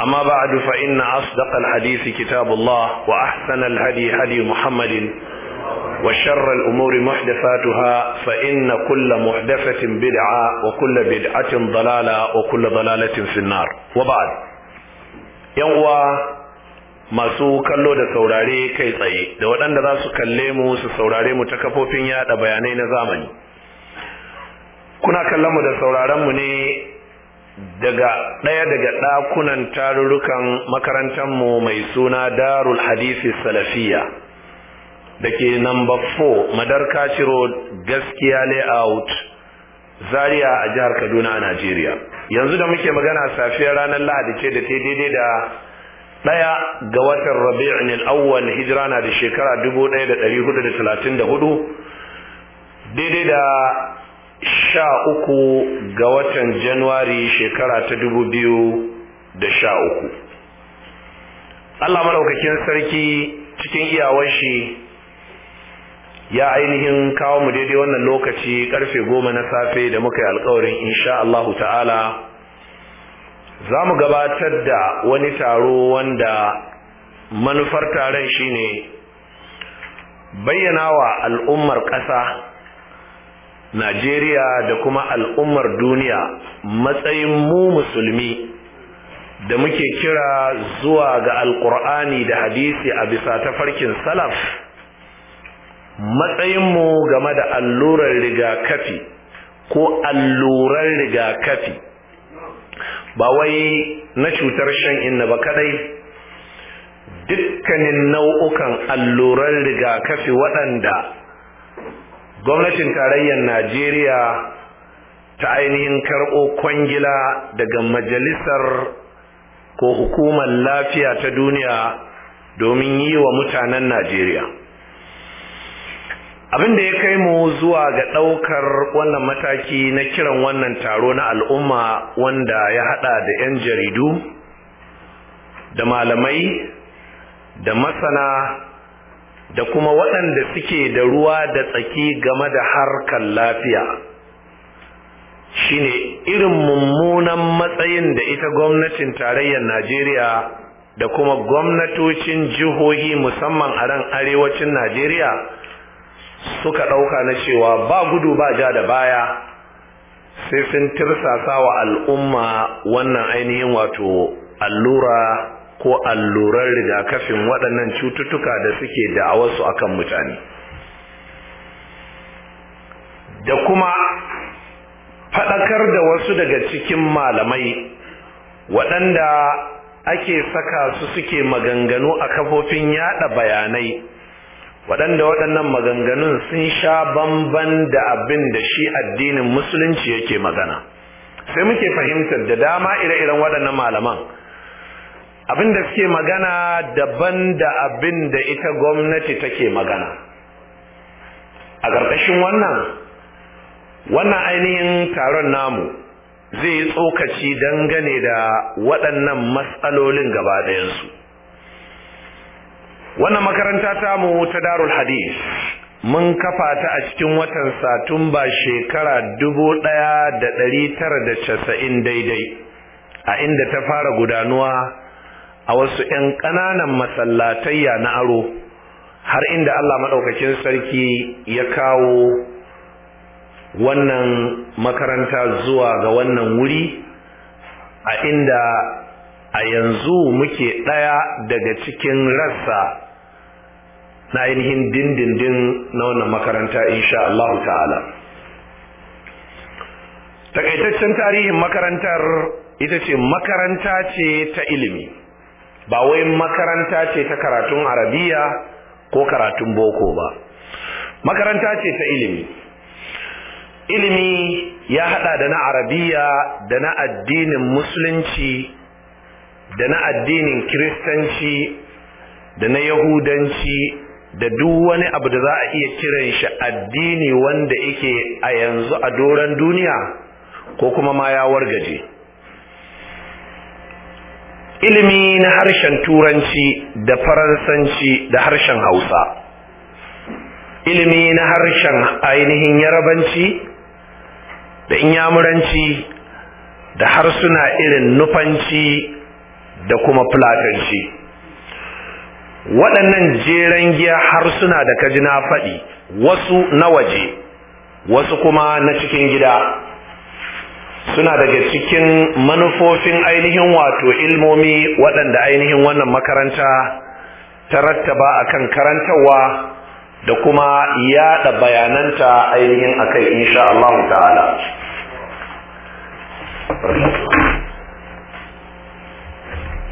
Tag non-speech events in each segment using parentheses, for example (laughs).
أما بعد فإن أصدق الحديث كتاب الله وأحسن الهدي هدي محمد وشر الأمور محدثاتها فإن كل محدثة بدعة وكل بدعة ضلالة وكل ضلالة في النار وبعد uwa masu kallo da saurare kai tsaye da waɗanda za su kalle mu su saurare mu ta kafofin yaɗa bayanai na zamani kuna kallon mu da sauraren mu ne daga ɗaya daga ɗakunan tarurrukan makarantarmu mai suna darul hadisi salafiya da ke namba 4 madarka kaciro gaskiya layout zaria a jihar kaduna a najeriya yanzu da muke magana safiyar ranar lahadi ce da ta daidai da ɗaya ga watan rabi'in al'awwal hijira na da shekara 1434 daidai da sha uku ga watan januwari shekara ta dubu biyu da sha uku allah maɗaukakin sarki cikin iyawar shi ya ainihin kawo mu daidai wannan lokaci karfe goma na safe da muka yi alkawarin insha allahu ta'ala za mu gabatar da wani taro wanda manufar taron shine bayyana wa al'ummar ƙasa Najeriya da kuma al'ummar duniya matsayin mu musulmi da muke kira zuwa ga alƙur'ani da hadisi a bisa tafarkin salaf matsayin mu game da allurar rigakafi ko allurar rigakafi ba wai na cutar shan inna ba kadai dukkanin nau'ukan allurar rigakafi waɗanda gwamnatin tarayyar najeriya ta ainihin karɓo kwangila daga majalisar ko hukumar lafiya ta duniya domin yi wa mutanen najeriya abin da ya kai mu zuwa ga ɗaukar wannan mataki na kiran wannan taro na al'umma wanda ya haɗa da 'yan jaridu da malamai da masana da kuma waɗanda suke da ruwa da tsaki game da harkar lafiya shine irin mummunan matsayin da ita gwamnatin tarayyar Najeriya da kuma gwamnatocin jihohi musamman a ran arewacin Najeriya suka ɗauka na cewa ba gudu ba ja da baya sai sun tirsasa wa al'umma wannan ainihin wato allura ko alluran rigakafin waɗannan cututtuka da suke da'awarsu akan mutane da kuma faɗakar da wasu daga cikin malamai waɗanda ake saka su suke maganganu a kafofin yada bayanai waɗanda waɗannan maganganun sun sha bamban da abin da shi addinin musulunci yake magana sai muke fahimtar da dama ire-iren waɗannan malaman abin da suke magana daban da abin da ita gwamnati take magana a ƙarƙashin wannan wannan ainihin taron namu zai yi tsokaci dangane da waɗannan matsalolin gaba ɗayansu wannan makaranta ta tamu ta darul hadis mun kafa ta a cikin watan satumba shekara dubu ɗaya da ɗari tara da casa'in daidai a inda ta fara gudanuwa a wasu 'yan ƙananan masallatayya na aro har inda Allah maɗaukakin sarki ya kawo wannan makaranta zuwa ga wannan wuri a inda a yanzu muke ɗaya daga cikin rassa na ainihin dindindin na wannan makaranta insha Allah ta'ala takaitaccen tarihin makarantar ita ce makaranta ce ta ilimi ba wai makaranta ce ta karatun arabiya ko karatun boko ba makaranta ce ta ilimi ilimi ya hada da na arabiya da na addinin musulunci da na addinin kiristanci da na yahudanci da duk wani abu da za a iya kiran shi addini wanda yake a yanzu a doron duniya ko kuma ma ya wargaje ilimi na harshen turanci da faransanci da harshen hausa ilimi na harshen ainihin yarabanci da inyamuranci da harsuna irin nufanci da kuma fulatanci waɗannan jeren giya harsuna da kaji na faɗi wasu na waje wasu kuma na cikin gida suna daga cikin manufofin ainihin wato ilmomi waɗanda ainihin wannan makaranta ta rattaba a kan karantarwa da kuma yaɗa bayananta ainihin akai insha Allah ta'ala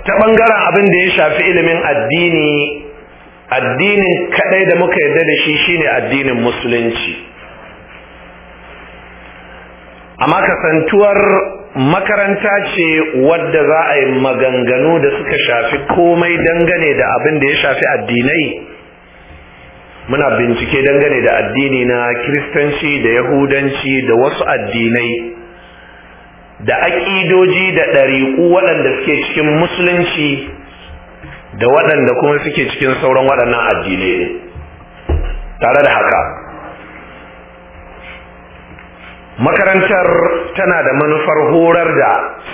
ta ɓangaren abin da ya shafi ilimin addini addinin kaɗai da muka yarda da shi shine addinin musulunci amma kasantuwar makaranta ce wadda za a yi maganganu da suka shafi komai dangane da abin da ya shafi addinai muna bincike dangane da addini na kiristanci da yahudanci da wasu addinai da aƙidoji da ɗariƙu waɗanda suke cikin musulunci da waɗanda kuma suke cikin sauran waɗannan addinai tare da haka makarantar tana da manufar horar da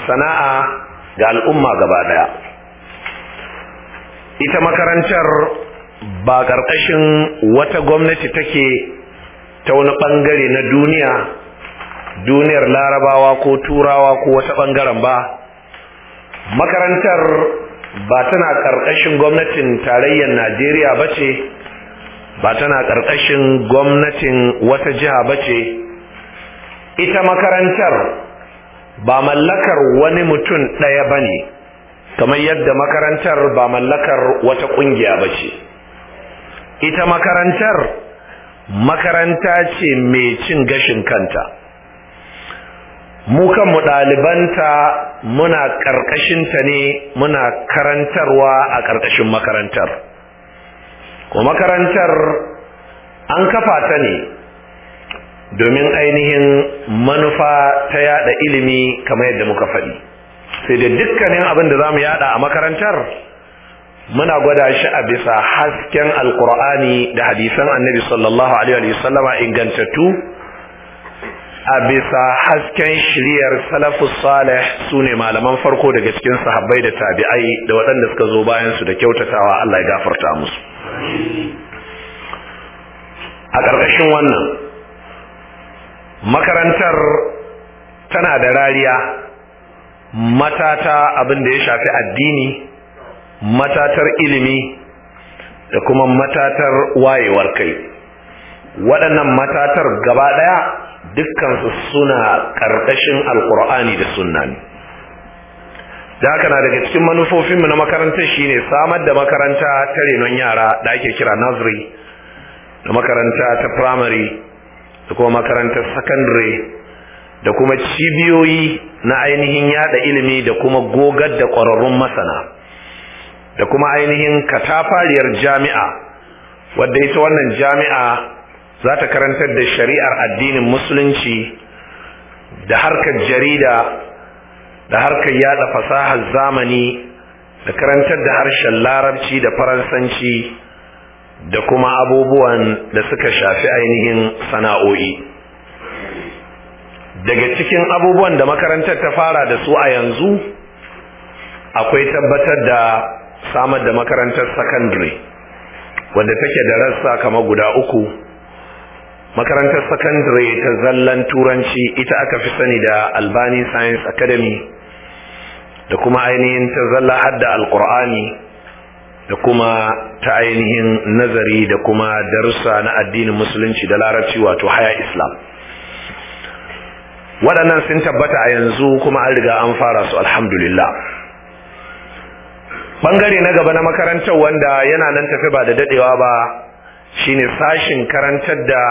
sana'a ga al'umma gaba daya ita makarantar ba ƙarƙashin wata gwamnati take ta wani ɓangare na duniya duniyar larabawa ko turawa ko wata ɓangaren ba makarantar ba tana ƙarƙashin gwamnatin tarayyar najeriya ba ce ba tana ƙarƙashin gwamnatin wata jiha ba ce ita makarantar ba mallakar wani mutum ɗaya bane kamar yadda makarantar ba mallakar wata ƙungiya ba ce ita makarantar makaranta ce mai cin gashin kanta mu kanmu ɗalibanta muna ƙarƙashinta ne muna karantarwa a ƙarƙashin makarantar ko makarantar an kafa ta ne domin ainihin manufa ta yada ilimi kamar yadda muka faɗi sai da dukkanin abin da zamu yada a makarantar muna gwada shi a bisa hasken alkur'ani da hadisan annabi sallallahu alaihi wa ingantattu a bisa hasken shiriyar salafus salih su ne malaman farko daga cikin sahabbai da tabi'ai da waɗanda suka zo bayan su da kyautatawa Allah ya gafarta musu a ƙarƙashin wannan makarantar tana da rariya matata abin da ya shafi addini matatar ilimi da kuma matatar wayewar kai waɗannan matatar gaba ɗaya dukkansu suna ƙarƙashin Alƙur'ani da sunna ne da haka na daga cikin manufofinmu na makarantar shine samar da makaranta ta renon yara da ake kira Nazari da makaranta ta firamare. da kuma makarantar sakandare da kuma cibiyoyi na ainihin yada ilimi da kuma gogar da ƙwararrun masana da kuma ainihin katafariyar jami'a wadda ita wannan jami'a za ta karantar da shari'ar addinin musulunci da harkar jarida da harkar yada fasahar zamani da karantar da harshen larabci da faransanci da kuma abubuwan da suka shafi ainihin sana'o'i daga cikin abubuwan da makarantar ta fara da su a yanzu akwai tabbatar da samar da makarantar secondary wadda take da rassa kama guda uku makarantar secondary ta zallan turanci ita aka fi sani da albani science academy da kuma ainihin ta zalla hadda alkur'ani da kuma ta ainihin nazari da kuma darussa na addinin musulunci da larabci wato haya islam waɗannan sun tabbata a yanzu kuma an riga an fara su alhamdulillah Bangare na gaba na makarantar wanda yana nan tafi ba da daɗewa ba shine sashin karantar da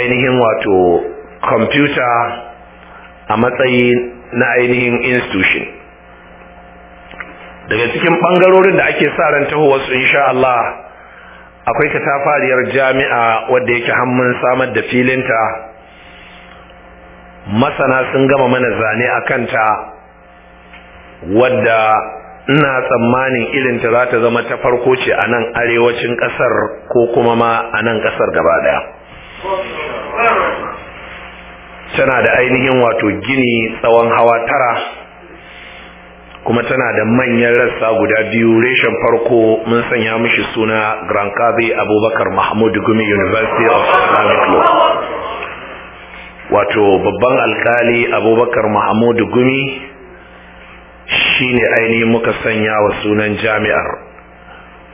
ainihin wato kwamfuta a matsayi na ainihin institution daga cikin ɓangarorin da ake sa ran wasu su insha Allah akwai katafariyar jami'a wadda yake hannun samar da filinta masana sun gama mana zane a kanta wadda ina tsammanin irinta za ta zama ta farko ce a nan arewacin ƙasar ko kuma ma a nan ƙasar gaba ɗaya tana da ainihin wato gini tsawon hawa tara kuma tana da manyan rassa guda biyu reshen farko mun sanya mishi suna grand kabe abubakar mahmud gumi university of islamic law wato babban alkali abubakar mahmud gumi shine ainihin muka sanya wa sunan jami'ar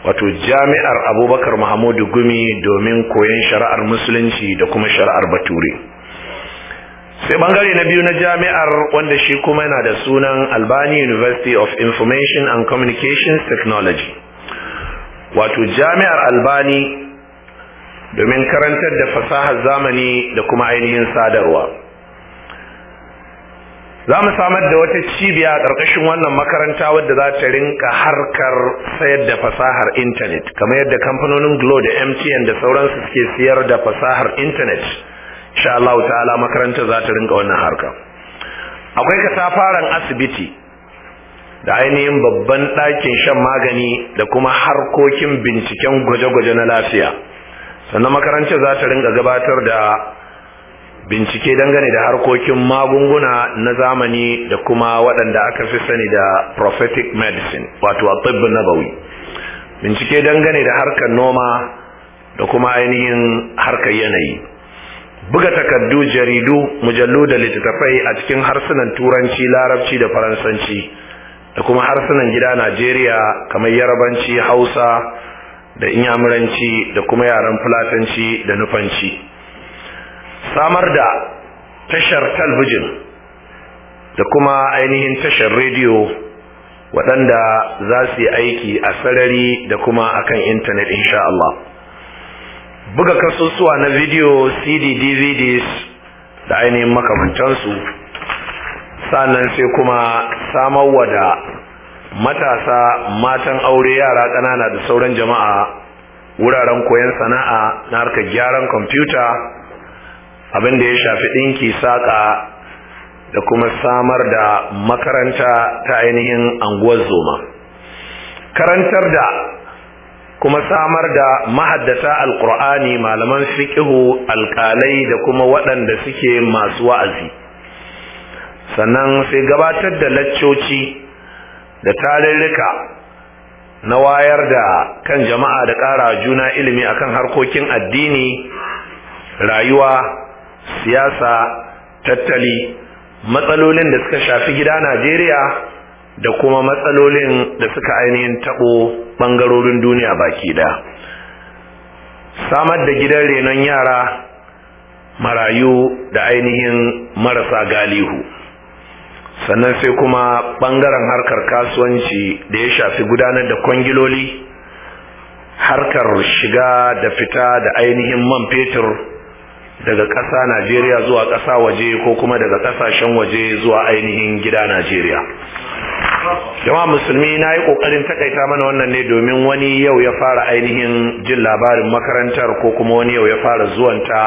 wato jami'ar abubakar mahmud gumi domin koyon shari'ar musulunci da kuma shari'ar bature sai bangare na biyu na jami'ar wanda shi kuma yana da sunan albani university of information and communications technology wato jami'ar albani domin karantar da fasahar zamani da kuma ainihin sadarwa za mu samar da wata cibiya a ƙarƙashin wannan makaranta wadda za ta rinka harkar sayar da fasahar intanet kamar yadda kamfanonin glo da mtn da sauransu suke siyar da fasahar intanet insha Allah ta'ala makaranta za ta rinka wannan harka akwai ka katafaren asibiti da ainihin babban ɗakin shan magani da kuma harkokin binciken gwaje-gwaje na lafiya sannan makarantar za ta rinka gabatar da bincike dangane da harkokin magunguna na zamani da kuma waɗanda aka fi sani da prophetic medicine wato a na nabawi bincike dangane da harkar noma da kuma ainihin harkar yanayi buga takardu jaridu mujallu da littattafai a cikin harsunan turanci larabci da faransanci da kuma harsunan gida najeriya kamar yarabanci hausa da inyamuranci da kuma yaren fulatanci da nufanci samar da tashar talbijin da kuma ainihin tashar rediyo waɗanda za su yi aiki a sarari da kuma akan intanet insha Allah. buga kasusuwa na video cd dvds da ainihin makamantansu sannan sai kuma samarwa da matasa matan aure yara ƙanana da sauran jama'a wuraren koyon sana'a na harkar gyaran kwamfuta abin da ya shafi ɗinki saƙa da kuma samar da makaranta ta ainihin anguwar zoma karantar da kuma samar da mahaddata alqur'ani malaman fiqhu alqalai da kuma waɗanda suke masu wa'azi sannan sai gabatar da laccoci da tarurruka na wayar da kan jama'a da ƙara juna ilimi akan harkokin addini rayuwa siyasa tattali matsalolin da suka shafi gida Najeriya da kuma matsalolin da suka ainihin tabo bangarorin duniya baki da samar da gidan renon yara marayu da ainihin marasa galihu sannan sai kuma bangaren harkar kasuwanci da ya shafi gudanar da kwangiloli harkar shiga da fita da ainihin man fetur daga ƙasa Najeriya zuwa ƙasa waje ko kuma daga ƙasashen waje zuwa ainihin gida Najeriya. jama musulmi na yi ƙoƙarin takaita mana wannan ne domin wani yau ya fara ainihin jin labarin makarantar ko kuma wani yau ya fara zuwanta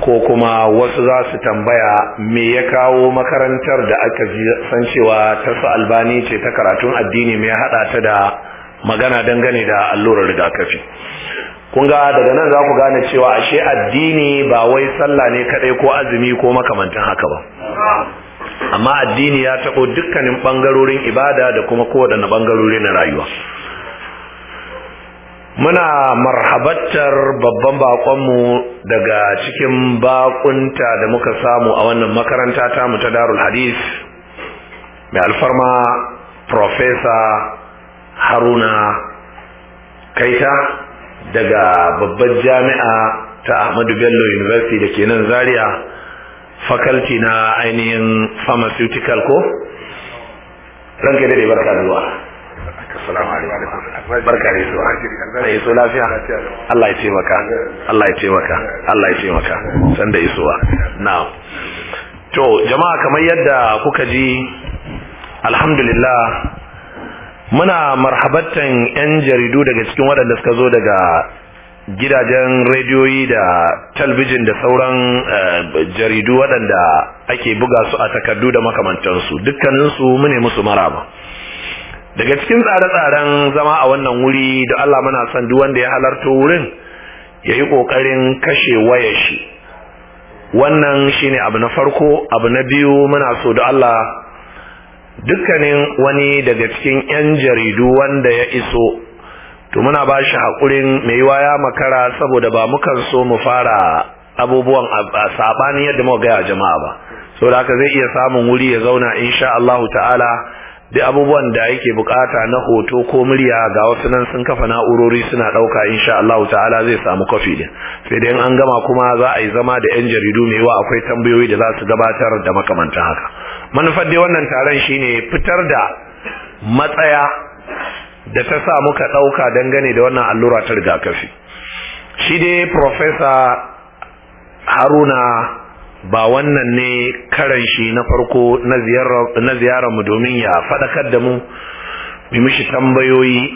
ko kuma wasu za su tambaya me ya kawo makarantar da aka san cewa ta su albani ce ta karatun addini mai haɗa ta da magana dangane da allurar rigakafi. kun ga daga nan za ku gane cewa ashe addini ba wai sallah ne kadai ko azumi ko makamantan haka ba amma addini ya taɓo dukkanin ɓangarorin ibada da kuma kodana ɓangarori na rayuwa muna marhabattar babban baƙonmu daga cikin baƙunta da muka samu a wannan makaranta ta mu ta darul hadis mai alfarma Profesa haruna kaita daga babbar jami'a ta Ahmadu Bello University da ke nan Zaria faculty na ainihin pharmaceutical ko ranka da barka da zuwa assalamu alaikum barka da zuwa ai so lafiya Allah ya taimaka Allah ya taimaka Allah ya taimaka san da isuwa na'am to jama'a kamar yadda kuka ji alhamdulillah muna marhabatan yan jaridu daga cikin waɗanda suka zo daga gidajen rediyoyi da talbijin da sauran eh, jaridu waɗanda ake buga su a takardu da makamantansu dukkaninsu mune musu maraba daga cikin tsare-tsaren zama a wannan wuri da Allah muna son duk wanda ya halarta wurin ya yi ƙoƙarin kashe wayar shi wannan shine abu na farko abu na biyu muna so da Allah dukkanin wani daga cikin 'yan jaridu wanda ya iso to muna ba shi haƙurin mai yi waya makara saboda ba mukan so mu fara abubuwan saɓanin yadda muka gaya jama'a ba saboda haka zai iya samun wuri ya zauna insha Allahu ta'ala duk abubuwan da yake bukata na hoto ko murya ga wasu nan sun kafa na'urori suna dauka insha Allah ta'ala zai samu kofi din sai dai an gama kuma za a yi zama da yan jaridu mai wa akwai tambayoyi da za su gabatar da makamantan haka manufar dai wannan taron shine fitar da matsaya da ta sa muka dauka dangane da wannan allura ta rigakafi shi dai professor Haruna ba wannan ne karan shi na farko na ziyararmu mu domin ya faɗakar da mu mu mishi tambayoyi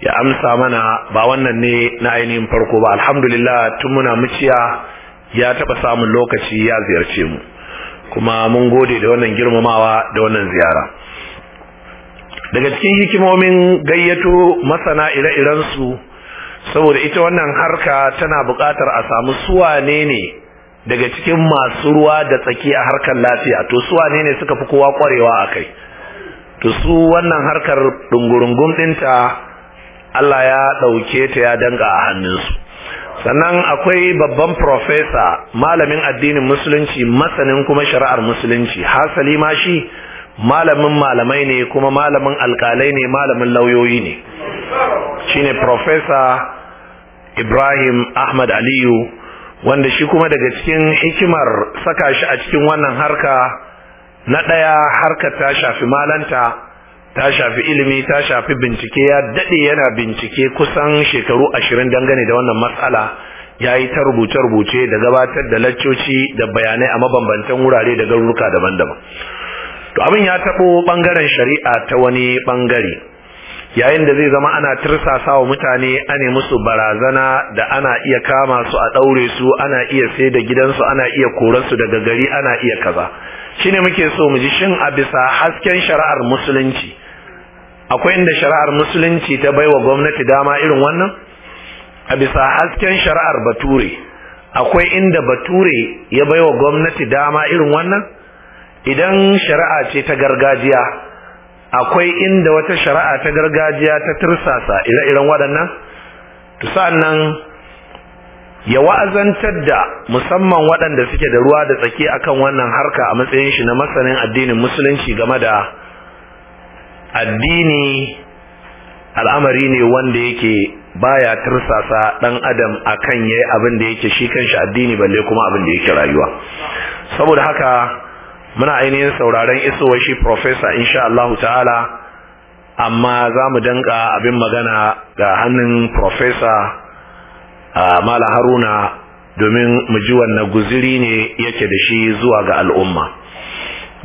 ya amsa mana ba wannan ne na ainihin farko ba alhamdulillah tun muna muciya ya taɓa samun lokaci ya ziyarce mu kuma mun gode da wannan girmamawa da wannan ziyara daga cikin hikimomin gayyato masana ire-irensu saboda ita wannan harka tana buƙatar a samu ne ne daga cikin masu ruwa da tsaki a harkar lafiya to su wane ne suka fi kowa kwarewa a kai to su wannan harkar dungurungun ɗinta Allah ya ɗauke ta ya danga a hannunsu sannan akwai babban profesa malamin addinin musulunci masanin kuma shari'ar musulunci hasali ma shi malamin malamai ne kuma malamin alkalai ne malamin lauyoyi ne shine profesa ibrahim ahmad aliyu wanda shi kuma daga cikin hikimar saka shi a cikin wannan harka na ɗaya harka ta shafi malanta ta shafi ilimi ta shafi bincike ya daɗe yana bincike kusan shekaru ashirin dangane da wannan matsala ya yi ta rubuce-rubuce da gabatar da laccoci da bayanai a mabambantan wurare da garuruka daban-daban to abin ya taɓo ɓangaren shari'a ta wani ɓangare yayin da zai zama ana tirsasa wa mutane ane musu barazana da ana iya kama su a daure su ana iya sai da gidansu ana iya korarsu daga gari ana iya kaza shine muke so mu ji shin a bisa hasken shari'ar musulunci akwai inda shari'ar musulunci ta baiwa gwamnati dama irin wannan a bisa hasken shari'ar bature akwai inda bature ya baiwa gwamnati dama irin wannan idan shari'a ce ta gargajiya akwai inda wata shari'a ta gargajiya ta tursasa ire-iren waɗannan to sa'annan ya wa'azantar da musamman waɗanda suke da ruwa da tsaki akan wannan harka a matsayin shi na masanin addinin musulunci game da addini al'amari ne wanda yake baya tursasa ɗan adam akan yayi abin da yake shi kanshi addini balle kuma abin da yake rayuwa saboda haka muna ainihin sauraron isowar shi profesa insha Allah ta'ala amma za mu danka abin magana ga hannun profesa Mala Haruna domin mu ji wanne guziri ne yake da shi zuwa ga al'umma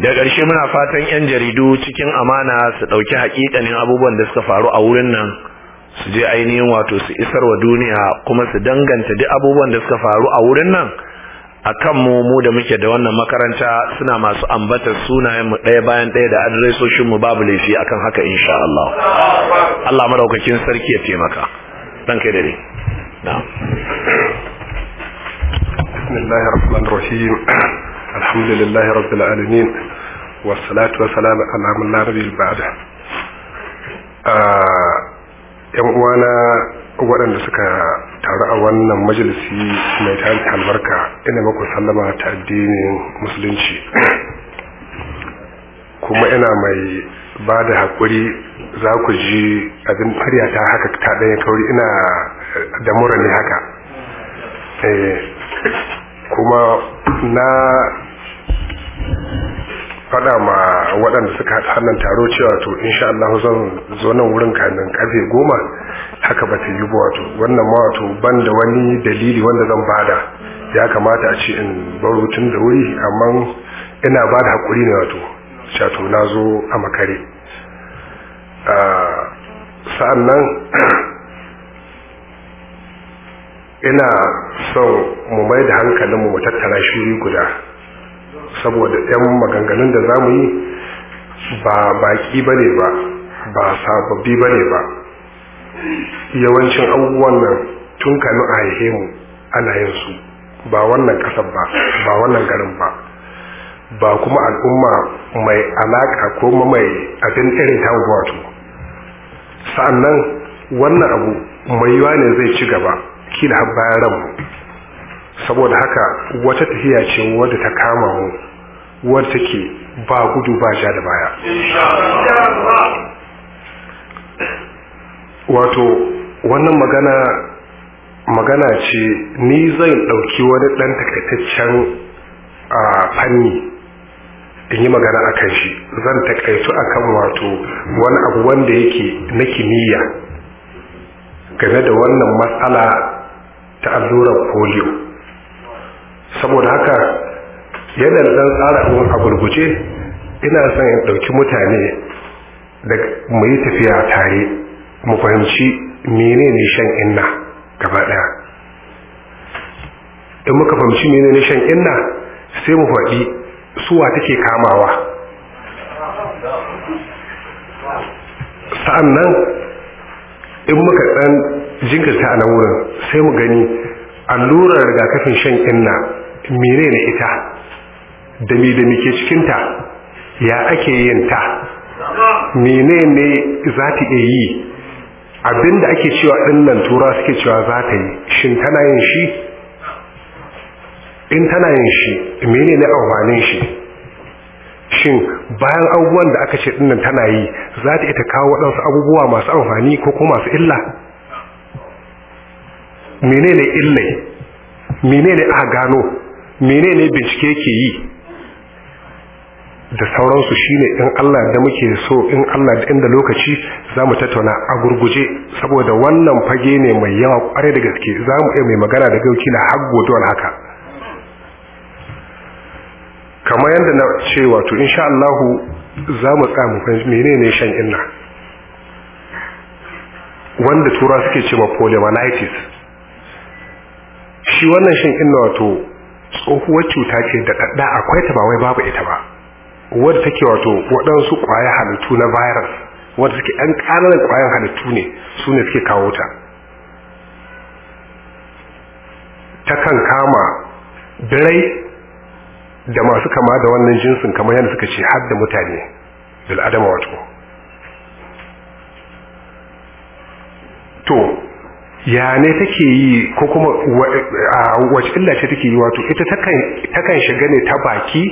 da ƙarshe muna fatan 'yan jaridu cikin amana su ɗauki haƙiƙanin abubuwan da suka faru a wurin nan su je ainihin wato su isar wa duniya kuma su danganta duk abubuwan da suka faru a wurin nan akan mu mu da muke da wannan makaranta suna masu ambatar sunayen mu ɗaya bayan ɗaya da adresoshin mu babu laifi akan haka insha Allah Allah madaukakin sarki ya taimaka dan kai dare na'am bismillahir rahmanir rahim alhamdulillahi rabbil alamin wassalatu wassalamu ala man la nabiyil ba'da ah, yan uwana waɗanda suka taru a wannan majalisi mai tarihi albarka ina maku sallama ta addinin musulunci kuma ina mai ba da haƙuri za ku ji abin farya ta haka ta ɗaya kauri ina da mura ne haka eh, kuma na faɗa ma waɗanda suka haɗa hannun taro cewa to sha Allah zan zo nan wurin kanin karfe goma haka ba ta yi ba wato wannan ma wato ban da wani dalili wanda zan bada ya kamata a ce in baro tun da wuri amma ina ba da haƙuri ne wato cewa to na zo a makare ah, sa'an nan (clears throat) ina son mu mai da hankalinmu mu tattara shiri guda saboda yan maganganun da za mu yi ba baki ne ba ba sababbi ne ba yawancin abubuwan nan tun kanu a haihe mu ana yin su ba wannan ƙasar ba ba wannan garin ba ba kuma al'umma mai alaƙa ko mai abin irin ta wato nan wannan abu mai yiwa ne zai ci gaba kila har bayan ranmu saboda haka wata tafiya ce wadda ta kama mu wadda take ba gudu ba ja da baya wato wannan magana magana ce ni zan ɗauki wani ɗan takaitaccen a fanni in yi magana a kan shi zan takaitu a kan wato wani abu wanda yake na kimiyya game da wannan matsala ta allurar polio saboda haka yana da ɗan tsara abin a gurguje ina son in ɗauki mutane da mu yi tafiya tare mu fahimci menene shan inna gaba ɗaya in muka fahimci menene shan inna sai mu faɗi suwa take kamawa sa'an nan in muka ɗan jinkirta a nan wurin sai mu gani allurar rigakafin shan inna menene ita da me da muke cikin ta ya ake yin ta ne za ta iya yi abinda ake cewa dinnan tura suke cewa za ta yi shin tana yin shi in tana yin shi ne amfanin shi shin bayan abubuwan da aka ce dinnan tana yi za ta ita kawo waɗansu abubuwa masu amfani ko kuma masu illa ne illai ne a gano menene bincike ke yi da sauransu shine in Allah da muke so in Allah da inda lokaci za mu tattauna a gurguje saboda wannan fage ne mai yawa kware da gaske za mu iya mai magana da gauki na hagu don haka kamar yadda na ce wato insha Allah za mu tsamu menene shan inna wanda tura suke ce ma shi wannan shan inna wato tsohuwar cuta ce da ɗaɗɗa akwai ta ba wai babu ita ba wadda take wato waɗansu ƙwayar halittu na virus wadda suke ɗan ƙananan ƙwayar halittu ne su ne suke kawo ta Ta kan kama birai da masu kama da wannan jinsin kamar yadda suka ce har da mutane bil'adama wato to ya ne take yi ko kuma wace illa ce take yi wato ita takan shiga ne ta baki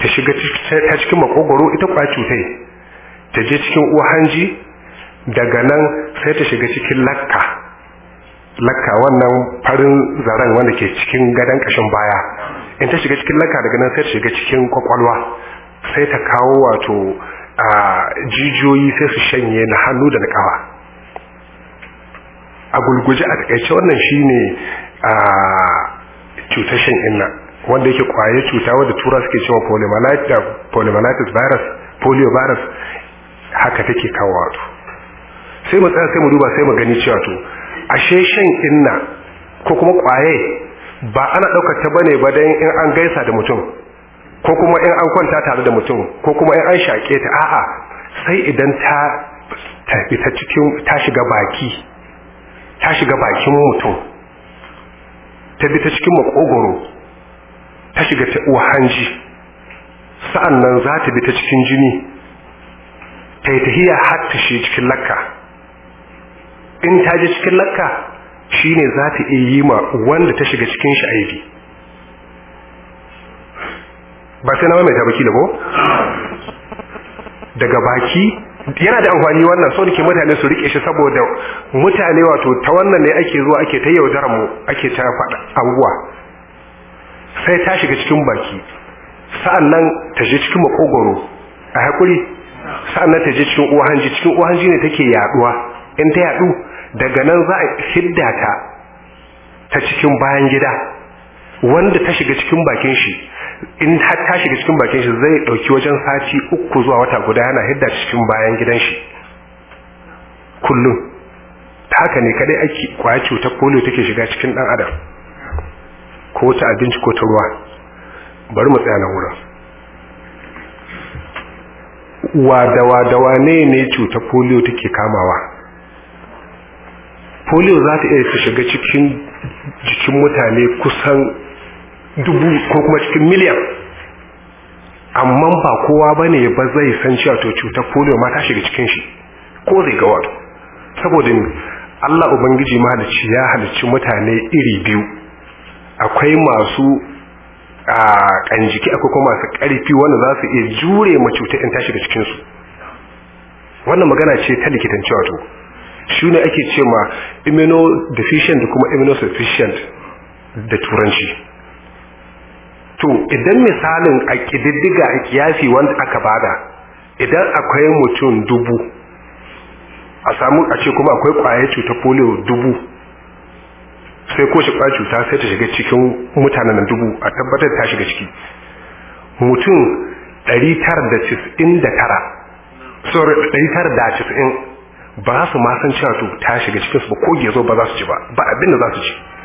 ta shiga ta cikin makogoro ita kwa cutai ta je cikin uwa hanji daga nan sai ta shiga cikin lakka lakka wannan farin zaren wanda ke cikin gadon kashin baya in ta shiga cikin lakka daga nan sai ta shiga cikin kwakwalwa sai ta kawo wato a jijiyoyi sai su shanye na hannu da na kawa a gulguje a takaice wannan shine a cutar shan inna wanda yake kwaye cuta wadda tura suke cewa polymelitis virus polio virus haka take kawo wato sai mu tsaya sai mu duba sai mu gani cewa to A shan inna ko kuma kwaye ba ana daukar ta bane ba dan in an gaisa da mutum ko kuma in an kwanta tare da mutum ko kuma in an shake ta a'a sai idan ta ta cikin ta shiga baki ta shiga bakin mutum ta bi ta cikin makogoro ta shiga ta uwa hanji sa'an nan za ta bi ta cikin jini ta yi tahiya har ta shi cikin lakka in ta je cikin lakka shi ne za ta iya yi ma wanda ta shiga cikin shi aibi ba sai na ta baki da ko daga baki yana da amfani wannan so ke mutane su rike shi saboda mutane wato ta wannan ne ake zuwa ake ta yaudarar mu ake ta faɗa abubuwa sai ta shiga cikin baki sa'an nan ta je cikin makogoro a haƙuri sa'an nan ta je cikin uwa cikin uwa hanji ne take yaɗuwa in ta yaɗu daga nan za a hidda ta ta cikin bayan gida wanda ta shiga cikin bakin shi in har ta shiga cikin bakin shi zai dauki wajen sati uku zuwa wata guda yana hidda cikin bayan gidan shi kullum ta haka ne kadai ake kwaya cutar polio take shiga cikin dan adam ko ta abinci ko ta ruwa bari mu tsaya nan wurin wadawa ne ne cutar polio take kamawa polio za ta iya shiga cikin jikin mutane kusan dubu ko kuma cikin miliyan amma ba kowa ba ne ba zai san cewa to cutar polio ma ta shiga cikin shi ko zai ga wato saboda ni Allah Ubangiji mahalicci ya halicci mutane iri biyu akwai masu a kanjiki akwai kuma masu karfi wanda za su iya jure ma cutar in ta shiga cikinsu wannan magana ce ta likitanci wato shi ne ake ce ma immunodeficient da kuma immunosufficient da turanci to idan misalin a ƙididdiga a kiyafi wanda aka bada idan akwai mutum dubu a samu a ce kuma akwai kwaye cuta polio dubu sai ko shi kwaye cuta sai ta shiga cikin mutanen dubu a tabbatar ta shiga ciki mutum 999 sorry 999 ba su ma san cewa to ta shiga cikin su ba ko gezo ba za su ci ba ba abin da za su ci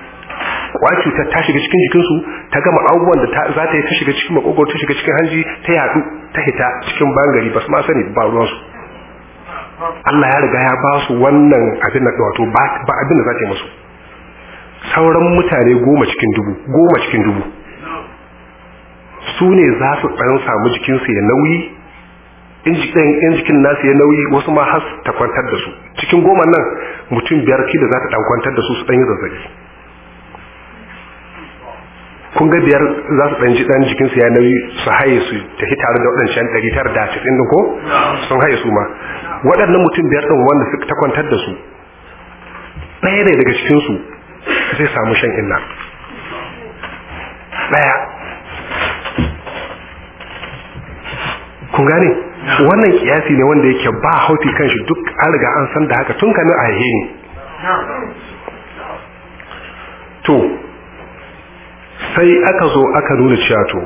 wani ta ta shiga cikin jikinsu ta gama abubuwan da za ta yi ta shiga cikin makogoro ta shiga cikin hanji ta yaɗu ta hita cikin bangare ba su ma sani ba su. Allah ya riga ya ba su wannan abin da wato ba abin da za ta yi musu sauran mutane goma cikin dubu goma cikin dubu su ne za su tsaron samu jikinsu ya nauyi in jikin nasu ya nauyi wasu ma har ta kwantar da su cikin goma nan mutum biyar ki da za ta ɗan kwantar da su su dan yi zazzabi kun ga biyar za su ɗanji ɗan jikinsu ya nauyi su haye su tafi tare da waɗancan ɗari tara da cikin ɗin ko sun haye su ma waɗannan mutum biyar ɗin wanda suka ta kwantar da su ɗaya ne daga cikinsu zai samu shan inna ɗaya kun gane wannan kiyasi ne wanda yake ba haufi kan shi duk an riga an san da haka tun kanin a ne to sai aka zo aka nuna cewa to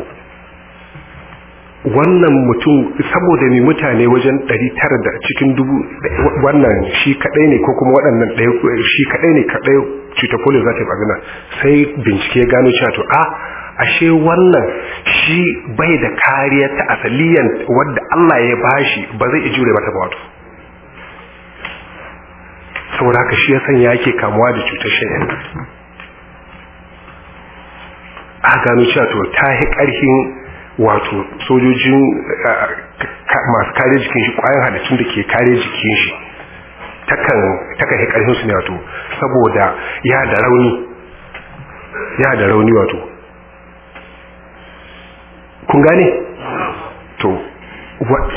wannan mutum saboda ne mutane wajen 900 da cikin dubu wannan shi kadai ne ko kuma waɗannan ɗaya shi kadai ne kadai cuta polio za ta yi magana sai bincike gano cewa to a ah, ashe wannan shi bai da kariya ta asaliyan wadda Allah ya bashi ba zai iya jure mata ba wato saboda haka shi ya sanya yake kamuwa da cutar shan a gano cewa to ta yi ƙarfin wato sojojin masu kare jikin shi ƙwayar halittun da ke kare jikin shi takan yi ƙarfin su ne wato saboda ya da rauni ya da rauni wato kun gane to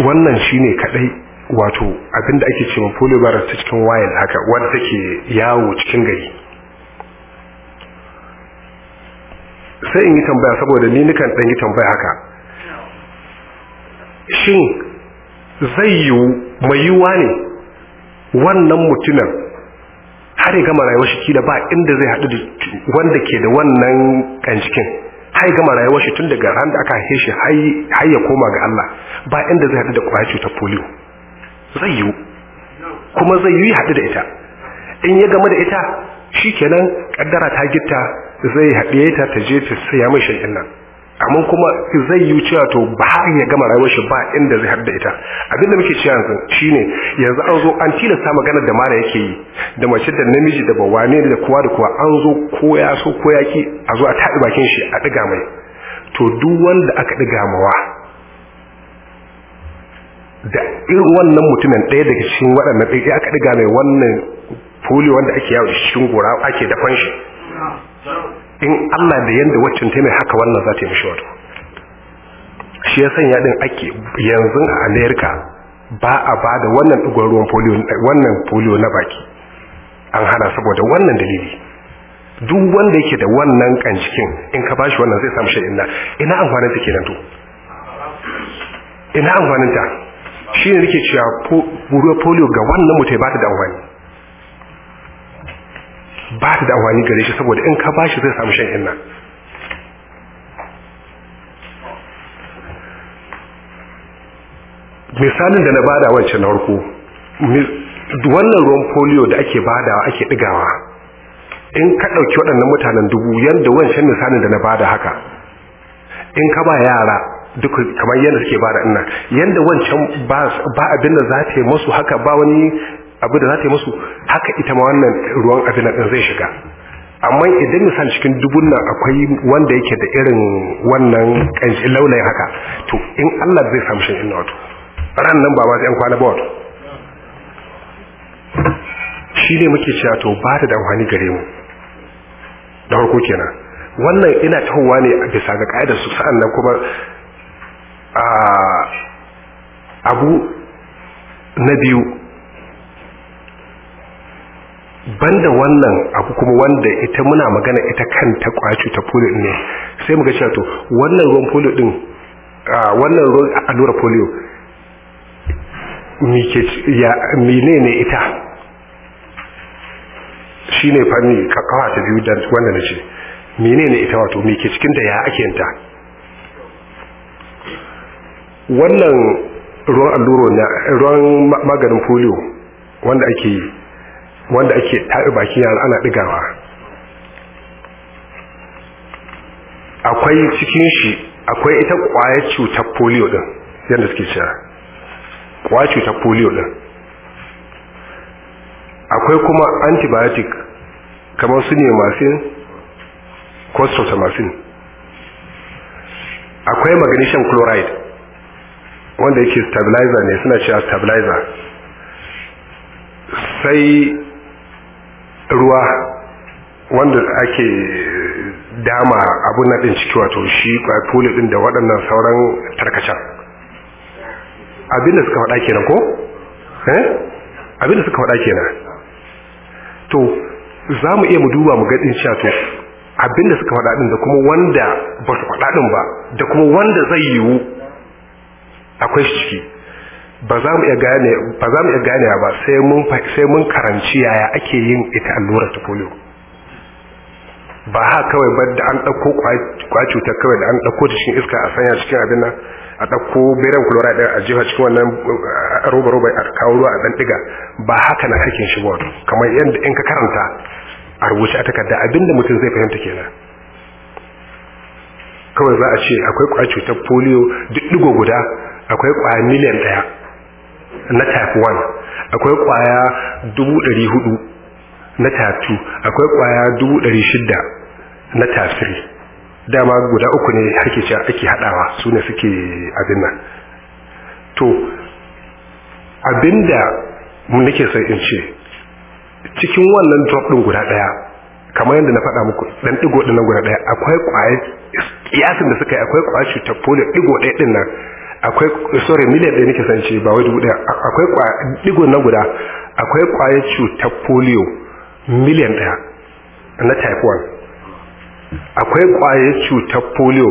wannan shi ne kadai wato abinda ake cewa polio virus ta cikin wayan haka wadda take yawo cikin gari sai in yi tambaya saboda ni nikan dan yi tambaya haka shin zai yiwu mai yiwuwa ne wannan mutumin har ya gama rayuwar shi da ba inda zai haɗu da wanda ke da wannan cikin har ya gama rayuwar shi tun daga ran da aka haife shi har ya koma ga Allah ba inda zai haɗu da ƙwayar cutar polio zai yiwu kuma zai yi haɗu da ita in ya gama da ita shi kenan ƙaddara ta gitta zai haɗe ta ta je ta saya mai shaƙin nan amma kuma zai yi cewa to ba har ya gama rayuwar shi ba inda zai haɗa ita abin da muke cewa yanzu shine yanzu an zo an tilasta maganar da mara yake yi da mace da namiji da bawane da kowa da kowa an zo ko ya so ko ya ki a zo a taɗi bakin shi a ɗiga mai to duk wanda aka ɗiga mawa da irin wannan mutumin ɗaya daga cikin waɗannan ɗaya aka ɗiga mai wannan foliyo wanda ake yawo cikin gora ake dafan shi in Allah da yanda waccan ta mai haka wannan za ta yi mishi wato shi ya sanya din ake yanzu a America ba a ba da wannan digon ruwan polio wannan polio na baki an hana saboda wannan dalili duk wanda yake da wannan kancikin in ka bashi wannan zai samu shi'in na ina amfaninta ta kenan to ina amfaninta. ta shi ne nake cewa polio ga wannan mutai ba ta da amfani ba ta da amfani gare shi saboda in ka ba shi zai samu shan inna misalin da na bada wancan na farko wannan ruwan polio da ake badawa ake digawa in ka ɗauki waɗannan mutanen dubu yadda wancan misalin da na bada haka in ka ba yara duk kamar yadda suke bada ina yadda wancan ba abin da za ta yi masu haka ba wani abu da za ta yi musu haka ita ma wannan ruwan abin din zai shiga amma idan misal cikin dubun nan akwai wanda yake da irin wannan kanshi launayin haka to in Allah zai samu shan inna wato ran nan ba ba sai an kwana ba wato shi ne muke cewa to ba ta da amfani gare mu da farko kenan wannan ina tahowa ne a bisa ga ka'idar su sa'an nan kuma a ah, abu na biyu banda wannan abu kuma wanda ita muna magana ita kanta kwaci ta polio ne sai muga cewa to wannan ruwan polio din wannan ruwan allura polio ne ita shine fanni kawa ta biyu da wanda na ce ne ita wato me ke cikin da ya ake yanta wannan ruwan allura na ruwan maganin polio wanda ake yi wanda ake taɓi baki yara ana ɗigawa akwai cikin shi akwai ita ƙwayar cutar polio ɗin yadda suke cewa ƙwayar cutar polio ɗin akwai kuma antibiotic kamar su neomycin ko streptomycin akwai magnesium chloride wanda yake stabilizer ne suna cewa stabilizer sai ruwa wanda ake dama abu na ɗin ciki wato shi tuli ɗin da waɗannan sauran tarkacen abinda suka faɗa kenan ko? eh abinda suka faɗa kenan to za mu iya mu duba mu gaɗin cewa to abinda suka faɗa ɗin da kuma wanda ba su faɗa ɗin ba da kuma wanda zai yiwu akwai shi ciki ba za mu iya gane ba za mu iya gane ba sai mun karanci yaya ake yin ita allura ta polio ba ha kawai ba da an dauko kwa cutar kawai da an dauko ta cikin iska a sanya cikin abin a dauko beren kulora din a jefa cikin wannan roba roba a kawo ruwa a dan diga ba haka na sakin shi ba kamar yadda in ka karanta a rubuce a takarda abinda mutum zai fahimta kenan kawai za a ce akwai kwa cutar polio duk digo guda akwai kwa miliyan daya na type 1 akwai kwaya 400 na type 2 akwai kwaya 600 na type 3 dama guda uku ne ake cewa ake hadawa su ne suke abin nan to abinda mun nake sai in ce cikin wannan drop din guda daya kamar yadda na faɗa muku dan digo din nan guda daya akwai kwaya yasin da suka yi akwai kwaya cutar polio digo daya din nan akwai sorry miliyan ɗaya nake sance ba wai dubu ɗaya akwai kwa digon na guda akwai kwayar cutar polio miliyan ɗaya na type 1 akwai kwayar cutar polio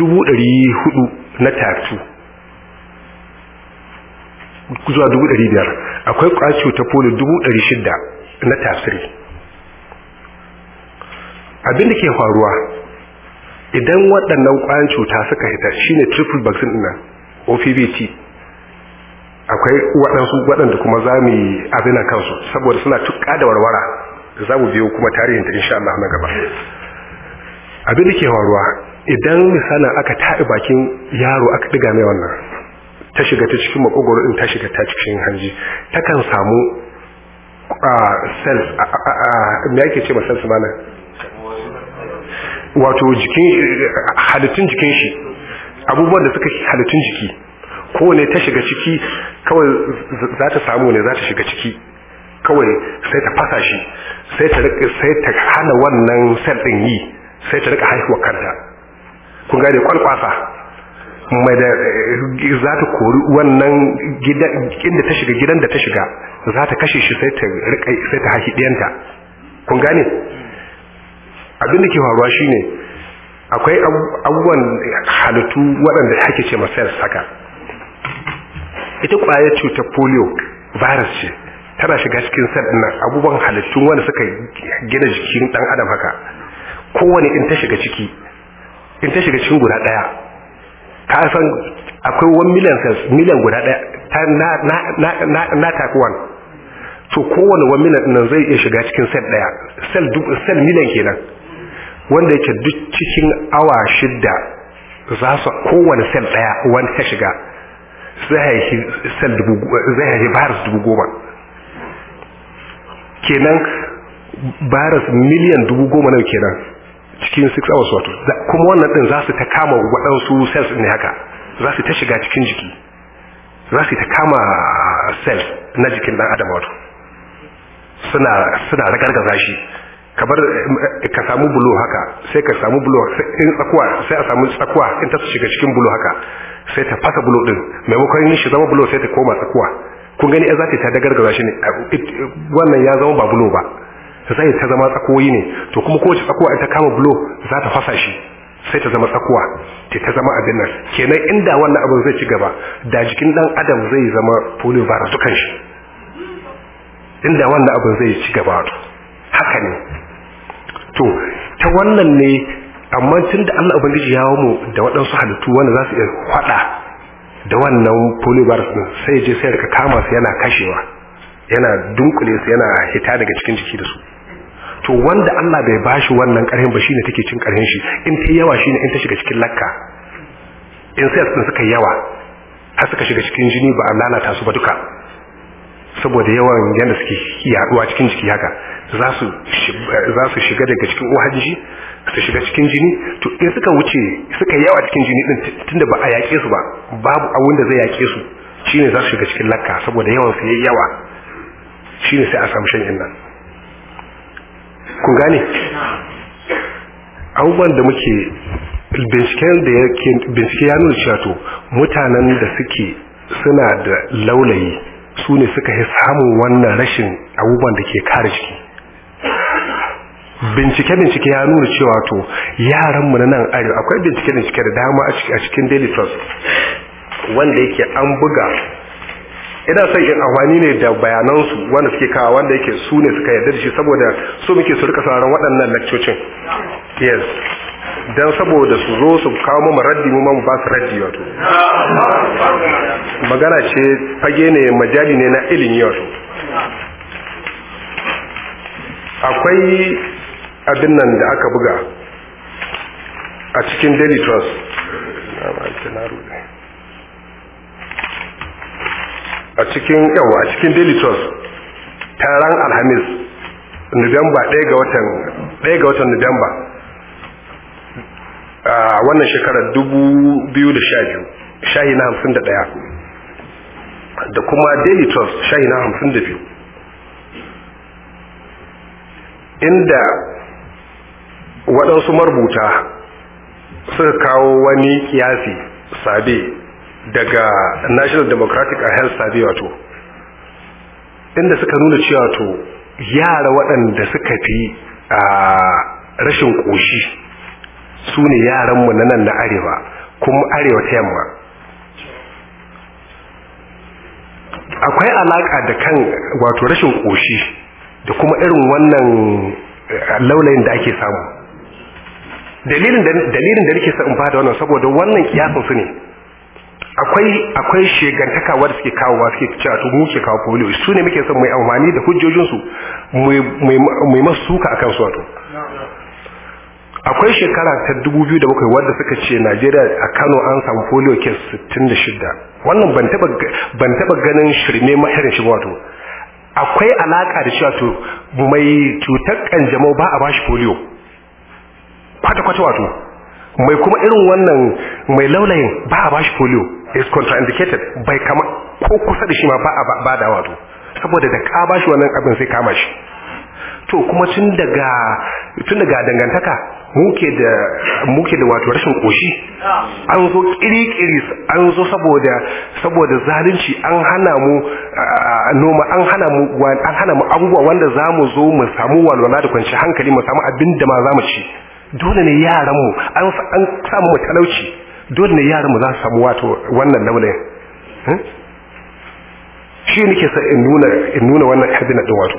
dubu ɗari hudu na type 2 zuwa dubu ɗari biyar akwai kwayar cutar polio dubu ɗari shida na type 3 abinda ke faruwa idan waɗannan ƙwayan cuta suka hita shine triple vaccine ɗin opbt akwai waɗansu waɗanda kuma za mu yi abin a kansu saboda suna tuƙa da warwara za mu biyo kuma tarihin ta insha Allah na gaba abin da ke warwa, idan misalin aka taɓi bakin yaro aka ɗiga mai wannan ta shiga ta cikin makogoro in ta shiga ta cikin hanji takan samu sel me ake ce masal sumana wato jikin halittun jikin shi abubuwan da suka halittun jiki ko ne ta shiga ciki kawai za ta samu ne za ta shiga ciki kawai sai ta fasa shi sai ta sai ta hana wannan sel din yi sai ta rika haihuwa kanta kun gane kwalkwasa mai da eh, za ta kori wannan inda ta shiga gidan da ta shiga za ta kashe shi sai ta rika sai ta haihi ɗiyanta kun gane abin da ke faruwa shine akwai abubuwan halittu waɗanda ake ce ma cells haka ita kwayar cutar polio virus ce tana shiga cikin sel abubuwan halittun wanda suka gina jikin dan adam haka kowane in ta shiga ciki in ta shiga cikin guda daya ka san akwai 1 million cells million guda daya na na na na type 1 to kowane 1 million nan zai iya shiga cikin sel daya sel duk sel million kenan wanda yake duk cikin awa shidda za su kowane sel daya wanda ta shiga zai haishi sel dubu virus dubu goma kenan virus miliyan dubu goma nawa kenan cikin 6 hours wato kuma wannan din za su ta kama waɗansu cells ne haka za su ta shiga cikin jiki za su ta kama cells na jikin ɗan adam wato suna suna ragargaza shi kamar eh, ka samu bulo haka sai ka samu bulo sai a samu tsakuwa in ta shiga cikin bulo haka sai ta fasa bulo din maimakon shi zama bulo sai ta koma tsakuwa kun gani za ta ta gargaza shi ne wannan ya zama ba bulo ba sai ta zama tsakoyi ne to kuma kowace tsakuwa ta kama bulo za ta fasa shi sai ta zama tsakuwa ta ta zama abin nan kenan inda wannan abin zai ci gaba da jikin dan adam zai zama polio virus dukan shi inda wannan abin zai ci gaba haka ne to ta wannan ne amma tun da Allah ubangiji ya mu da waɗansu halittu wanda za su iya faɗa da wannan polyvirus din sai je sai ka kama su yana kashewa yana dunkule su yana hita daga cikin jiki da su to wanda Allah bai bashi wannan ƙarfin ba shine take cin ƙarhin shi in ta yawa shine in ta shiga cikin lakka in sai sun suka yawa har suka shiga cikin jini ba a lalata su ba duka saboda yawan yanda suke yaduwa cikin jiki haka Eh, za su shiga daga cikin wahajishi su shiga cikin jini to in suka wuce suka yawa cikin jini din tunda ba a yaƙe su ba babu abin da zai yaƙe su shine za su shiga cikin lakka saboda yawan su yayi yawa shine sai a samu shan inna kun gane abubuwan da muke binciken da yake bincike ya nuna cewa to mutanen da suke suna da laulayi su ne suka yi samun wannan rashin abubuwan da ke kare jiki bincike-bincike ya nuna cewa to yaranmu na nan arewa akwai bincike-bincike da dama a cikin daily trust wanda yake an buga ina son in amfani ne da bayanansu wanda suke kawo wanda yake su ne suka yarda da shi saboda so muke su rika sauraron waɗannan lakcocin yes don saboda su zo su kawo mu raddi mu mu ba su raddi wato magana ce fage ne majali ne na ilimi wato akwai abin nan da aka buga a cikin daily trust a cikin yawa a cikin daily trust taron alhamis nuwamba daya ga watan ɗaya ga watan nuwamba a wannan shekarar dubu biyu da sha biyu shahi na hamsin da ɗaya da kuma daily trust shahi na hamsin da biyu inda waɗansu marubuta suka kawo wani kiyasi sabe daga national democratic health sabe wato inda suka nuna cewa to yara waɗanda suka fi a rashin ƙoshi su ne yaranmu na nan na arewa kuma arewa ta yamma akwai alaƙa da kan wato rashin ƙoshi da kuma irin wannan eh, laulayin da ake samu dalilin dalilin da nake in bada wannan saboda wannan kiyasin su ne akwai akwai shegantaka wanda suke wa suke cewa to mu ke kawo polio su ne muke son mu amfani da hujjojin su mu yi masu suka akan su wato akwai shekara ta 2007 wadda suka ce Najeriya a Kano an samu polio case 66 wannan ban taba ban taba ganin shirme mahirin shi wato akwai alaka da cewa to mai cutar kanjamau ba a bashi polio kwata kwata wato mai kuma irin wannan mai laulayin ba a bashi polio is contraindicated bai kama ko kusa da shi ma ba a ba da wato saboda da ka bashi wannan abin sai kama shi to kuma tun daga dangantaka muke da da wato rashin koshi an zo kiri-kiri an zo saboda saboda zalunci an hana mu noma an hana mu abubuwa wanda zamu zo mu samu walwala da kwanci hankali mu samu abin da ma zamu ci dole ne yaranmu an samu talauci dole ne mu za su samu wato wannan launin hmm? shi nake sa in nuna in nuna wannan cabinet din wato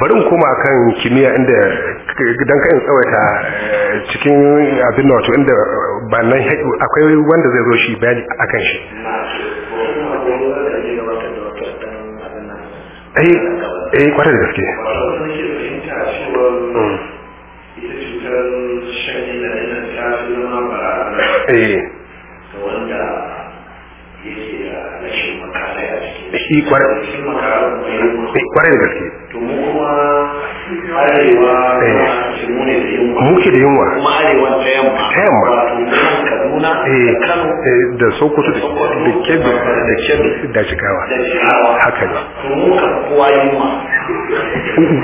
bari in koma kan kimiyya inda dan kan tsawaita eh, cikin abin da wato inda ba nan akwai wanda zai zo shi bayani akan shi eh eh kwatar da gaske eh wanda yake da rashin makala shi kwarai da gaske muke da yunwa ta yamma eh, eh, da sokoto da kebe da da cikawa haka ne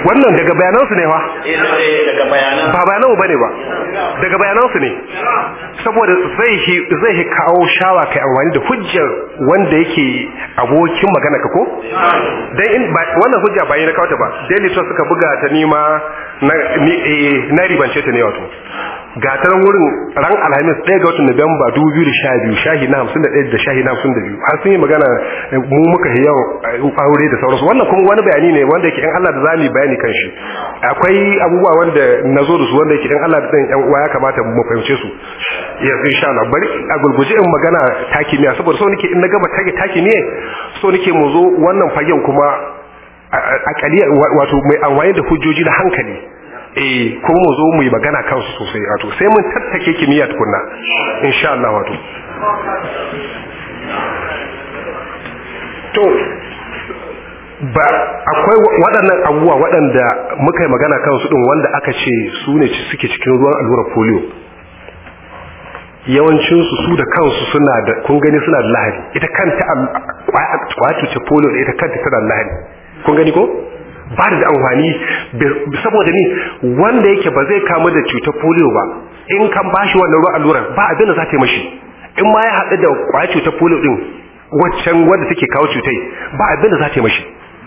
wannan daga bayanansu ne wa ba eh, bayanan ba ne ba daga bayanansu ne saboda zai kawo shawa kai amfani da hujjar wanda yake abokin magana ka ko dan in wannan hujja ba yi na kawata ba daily trust suka buga ta nima na eh, na ribance ta ne wato gatar wurin ran alhamis ɗaya ga watan nuwamba dubu biyu da sha biyu shahi na hamsin da ɗaya da shahi na hamsin da biyu har sun yi magana eh, mu muka yi yau eh, aure da sauransu wannan kuma wani bayani ne wanda yake ɗan Allah da zamu bayani kan shi akwai abubuwa wanda na zo da su wanda yake ɗan Allah da zan yan uwa ya kamata mu fahimce su yanzu insha Allah bari a gurguje in magana ta saboda so nake in na gaba take takimiya so nake mu zo wannan fagen kuma a wato mai amfani da hujjoji na hankali eh kuma mu zo mu yi magana kansu sosai wato sai mun tattake kimiyya tukunna insha Allah wato to ba akwai waɗannan abubuwa waɗanda muka yi magana kansu ɗin wanda aka ce su ne suke cikin ruwan allurar polio yawancinsu su da kansu suna da kun gani suna da lahani ita kanta kwa cutar polio da ita kanta tana lahani kun gani ko ba da amfani saboda ni wanda yake ba zai kama da cutar polio ba in kan bashi wannan ruwan allurar ba abin da za ta yi mashi in ma ya haɗu da kwayar cutar polio din waccan wanda take kawo cutai ba abin da za ta yi mashi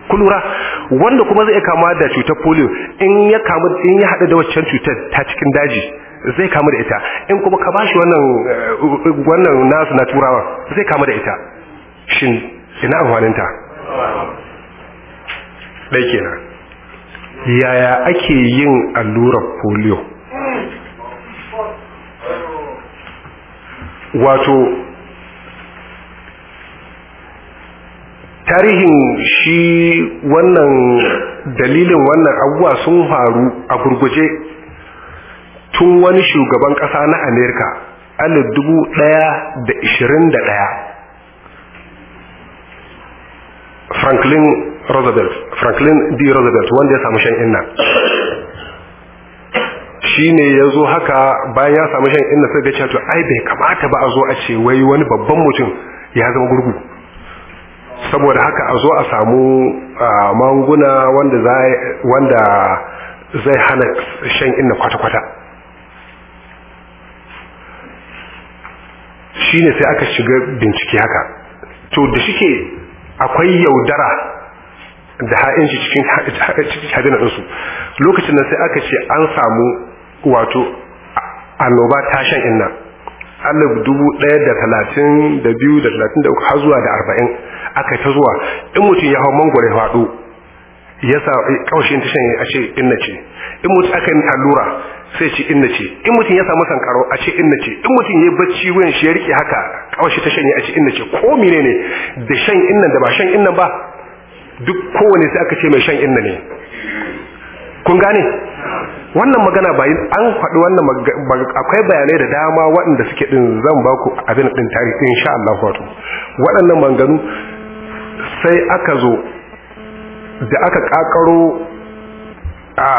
ku lura wanda kuma zai kama da cutar polio in ya kama in ya haɗu da waccan cutar ta cikin daji zai kama da ita in kuma ka bashi wannan eh, wannan nasu na turawa zai kama da ita shin ina amfaninta ɗai kenan yaya ake yin allurar polio wato tarihin shi wannan dalilin wannan abubuwa sun faru a gurguje tun wani shugaban ƙasa na amerika alif dubu ɗaya da ishirin da ɗaya franklin Roosevelt Franklin D Roosevelt wanda ya samu shan inna shine ya zo haka bayan ya samu shan inna sai ga cewa to ai bai kamata ba a zo a ce wai wani babban mutum ya zama gurgu saboda haka a zo a samu manguna wanda zai wanda zai hana shan inna kwata-kwata shine sai aka shiga bincike haka to da shike akwai yaudara da ha'inci cikin hadina ɗinsu lokacin nan sai aka ce an samu wato annoba ta shan inna alif dubu ɗaya da talatin da biyu da talatin da uku har zuwa da arba'in aka ta zuwa in mutum ya hau mangwaro ya faɗo ya sa kaushin ta shanye a ce inna ce in mutum aka yi allura sai ce inna ce in mutum ya samu sankaro a ce inna ce in mutum ya bacci wuyan shi ya rike haka kaushi ta shanye a ce inna ce ko mine ne da shan innan da ba shan innan ba duk kowane sai aka ce mai shan inna ne kun gane wannan magana ba an faɗi wannan akwai bayanai da dama waɗanda suke ɗin zan ba ku abin ɗin tarihi In sha Allah wato waɗannan manganu sai aka zo da aka ƙaƙaro a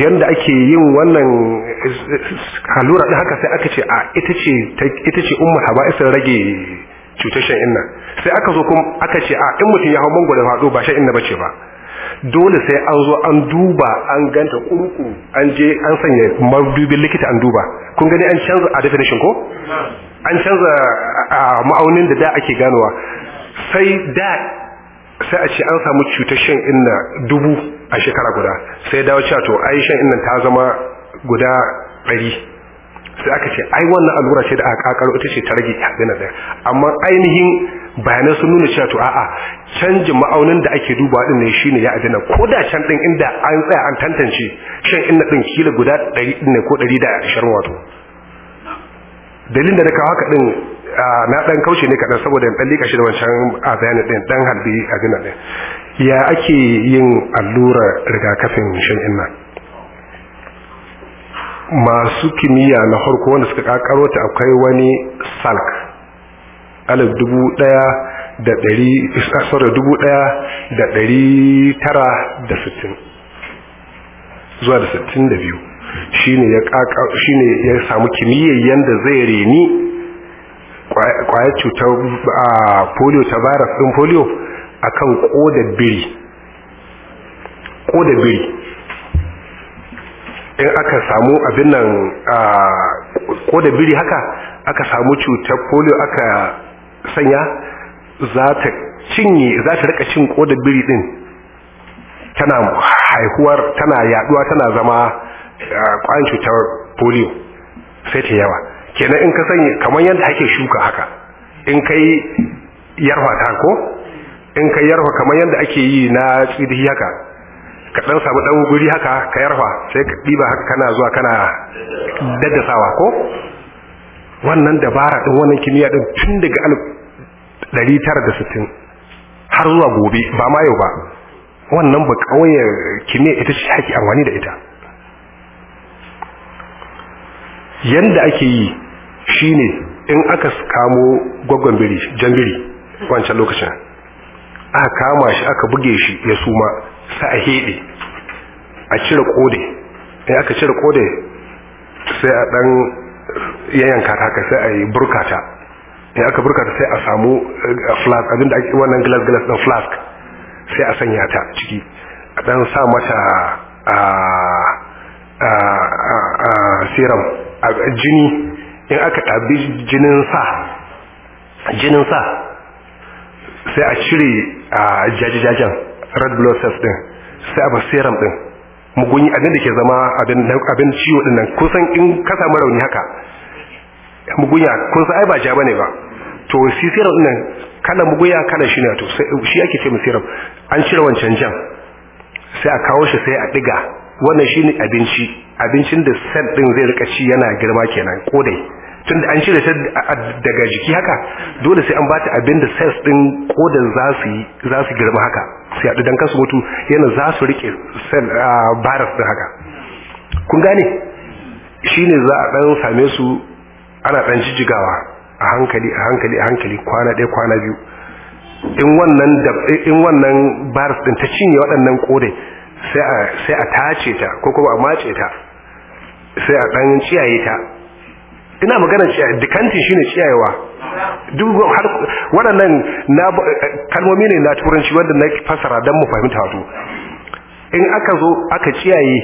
yanda ake yin wannan halura ɗin haka sai aka ce a ita ce umar ce ummul rage cutar shan inna sai aka zo kuma aka ce a in mutum ya hau mangwaro faɗo ba shan inna ce ba dole sai an zo an duba an ganta kurku an je an sanya madubin likita an duba kun gani an canza a definition ko an canza a ma'aunin da da ake ganowa sai da sai a ce an samu cutar shan inna dubu a shekara guda sai dawo cewa to ai shan inna ta zama guda ɗari sai aka ce ai wannan allura ce da aka kakaro ita ce ta rage yana da amma ainihin bayanan sun nuna cewa to a'a canjin ma'aunin da ake duba din ne shine ya adana ko da can din inda an tsaya an tantance shan inna din kila guda 100 din ne ko 120 wato dalilin da na kawo haka din na dan kaushe ne kadan saboda in dan lika shi da wancan bayani din dan halbi a gina din ya ake yin allura rigakafin shan inna masu kimiyya na harko wanda suka kakaro ta akwai wani salk alif dubu daya da dari ah, sorry dubu daya da dari tara da sittin zuwa da sittin da biyu shine ya shine ya samu kimiyyar yanda zai reni kwaya cutar ah, polio ta virus din polio akan kodar biri kodar biri in aka samu abin nan ko da biri haka aka samu cutar polio aka sanya za ta cinye za ta rika cin ko da biri din tana haihuwar tana yaduwa tana zama kwayan cutar polio sai ta yawa kenan in ka sanya kamar yadda ake shuka haka in kai yarwa ta ko in kai yarwa kamar yadda ake yi na tsidihi haka ka dan samu dan guri haka ka yarfa sai ka diba haka kana zuwa kana daddasawa ko wannan dabara din wannan kimiyya din tun daga 1960 har zuwa gobe ba ma yau ba wannan ba kauye kimiyya ita ce haƙi amfani da ita yanda ake yi shine in aka kamo gwaggon biri jan biri wancan lokacin aka kama shi aka buge shi ya suma sai a hede a cire kode in aka cire kode sai a dan yayyanka ta haka sai a yi burkata in aka burkata sai a samu eh, flask abinda ake wannan glass glass din flask sai a sanya ta ciki a dan sa mata a a a serum a jini in aka tabi jinin sa jinin sa sai a cire a jajajajen red blood cells din sai a serum din mugunyi abin da ke zama abin ciwo din nan kusan in ka samu rauni haka mugunya kun san ai ba ja bane ba to shi serum din nan kala mugunya kala shi ne to shi ake ce mu serum an cire wancan jan sai a kawo shi sai a diga wannan shine abinci abincin da cell din zai rika ci yana girma kenan kodai tun da an cire ta daga jiki haka dole sai an bata abin da cells din kodan za su yi za su girma haka su yaɗu don kansu mutu yana za su riƙe baras da haka kun gane shi ne za a ɗan same su ana ɗan jijigawa a hankali a hankali a hankali kwana ɗaya kwana biyu in wannan in wannan baras ɗin ta cinye waɗannan ƙore sai a tace ta ko kuma a mace ta sai a ɗan ciyaye ta ina maganar dukanti shine ciyayewa duk har waɗannan na kalmomi ne na turanci wanda na fasara don mu fahimta wato in aka zo aka ciyaye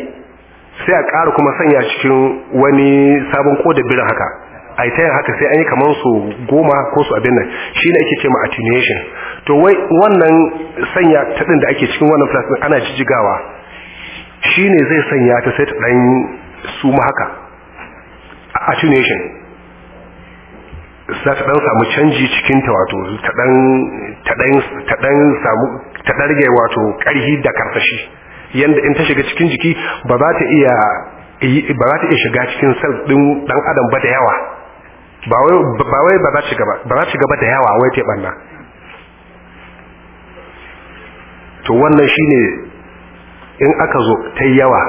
sai a ƙara kuma sanya cikin wani sabon birin haka a yi ta yin haka sai an yi kamar su goma ko su abin nan shi ne ake ce ma attenuation to wai wannan sanya taɗin da ake cikin wannan plastic ana jijjigawa shi ne zai sanya ta sai ta ɗan su haka a tunation za ta dan samu canji cikinta wato ta dan samu ta darge wato ƙarhi da karfashi yadda in ta shiga cikin jiki ba za ta iya ba za ta iya shiga cikin sel din ɗan adam ba da yawa ba wai ba za shiga ba za shiga ba da yawa wai ta ɓanna to wannan shine in aka zo ta yawa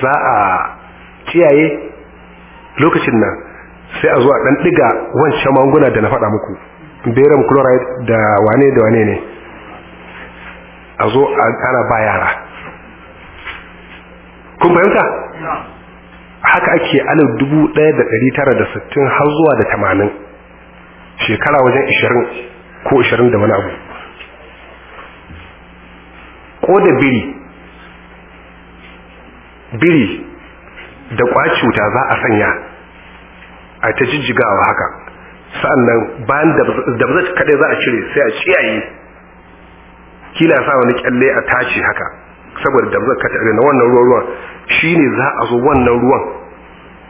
za a kiyaye lokacin nan sai a zuwa dan diga wancan magunguna da na faɗa muku berem chloride da wane da wane ne a zo ana ba yara kun fahimta haka ake alif dubu ɗaya da ɗari tara da sittin har zuwa da tamanin shekara wajen ishirin ko ishirin da wani abu ko da biri biri da kwacuta za a sanya a ta jijjigawa haka sa'annan bayan da ba kaɗai za a cire sai a ciyayi kila sa wani kyalle a tace haka saboda da ba kaɗai na wannan ruwan ruwan shi ne za a zo wannan ruwan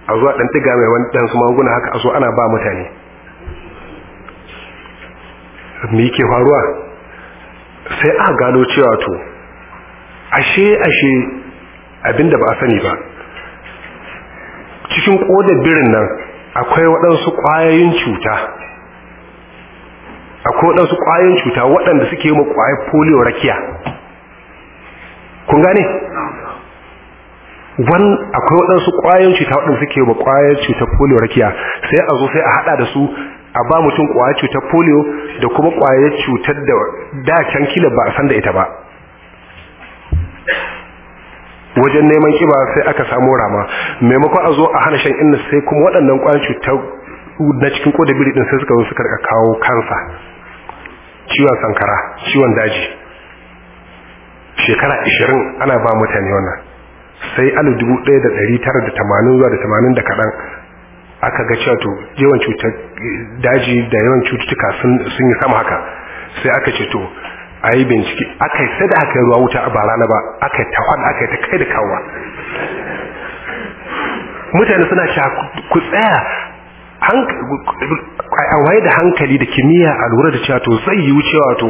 a a ɗan ɗiga mai wani su maguna haka a zo ana ba mutane me yake faruwa sai a gano cewa to ashe ashe abinda ba a sani ba cikin kodar birin nan akwai waɗansu ƙwayoyin cuta akwai waɗansu ƙwayoyin cuta waɗanda suke yi ma ƙwayar polio rakiya kun gane wan akwai waɗansu ƙwayoyin cuta waɗanda suke ba ƙwayar cutar polio rakiya sai a zo sai a haɗa da su a ba mutum ƙwayar cutar polio da kuma ƙwayar cutar da da can kila ba a san da ita ba wajen neman kiba sai aka samu rama maimakon a zo a hana shan inna sai kuma waɗannan ƙwayan cutar na cikin biri ɗin sai suka zo suka kawo kansa ciwon sankara ciwon daji shekara 20 ana ba mutane wannan sai alif dubu ɗaya da ɗari tara da tamanin zuwa da tamanin da kaɗan aka ga cewa to yawan cutar daji da yawan cututtuka sun yi sama haka sai aka ce to a yi bincike aka yi sai da aka yi ruwa wuta bara na ba aka yi tawan aka yi ta kai da kawo mutane suna sha ku tsaya a waye da hankali da kimiyya a lura da cewa to zai yi wucewa to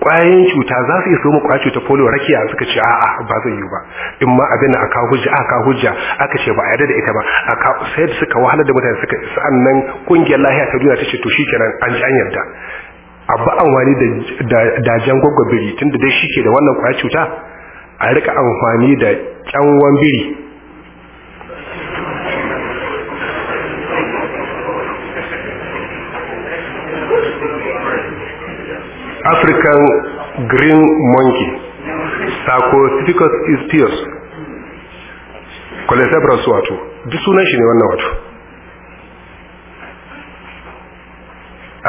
kwayoyin cuta za su iya so mu kwaya cuta polio rakiya suka ce a'a ba zai yi ba in ma abin da aka hujja aka hujja aka ce ba a yarda da ita ba aka sai da suka wahalar da mutane suka sannan kungiyar lahiya ta duniya ta ce to shikenan an ji an yarda a ba amfani da dajen gwaggwa biri tun da dai shi ke da wannan kwaya cuta a rika amfani da kyanwan biri african green monkey sarcopithecus istios colesebras wato duk sunan shi ne wannan wato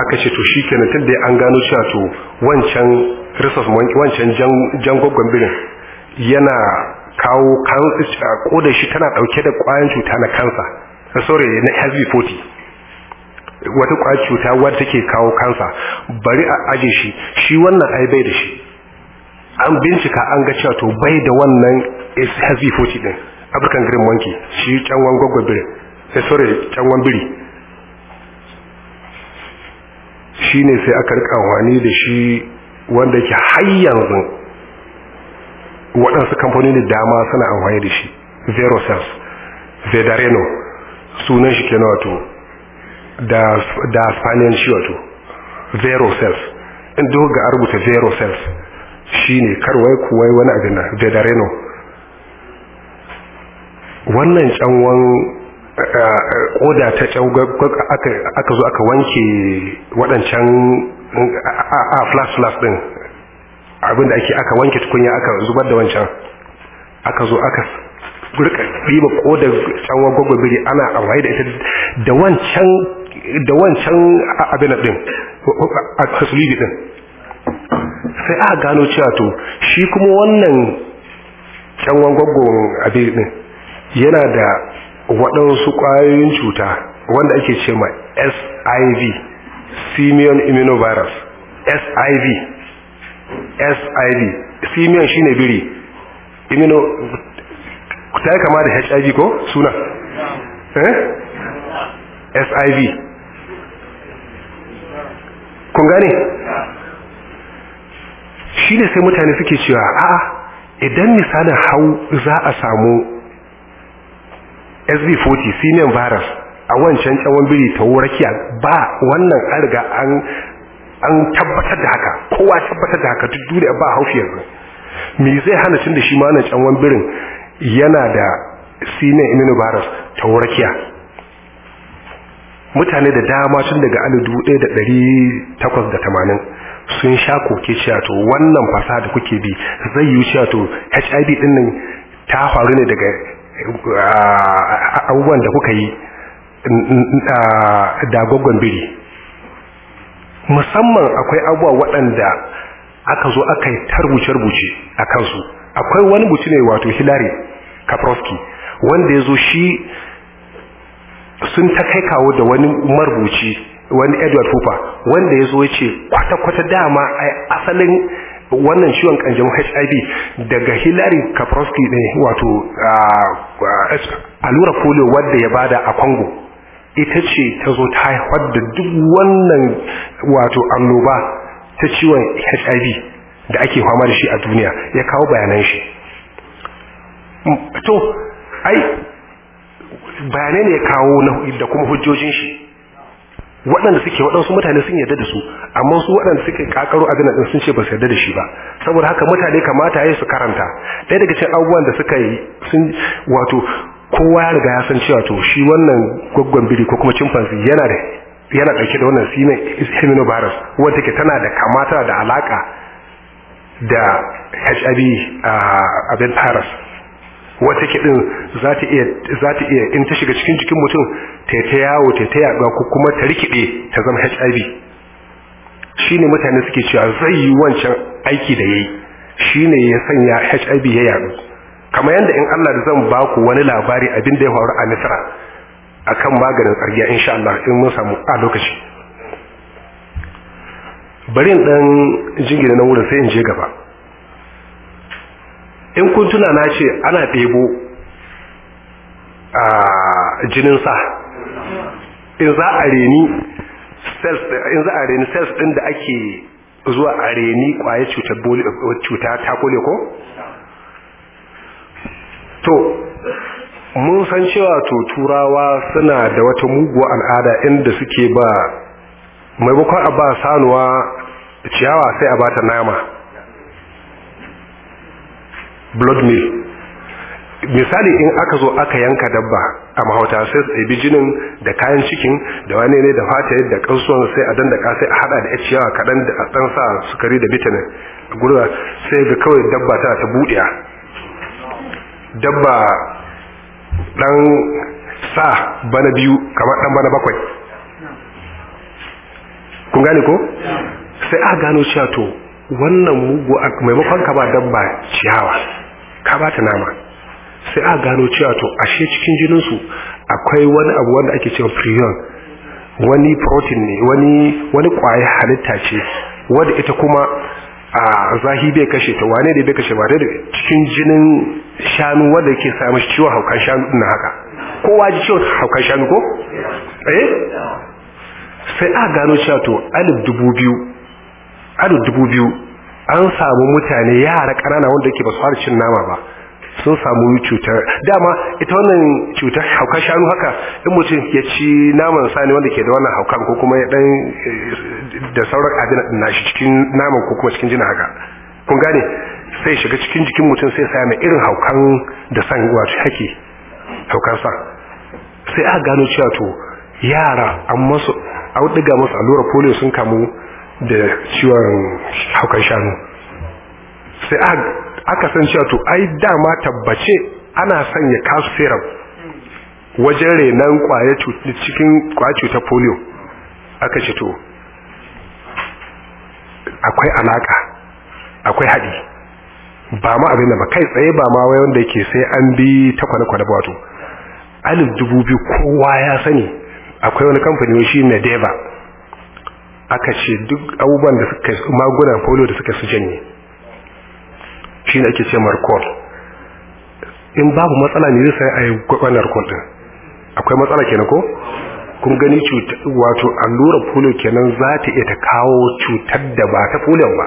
aka ce to shi kenan tun da an gano cewa to wancan christopher wancan jan gwaggon birin yana kawo koda shi tana dauke da kwayan cuta na kansa eh, sorry na hiv 40 wata kwayan cuta wadda take kawo kansa bari a aje shi shi wannan ai bai da shi an bincika an ga cewa to bai da wannan hiv 40 din african green monkey shi canwan gwaggon birin eh, sorry canwan biri Shi ne sai aka rika wani da shi wanda ke har yanzu waɗansu da dama suna amfani da shi cells. zedareno sunan shi ke wato da da spaniyan shi wato cells. in duk ga rubuta shi shine karwai kuwai wani abin na, zedareno wannan canwan koda ta aka zo aka wanke waɗancan a flash flash ɗin abinda ake aka wanke tukunya aka zubar da wancan aka zo aka rika ɗiba kodar tsawon gwagwabiri ana amfani da ita da wancan da wancan abin ɗin a hasulubi ɗin sai aka gano cewa to shi kuma wannan tsawon gwagwabiri ɗin yana da waɗansu ƙwayoyin cuta wanda ake ce ma siv simian immunovirus siv siv shi shine biri immuno ta yi kama da hiv ko suna eh siv kun gane shi ne sai mutane suke cewa a'a idan misalin hau za a samu sv 40 senior virus a wancan tsawon biri ta wurakiya ba wannan arga an an tabbatar da haka kowa tabbatar da haka duk da ba haufi yanzu me zai hana tunda shi ma wannan tsawon birin yana da senior immunovirus ta wurakiya mutane da dama tun daga da 1880 sun sha koke cewa to wannan fasaha da kuke bi zai yi cewa to HIV din nan ta faru ne daga abubuwan da kuka yi gwaggon biri musamman akwai abubuwa waɗanda aka zo aka yi tarbuce-rubuce a kansu akwai wani mutum ne wato hilary kaprowski wanda ya zo shi sun ta kai kawo da wani marubuci wani edward hooper wanda ya zo ya ce kwata-kwata dama a asalin wannan ciwon kanjamau HIV daga Hillary Kaprowski ne wato alura polio wadda ya bada a Congo ita ce ta zo ta haifar da duk wannan wato annoba ta ciwon HIV da ake fama da shi a duniya ya kawo bayanan shi to ai bayanai ne ya kawo da kuma hujjojin shi waɗanda suke waɗansu mutane sun yarda da su amma su waɗanda suke kakaro gina din sun ce ba su yarda da shi ba saboda haka mutane kamata yayi su karanta ɗaya daga cikin abubuwan da suka yi sun wato kowa ya riga ya san cewa to shi wannan gwaggon biri ko kuma chimpanzee yana da yana ɗauke da wannan virus wanda take tana da kamata da alaƙa da HIV a ah, abin virus wata kiɗin za ta iya za iya in ta shiga cikin jikin mutum ta ta yawo ta ta yaɗuwa ko kuma ta rikide ta zama HIV shine mutane suke cewa zai yi wancan aiki da yayi shine ya sanya HIV ya yaɗu kamar yadda in Allah da zan ba ku wani labari abin da ya faru a Misra akan maganin ƙarya insha Allah in mun samu a lokaci bari in dan jingina na wurin sai in je gaba in kun tuna na ce ana ɗebo a ah, sa in za a reni cells in za a reni cells din da ake zuwa a reni kwaye cutar cuta ta kole ko to mun san cewa to turawa suna da wata muguwa al'ada inda suke ba maimakon a ba sanuwa ciyawa sai a bata nama blood meal misali in aka zo aka yanka dabba a mahauta sai a bi jinin da kayan cikin da wane ne da fata da kansuwan sai a dandaka sai a hada da ciyawa kaɗan da a ɗan sa sukari da vitamin gurza sai ga kawai dabba ta ta buɗiya dabba ɗan sa bana biyu kamar ɗan bana bakwai kun gane ko sai a gano cewa to wannan mugu maimakon ka ba dabba ciyawa ka ba ta nama sai a gano cewa to ashe cikin jininsu akwai wani abu wanda ake cewa prion wani protein ne wani wani kwaye halitta ce wadda ita kuma a zahi bai kashe ta wane da bai kashe ba da cikin jinin shanu wanda yake samun ciwon haukan shanu na haka kowa ji ciwon haukan shanu ko eh sai a gano cewa to alif dubu biyu alif dubu biyu an samu mutane yara ƙanana wanda yake ba su fara cin nama ba sun samu cutar dama ita wannan cutar hauka shanu haka in mutum ya ci naman sani wanda ke da wannan haukan ko kuma ya dan eh, da sauran abin na shi cikin naman ko kuma cikin jina haka kun gane sai shiga cikin jikin mutum sai sa mai irin haukan da san wato haki haukan sa sai aka gano cewa to yara an masu an diga masu allurar polio sun kamu da ciwon haukan shanu sai aka san cewa to ai dama tabbace ana sanya kasu serum wajen renon kwaya cikin kwaya ta polio aka ce to akwai alaka akwai haɗi ba ma abin da ba kai tsaye ba ma wai wanda yake sai an bi ta kwana-kwana ba wato alif dubu biyu kowa ya sani akwai wani kamfani shi na deva aka ce duk abubuwan da suka magunan polio da suka su janye shi ne ake ce markol in babu matsala ne zai sai a yi gwaɓar narkol din akwai matsala kenan ko kun gani wato allurar polio kenan za ta iya ta kawo cutar da ba ta polio ba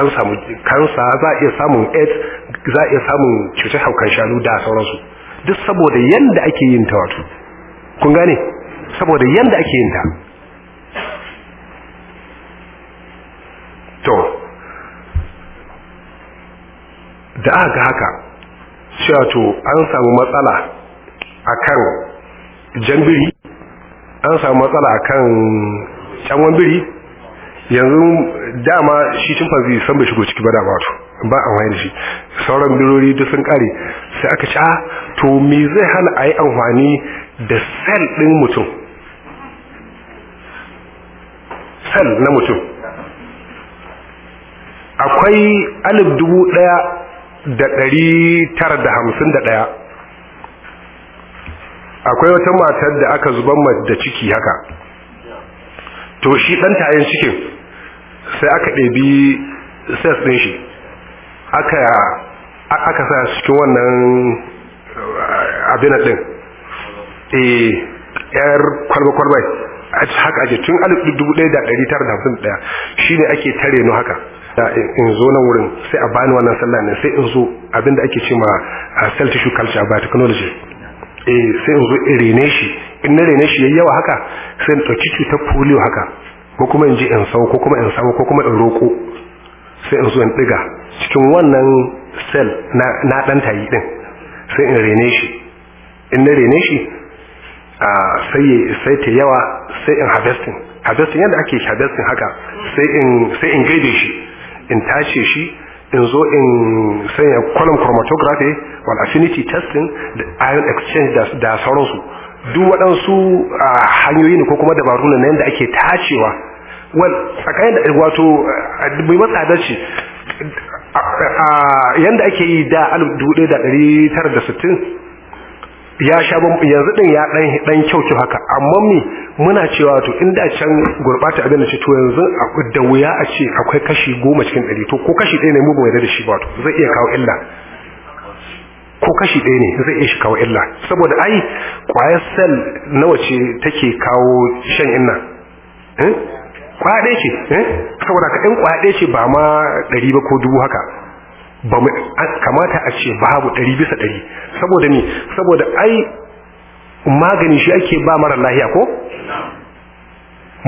an samu kansa za a iya samun aids za a iya samun cutar haukan shanu da sauransu duk saboda yanda ake yin ta wato kun gane saboda yanda ake yin ta to da aka ga haka cewa to an samu matsala akan jan biri an samu matsala akan canwan biri yanzu dama shi chimpanzee san bai shigo ciki ba dama to ba amfani da shi sauran birori duk sun kare sai aka ci ah, to me zai hana a yi amfani da sel ɗin mutum sel na mutum akwai alif dubu ɗaya da ɗari tara da hamsin da ɗaya akwai wata matar da aka zuban da ciki haka to shi ɗan tayin cikin sai aka ɗabi ses ɗin shi aka aka sa cikin wannan eh, abinan ɗin eh yar kwalba kwalba a haka ake tun alif dubu ɗaya da ɗari tara da hamsin da ɗaya shi ne ake tare no haka in zo nan wurin sai a bani wannan sallah ne sai in zo abinda ake cewa cell tissue culture technology eh sai in zo in rene shi in na rene shi yawa haka sai in tsoci cutar polio haka ko kuma in ji in sau ko kuma in sau ko kuma in roko. sai in zo in ɗiga cikin wannan cell na dan tayi din sai in rene shi in na rene shi a sai ta yawa sai in harvesting harvesting yadda ake harvesting haka sai in sai in gaide shi in tace shi in zo in sanya column chromatography wal affinity testing da ion exchange da sauransu duk waɗansu hanyoyi ne ko kuma dabaru na yadda ake tacewa wal tsakanin da wato bai da ce yadda ake yi da 1960 ya sha yanzu din ya dan dan kyauki haka amma me muna cewa to inda can gurbata abin da ce to yanzu da wuya a ce akwai kashi 10 cikin 100 to ko kashi 1 ne mu bai da shi ba to zai iya kawo illa ko kashi ɗaya ne zai iya shi kawo illa saboda ai kwayar cell nawa ce take kawo shan inna kwaya eh? ɗaya ce eh? saboda ka ɗin kwaya ɗaya ce ba ma 100 ba ko dubu haka ba mu kamata a ce babu ɗari bisa ɗari saboda ni saboda ai magani shi ake ba mara lahiya ko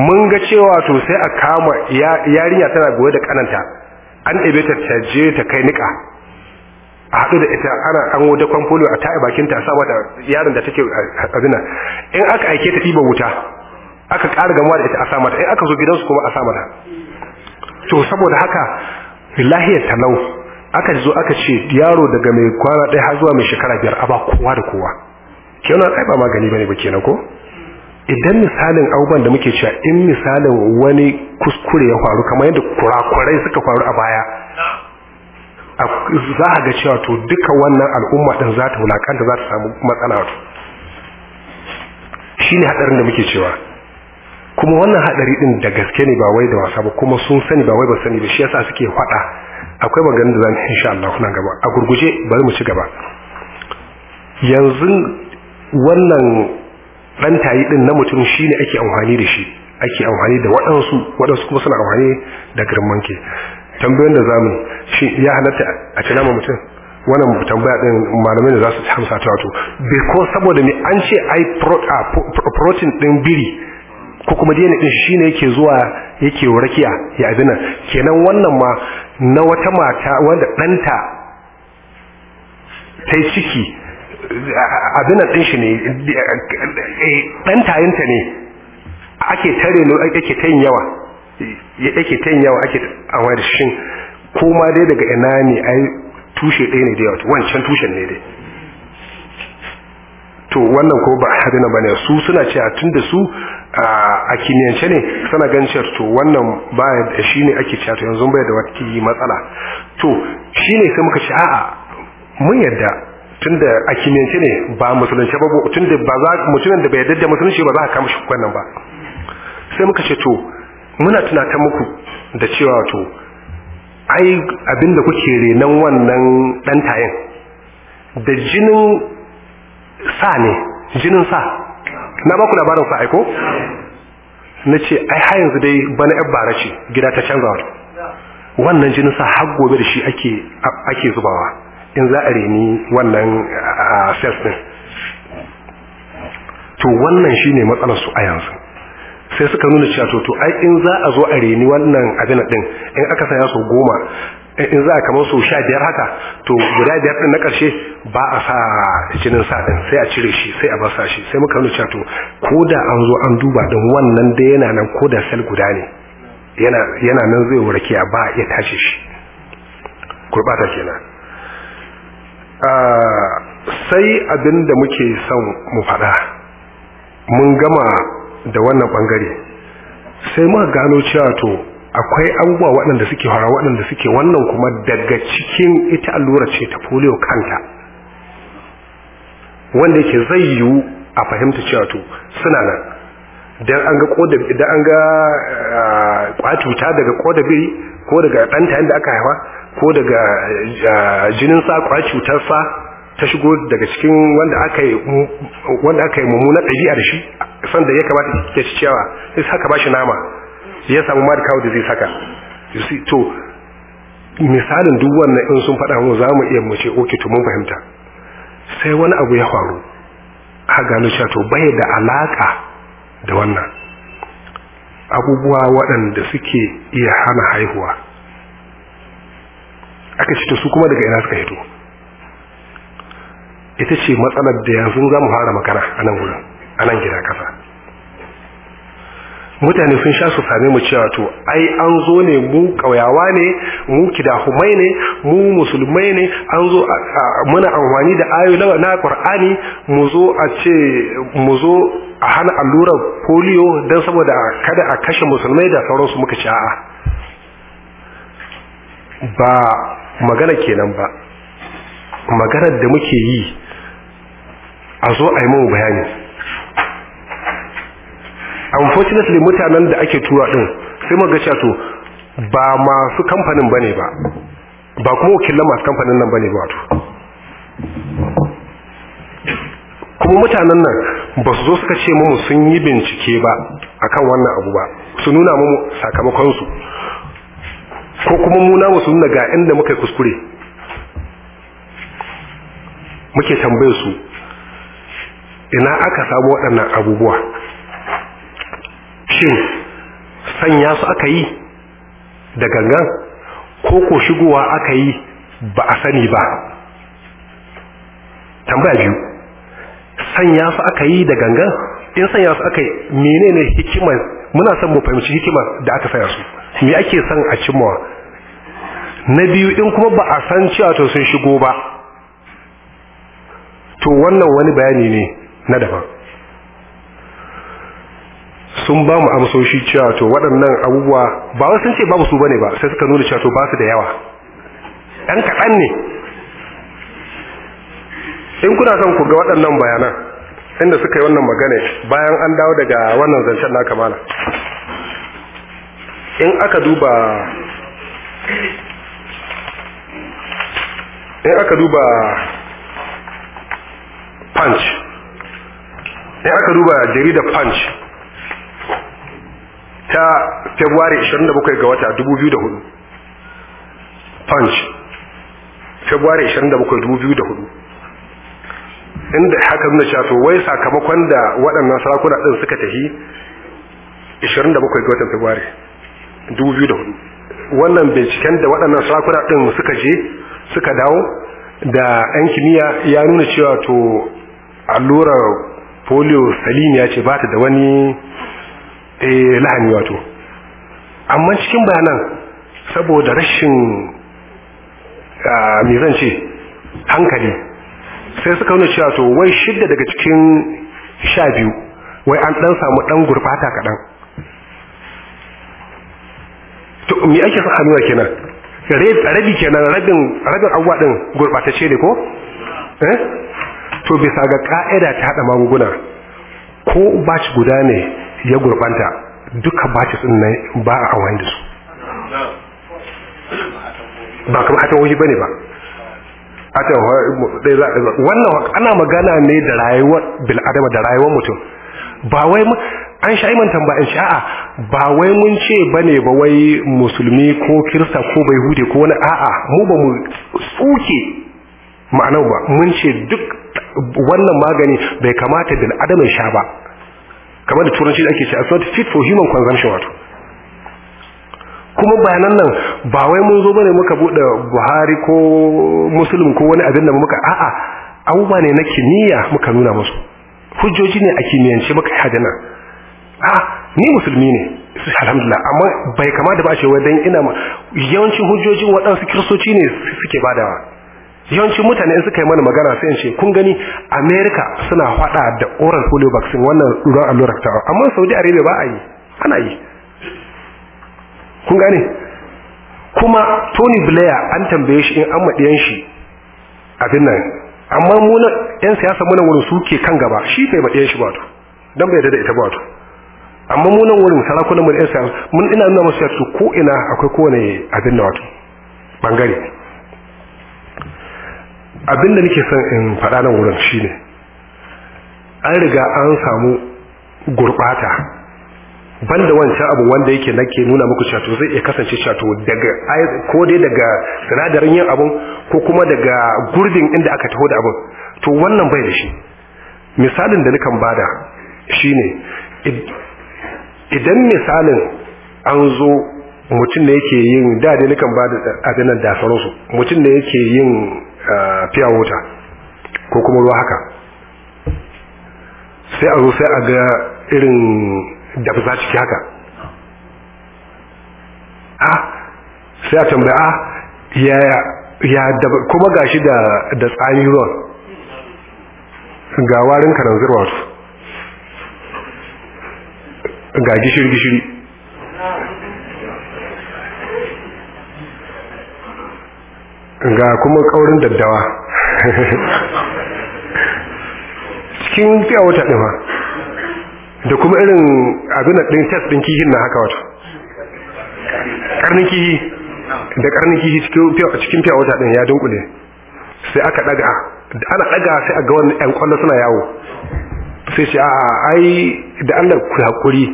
mun ga cewa to sai a kama yarinya tana goye da kananta an ɗebe ta ta je ta kai niƙa a haɗu da ita ana an wuce kwamfolo a ta'a bakin ta saboda yaron da take zina in aka aike ta ɗiba wuta aka ƙara gamuwa da ita a samata in aka zo gidansu kuma a samata to saboda haka lahiyar talau aka zo aka ce yaro daga mai kwana ɗaya har zuwa mai shekara biyar a ba kowa da kowa kenan ai ba magani bane ba kenan ko idan misalin abubuwan da muke cewa in misalin wani kuskure ya faru kamar yadda kurakurai suka faru a baya za a ga cewa to duka wannan al'umma din za ta wulakanta za ta samu matsala shi ne hadarin da muke cewa kuma wannan hadari din da gaske ne ba wai da wasa ba kuma sun sani ba wai ba sani ba shi yasa suke faɗa akwai maganin da za insha Allah kuna gaba a gurguje bari mu ci gaba yanzu wannan dan tayi din na mutum shine ake amfani da shi ake amfani da waɗansu waɗansu kuma suna amfani da girman ke tambayoyin da zamu shi ya halatta a tana ma mutum wannan tambaya din malamai da za su hamsa ta wato because saboda me an ce i protein din biri ko kuma dai din shi ne yake zuwa yake rakiya ya abina kenan wannan ma na wata mata wanda danta ta ciki abinan ɗin shi ne dantayinta eh, tayinta ne ake tare ne ake ta yin yawa ake ta yin yawa ake amma da shi, ko ma dai daga ina ne ai tushe ɗaya ne da yawa wancan tushen ne dai to wannan ko ba hadin bane su suna cewa tunda su a kimiyance ne suna ganin cewa to wannan ba da shine ake cewa to yanzu bai da wata matsala to shine sai muka ce a'a mun yarda tunda a kimiyance ne ba musulunci ba tunda ba za mutumin da bai yarda da musulunci ba za ka kama shi wannan ba sai muka ce to muna tunatar muku da cewa to ai abinda kuke renan wannan dan tayin da jinin sa ne jinin sa na ba ku labarin sa aiko na ce ai ha yanzu dai bana yan bara ce gida ta canza wa. wannan jinin sa har gobe da shi ake ake zubawa in za a reni wannan sales din to wannan shine matsalar su a yanzu sai suka nuna cewa to to ai in za a zo a reni wannan abin din in aka saya su goma in za a kamar su sha biyar haka to guda biyar din na karshe ba a sa jinin sa din sai a cire shi sai a basa shi sai muka nuna cewa to ko da an zo an duba din wannan da yana nan ko da sel guda ne yana yana nan zai warke a ba ya iya tashi shi gurbata kenan ah, sai abin da muke son mu faɗa mun gama da wannan bangare sai muka gano cewa to akwai abubuwa waɗanda suke fara waɗanda suke wannan kuma daga cikin ita allura ce ta polio kanta wanda yake zai yiwu a fahimta cewa to suna nan dan an ga kodabi dan an ga eh, kwatuta daga kodabi ko daga ɗanta yadda aka haifa ko daga eh, jinin sa kwacutar sa ta shigo daga cikin wanda aka yi wanda aka yi mummunar ɗabi'a da shi san da ya kamata ya ci ciyawa sai haka ba shi nama ya samu mad cow disease haka you see to misalin duk wannan in sun faɗa mu zamu mu iya mu ce okay to mun fahimta sai wani abu ya faru a gano cewa to bai da alaka da wannan abubuwa waɗanda suke iya hana haihuwa aka ce to su kuma daga ina suka hito ita ce matsalar da yanzu za mu fara makara a nan wurin a nan gida kasa mutane sun sha su same mu cewa to ai an zo ne mu ƙauyawa ne mu kidahumai ne mu musulmai ne an zo muna amfani da ayoyi na ƙwar'ani, mu zo a ce mu zo a hana allurar polio don saboda kada a kashe musulmai da sauransu muka ci a'a ba magana kenan ba maganar da muke yi a zo a yi mawa bayanin unfortunately mutanen da ake tura din sai maga cewa to ba masu kamfanin bane ba ba kuma wakilan masu kamfanin nan bane ba to kuma mutanen nan ba su zo suka ce mu sun yi bincike ba akan wannan abu ba su nuna mu sakamakon ko kuma mu su nuna ga inda muka kuskure muke tambayar su ina aka samu waɗannan abubuwa shin sanya su aka yi da gangan ko ko shigowa aka yi ba a sani ba tambaya biyu sanya su aka yi da gangan in sanya su aka yi menene hikimar muna son mu fahimci hikimar da aka sanya su me ake son a cimmawa na biyu in kuma ba a san cewa to sun shigo ba to wannan wani bayani ne na daban sun ba mu amsoshi cewa to waɗannan abubuwa ba wasu sun ce babu su bane ba sai suka nuna cewa to ba su da yawa ɗan kaɗan ne in kuna son ku ga waɗannan bayanan inda suka yi wannan magana bayan an dawo daga wannan zancen na kamala in aka duba in aka duba punch sai aka duba jaridar punch ta february 27 ga wata 2004 punch february 27 2004 inda haka nuna cewa to wai sakamakon da waɗannan sarakuna ɗin suka tafi 27 ga watan february 2004 wannan binciken da waɗannan sarakuna ɗin suka je suka dawo da 'yan kimiyya ya nuna cewa to allurar polio ya ce ba ta da wani eh, lahani wato amma cikin bayanan saboda rashin zan ce hankali sai suka wani cewa to wai shidda daga cikin sha biyu wai an dan samu dan gurbata kaɗan to mi ake son hannuwa kenan rabi kenan rabin rabin abuwa din ne ko eh to bisa ga ka'ida ta hada magunguna ko batch guda ne ya gurbanta duka batches sun nan ba a amfani da su ba kuma hatan hoji bane ba wannan ana magana ne da rayuwar bil'adama da rayuwar mutum ba wai an sha iman tambayin sha'a ba wai mun ce bane ba wai musulmi ko kirista ko bai hude ko wani a'a mu ba mu tsuke ma'anau ba mun ce duk wannan magani bai kamata da adamin sha ba kamar da turanci da ake ce it's not fit for human consumption wato kuma bayanan nan ba wai mun zo bane muka bude Buhari ko Muslim ko wani abin da muka a'a abubuwa ne na kimiyya muka nuna musu hujjoji ne a kimiyyance muka hadana a ni musulmi ne alhamdulillah amma bai kamata ba a ce wai dan ina yawancin hujjojin waɗansu kiristoci ne suke badawa yawancin mutane in suka yi mana magana sai in ce kun gani america suna faɗa da oral polio vaccine wannan ruwan allurar ta amma saudi arabia ba a yi ana yi kun gane kuma tony blair an tambaye shi in an maɗiyan shi abin nan amma muna yan siyasa muna wurin suke kan gaba shi bai maɗiyan shi ba to don bai da ita ba to amma muna wurin sarakunan mu da yan siyasa mun ina nuna masu yasu ko ina akwai kowane abin na wato bangare abinda nake son in faɗa nan wurin shine an riga an samu gurɓata banda wancan abu wanda yake nake nuna muku cato zai iya kasance cato daga ko dai daga sinadarin yin abun ko kuma daga gurbin inda aka taho da abun to wannan bai da shi misalin da nukan bada shine idan misalin an zo mutum da yake yin da dai nukan bada abinan da mutum da yake yin fiya eh, wuta ko kuma ruwa haka sai a zo sai a ga irin dafza ciki haka a sai a tambaya a ya kuma gashi da tsari ruwan ga warin karanzirwa su ga gishiri-gishiri ga kuma kaurin daddawa cikin fiya wata ɗima da kuma irin abin ɗin test ɗin kihin na haka wata ƙarnin kihi da ƙarnin kihi cikin fiya wata ɗin ya dunkule sai aka ɗaga ana ɗaga sai a ga wani ‘yan ƙwallo suna yawo sai ce a ai da allah ku haƙuri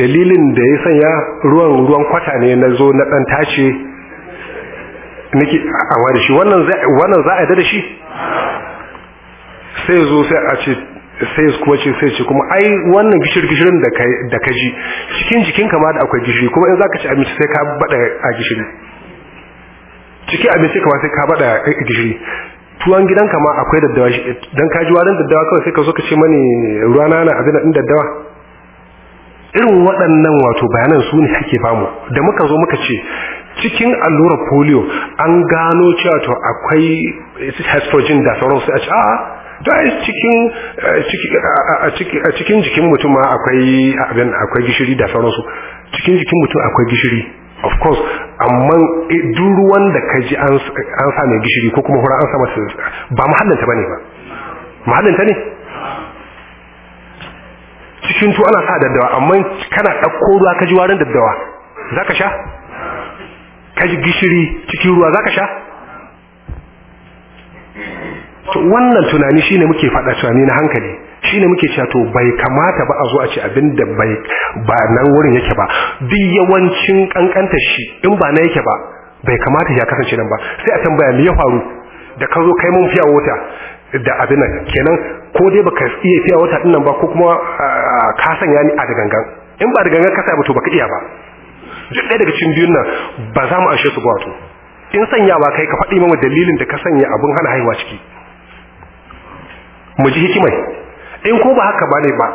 dalilin da ya sanya ruwan ruwan kwata ne na zo na ɗan tace nake awa da shi wannan za a yadda da shi sai zo sai a ce sai kuma ce sai ce kuma ai wannan gishir-gishirin da ka ji cikin jikin ma da akwai gishiri kuma in za ka ci abinci sai ka bada a gishiri cikin abinci kama sai ka bada a gishiri tuwon gidan kama akwai daddawa don ka ji warin daddawa kawai sai ka zo ka ce mani ruwana na abin din daddawa irin waɗannan wato bayanan su ne ake bamu da muka zo muka ce cikin allurar polio an gano cewa to akwai hestrogen da sauran su a ci to eh, a cikin a cikin jikin mutum ma akwai abin akwai gishiri da sauran su cikin jikin mutum akwai gishiri of course amma duk ruwan da ka ji an sa mai gishiri ko kuma huran an sa masa ba mahallanta bane ba mahallanta ne cikin to ana sa daddawa amma kana ɗauko ruwa ka ji warin daddawa zaka sha ka gishiri cikin ruwa zaka sha to wannan tunani shine muke fada tunani na hankali shine muke cewa to bai kamata ba a zo a ce abinda bai ba nan wurin yake ba duk yawancin kankantar shi in ba na yake ba bai kamata ya kasance nan ba sai a tambaya me ya faru da ka zo kai mun fiya wuta da abin nan kenan ko dai baka iya fiya wata dinnan ba ko kuma ka sanya ni a dagangan in ba da ka sa to baka iya ba duk ɗaya daga cikin biyun nan ba za mu anshe su ba wato in sanyawa kai ka faɗi mamu dalilin da ka sanya abin hana haihuwa ciki mu ji hikimai in ko ba haka ba ne ba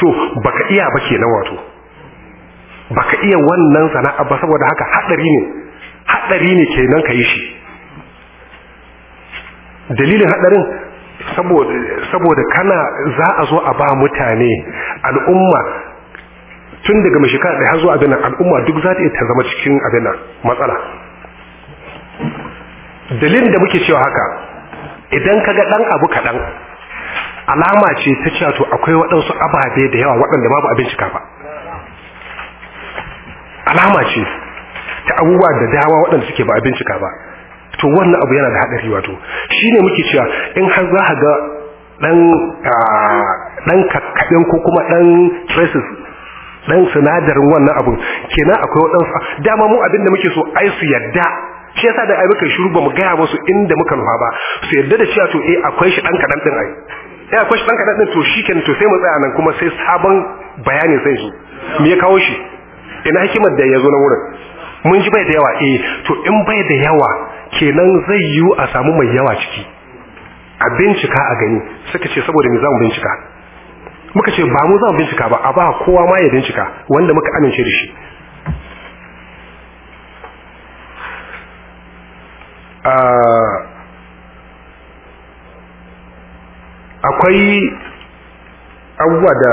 to ka iya ba kenan wato Ba ka iya wannan sana'a ba saboda haka haɗari ne haɗari ne kenan ka yi shi dalilin haɗarin saboda kana za a zo a ba mutane al'umma tun daga mashika da har zuwa abin al'umma duk za ta iya zama cikin abin matsala dalilin da muke cewa haka idan ka ga ɗan abu kaɗan alama ce ta cewa to akwai waɗansu ababe da yawa waɗanda babu abin ka ba alama ce ta abubuwa da dawa waɗanda suke ba a bincika ba to wannan abu yana da haɗari wato shi ne muke cewa in har za ga ah, ɗan kakkaɓen ko kuma ɗan traces dan sinadarin wannan abun kenan akwai wadansu dama mu abinda muke so ai su yadda shi yasa da ai muka shiru ba mu gaya su inda muka nufa ba su yadda da cewa to eh akwai shi dan kadan din ai eh akwai shi dan kadan din to shikenan to sai mu tsaya nan kuma sai sabon bayani sai shi me ya kawo shi ina hikimar da ya na wurin mun ji bai da yawa eh to in bai da yawa kenan zai yiwu a samu mai yawa ciki a bincika a gani suka ce saboda me za mu bincika muka ce ba mu za mu bincika ba a ba kowa ma ya bincika wanda muka amince da shi ah, akwai abubuwa da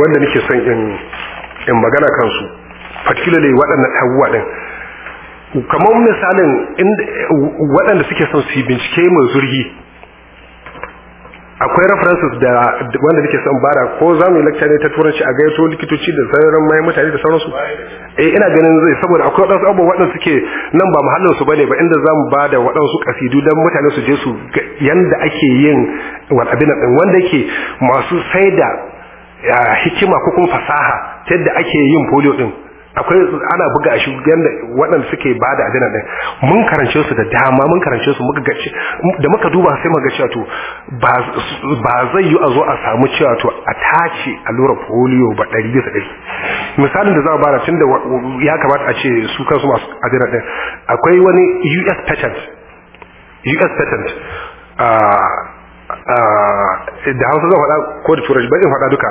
wanda nake son in magana kansu particularly waɗannan abubuwa ɗin kamar misalin waɗanda suke son su yi bincike mai zurgi akwai references da wanda nake son bara ko za mu yi lecture ne ta turanci a gaito likitoci da sauran mai mutane da sauransu eh ina ganin zai saboda akwai wadansu abubuwa waɗanda suke nan ba muhallin su bane ba inda za mu bada waɗansu kasidu dan mutane su je su yanda ake yin wal din wanda yake masu saida hikima ko kuma fasaha ta yadda ake yin polio din akwai ana buga shi yadda waɗanda suke ba da adana ɗin mun karance su da dama mun karance su muka gace da muka duba sai muka cewa to ba zai yi a zo a samu cewa to a tace lura polio ba ɗari bisa ɗari misalin da za a bara tun da ya kamata a ce su kansu masu adina ɗin akwai wani us patent us patent da hausa zan faɗa ko da turanci ba zan faɗa duka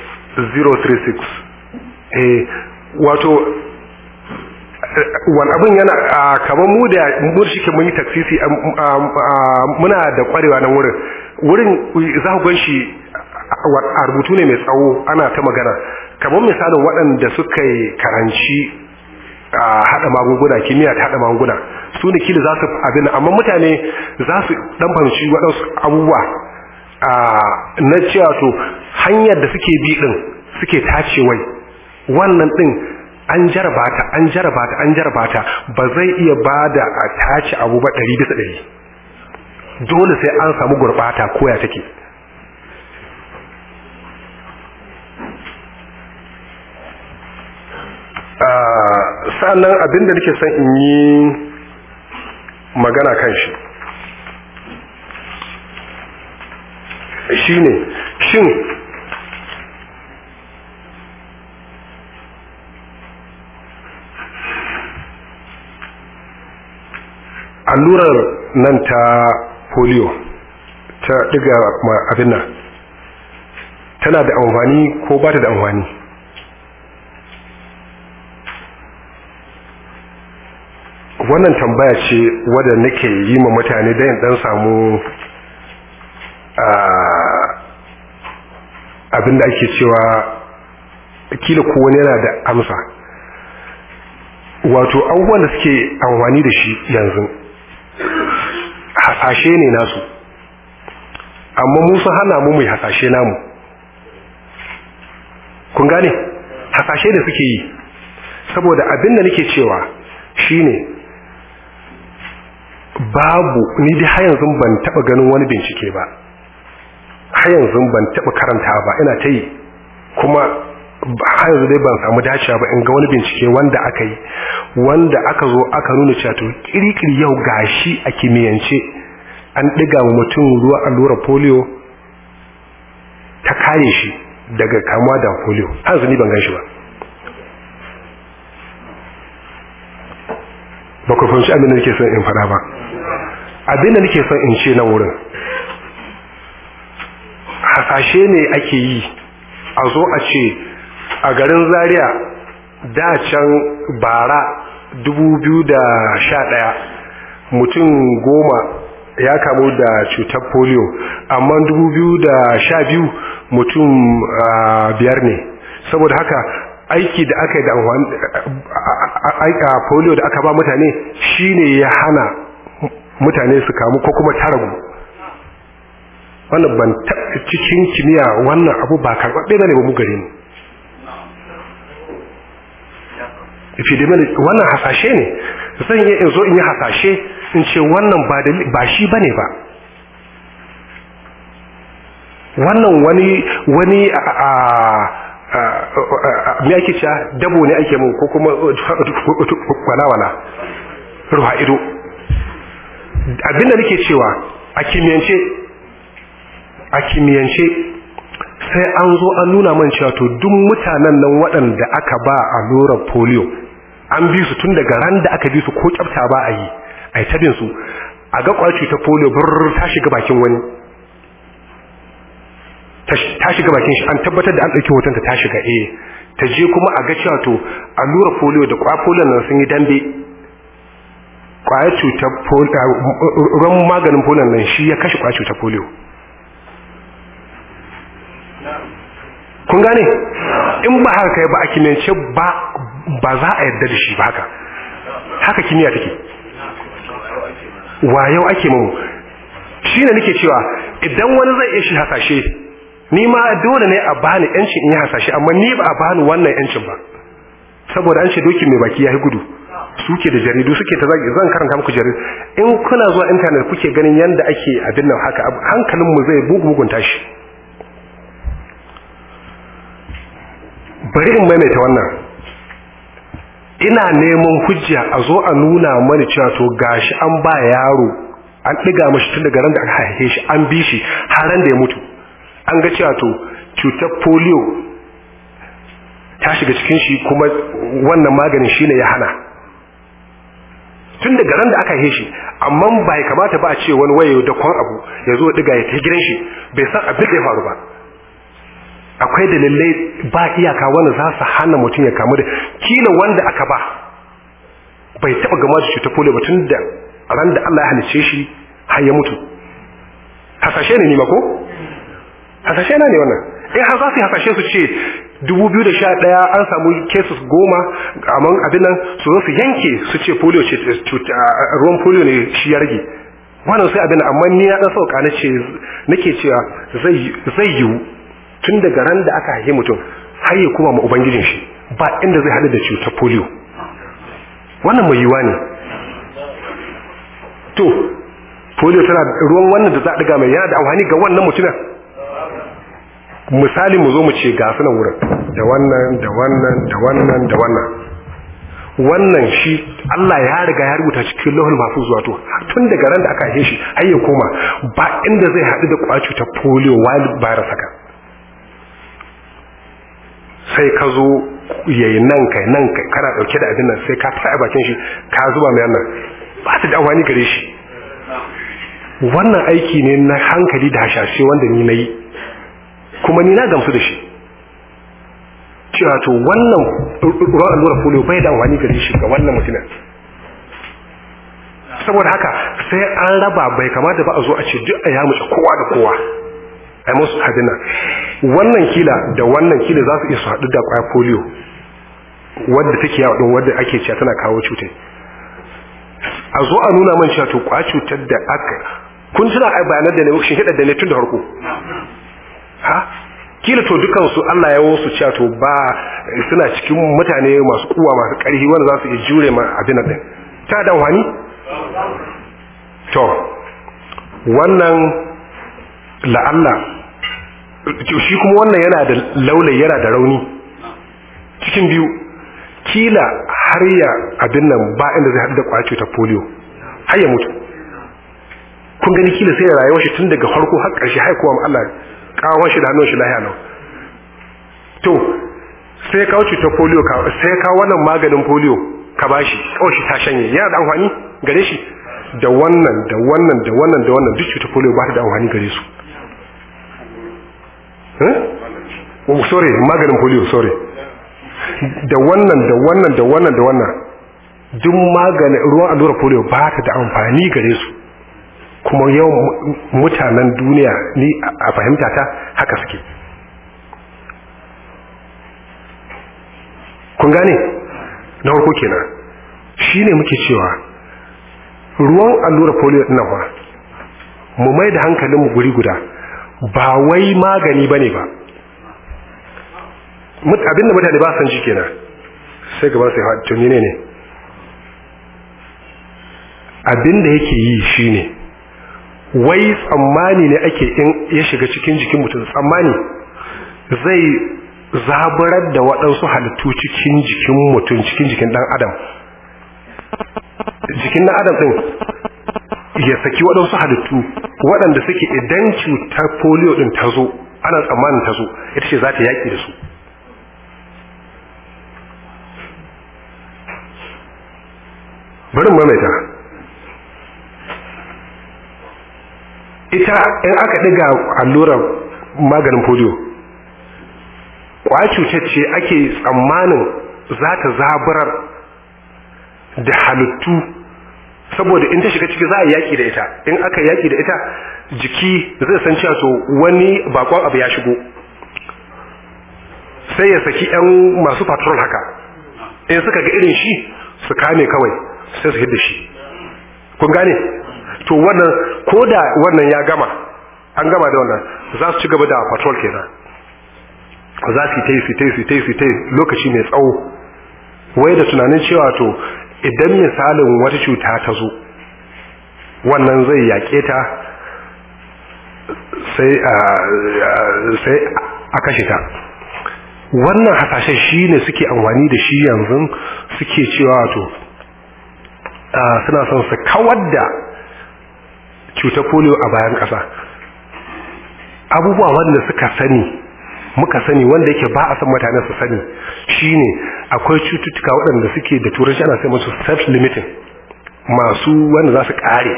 036 eh wato eh, wani abin yana kamar mu da mu ke mun yi taksisi muna da kwarewa nan wurin wurin za ku gan shi a rubutu ne mai tsawo ana ta magana kamar misalin waɗanda suka yi karanci a haɗa magunguna kimiyya ta haɗa magunguna su ne kila za su abin amma mutane za su ɗan fahimci waɗansu abubuwa a na cewa to hanyar da suke bi din suke tacewai wannan din an jarba ta an jarba ta an jarba ta ba zai iya bada a tace abu ba 100 bisa ɗari dole sai an samu gurbata koya take sa'annan abinda nake son in yi magana kan shi shine shin allurar nan ta polio ta ɗiga abin nan tana da amfani ko ba ta da amfani wannan tambaya ce wadda nake yi ma mutane don dan samu abinda ake cewa kila ko wani yana da amsa wato abubuwan da suke amfani da shi yanzu hasashe ne nasu amma musu hana mu mai hasashe namu kun gane hasashe da suke yi saboda abin da nake cewa shine babu ni da har yanzu ban taba ganin wani bincike ba har yanzu ban taɓa karanta ba ina ta yi kuma har yanzu dai ban samu dacewa ba in ga wani bincike wanda aka yi wanda aka zo aka nuna cewa to kirikiri yau gashi a kimiyyance an ɗiga wa mutum ruwa allurar polio ta kare shi daga kamuwa da polio har yanzu ni ban gan shi ba ba ku fahimci abin da nake son in fara ba abin da nake son in ce na wurin hasashe ne ake yi a zo a ce a garin zaria da can bara 2011 mutum goma ya kamu da cutar polio amma 2012 mutum biyar ne saboda haka aiki da aka yi da aika polio da aka ba mutane shine ya hana mutane su kamu ko kuma taragu wannan ban taɓa cikin kimiyya wannan abu ba karɓaɓɓe ba ne ba mu gari mu epidemiology wannan hasashe ne zan iya in zo in yi hasashe in ce wannan ba shi ba ne ba wannan wani wani a me ake cewa dabo ne ake mu ko kuma walawala ruwa ido abinda nake cewa a kimiyance a kimiyyance sai an zo an nuna man cewa to duk mutanen nan waɗanda aka ba a lura polio an bi su tun daga ran da aka bi su ko kyafta ba a yi a yi tabin su a ga kwaci ta polio bur ta shiga bakin wani ta shiga bakin shi an tabbatar da an ɗauki hoton ta shiga eh ta je kuma a ga cewa to a lura polio da kwa polio nan sun yi dambe kwaya cutar eh, ran maganin polio nan shi ya kashe kwaya cutar polio kun gane in ba haka kai ba a kimiyance ba ba za a yarda da shi ba haka haka kimiyya take wayau ake mu? shi ne nake cewa idan wani zai iya shi hasashe ni ma dole ne a bani yanci in yi hasashe amma ni ba a bani wannan yancin ba saboda an ce doki mai baki ya yi gudu suke da jaridu suke ta zagi zan karanta muku jaridu in kuna zuwa intanet kuke ganin yanda ake abin nan haka hankalinmu zai bugu bugun tashi bari in maimaita wannan ina neman hujja a zo a nuna mani cewa to gashi an ba yaro an ɗiga mashi tun daga ran da aka haife shi an bi shi har da ya mutu an ga cewa to cutar polio ta shiga cikin shi kuma wannan maganin shine ne ya hana tun daga ran da aka haife shi amma bai kamata ba a ce wani waye da kwan abu ya zo ɗiga ya ta gidan shi bai san abin da ya faru ba akwai dalilai ba iyaka wanda za su hana mutum ya kamu da kila wanda aka ba bai taɓa gama da ta polio ba tun da ran da Allah ya halice shi har ya mutu hasashe ne ma ko hasashe na ne wannan eh har za su hasashe su ce 2011 an samu cases goma amon abin nan su zo su yanke su ce polio ce ruwan polio ne shi ya rage wannan sai abin amma ni na dan sauka na ce nake cewa zai yiwu tun daga ran da aka haife mutum har ya kuma ma ubangijin shi ba inda zai hadu da cutar polio wannan mai yiwa ne to polio tana ruwan wannan da za a diga mai yana da amfani ga wannan mutumin misali mu zo mu ce ga sunan wurin da wannan da wannan da wannan da wannan wannan shi Allah ya riga ya rubuta cikin lahul mahfuz wato tun daga ran da aka haife shi har ya koma ba inda zai hadu da ta polio wild virus haka sai ka zo yayi nan kai nan kai kana dauke da abin nan sai ka fara bakin shi ka zuba mai nan ba ta da amfani gare shi wannan aiki ne na hankali da hashashe wanda ni nayi kuma ni na gamsu da shi cewa to wannan ruwan allura polio bai da amfani gare shi ga wannan mutumin saboda haka sai an raba bai kamata ba a zo a ce duk a yamuce kowa da kowa A musu hadina nan wannan kila da wannan kila za su iya su haɗu da ƙwayar polio wadda take yawa ɗin wadda ake cewa tana kawo cutar a zo a nuna man cewa to ƙwayar cutar da aka kun tuna a bayanan da ne shi hada da ne tun da harko ha kila to dukan su Allah ya wasu cewa to ba suna cikin mutane masu kuwa masu ƙarfi wanda za su iya jure ma abin nan ta da wani to wannan la'alla shi kuma wannan yana da laulayi yana da rauni cikin biyu kila har ya abin nan ba inda zai haɗu da ƙwace ta polio har ya mutu kun gani kila sai rayuwa shi tun daga farko har ƙarshe haikuwa Allah kawo shi da hannun shi lahiya nan to sai kawo cutar polio sai kawo wannan maganin polio ka bashi kawai shi ta shanye yana da amfani gare shi da wannan da wannan da wannan da wannan duk cutar polio ba ta da amfani gare su eh um, sorry maganin polio sorry da wannan da wannan da wannan da wannan duk maganin ruwan allurar polio ba ta da amfani gare su kuma yau mutanen duniya ni a fahimta ta haka suke kun gane na farko kenan shine muke cewa ruwan allurar polio din nan mu mai da hankalinmu guri guda ba wai magani bane ba abinda da mutane ba san ji kenan sai gaba sai ha to ne ne Abinda yake yi shine wai tsammani ne ake in ya shiga cikin jikin mutum tsammani zai zaburar da waɗansu halittu cikin jikin mutum cikin jikin ɗan adam jikin ɗan adam ɗin ya saki waɗansu halittu waɗanda suke idan cutar polio ɗin ta zo ana tsammanin ta ita ce za ta yaƙi da su barin mamaita ita in aka ɗiga allurar maganin polio kwa cutar ce ake tsammanin za ta zaburar da halittu saboda in ta shiga ciki za a yaki da ita in aka yaki da ita jiki zai san cewa to wani bakon abu ya shigo sai ya saki yan masu patrol haka in suka ga irin shi su kame kawai sai su hidda shi kun gane to wannan ko da wannan ya gama an gama da wannan za su ci gaba da patrol kenan za su yi ta yi su ta yi su ta yi lokaci mai tsawo wai da tunanin cewa to idan misalin wata cuta ta zo wannan zai yaƙe ta sai a kashe ta wannan hasashen shi ne suke amfani da shi yanzu suke cewa to suna son su kawar da cutar polio a bayan ƙasa abubuwa wanda suka sani muka sani wanda yake ba a san mutane su sani shine akwai cututtuka waɗanda suke da turanci ana sai musu self limiting masu wanda za su kare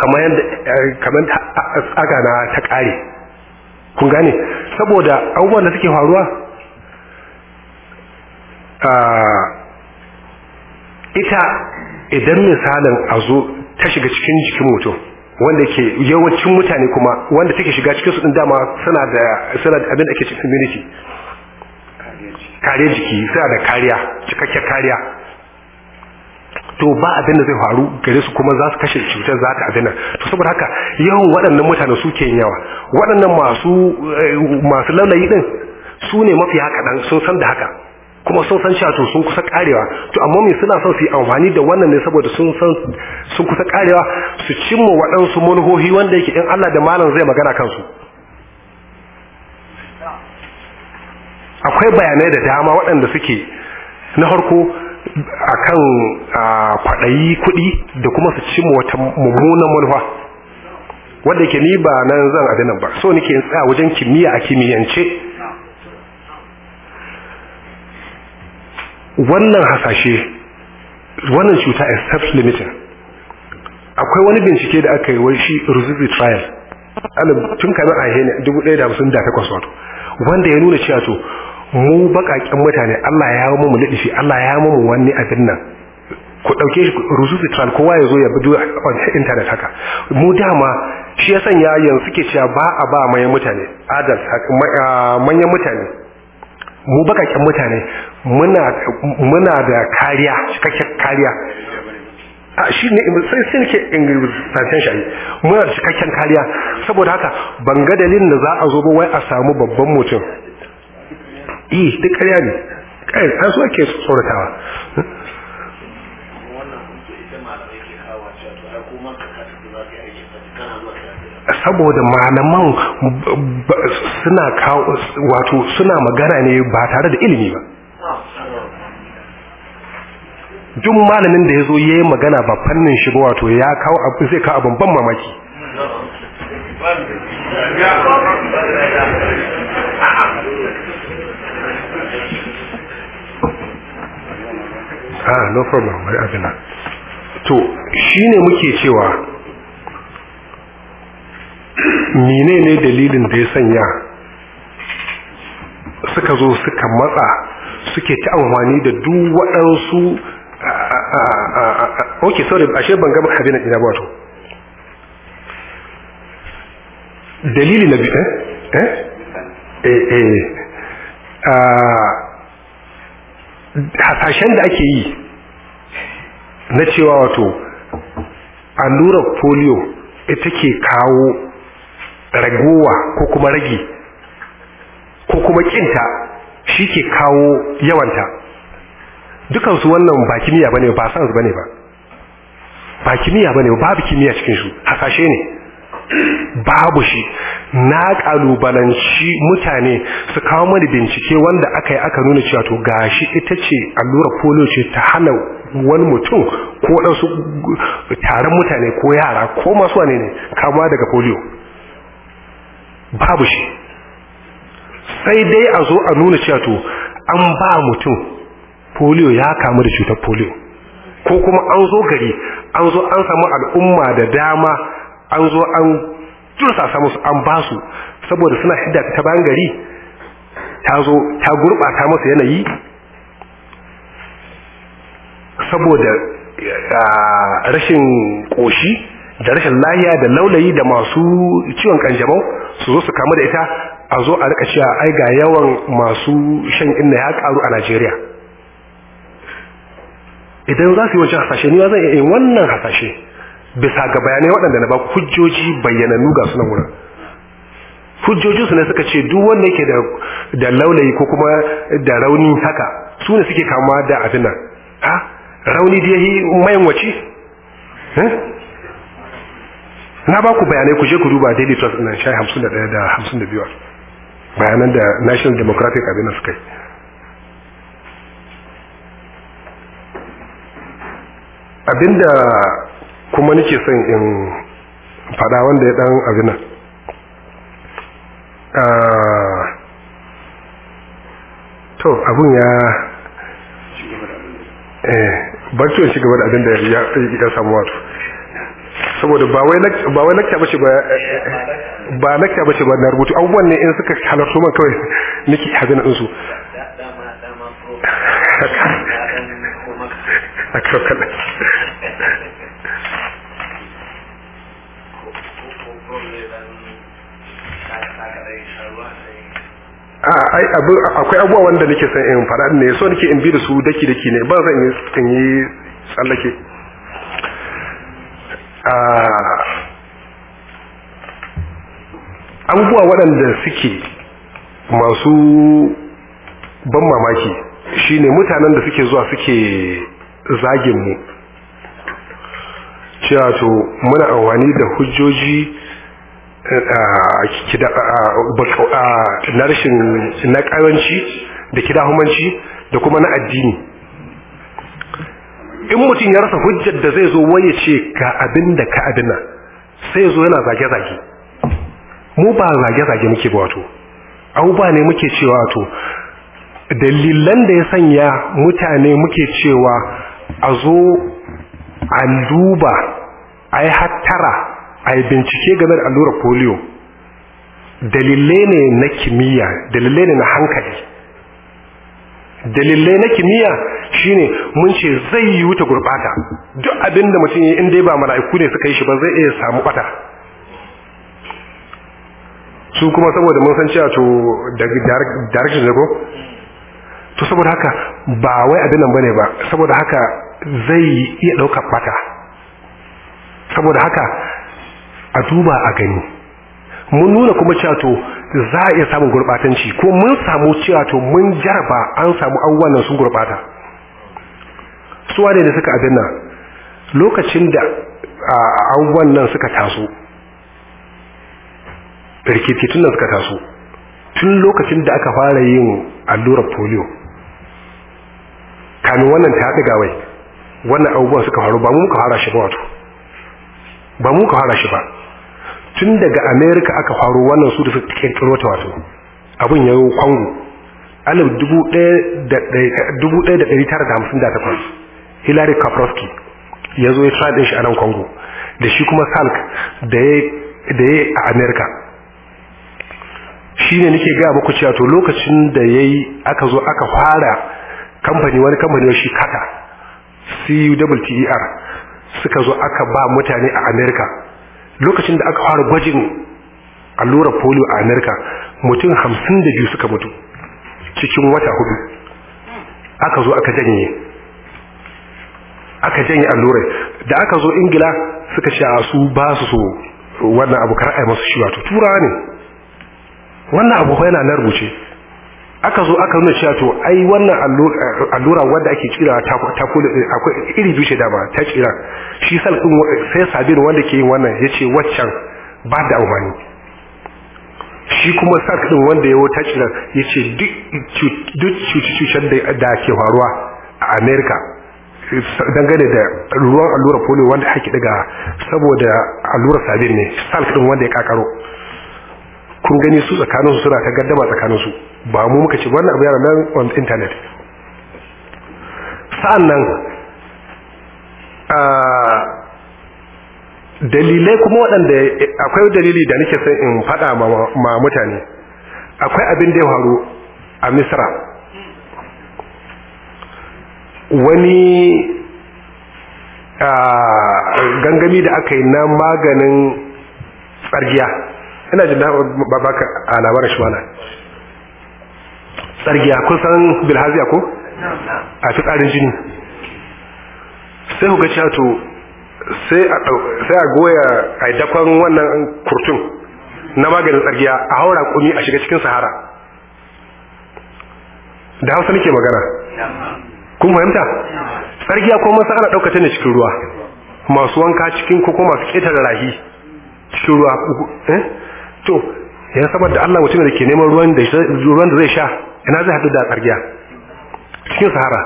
kamar yadda eh, kamar tsaga na ta kare kun gane saboda abubuwan da suke faruwa ita idan misalin a zo ta shiga cikin jikin mutum wanda ke yawancin mutane kuma wanda suke shiga cikin su din dama suna da suna da abin da ke cikin community kare jiki suna da kariya cikakken kariya to ba abin da zai faru gare su kuma za su kashe cutar za ta abin to saboda haka yawan waɗannan mutane su ke yawa waɗannan masu eh, masu lalayi din su ne mafi haka dan sun san da haka kuma sun san cewa sun kusa karewa to amma me suna son su yi amfani da wannan ne saboda sun san sun kusa karewa su cimma waɗansu manhohi wanda yake in Allah da malam zai magana kansu akwai bayanai da dama waɗanda suke na harko akan kwaɗayi kuɗi da kuma su cimma wata mummunan manufa wanda yake ni ba nan zan adinan ba so nake tsaya wajen kimiyya a kimiyyance wannan hasashe wannan cuta is self-limiting akwai wani bincike da aka yi wai shi ruzuzi trial tun kamin a hene 1958 wato wanda ya nuna cewa to mu bakakken mutane Allah ya hawo mu shi Allah ya hawo mu wani abin nan ku ɗauke shi ruzuzi trial kowa ya zo ya bi on internet haka mu dama shi ya sanya yanzu suke cewa ba a ba manyan ah, manyan mutane mu bakakken mutane muna da kariya cikakken kariya a shi ne sai sai nake ingilisantan shari muna da cikakken kariya saboda haka ban ga dalilin da za a zo ba wai a samu babban mutum eh duk kariya ne kai an so ake tsoratawa saboda malaman suna kawo wato suna magana ne ba tare da ilimi ba duk malamin da ya zo ya yi magana ba fannin shi ba wato ya kawo abu zai kawo abin ban mamaki ah no problem wai abina to shine muke cewa ne dalilin da ya sanya suka zo suka matsa suke ta amfani da duk waɗansu ok sorry ashe ban gama abin ina ba to dalili na biyu eh eh, eh, eh hasashen da ake yi na cewa wato allurar polio ita ke kawo raguwa ko kuma rage ko kuma kinta shi ke kawo yawanta dukansu wannan ba kimiyya bane ba sans bane ba ba kimiyya bane babu kimiyya cikin su hasashe ne babu shi na kalubalanci mutane su kawo mani bincike wanda aka yi aka nuna cewa to gashi ita ce allura polio ce ta hana wani mutum ko ɗansu taron mutane ko yara ko masu wane ne kama daga polio babu shi sai dai a zo a nuna cewa to an ba mutum polio ya kamu da cutar polio ko kuma an zo gari an zo an samu al'umma da dama an zo an tursasa musu an ba saboda suna hidda ta bayan gari ta zo ta gurɓata masa yanayi saboda rashin ƙoshi da rashin lahiya da laulayi da masu ciwon kanjamau su zo su kamu da ita a zo a rika cewa ai ga yawan masu shan inna ya karu a Najeriya idan za su yi wancan hasashe ni zan iya wannan hasashe bisa ga bayanai waɗanda na ba hujjoji bayyanannu ga sunan wurin su ne suka ce duk wanda yake da laulayi ko kuma da rauni haka su ne suke kama da abin nan ha rauni da yi mayan wace eh? na ba ku bayanai ku je ku duba daily trust ɗin shayi hamsin da ɗaya da hamsin da biyar bayanan da national democratic abin suka yi abinda kuma nake son in fada wanda ya dan abin nan ah, to abun ya eh barci shi gaba da abin da ya samu wato saboda ba wai ba wai lakta bace ba eh, eh, eh, ba bace ba na rubutu abubuwan ne in suka halartu man kawai (laughs) niki hazina (laughs) (laughs) ah, ai abu akwai abubuwa wanda nake son in fara ne so nake in bi da su daki daki ne ba zan yi tsallake Ah. abubuwa waɗanda suke masu ban mamaki shine mutanen da suke zuwa suke zagin mu cewa to muna amfani da hujjoji ah, ah, na rashin na karanci da kidahumanci da kuma na addini in mutum ya rasa hujjar da zai zo waye ce ka abin da ka abin nan sai zo yana zage-zage mu ba zage-zage muke ba wato abubuwa ne muke cewa wato dalilan da ya sanya mutane muke cewa a zo a duba a yi hattara a yi bincike game da allurar polio dalilai ne na kimiyya dalilai ne na hankali dalilai na kimiyya shine mun ce zai yi wuta gurbata duk abinda mutum yi inda ba mala'iku ne suka yi shi ba zai iya samu bata su kuma saboda mun san cewa to direction ne ko to saboda haka ba wai abin nan bane ba saboda haka zai iya dauka bata saboda haka a duba a gani mun nuna kuma cewa to za a iya samun gurbatanci ko mun samu cewa to mun jaraba an samu abubuwan nan sun gurbata suwa ne da suka abin nan lokacin da abubuwan nan suka taso rikici tun nan suka taso tun lokacin da aka fara yin allurar polio kamin wannan ta haɗu wai wannan abubuwan suka faru ba mu ka fara shi ba wato ba mu ka fara shi ba tun daga america aka faro wannan su da su kirkiro ta wato abin ya yi kwango alif 1958 hillary kaprowski ya zo ya tsadin shi a nan kwango da shi kuma salk da ya yi a america shi ne nake gaya muku cewa to lokacin da ya yi aka zo aka fara kamfani wani kamfani shi kata cuwter e suka zo aka ba mutane a america lokacin da aka fara gwajin allurar polio a amurka mutum hamsin da biyu suka mutu cikin wata hudu aka zo aka janye aka janye allurai da aka zo ingila suka ce su ba su so wannan abu kar a masu shi wato tura ne wannan abu yana na rubuce aka zo aka nuna cewa to ai wannan allura wanda ake cira ta kula akwai iri biyu da ba ta cira shi sal din sai sabir wanda ke yin wannan yace waccan ba da amfani shi kuma sal din wanda yawo ta cira yace duk duk cuci da da ke faruwa a America dangane da ruwan allura polio wanda ake daga saboda allura sabir ne sal din wanda ya kakaro kun gani su tsakanin su suna ta gaddama tsakanin su ba mu muka ce wannan abu yana nan on internet sa'an nan ah, dalilai kuma waɗanda akwai dalili da nake son in faɗa ma mutane akwai abin da ya faru a misra wani ah, gangami da aka yi na maganin tsargiya ina jin da ba baka a labarin shi mana tsargiya kun san bilhaziya ko a fi tsarin jini sai ku gaci hatu to sai a goya a dakon wannan kurtun na maganin tsargiya a haura kumi a shiga cikin sahara da hausa nake magana kun fahimta tsargiya ko masa ana ɗaukata ne cikin ruwa masu wanka cikin ko masu ƙetare rahi cikin ruwa eh to ya saboda Allah mutum da ke neman ruwan da ruwan da zai sha ina zai hadu da ƙarya cikin sahara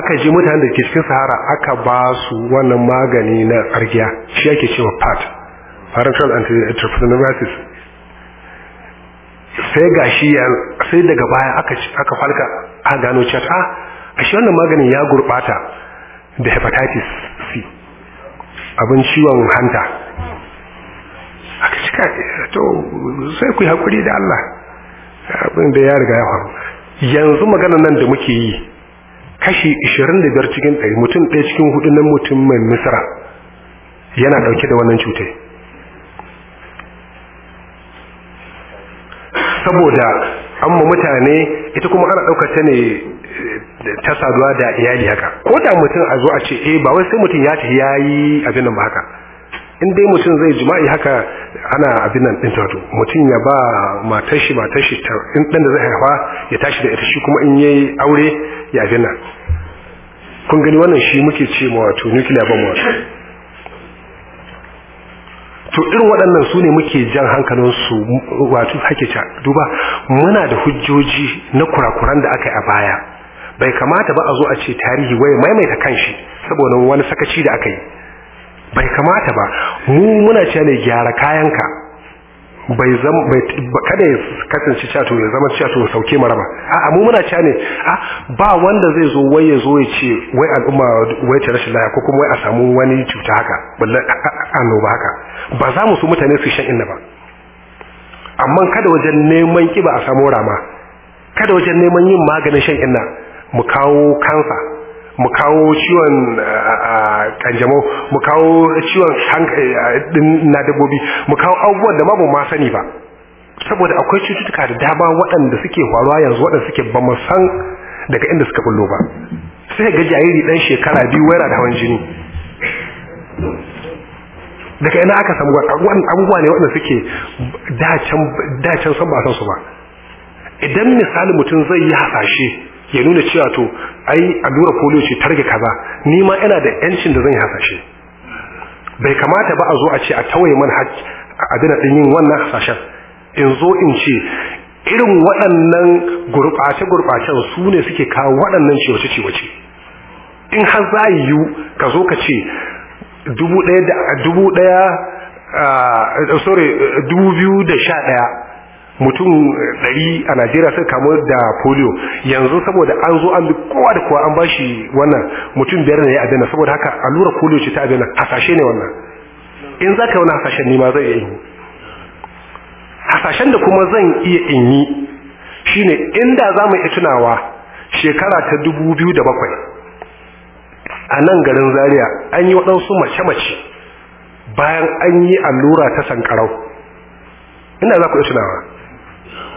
aka ji mutanen da ke cikin sahara aka ba su wannan magani na ƙarya shi yake cewa pat parental anti-entrepreneuritis sai ga shi sai daga baya aka aka falka a gano chat ah, a shi wannan maganin ya gurbata da hepatitis C abin ciwon hanta to sai ku hakuri da Allah abin da ya riga ya faru yanzu magana nan da muke yi kashi 25 cikin 100 mutum ɗaya cikin hudu nan mutum mai misra yana ɗauke da wannan cutar saboda an ma mutane ita kuma ana ɗaukata ta ne eh, ta saduwa da iyali haka ko da mutum a zo a ce eh ba wai sai mutum ya ce yayi yi abin nan ba haka in dai mutum zai jima'i haka ana abin nan din tato mutum ya ba matashi matashi ta in dan da zai haifa ya tashi da ita shi kuma in yayi aure ya abin nan kun gani wannan shi muke ce ma wato nuclear bomb wato to irin waɗannan su ne muke jan hankalin su wato hake ta duba muna da hujjoji na kurakuran da aka yi a baya bai kamata ba a zo a ce tarihi wai maimaita kanshi saboda wani sakaci da aka yi bai kamata ba mu muna cewa ne gyara kayanka bai zama bai kada ya kasance cewa to ya zama cewa to sauke mara ba a'a mu muna cewa ne a ah, ba wanda zai zo wai ya zo ya ce wai al'umma wai ta rashin lafiya ko kuma wai a samu wani cuta haka wallahi annoba haka ba za mu su mutane su shan inna ba amma kada wajen neman kiba a samu rama kada wajen neman yin maganin shan inna mu kawo kansa mu kawo ciwon kanjamau mu kawo ciwon din na dabbobi mu kawo abubuwan da ma ma sani ba saboda akwai cututtuka da dama waɗanda suke faruwa yanzu waɗanda suke ba mu san daga inda suka bullo ba sai ga jariri ɗan shekara biyu waira da hawan jini daga ina aka samu abubuwa ne waɗanda suke dacen dacen san ba san su ba idan misali mutum zai yi hasashe ya nuna cewa to ai allura polio ce targe kaza ni ma ina da yancin da zan hasashe bai kamata ba a zo a ce a tawaye man haƙƙi a dina ɗin yin wannan hasashen in zo in ce irin waɗannan gurɓace-gurɓacen su ne suke kawo waɗannan ciwace-ciwace in har za a yiwu ka zo ka ce dubu ɗaya da dubu ah, biyu da sha ɗaya mutum eh, ɗari a najeriya suka kamu da polio yanzu saboda an zo an bi kowa da kowa an ba shi wannan mutum biyar ne ya adana saboda haka allura polio ce ta adana hasashe ne wannan in za ka yi wani hasashen nima zai iya yi hasashen da kuma zan iya in yi shine inda za mu iya tunawa shekara ta dubu biyu da bakwai a nan garin zaria an yi waɗansu mace-mace bayan an yi allura ta sankarau inda za ku iya tunawa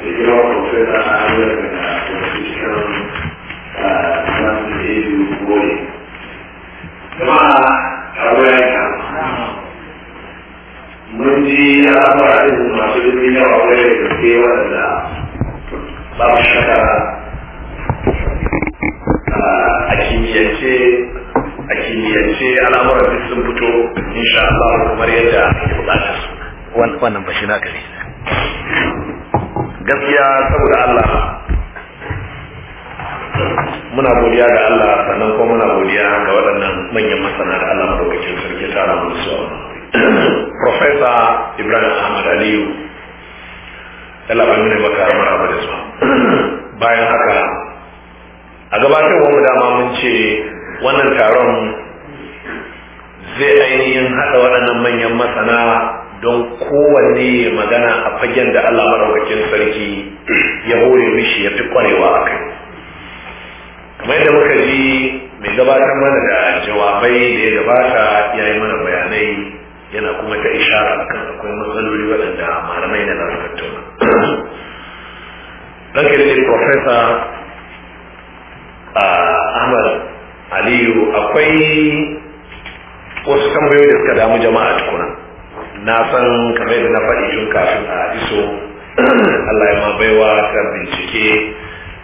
e però conferma anche una posizione tanto di voi ma allora mun ji al'amarin masu dubi yawa wani da ke wanda ba mu shakara a kimiyyance a kimiyyance al'amuran duk sun fito insha Allah kamar yadda ake bukatar wannan bashi na gare gaskiya saboda Allah muna godiya ga Allah sannan kuma muna godiya ga waɗannan manyan masana da Allah madaukakin sarki tara mu su Profesa Ibrahim Ahmad Aliyu Allah ba ne maka maraba da su bayan haka a gabatar mu dama mun ce wannan taron zai ainihin haɗa waɗannan manyan masana don kowanne magana a fagen da Allah maraukakin sarki ya hore mishi ya fi kwarewa a kai kamar yadda muka ji mai gabatar mana da jawabai da ya gabata ya yi mana bayanai yana kuma ta ishara akan akwai matsaloli waɗanda malamai na lafi tattauna ɗan kirkin profesa ahmad aliyu akwai wasu tambayoyi da suka damu jama'a tukuna na san kamar yadda na faɗi tun kafin a iso (clears throat) Allah ya ma baiwa ka bincike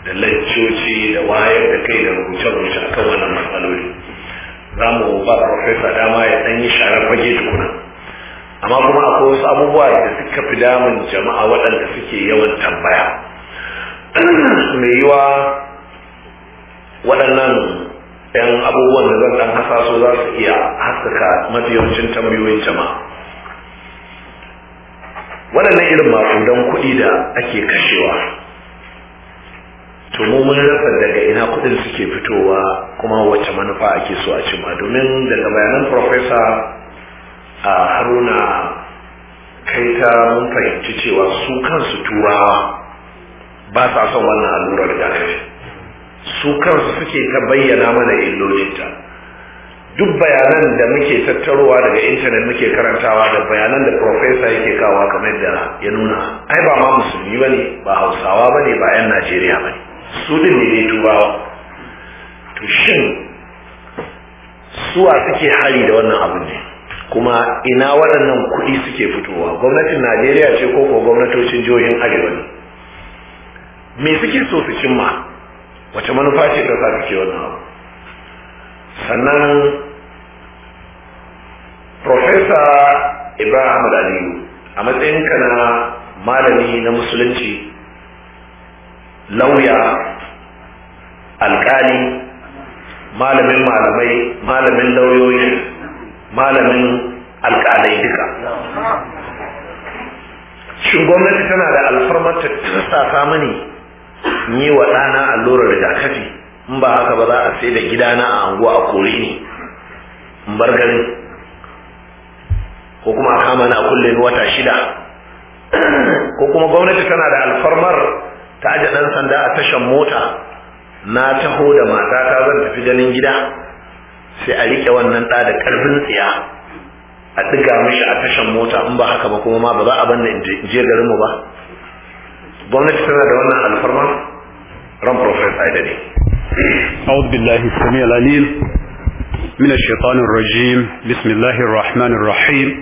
da laccoci da wayar da kai da rubuce-rubuce akan wannan matsaloli za mu ba profesa dama ya ɗan yi sharar fage tukuna amma kuma akwai wasu abubuwa da suka fi damun jama'a waɗanda suke yawan tambaya (clears throat) mai yiwa waɗannan 'yan abubuwan da zan ɗan hasa za su iya haskaka mafi yawancin tambayoyin jama'a waɗannan irin makudan kuɗi da ake kashewa to mu mun rasa daga ina kuɗin suke fitowa kuma wace manufa ake so a cimma domin daga bayanan profesa a haruna kaita mun fahimci cewa su kansu turawa ba sa son wannan allurar rigakafi su kansu suke ta bayyana mana illolinta duk bayanan da muke tattarowa daga intanet muke karantawa da bayanan da profesa yake kawo kamar da ya nuna ai ba ma musulmi ba ne ba hausawa ba ne ba 'yan najeriya ba ne su din ne dai turawa to shin suwa suke hari da wannan abin ne kuma ina waɗannan kuɗi suke fitowa gwamnatin najeriya ce ko ko gwamnatocin jihohin arewa ne me suke so su cimma wace manufa ce ta sa suke wannan abu sannan Profesa Ibrahim Ahmad Aliyu a matsayinka na malami na musulunci lauya alkali malamin malamai malamin lauyoyi malamin alkalai duka shin gwamnati tana da alfarmar ta tursasa mani yi wa ɗana allurar rigakafi in ba haka ba za a sai da gidana a anguwa a kore ne? in bar gani. ko kuma a kama ni kulle kullum wata shida ko kuma gwamnati tana da alfarmar ta aje ɗan sanda a tashan mota na taho da matata zan tafi ganin gida sai a riƙe wannan ɗa da ƙarfin tsiya a ɗiga mishi a tashan mota in ba haka ba kuma ma ba za a ban da je mu ba gwamnati tana da wannan alfarmar? ran profesa idade أعوذ بالله السميع العليم من الشيطان الرجيم بسم الله الرحمن الرحيم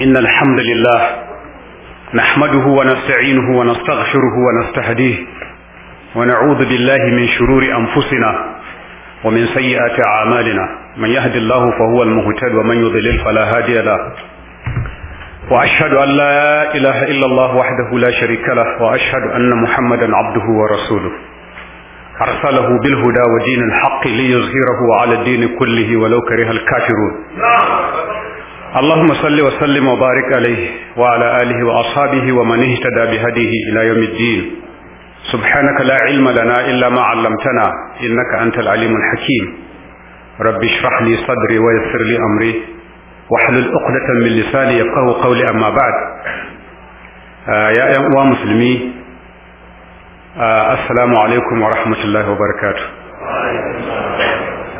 إن الحمد لله نحمده ونستعينه ونستغفره ونستهديه ونعوذ بالله من شرور أنفسنا ومن سيئات أعمالنا من يهد الله فهو المهتد ومن يضلل فلا هادي له وأشهد أن لا إله إلا الله وحده لا شريك له وأشهد أن محمدا عبده ورسوله أرسله بالهدى ودين الحق ليظهره على الدين كله ولو كره الكافرون اللهم صل وسلم وبارك عليه وعلى آله وأصحابه ومن اهتدى بهديه إلى يوم الدين سبحانك لا علم لنا إلا ما علمتنا إنك أنت العليم الحكيم رب اشرح لي صدري ويسر لي أمري واحلل عقدة من لساني يفقه قولي أما بعد آه يا أيها المسلمين Uh, assalamu alaikum wa rahmatullahi wa barakatu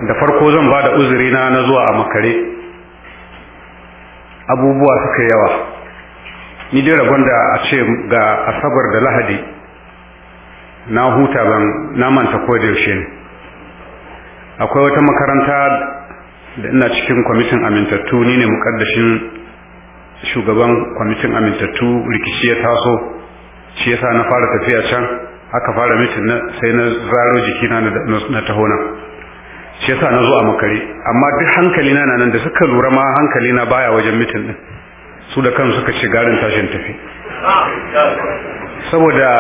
da farko zan ba da uzurina na zuwa a makare abubuwa suka yawa ni dai rabon da a ce ga asabar da lahadi na huta ban na manta ko da yaushe ne akwai wata makaranta da ina cikin kwamitin amintattu ni ne mukaddashin shugaban kwamitin amintattu rikici ya taso shi yasa na fara tafiya can aka fara mitin na sai na zaro jikina na taho nan shi yasa na zo a makare amma duk hankali na nan da suka lura ma hankali na baya wajen mitin din su da kansu suka ce garin tashin tafi saboda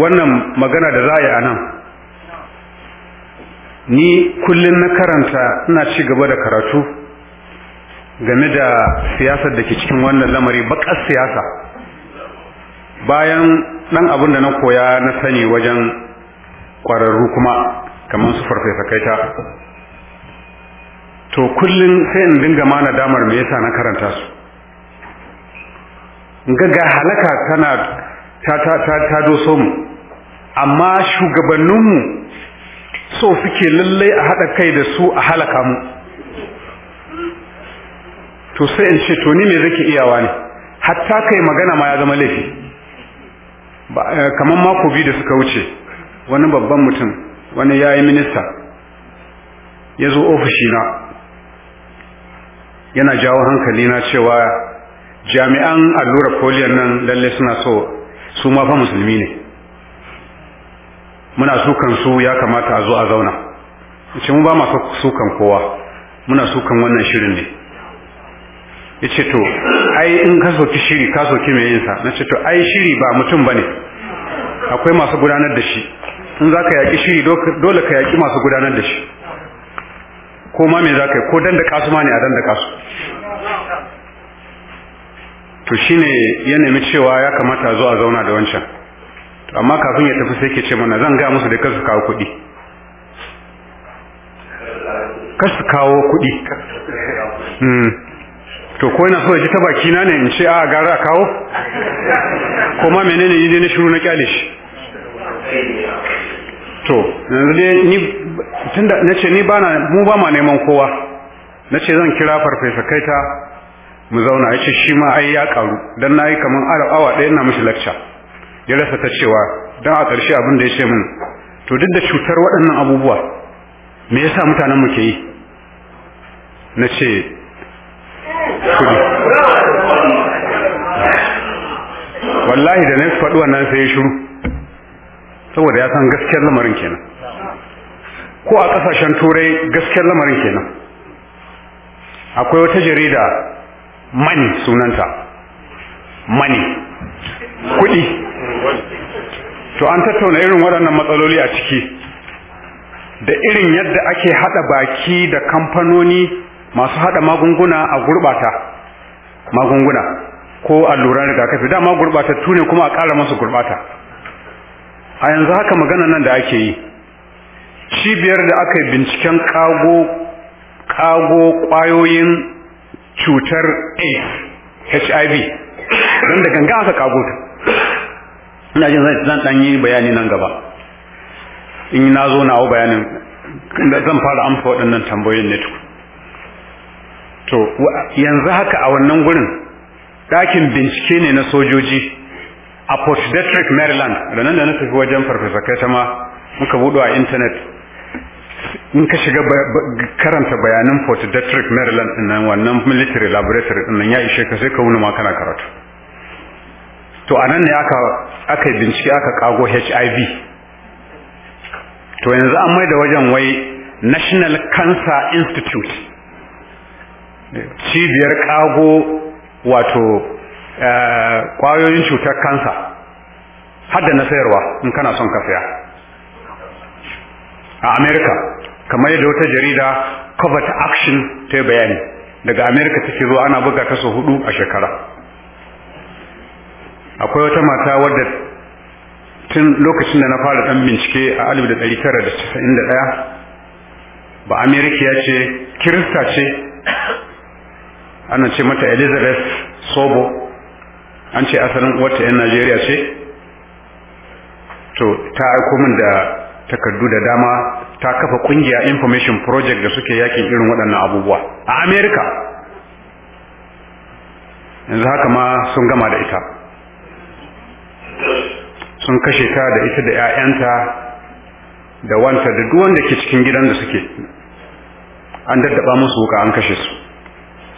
wannan magana da za a yi a nan ni kullum na karanta ina ci gaba da karatu game da siyasar da ke cikin wannan lamari bakar siyasa bayan dan abin da na koya na sani wajen kwararru kuma kamar su farfesa kaita to kullum sai in dinga mana damar me yasa na karanta su ga halaka tana ta ta doso mu amma shugabanninmu so suke lallai a haɗa kai da su a halaka mu to sai in ce to ni me zake iyawa ne hatta kai magana ma ya zama laifi Eh, kamar mako biyu da suka wuce wani babban mutum wani yayi minista ya zo ofishina yana jawo hankali na cewa jami'an allura foliyon nan lalle suna so su ma fa musulmi ne muna sukan su ya kamata a zo a zauna ce mu ba masu sukan kowa muna sukan wannan shirin ne ya ce to ai in ka soki shiri ka soki mai yinsa na ce to ai shiri ba mutum ba ne akwai masu gudanar da shi in za ka yaƙi shiri dole ka yaƙi masu gudanar da shi ko ma me za ka yi ko dan da kasu ma ne a dan da kasu to shine ya nemi cewa ya kamata zuwa zauna da wancan to amma kafin ya tafi sai ke ce mana zan ga musu da kasu kawo kuɗi kasu kawo kuɗi hmm. to ko yana so ya ji ta baki na ne in ce a gara a kawo ko menene yi na shiru na kyale shi to yanzu dai ni tunda ce ni bana mu ba ma neman kowa na ce zan kira farfesa kaita mu zauna ce shi ma ai ya karu dan kamar kaman awa ɗaya ina mashi lacca ya rasa ta cewa dan a ƙarshe abin da ya ce min to duk da cutar waɗannan abubuwa me yasa mutanen mu ke yi ce. wallahi da na faɗi wannan sai ya shiru saboda ya san gaskiyar lamarin kenan ko a ƙasashen turai gaskiyar lamarin kenan akwai wata jarida mani sunanta mani kuɗi to an tattauna irin waɗannan matsaloli a ciki da irin yadda ake haɗa baki da kamfanoni masu hada magunguna a gurbata magunguna ko alluran rigakafi dama gurbata tune kuma a kara masu gurbata a yanzu haka magana nan da ake yi cibiyar da aka yi binciken kago kago kwayoyin cutar HIV don da ganga aka kago ta ina jin zan dan yi bayani nan gaba in na zo na bayanin zan fara amsa waɗannan tambayoyin ne to yanzu haka a wannan gurin ɗakin bincike ne na sojoji a Detrick, Maryland da nan da na tafi wajen farfesa kai ta ma muka buɗo a intanet in ka shiga karanta bayanan Detrick, Maryland din nan wannan military laboratory din nan ya ishe ka sai ka wuni ma kana karatu to anan ne aka aka bincike aka kago HIV to yanzu an mai da wajen wai National Cancer Institute cibiyar kago wato kwayoyin eh, cutar kansa hadda na sayarwa in kana son ka saya a Amerika, kamar yadda wata jarida covert action ta bayani daga amerika take zuwa ana buga ta sau hudu a shekara akwai wata mata wadda tun lokacin da na fara dan bincike a 1991 ba amerika ya ce kirista ce ana ce mata elizabeth sobo an ce asalin uwarta 'yan najeriya ce to ta aiko min da takardu da dama ta kafa kungiya information project da suke yakin irin waɗannan abubuwa a america yanzu haka ma sun gama da ita sun kashe ta da ita da 'ya'yanta da wanta da duk wanda ke cikin gidan da suke an daddaba musu wuka an kashe su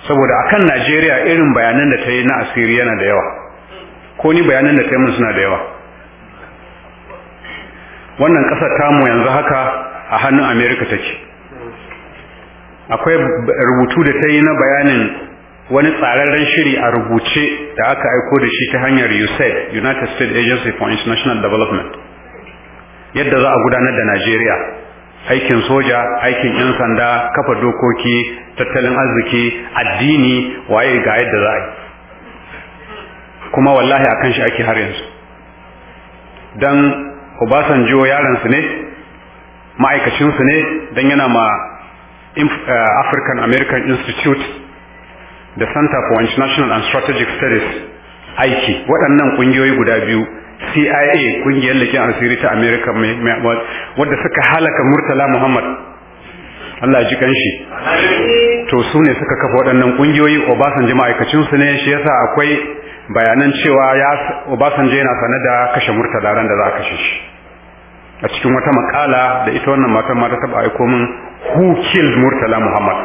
saboda a kan Najeriya irin bayanan da ta yi na asiri yana da yawa ko ni bayanan da ta yi mun suna da yawa wannan ƙasar tamu yanzu haka a hannun Amerika take akwai rubutu da ta yi na bayanin wani tsararren shiri a rubuce da aka aiko da shi ta hanyar USAID United States Agency for International Development yadda za a gudanar da Najeriya aikin soja aikin yan sanda kafa dokoki tattalin arziki addini waye ga yadda za a yi kuma wallahi akan shi ake har yanzu dan Obasanjo yaransu ne ma'aikacinsu ne dan yana ma eh, African American Institute da Center for International and Strategic Studies aiki waɗannan ƙungiyoyi guda biyu CIA kungiyar lakin asiri ta America wadda suka halaka Murtala Muhammad Allah ji kanshi to su ne suka kafa waɗannan kungiyoyi Obasanjo ma'aikacin su ne shi yasa akwai bayanan cewa ya Obasanjo yana sanar da kashe Murtala ran da za a kashe shi a cikin wata makala da ita wannan matan mata ta aiko min who killed Murtala Muhammad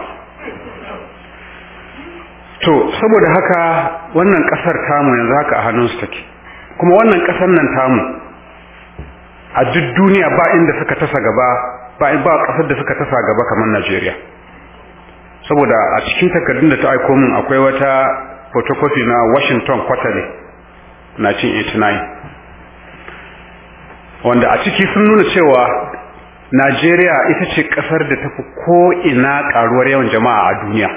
to saboda haka wannan kasar mu yanzu haka a hannun su take kuma wannan ƙasar nan tamu a duk duniya ba inda suka tasa gaba ba ba ƙasar da suka tasa gaba kamar Najeriya saboda a cikin takardun da ta aiko mun akwai wata photocopy na Washington Quarterly 1989 wanda a ciki sun nuna cewa Najeriya ita ce ƙasar da tafi ko ina ƙaruwar yawan jama'a a duniya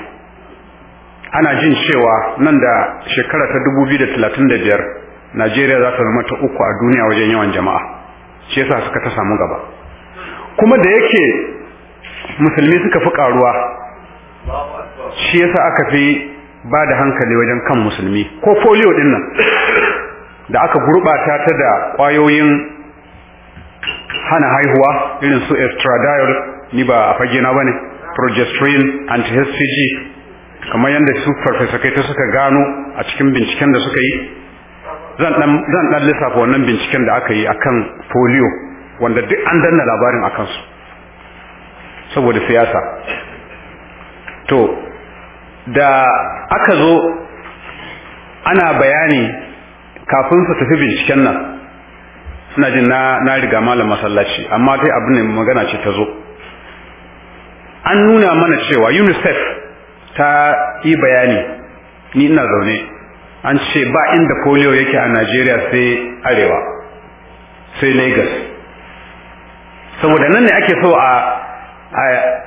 ana jin cewa nan da shekara ta 2035 najeriya za ta zama ta uku a duniya wajen yawan jama'a shi yasa suka ta samu gaba kuma da yake musulmi suka fi karuwa shi yasa aka fi ba da hankali wajen kan musulmi ko folio din nan da aka gurɓata ta da ƙwayoyin hana haihuwa irin su estradiol ni ba a fage na bane progesterone anti-hcg kamar yadda su farfesa kai ta suka gano a cikin binciken da suka yi zan dan lissafa wannan binciken da aka yi akan polio wanda duk an danna labarin akan su saboda siyasa to da aka zo ana bayani kafin su tafi binciken nan suna jin na na riga malam masallaci amma dai abu ne magana ce ta zo an nuna mana cewa unicef ta yi bayani ni ina zaune an ce ba inda polio yake a najeriya sai arewa sai lagos saboda nan ne ake so a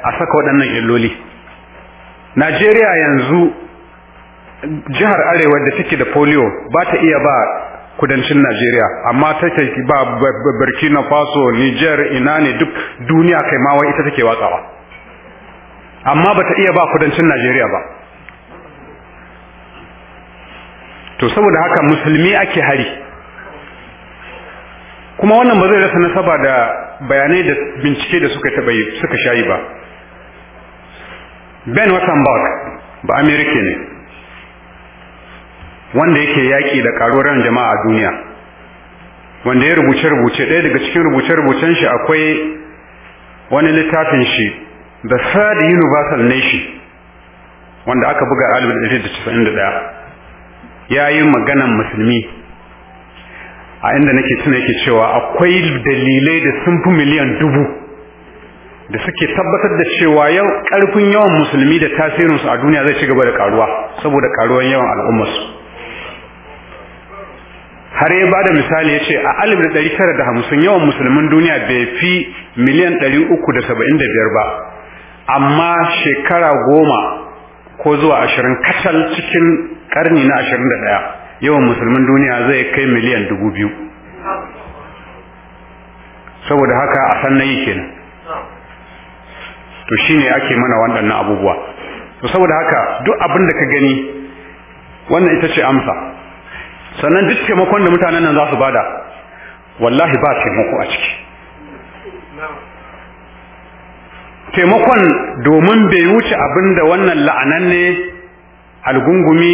a saka waɗannan illoli najeriya yanzu jihar arewa da take da polio ba ta iya ba kudancin najeriya amma ta ke ba burkina faso niger ina ne duk duniya kai ma wai ita take watsawa amma ba ta iya ba kudancin najeriya ba to saboda haka musulmi ake hari kuma wannan ba zai rasa nasaba da bayanai da bincike da suka taɓa suka shayi ba ben wattenberg ba amerika ne wanda yake yaki da ƙaruwar jama'a a duniya wanda ya rubuce-rubuce ɗaya daga cikin rubuce-rubucen shi akwai wani littafin shi the third universal nation wanda aka buga a 1991 ya yi maganan musulmi a inda nake tuna yake cewa akwai dalilai da sun fi miliyan dubu da suke tabbatar da cewa yau ƙarfin yawan musulmi da tasirinsu a duniya zai ci gaba da karuwa saboda karuwan yawan al'ummarsu har ya ba da misali ya ce a alif da ɗari tara da hamsin yawan musulmin duniya bai fi miliyan ɗari uku da saba'in da biyar ba amma shekara goma ko zuwa ashirin kacal cikin karni na ashirin da ɗaya yawan musulmin duniya zai kai miliyan dubu biyu saboda haka a san nayi kenan to shine ake mana waɗannan abubuwa to saboda haka duk abin da ka gani wannan ita ce amsa sannan duk taimakon da mutanen nan za su bada wallahi ba taimako a ciki taimakon domin bai wuce abin da wannan la'ananne algungumi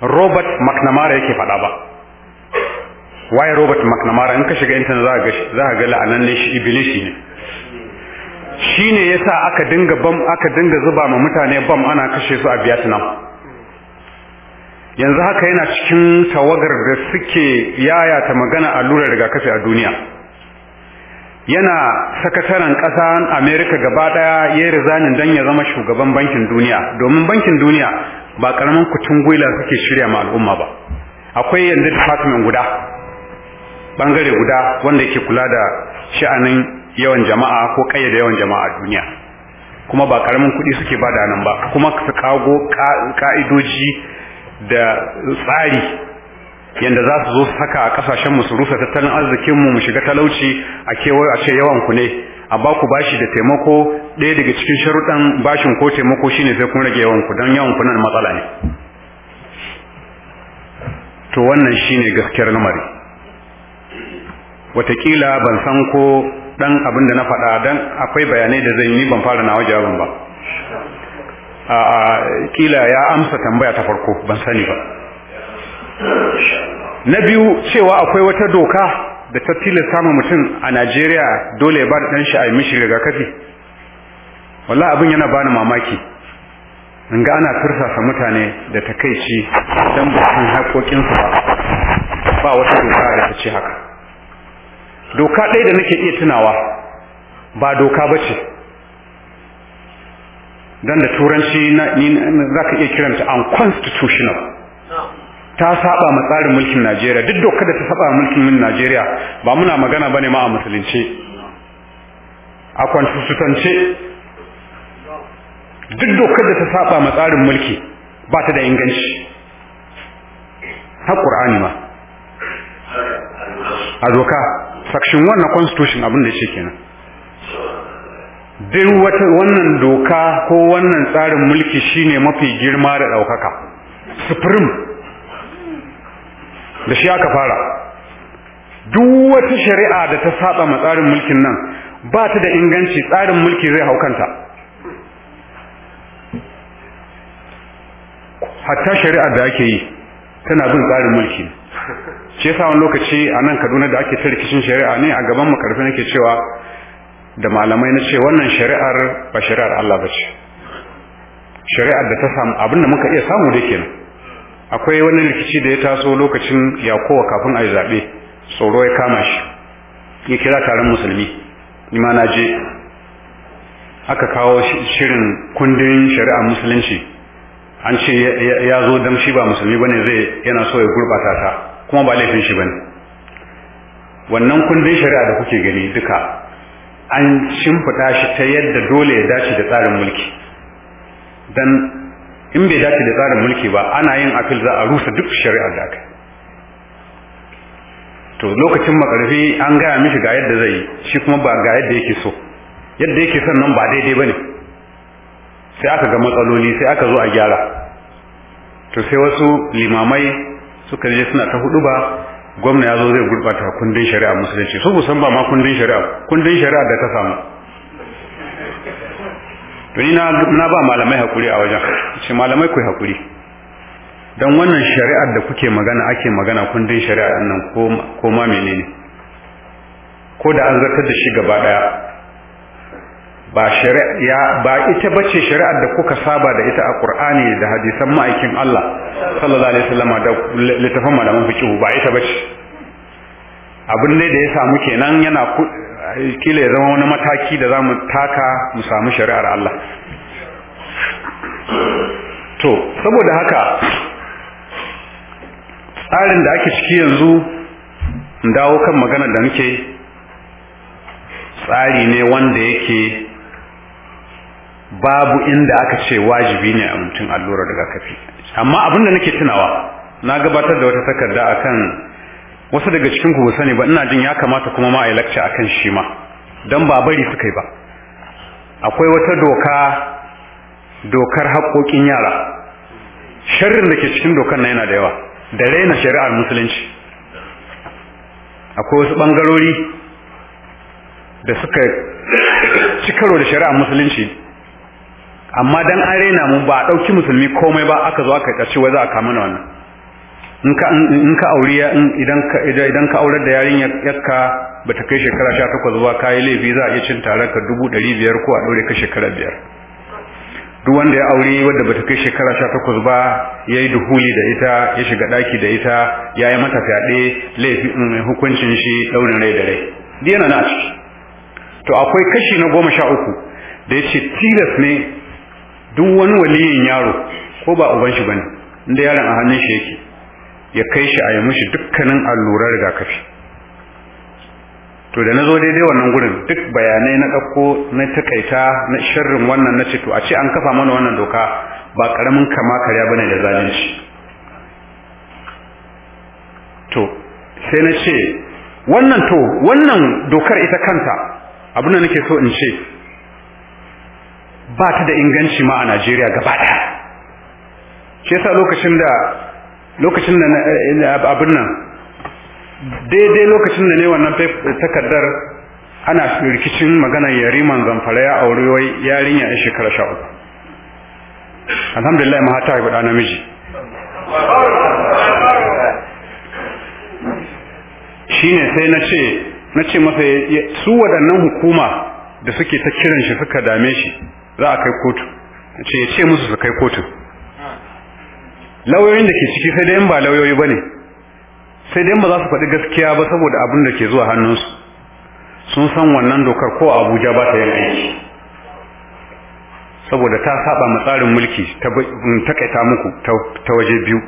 robert mcnamara yake faɗa ba waye robert mcnamara in ka shiga intanet za ka ga la'ananne shi ibilishi ne shi ne ya sa aka dinga bam aka dinga zuba ma mutane bam ana kashe su a vietnam yanzu haka yana cikin tawagar da suke yayata magana allurar rigakafi a duniya yana sakataren ƙasan amerika gaba ɗaya ya yi rizanin don ya zama shugaban bankin duniya domin bankin duniya ba ƙaramin kutun gwila suke shirya ma al'umma ba akwai yanzu department guda ɓangare guda wanda ke kula da sha'anin yawan jama'a ko ƙayyade yawan jama'a a duniya kuma ba ƙaramin kuɗi suke ba da nan ba kuma su kago ka'idoji da tsari yanda za su zo su haka a kasashen mu su rusa tattalin arzikin mu mu shiga talauci a kewaye a ce yawan ku ne a ba ku bashi da taimako ɗaya daga cikin sharuɗan bashin ko taimako shine sai kun rage yawan ku dan yawan ku nan matsala ne to wannan shine gaskiyar lamari watakila ban san ko dan abin da na faɗa dan akwai bayanai da zan yi ban fara nawa jawabin ba a kila ya amsa tambaya ta farko ban sani ba na biyu cewa akwai wata doka da ta tilasta ma mutum a Najeriya dole ya ba da ɗan shi a yi mishi rigakafi wallahi abin yana bani mamaki in ga ana tursasa mutane da takaici don ba haƙoƙinsu ba ba wata doka da ta ce haka doka ɗaya da nake iya tunawa ba doka ba ce don da turanci za ka iya kiranta unconstitutional ta saba ma tsarin mulkin Najeriya duk dokar da ta saba mulkin Najeriya ba muna magana bane ma a musulunci a kwantusutance duk dokar da ta saba ma tsarin mulki ba ta da inganci ta Qur'ani ma a doka section 1 na constitution abin da yake kenan duk wata wannan doka ko wannan tsarin mulki shine mafi girma da daukaka supreme da shi aka fara duk wata shari'a da ta saba ma tsarin mulkin nan ba ta da inganci tsarin mulki zai hau hatta shari'ar da ake yi tana bin tsarin mulki ce sa wani lokaci a nan kaduna da ake ta rikicin shari'a ne a gaban makarfi nake cewa da malamai na ce wannan shari'ar ba shari'ar Allah ba ce shari'ar da ta samu abin da muka iya samu da kenan akwai wani rikici da ya taso lokacin yakowa kafin a yi zaɓe tsoro ya kama shi ya kira taron musulmi ni ma na je aka kawo shirin kundin shari'a musulunci an ce ya zo dan shi ba musulmi bane zai yana so ya gurɓata ta kuma ba laifin shi bane wannan kundin shari'a da kuke gani duka an shimfiɗa shi ta yadda dole ya dace da tsarin mulki dan in bai dace da tsarin mulki ba ana yin apil za a rusa duk shari'ar da aka to lokacin makarfi an gaya mishi ga yadda zai yi shi kuma ba ga yadda yake so yadda yake son nan ba daidai ba ne sai aka ga matsaloli sai aka zo a gyara to sai wasu limamai suka je suna ta hudu ba gwamna ya zo zai gurɓata kundin shari'a musulunci su musamman ma kundin shari'a kundin shari'a da ta samu to ni na ba malamai hakuri a wajen ce malamai ku hakuri don wannan shari'ar da kuke magana ake magana kundin shari'ar nan ko ma menene ko da an zartar da shi gaba daya ba shari'a ba ita bace shari'ar da kuka saba da ita a Qur'ani da hadisan ma'aikin Allah sallallahu alaihi wasallam da littafin malaman fiqh ba ita bace abin ne da ya samu kenan yana kila ya zama wani mataki da za mu taka mu samu shari'ar Allah to saboda haka tsarin da ake ciki yanzu dawo kan magana da muke tsari ne wanda yake babu inda aka ce wajibi ne a mutum allurar kafi, amma abin da nake tunawa na gabatar da wata takarda akan wasu daga cikin ku sani ba ina jin ya kamata kuma ma a lecture akan shi ma dan ba bari suka yi ba akwai wata doka dokar haƙoƙin yara sharrin da ke cikin dokar na yana da yawa da raina shari'ar musulunci akwai wasu ɓangarori da suka ci da shari'ar musulunci amma dan an raina mu ba a ɗauki musulmi komai ba aka zo aka ƙarshe wai za a kama na wannan in ka auri idan ka aurar da yarinya yakka ba ta kai shekara sha takwas ba ka yi laifi za a iya cin tarar ka dubu ɗari biyar ko a ɗaure ka shekara biyar duk wanda ya aure wadda ba ta kai shekara sha takwas ba ya yi duhuli da ita ya shiga ɗaki da ita ya yi mata fyaɗe laifi mm, hukuncin shi ɗaurin rai da rai duk yana na ciki to akwai kashi na goma sha uku da ya ce tilas ne duk wani waliyin yaro ko ba uban shi bane inda yaron a hannun shi yake ya kai shi a yi mushi dukkanin allurar rigakafi to da na zo daidai wannan gurin duk bayanai na ɗauko na takaita na sharrin wannan na ce to a ce an kafa mana wannan doka ba ƙaramin kama karya bane da zalunci to sai na ce wannan to wannan dokar ita kanta abin da nake so in ce ba ta da inganci ma a Najeriya gaba ɗaya shi yasa lokacin da lokacin da eh, eh, abin nan daidai lokacin da ne wannan eh, takardar ana rikicin maganar yariman zamfara ya auri wai yarinya a shekara sha uku alhamdulillah mahata ya haifi namiji shi ne sai na ce na ce masa su waɗannan hukuma da suke ta kiran shi suka dame shi za a kai kotu ce ya ce musu su kai kotun lauyoyin da ke ciki sai dai ba lauyoyi bane sai dai ba za su faɗi gaskiya ba saboda abin da ke zuwa hannunsu sun san wannan dokar ko abuja ba ta yin aiki saboda ta saba ma tsarin mulki ta takaita muku ta waje biyu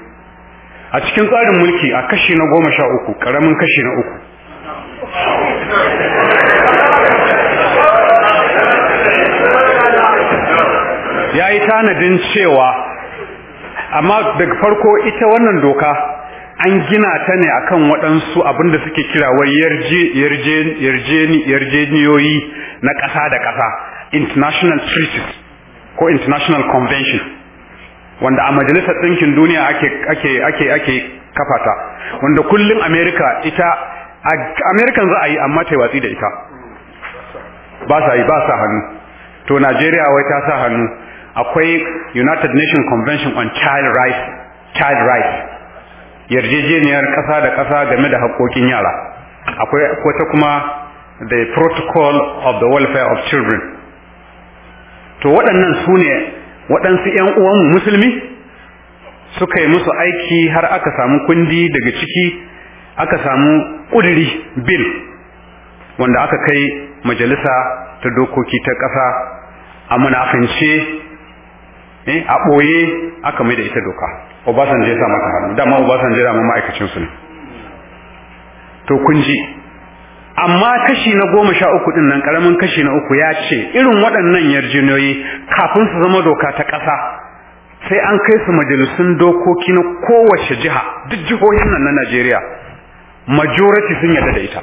a cikin tsarin mulki a kashi na goma sha uku ƙaramin kashi na uku ya yi tanadin cewa amma daga farko ita wannan doka an gina ta ne akan waɗansu abinda suke kira wai yarjeniyoyi na ƙasa da ƙasa international treaties ko international convention wanda a majalisar ɗinkin duniya ake ake ake ake kafata wanda kullum america ita american za a yi amma ta watsi da ita ba sa yi ba sa hannu to najeriya wai ta sa hannu akwai United Nations Convention on Child Rights Child Rights yarjejeniyar kasa da ƙasa game da haƙoƙin yara akwai wata kuma the protocol of the welfare of children to waɗannan su ne waɗansu ‘yan uwanmu musulmi suka yi musu aiki har aka samu kundi daga ciki aka samu kuduri bil wanda aka kai majalisa ta dokoki ta ƙasa a munafince Eh, a ɓoye aka mai da ita doka Obasanjo ya sa mata hannu dama Obasanjo da ma'aikacin su ne to kun ji amma kashi na goma sha uku din nan karamin kashi na uku ya ce irin waɗannan yarjinoyi kafin su zama doka ta ƙasa sai an kai su majalisun dokoki na kowace jiha duk jihohin nan na Najeriya majority sun yarda da ita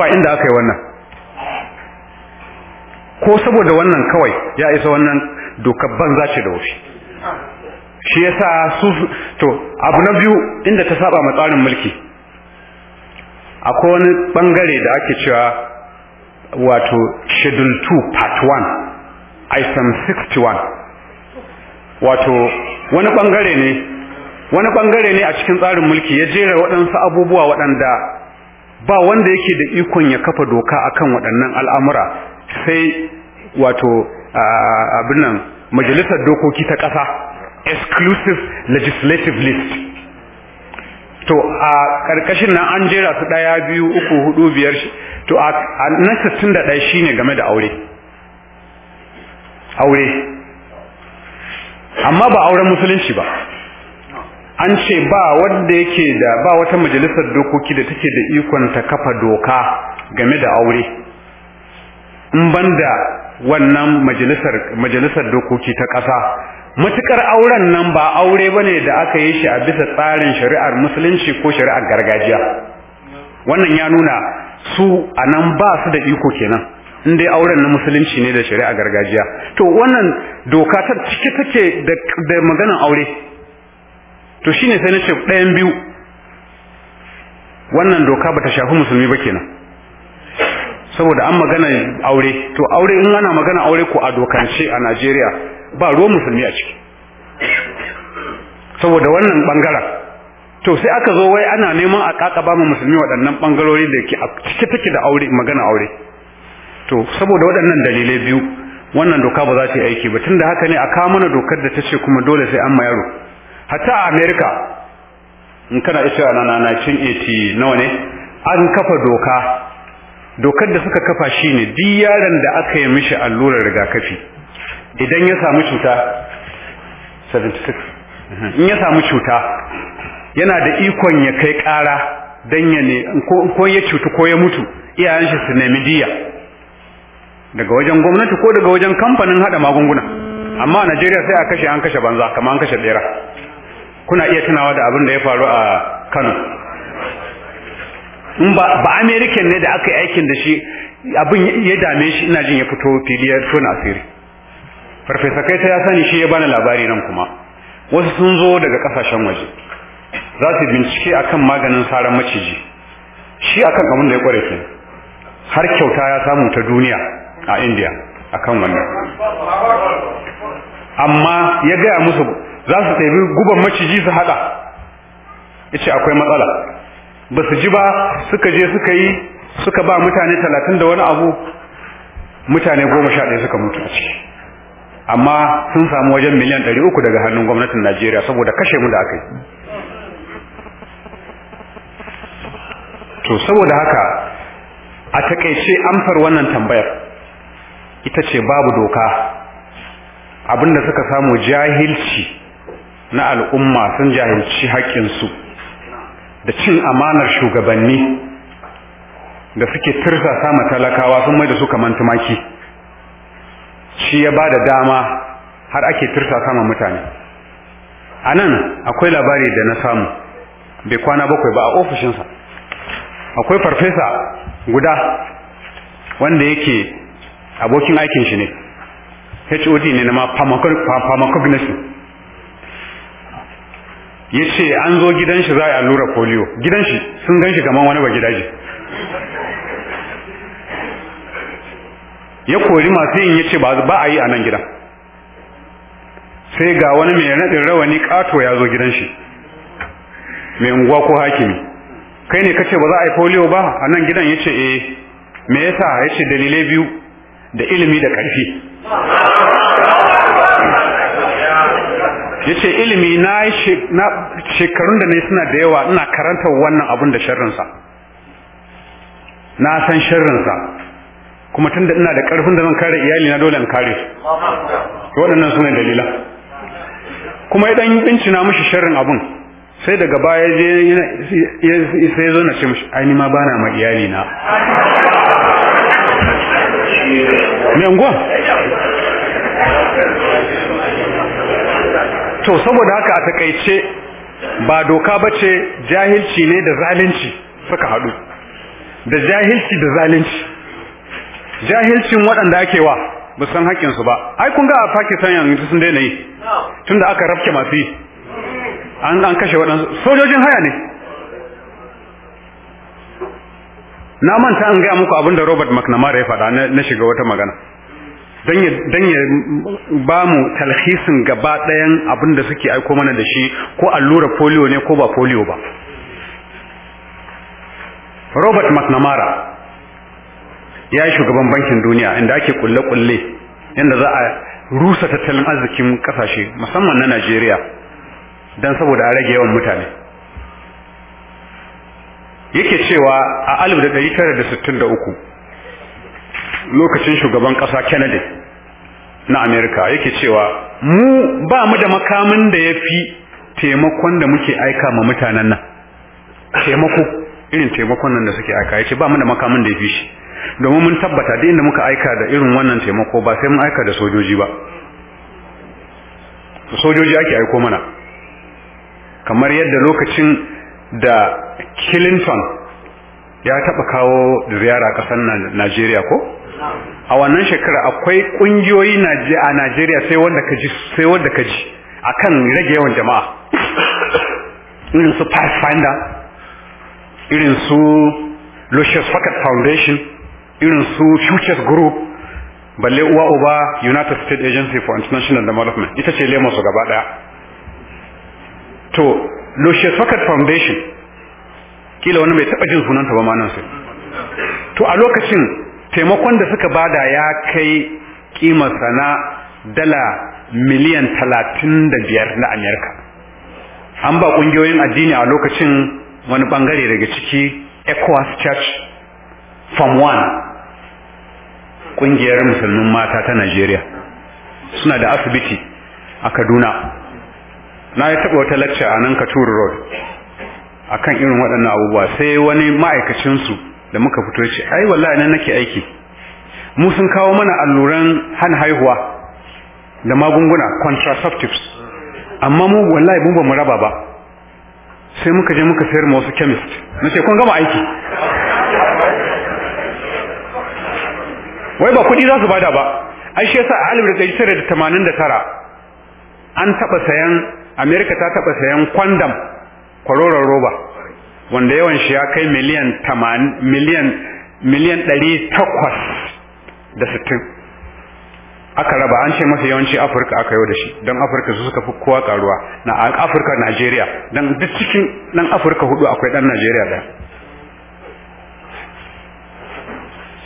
ba inda aka yi wannan ko saboda wannan kawai ya isa wannan dokar banza ce da wufi shi ya sa su to abu na biyu inda ta saba tsarin mulki akwai wani bangare da ake cewa wato schedule 2 part 1 item 61 wato wani bangare ne wani bangare ne a cikin tsarin mulki ya jera waɗansu abubuwa waɗanda ba wanda yake da ikon ya kafa doka akan waɗannan al'amura sai wato abin nan majalisar dokoki ta ƙasa exclusive legislative list to a ƙarƙashin nan an jera su ɗaya biyu uku hudu biyar to a nan sittin da ɗaya shine game da aure aure amma ba auren musulunci ba an ce ba wanda yake da ba wata majalisar dokoki da take da ikon ta kafa doka game da aure in banda wannan majalisar majalisar dokoki ta ƙasa matukar auren nan ba aure bane da aka yi shi a bisa tsarin shari'ar musulunci ko shari'ar gargajiya wannan ya nuna su a nan ba su da iko kenan in dai auren na musulunci ne da shari'ar gargajiya to wannan doka ta cike take da maganan aure to shine sai na ce ɗayan biyu wannan doka ba ta shafi musulmi ba kenan saboda an magana aure to aure in ana magana aure ko a dokance a Najeriya ba ruwan musulmi a ciki saboda wannan bangara to sai aka zo wai ana neman a ba mu musulmi waɗannan bangarori da ke cike take da aure magana aure to saboda waɗannan dalilai biyu wannan doka ba za ta yi aiki ba tunda haka ne a kawo mana dokar da ta ce kuma dole sai an ma yaro hatta a America in kana isa na 1980 nawa ne an kafa doka dokar da suka kafa shi ne duk yaron da aka yi mishi allurar rigakafi idan ya samu cuta 76 mhm. in ya samu cuta yana da ikon ya kai kara don ya ne ko ya cutu ko ya mutu iyayen shi su nemi diya daga wajen gwamnati ko daga wajen kamfanin hada magunguna amma a Najeriya sai a kashe an kashe banza kamar an kashe bera kuna iya tunawa da abin da ya faru a Kano in ba ba american ne da aka yi aikin da shi abin ya dame shi ina jin ya fito fili ya tona asiri farfesa kai ta ya sani shi ya bani labari nan kuma wasu sun zo daga kasashen waje za su bincike akan maganin saran maciji shi akan abin da ya kware ke har kyauta ya samu ta duniya a india akan wannan amma ya gaya musu za su tafi guban maciji su haka ya ce akwai matsala ba su ji ba suka je suka yi suka ba mutane talatin da wani abu mutane goma sha ɗaya suka mutu a ciki amma sun samu wajen miliyan ɗari uku daga hannun gwamnatin najeriya saboda kashe mu da aka yi to saboda haka a takaice amfar wannan tambayar ita ce babu doka abinda suka samu jahilci na al'umma sun jahilci haƙƙinsu da cin amanar shugabanni da suke tirsasa ma talakawa sun mai da su kamar tumaki shi ya ba da dama har ake tirsasa ma mutane a nan akwai labari da na samu bai kwana bakwai ba a ofishinsa akwai farfesa guda wanda yake abokin aikin shi ne hod ne na ma ya ce an zo gidan shi za a yi allura polio gidan shi sun gan shi kamar wani ba gidaje ya kori masu yin ya ce ba a yi a nan gidan sai ga wani mai naɗin rawani ƙato ya zo gidan shi mai unguwa ko hakimi kai ne kace ba za a yi polio ba a nan gidan ya ce eh me yasa ya ce dalilai biyu da ilimi da ƙarfi yace ilimi na shekarun da ne suna da yawa ina karanta wannan abun da sharrinsa na san sharrinsa kuma tun da ina da karfin da zan kare iyali na dole in kare su waɗannan sune dalila kuma idan na mushi sharrin abun sai daga baya je sai zo na ce mushi aini ma ma bana ma iyali na (laughs) mai anguwa to saboda haka a takaice ba doka bace jahilci ne da zalunci suka hadu da jahilci da zalunci jahilcin waɗanda ake wa ba san haƙƙinsu su ba ai kun ga a Pakistan yanzu sun daina yi tunda aka rafke masu yi an an kashe waɗansu sojojin haya ne na manta an gaya muku abin da Robert McNamara ya faɗa na shiga wata magana don ya ba mu talhisin gaba ɗayan abin da suke aiko mana da shi ko allura polio ne ko ba polio ba robert mcnamara ya yi shugaban bankin duniya inda ake kulle-kulle yadda za a rusa tattalin arzikin kasashe musamman na najeriya don saboda a rage yawan mutane yake cewa a 1963 lokacin shugaban kasa Kennedy na Amerika yake cewa mu ba mu da makamin da yafi taimakon da muke aika ma mutanen nan taimako irin taimakon nan da suke aika yace ba mu da makamin da yafi shi domin mun tabbata da inda muka aika da irin wannan taimako ba sai mun aika da sojoji ba sojoji ake aiko mana kamar yadda lokacin da Clinton ya taɓa kawo ziyara ƙasar Najeriya ko? a wannan shekara akwai kungiyoyi a Najeriya sai wanda ka ji sai wanda ka ji akan rage yawan jama'a irin su Pathfinder irin su Lucius Fakat Foundation irin su Futures Group balle uwa uba United States Agency for International Development ita ce lemon su gaba daya to Lucius Fakat Foundation kila wani bai taba jin sunanta ba ma nan sai to a lokacin taimakon da suka bada ya kai kimarsa na dala miliyan talatin da biyar na amerika an ba ƙungiyoyin addini a lokacin wani bangare daga ciki ecowas church form 1 ƙungiyar musulmin mata ta Najeriya. suna da asibiti a kaduna na ya taɓa wata lacca a nan katuru road a kan irin waɗannan abubuwa sai wani ma'aikacinsu da muka fito ce ai wallahi nan nake aiki mu sun kawo mana alluran hana haihuwa da magunguna contraceptives amma mu wallahi mun ba mu raba ba sai muka je muka sayar ma wasu chemist ce kun gama aiki wai ba kuɗi za su bada ba ai shi yasa a 1989 an taba sayan amerika ta taɓa sayan kwandam kwaroron roba wanda yawan shi ya kai miliyan miliyan miliyan ɗari takwas da sittin aka raba an ce masa yawanci afirka aka yau da shi don afirka su suka fi kowa karuwa na afirka najeriya don duk cikin ɗan afirka hudu akwai ɗan najeriya ɗaya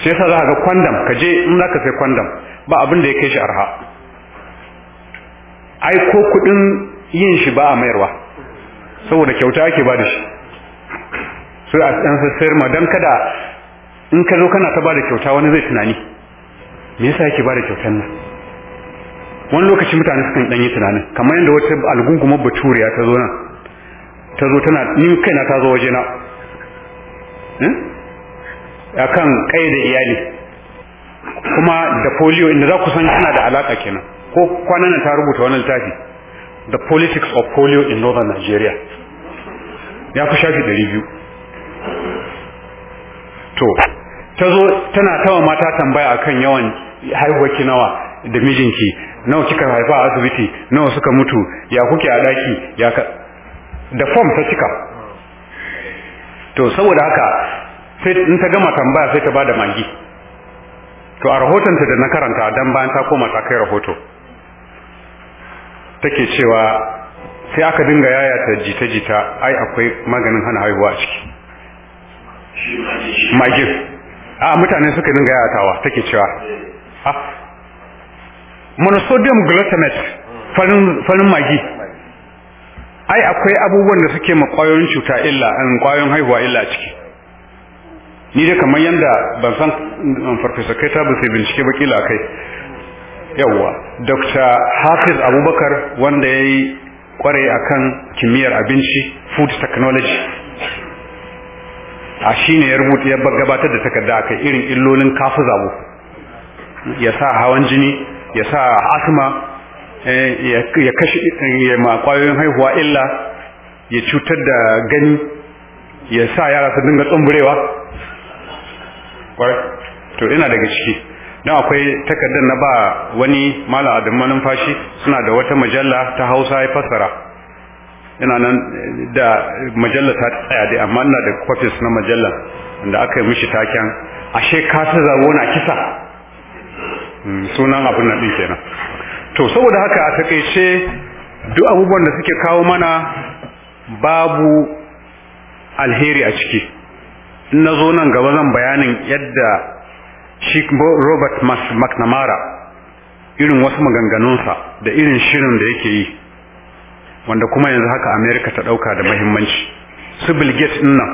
sai sa za ka ga kwandam ka je in za ka sai kwandam ba abin da ya kai shi arha ai ko kuɗin yin shi ba a mayarwa saboda kyauta ake ba da shi su a ɗan sassayar ma don kada in ka zo kana ta ba da kyauta wani zai tunani me yasa yake ba da kyautan nan wani lokaci mutane sukan ɗan yi tunanin kamar yadda wata algungumar baturiya ta zo nan ta zo tana ni kaina ta zo wajena eh, kan kai da iyali kuma da polio inda za ku san tana da alaka kenan ko kwanan ta rubuta wani littafi the politics of polio in northern nigeria ya fi shafi 200 to ta zo tana tawa mata tambaya akan yawan haihuwarki nawa da mijinki nawa kika haifa a asibiti nawa suka mutu ya kuke a daki ya ka da form ta cika to saboda haka sai in ta gama tambaya sai ta bada magi to a rahotonta da na karanta dan bayan ta koma ta kai rahoto take cewa sai aka dinga yaya ta jita-jita ai akwai maganin hana haihuwa a ciki magin a mutane suka dinga yatawa take cewa a ah, monosodium glutamate farin magi ai akwai abubuwan da suke ma cuta illa an kwayoyin haihuwa illa ciki ni dai kamar yanda ban san um, farfesa kai ta bace bincike ba kila kai yawwa dr hafiz abubakar wanda ya yi kware akan kimiyyar abinci food technology a ne ya rubuta ya gabatar da takarda akai irin illolin kafu zabo ya sa hawan jini ya sa asma eh, ya kashe ya ma kwayoyin haihuwa illa ya cutar da gani ya sa yara su dinga tsumburewa to ina daga ciki don akwai takardar na ba wani malam adamman numfashi suna da wata majalla ta hausa ya fassara yana nan da majalla ta tsaya dai amma ina da kwafis na majalla da aka yi mishi taken ashe ka ta zabo na kisa hmm, sunan abin nan din kenan to saboda haka a takaice duk abubuwan da suke kawo mana babu alheri a ciki in na zo nan gaba zan bayanin yadda shi robert mcnamara irin wasu maganganunsa da irin shirin da yake yi wanda kuma yanzu haka america ta dauka da muhimmanci su bill gates din nan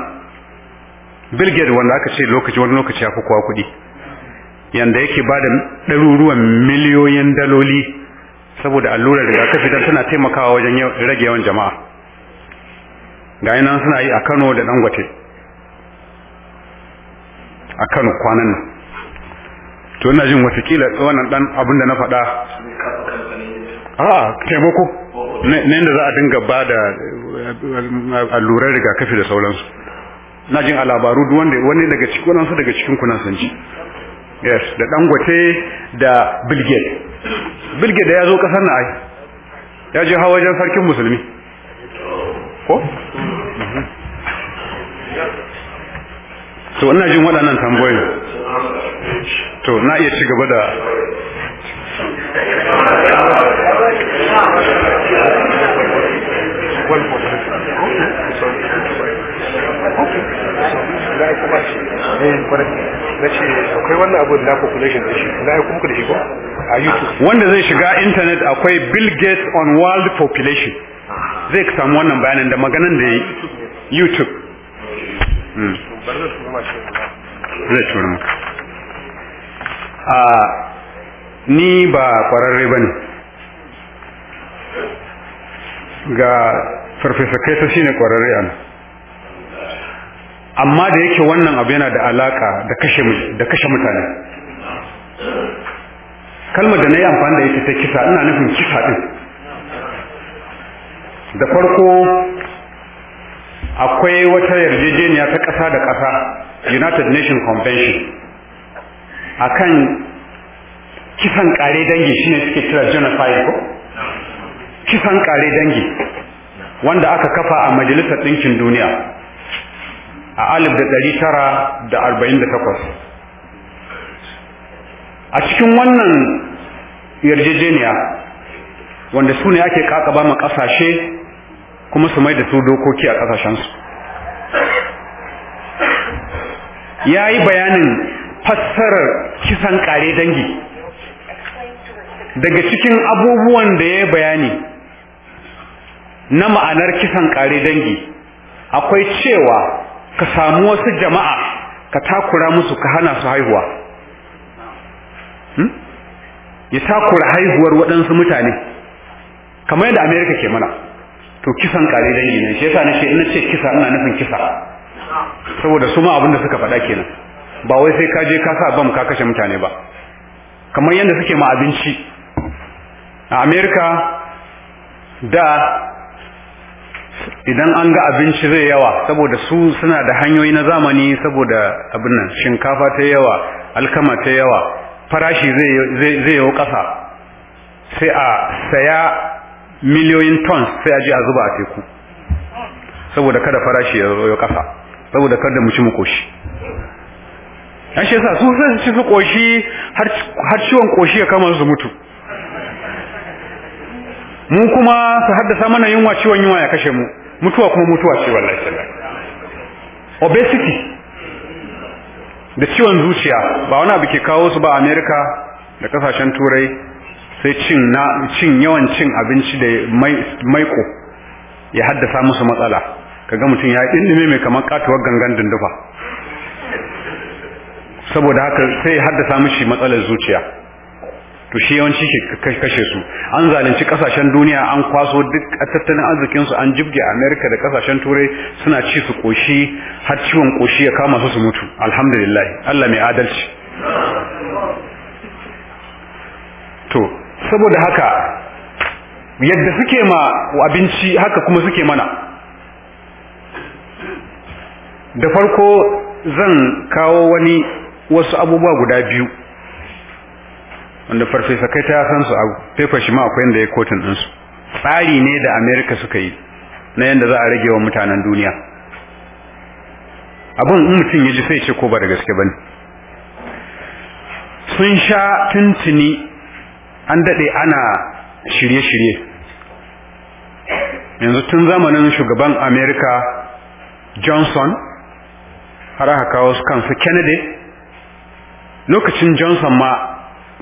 bill gates wanda aka ce lokaci wani lokaci ya fi kowa kuɗi yanda yake ba da ɗaruruwan miliyoyin daloli saboda allurar rigakafi don tana taimakawa wajen rage yawan jama'a ga nan suna yi a kano da dangote a kano kwanan nan to ina jin watakila wannan dan abin da na faɗa a taimako na inda za a dinga ba da eh, allurar rigakafi da sauransu na jin a labaru wanda wani daga cikin daga cikin kuna sanci. ji yes da dangote da bilgel bilgel da ya zo kasar na ai ya je hawa wajen sarkin musulmi ko to ina jin waɗannan tambayoyin to na iya ci gaba da akwai wannan abu na population a youtube wanda zai shiga internet akwai bill gates on world population zai samu wannan bayanin da maganan da ya youtube hmm. zai turu ni ba kwararre ba ne ga farfesa kai ta shine kwararre ana amma da yake wannan abu yana da alaka da kashe mutane kalmar da na yi amfani da ita ta kisa ina nufin kisa ɗin da farko akwai wata yarjejeniya ta ƙasa da ƙasa united nation convention akan kisan kare dangi shine suke kira genocide ko kisan kare dangi wanda aka kafa a majalisar ɗinkin duniya a alif ɗari tara da arba'in da takwas a cikin wannan yarjejeniya wanda su ne ake kakaba ma kasashe kuma su mai da su dokoki a ƙasashensu ya yi bayanin fassarar kisan ƙare dangi daga cikin abubuwan da ya bayani na ma'anar kisan kare dangi akwai cewa ka samu wasu jama'a ka takura musu ka hana su haihuwa hmm? ya takura haihuwar waɗansu mutane kamar yadda amerika ke mana to kisan kare dangi ne shi yasa nake ina ce kisa ina nufin kisa saboda su ma abin da suka faɗa kenan ba wai sai ka je ka sa bam ka kashe mutane ba kamar yadda suke ma abinci a amerika da idan an ga abinci zai yawa saboda su suna da hanyoyi na zamani saboda abin nan shinkafa ta yawa alkama ta yawa farashi zai yau kasa sai a saya miliyoyin tons sai a ji a zuba a teku saboda kada farashi ya kasa saboda kada mu ci mu koshi an shi yasa su sai su ci su koshi har ciwon koshi ya kama su mutu mu kuma su haddasa mana yunwa ciwon yunwa ya kashe mu mutuwa kuma mutuwa ce wallahi sallallahu obesity da ciwon zuciya ba wani abu ke kawo su ba Amerika da kasashen turai sai cin na cin yawan cin abinci da maiko ya haddasa musu matsala kaga mutum ya yi ilimi mai kamar katuwar gangan dindufa saboda haka sai haddasa mishi matsalar zuciya to shi yawanci ke kashe su an zalunci kasashen duniya an kwaso duk tattalin arzikin su an jibge America da kasashen turai suna ci su koshi har ciwon koshi ya kama su su mutu alhamdulillah Allah mai adalci to saboda haka yadda suke ma abinci haka kuma suke mana da farko zan kawo wani wasu abubuwa guda biyu wanda farfesa kai ta san su a paper shi ma akwai inda ya kotun din su tsari ne da America suka yi na yanda za a rage wa mutanen duniya abun in mutum ya ji sai ce ko ba da gaske bane sun sha tuntuni an dade ana shirye-shirye yanzu tun zamanin shugaban America Johnson har aka kawo su kansu Kennedy lokacin Johnson ma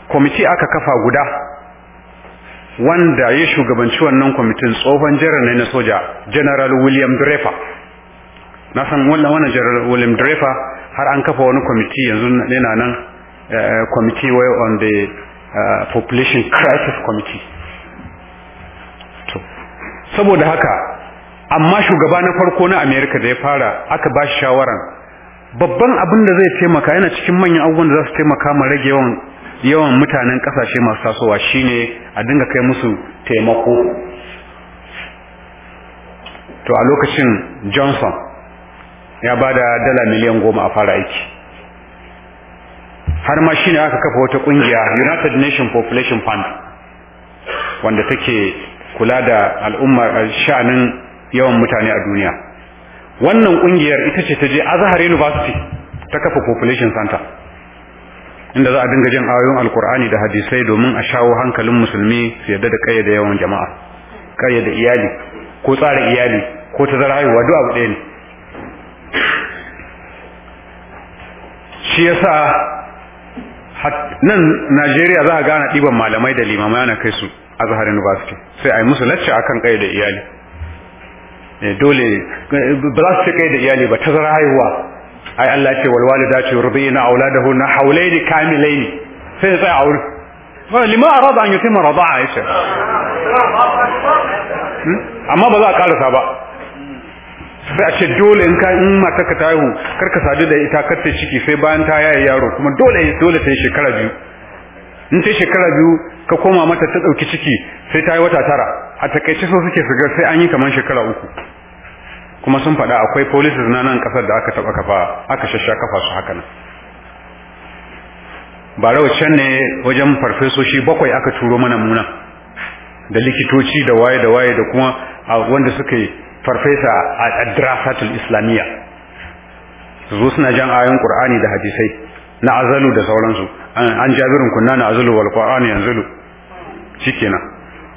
kwamiti aka kafa guda wanda ya shugabanci wannan kwamitin tsohon janar na soja general william drefa na san wannan wannan general william drefa har an kafa wani kwamiti yanzu yana nan eh, kwamiti way on the uh, population crisis committee saboda haka amma shugaba na farko na america da ya fara aka ba shi shawaran babban abin da zai taimaka yana cikin manyan abubuwan da za su taimaka ma rage yawan yawan mutanen kasashe masu tasowa shine a dinga kai musu taimako to a lokacin johnson ya ba da dala miliyan goma a fara aiki har ma shine aka kafa wata kungiya united nation population fund wanda take kula da al'ummar sha'anin yawan mutane a duniya wannan kungiyar ita ce ta je Azahar university ta kafa population center inda za a dinga jin ayoyin alkur'ani da hadisai domin a shawo hankalin musulmi su yadda da kayyade yawan jama'a kayyade iyali ko tsara iyali ko tazara haihuwa duk abu ɗaya ne shi yasa nan Najeriya za a gana ɗiban malamai da limamai ana kai su Azhar University sai a yi musu a akan kayyade iyali eh, dole ba za su ce kayyade iyali ba tazara haihuwa ai Allah ce wal walidatu yurdina na hawlaini kamilaini sai sai aure ba lima arada an yutima rada yace hmm? amma ba za a karasa ba sai a ce dole in ka in mata ka tayu kar ka sadu da ita kar ta ciki sai bayan ta yaye yaro kuma dole dole sai shekara biyu in ta shekara biyu ka koma mata ta dauki ciki sai ta yi wata tara a takaice so suke su ga sai an yi kaman shekara uku kuma sun faɗa akwai polis na nan ƙasar da aka taɓa kafa aka shasha kafa su haka nan ba can ne wajen farfesoshi bakwai aka turo mana muna da likitoci da waye da waye da kuma wanda suka yi farfesa a adrasatul islamiyya zuwa suna jan ayoyin qur'ani da hadisai na azalu da sauransu an jabirin kunna na azalu wal qur'ani yanzulu shikenan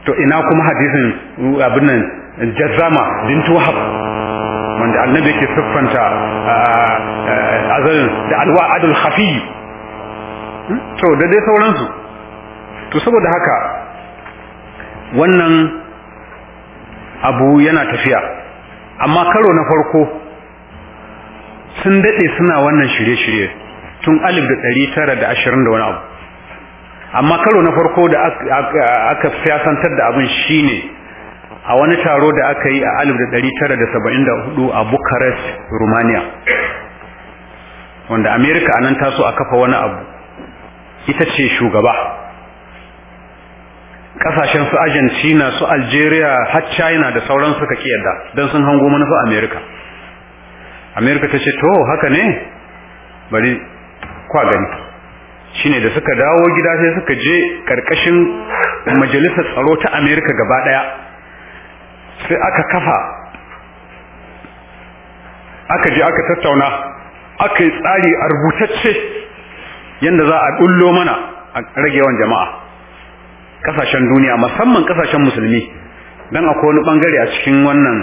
to ina kuma hadisin abin nan jazzama din tuhab wanda annabi ke siffanta da alwa'adul hafi. Hmm? to da dai sauransu to saboda haka wannan abu yana tafiya amma karo na farko sun daɗe suna wannan shirye-shirye tun alif da ɗari tara da ashirin da wani abu amma karo na farko da aka siyasantar da abin shine a wani taro da aka yi a 1974 a Bucharest Romania wanda Amerika anan taso a kafa wani abu ita ce shugaba kasashen su Argentina su Algeria har China da sauran suka kiyarda don sun hango manufa Amerika. Amerika ta ce to haka ne bari kwa gani shine da suka dawo gida sai suka je karkashin majalisar tsaro ta Amerika gaba daya sai aka kafa aka je aka tattauna aka yi tsari a rubutacce yadda za a bullo mana a rage yawan jama'a kasashen duniya musamman kasashen musulmi don akwai wani ɓangare a cikin wannan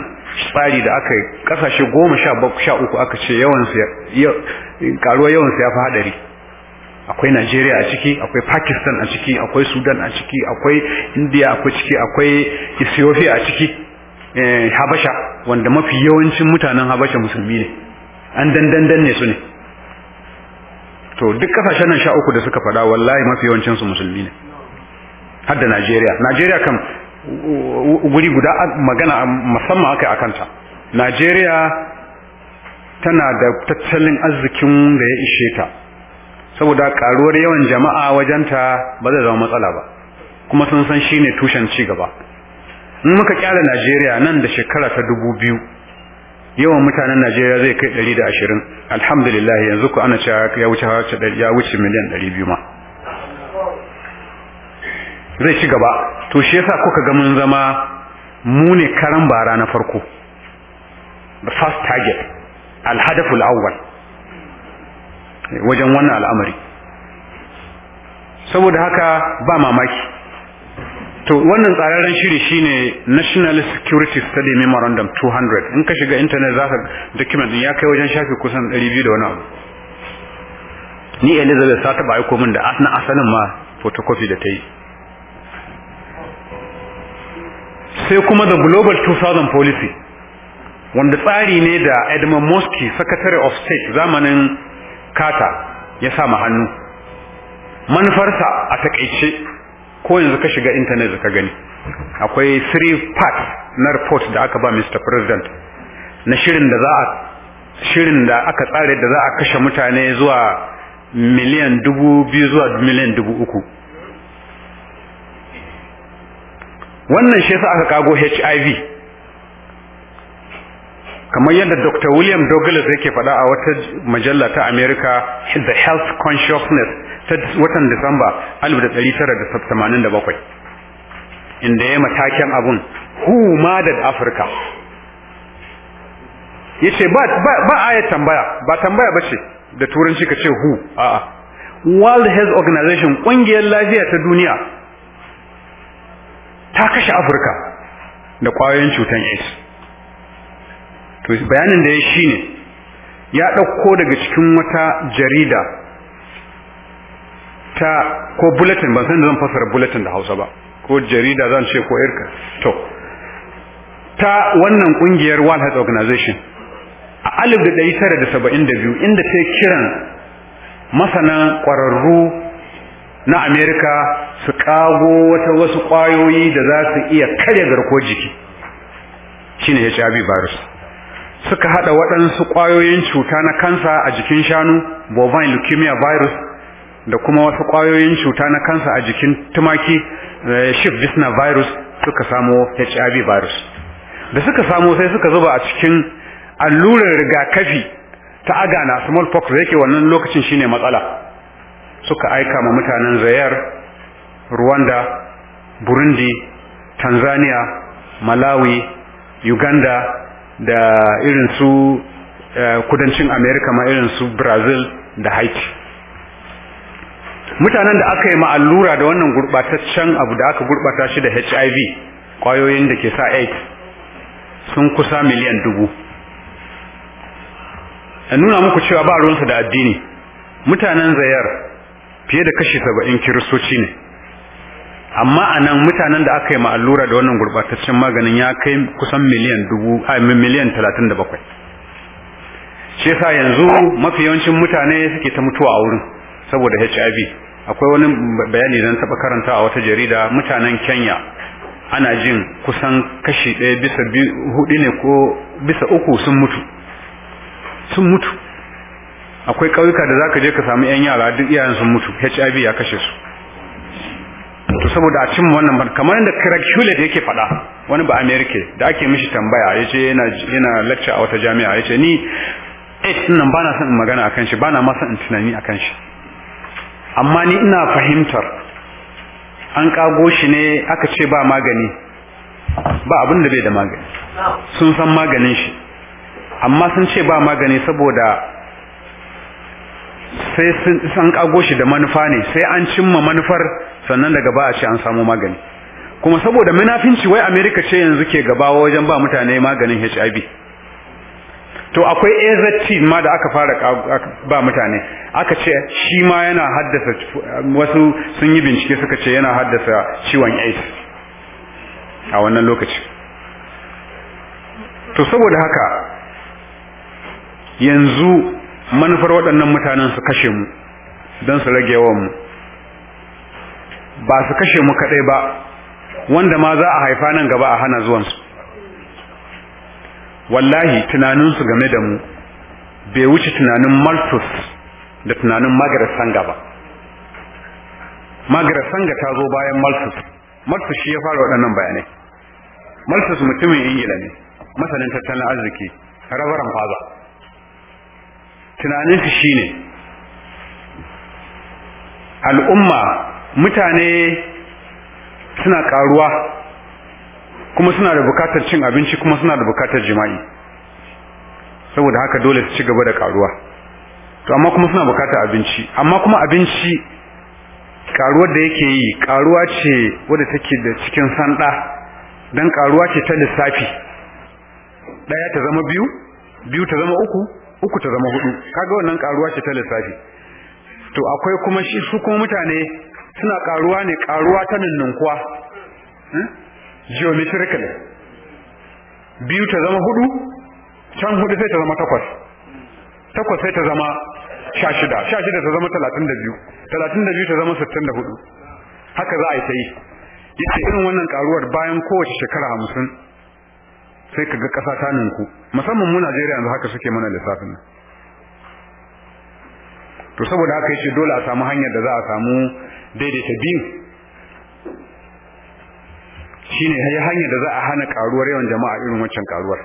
tsari da aka yi ƙasashe goma sha uku aka ce karuwa yawansu ya fi haɗari. akwai Najeriya a ciki akwai Pakistan a ciki akwai Sudan a ciki akwai India akwai ciki akwai Ethiopia a ciki Eh, habasha wanda mafi yawancin mutanen habasha musulmi ne an dandandan ne su ne to duk kasashen nan sha uku da suka faɗa wallahi mafi yawancin su musulmi ne har da najeriya najeriya kan guri guda magana musamman aka a kanta najeriya tana da tattalin arzikin da ya ishe ta saboda karuwar yawan jama'a wajenta ba zai zama matsala ba kuma sun san shine tushen ci gaba in muka kyara Najeriya nan da shekara ta dubu biyu yawan mutanen Najeriya zai kai ɗari da ashirin alhamdulillah yanzu ku ana cewa ya wuce ya wuce miliyan ɗari biyu ma zai ci gaba to shi yasa kuka ga mun zama mu ne karan bara na farko the first target alhadaful awwal wajen wannan al'amari saboda haka ba mamaki to wannan tsararren shiri shine National Security Study Memorandum 200 in ka shiga internet zaka document ya kai wajen shafi kusan 200 da wani abu ni Elizabeth ta taba aiko min da asna asalin ma photocopy da ta yi sai kuma the Global 2000 Policy wanda tsari ne da Edmund Mosky Secretary of State zamanin kata ya sa hannu manufarsa a takaice ko yanzu ka shiga intanet ka gani akwai three parts na report da aka ba Mr. President na shirin da za a shirin da aka tsare da za a kashe mutane zuwa miliyan dubu biyu zuwa miliyan dubu uku wannan shi yasa aka kago HIV kamar yadda Dr. William Douglas yake faɗa a wata majalla ta America The Health Consciousness ta watan Disamba 1987 inda ya matakin abun who Afirka. Ya ce ba ba ayat tambaya ba tambaya ba ce da turanci ka hu who a'a World Health Organization ƙungiyar lafiya ta duniya ta kashe Afirka da ƙwayoyin cutar AIDS to bayanin da ya shi ne ya dauko daga cikin wata jarida ta ko bulletin ban san da zan fasara bulletin da Hausa ba ko jarida zan ce ko irka to ta wannan kungiyar World Health Organization a 1972 inda ta kiran masana kwararru na Amerika su kago wata wasu kwayoyi da za su iya karya garkuwar jiki shine HIV virus suka hada waɗansu kwayoyin cuta na kansa a jikin shanu bovine leukemia virus da kuma wasu kwayoyin cuta na kansa a jikin tumaki eh, shif visna virus suka samo hiv virus da suka samo sai suka zuba a cikin allurar rigakafi ta na smallpox da yake wannan lokacin shine matsala suka aika ma mutanen zayar rwanda burundi tanzania malawi uganda da irin su eh, kudancin america ma irin su brazil da haiti mutanen da aka yi ma allura da wannan gurbataccen abu da aka gurbata shi da HIV kwayoyin da ke sa AIDS sun kusa miliyan dubu a nuna muku cewa ba ruwansa da addini mutanen zayar fiye da kashi saba'in kiristoci ne amma a nan mutanen da aka yi ma allura da wannan gurbataccen maganin ya kai kusan miliyan dubu a miliyan talatin da bakwai shi yasa yanzu mafi yawancin mutane suke ta mutuwa a wurin saboda hiv akwai wani bayani don taɓa karanta a wata jarida mutanen kenya ana jin kusan kashi ɗaya bisa hudu ne ko bisa uku sun mutu sun mutu akwai ƙauyuka da zaka je ka samu 'yan yara duk iyayen sun mutu hiv ya kashe su to saboda a cimma wannan ban kamar yadda Craig Hewlett yake faɗa wani ba America da ake mishi tambaya yace yana yana lecture a wata jami'a yace ni eh nan na son in magana akan shi na ma son in tunani akan shi amma ni ina fahimtar an kago shi ne aka ce ba magani ba abin da bai da magani sun san maganin shi amma sun ce ba magani saboda sai sun kago shi da manufa ne sai an cimma manufar sannan daga ba a ce an samu magani kuma saboda munafinci wai Amerika ce yanzu ke gaba wajen ba mutane maganin HIV to akwai AZT ma da aka fara ba mutane aka ce shi ma yana haddasa wasu sun yi bincike suka ce yana haddasa ciwon AIDS a wannan lokaci to saboda haka yanzu manufar waɗannan mutanen su kashe mu don su rage yawan mu ba su kashe mu kaɗai ba wanda ma za a haifa nan gaba a hana zuwansu wallahi tunaninsu game da mu bai wuce tunanin maltus da tunanin Sanga ba Sanga ta zo bayan maltus maltus shi ya fara waɗannan bayanai maltus mutumin ingila ne masanin tattalin arziki rabaran faza tunaninsu shi ne al'umma mutane suna karuwa kuma suna da bukatar cin abinci kuma suna da bukatar jima'i saboda haka dole su ci gaba da karuwa to amma kuma suna bukatar abinci amma kuma abinci karuwar da yake yi karuwa ce wadda take da cikin sanda dan karuwa ce ta lissafi daya ta zama biyu biyu ta zama uku uku ta zama hudu kaga wannan karuwa ce ta lissafi to akwai kuma shi su kuma mutane suna karuwa ne karuwa ta kuwa. geometrically biyu ta zama hudu can hudu sai ta zama takwas takwas sai ta zama sha shida sha shida ta zama talatin da biyu talatin da biyu ta zama sittin da hudu haka za a yi ta yi yace irin wannan karuwar bayan kowace shekara hamsin sai ka ga ƙasa ta ninku musamman mu Najeriya yanzu haka suke mana lissafin nan to saboda haka yace dole a samu hanyar da za a samu daidaita biyu shine hanyar da za a hana karuwar yawan jama'a irin wancan karuwar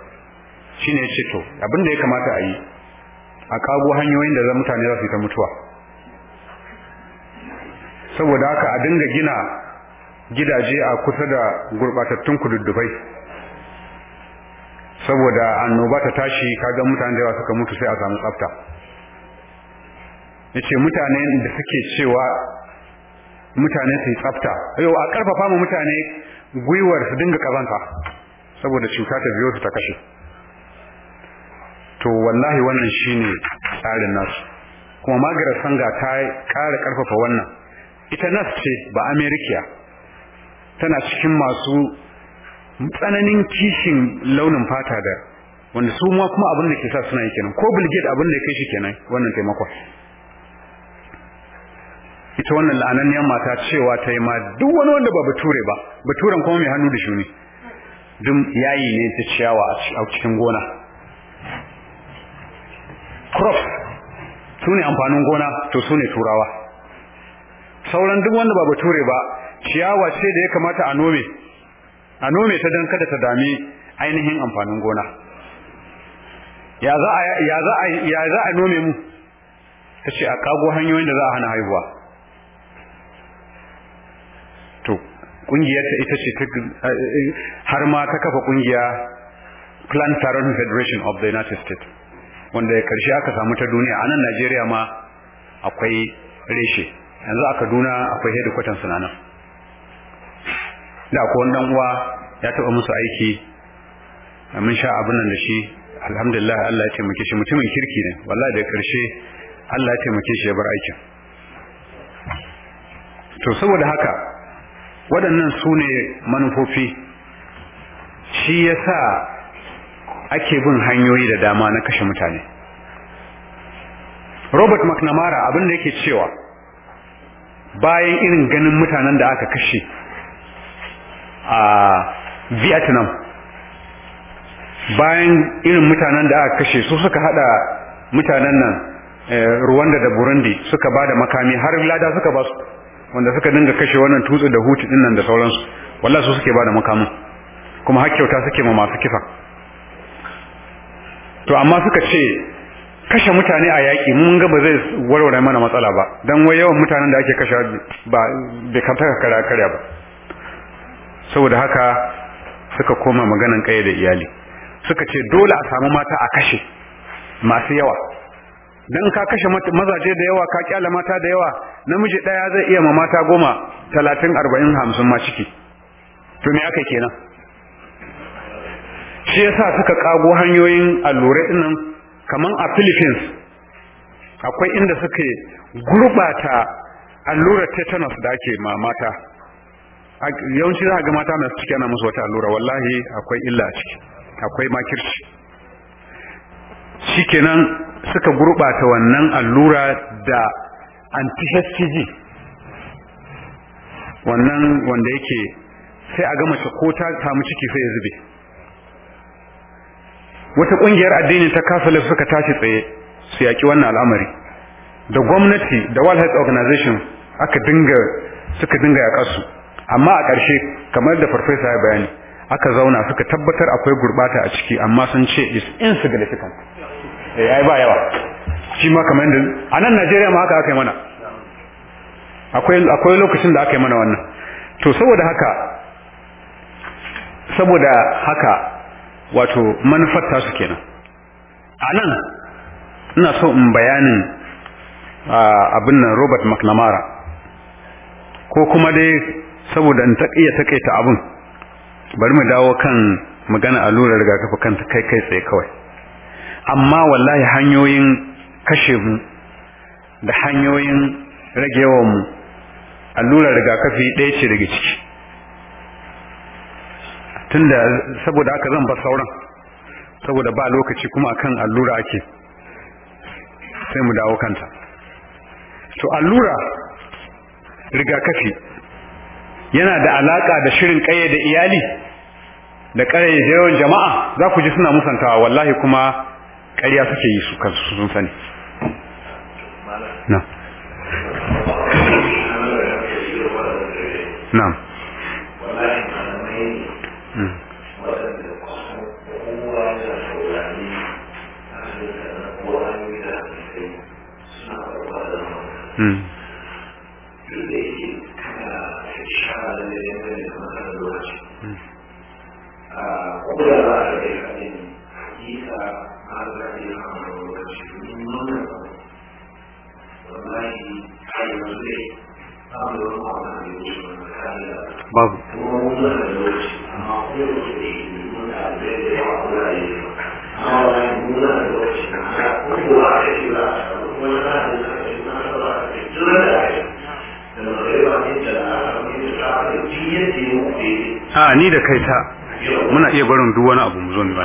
shine ya to abin da ya kamata a yi a kago hanyoyin da mutane za su ta mutuwa saboda haka a dinga gina gidaje a kusa da gurbatattun kududdufai saboda annoba ta tashi kaga mutane da suka mutu sai a samu tsafta yace mutane da suke cewa mutane su tsafta yau a karfafa mu mutane gwiwar su dinga kazanta saboda cuta ta biyo ta kashe to wallahi wannan shine tsarin nasu kuma magarar sanga ta kare karfafa wannan ita nas ce ba amerika tana cikin masu tsananin kishin launin fata da wanda su ma kuma abin da ke sa suna yi kenan ko bilgate abin da ya kai shi kenan wannan taimakon ita wannan la'ananniyar mata cewa ta yi ma duk wani wanda ba bature ba baturen kuma mai hannu da shuni duk yayi ne ta ciyawa a cikin gona crop su ne amfanin gona to su ne turawa sauran duk wanda ba bature ba ciyawa ce da ya kamata a nome a nome ta don kada ta dami ainihin amfanin gona ya za a nome mu ta ce a kago hanyoyin da za a hana haihuwa kungiyar ta ita ce har ma ta kafa kungiya Planned Parenthood Federation of the United States wanda ya karshe aka samu ta duniya a nan Najeriya ma akwai reshe yanzu a Kaduna akwai headquarter sunanan da akwai wani uwa ya taba musu aiki mun sha abin nan da shi alhamdulillah Allah ya taimake shi mutumin kirki ne wallahi da karshe Allah ya taimake shi ya bar aikin to saboda haka waɗannan su ne manufofi shi ya sa ake bin hanyoyi da dama na kashe mutane robert mcnamara abin da yake cewa bayan irin ganin mutanen da aka kashe a vietnam bayan irin mutanen da aka kashe su suka hada mutanen nan eh, rwanda da burundi suka ba da makami har lada suka ba su wanda suka dinga kashe wannan tutsu da hutu dinnan da sauransu wallahi su suke bada makamu kuma hakkyauta suke ma masu kisa to amma suka ce kashe mutane a yaƙi mun ga ba zai warware mana matsala ba don wai yawan mutanen da ake kashe ba bai kamta karya karya ba saboda haka suka koma maganan kai da iyali suka ce dole a samu mata a kashe masu yawa dan ka kashe mazaje da yawa ka kyala mata da yawa namiji daya zai iya ma mata goma talatin arba'in hamsin ma ciki to me aka kenan shi yasa suka kago hanyoyin allurai dinnan kaman a Philippines akwai inda suke gurbata allura tetanus da ake ma mata yawanci za ga mata masu ciki ana musu wata allura wallahi akwai illa ciki akwai makirci shikenan suka gurɓata wannan allura da anti-hcg wannan wanda yake sai a ga mace ko ta samu ciki sai ya zube wata ƙungiyar addini ta kafalin suka tashi tsaye su yaƙi wannan al'amari da gwamnati da world health organization aka dinga suka dinga yaƙarsu amma a ƙarshe kamar da farfesa ya bayani aka zauna suka tabbatar akwai gurbata a ciki amma sun ce is insignificant eh ai ba yawa shi ma kamar yadda a nan Najeriya ma haka aka yi mana akwai lokacin da aka yi mana wannan to saboda haka saboda haka wato manufar tasu kenan a nan ina so in bayanin abin nan Robert McNamara ko kuma dai saboda in iya takaita abin bari mu dawo kan magana allurar rigakafi kanta kai kai tsaye kawai amma wallahi hanyoyin kashe mu da hanyoyin rage yawan mu allurar rigakafi ɗaya ce daga ciki tunda saboda aka zan ba sauran saboda ba lokaci kuma akan allura ake sai mu dawo kanta to allura rigakafi yana da alaka da shirin da iyali da kare yawan jama'a za ku ji suna musantawa wallahi kuma ƙarya suke yi su kansu sun sani na na Mm. Mm. ni da kai ta muna iya barin duk wani abu mu zo ba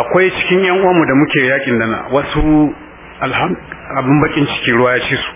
akwai cikin yan uwanmu da muke yakin dana wasu alhamdulillah abin bakin ciki ruwa ya ci su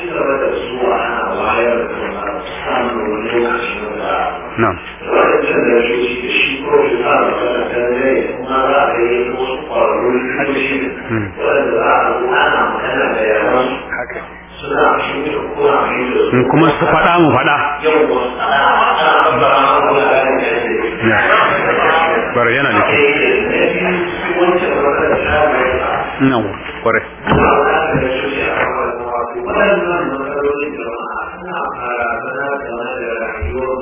ci gaba da zuwa ana wayar da samun wani da da shi da shi da kuma za a yi wasu za a zo ana magana da suna shi da kuma shi da kuma su faɗa mu faɗa bar yana da kyau nan kwarai waɗannan matsaloli jama'a suna barazana game da rayuwar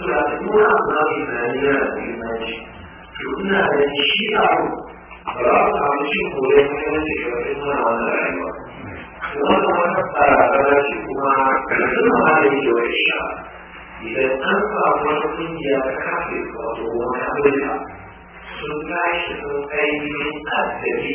mu ne gaba ɗaya. Suna suna suna tunani yana da muhimmanci. To da shi abu ba za mu samu cin koyon muhimmanci ba. wani suna wannan rayuwa. Wannan wata barazana ce kuma suna ma da yake wani sha. Idan an samu wata ƙungiya ta kafe wato wani abin sun tashi sun ainihin asali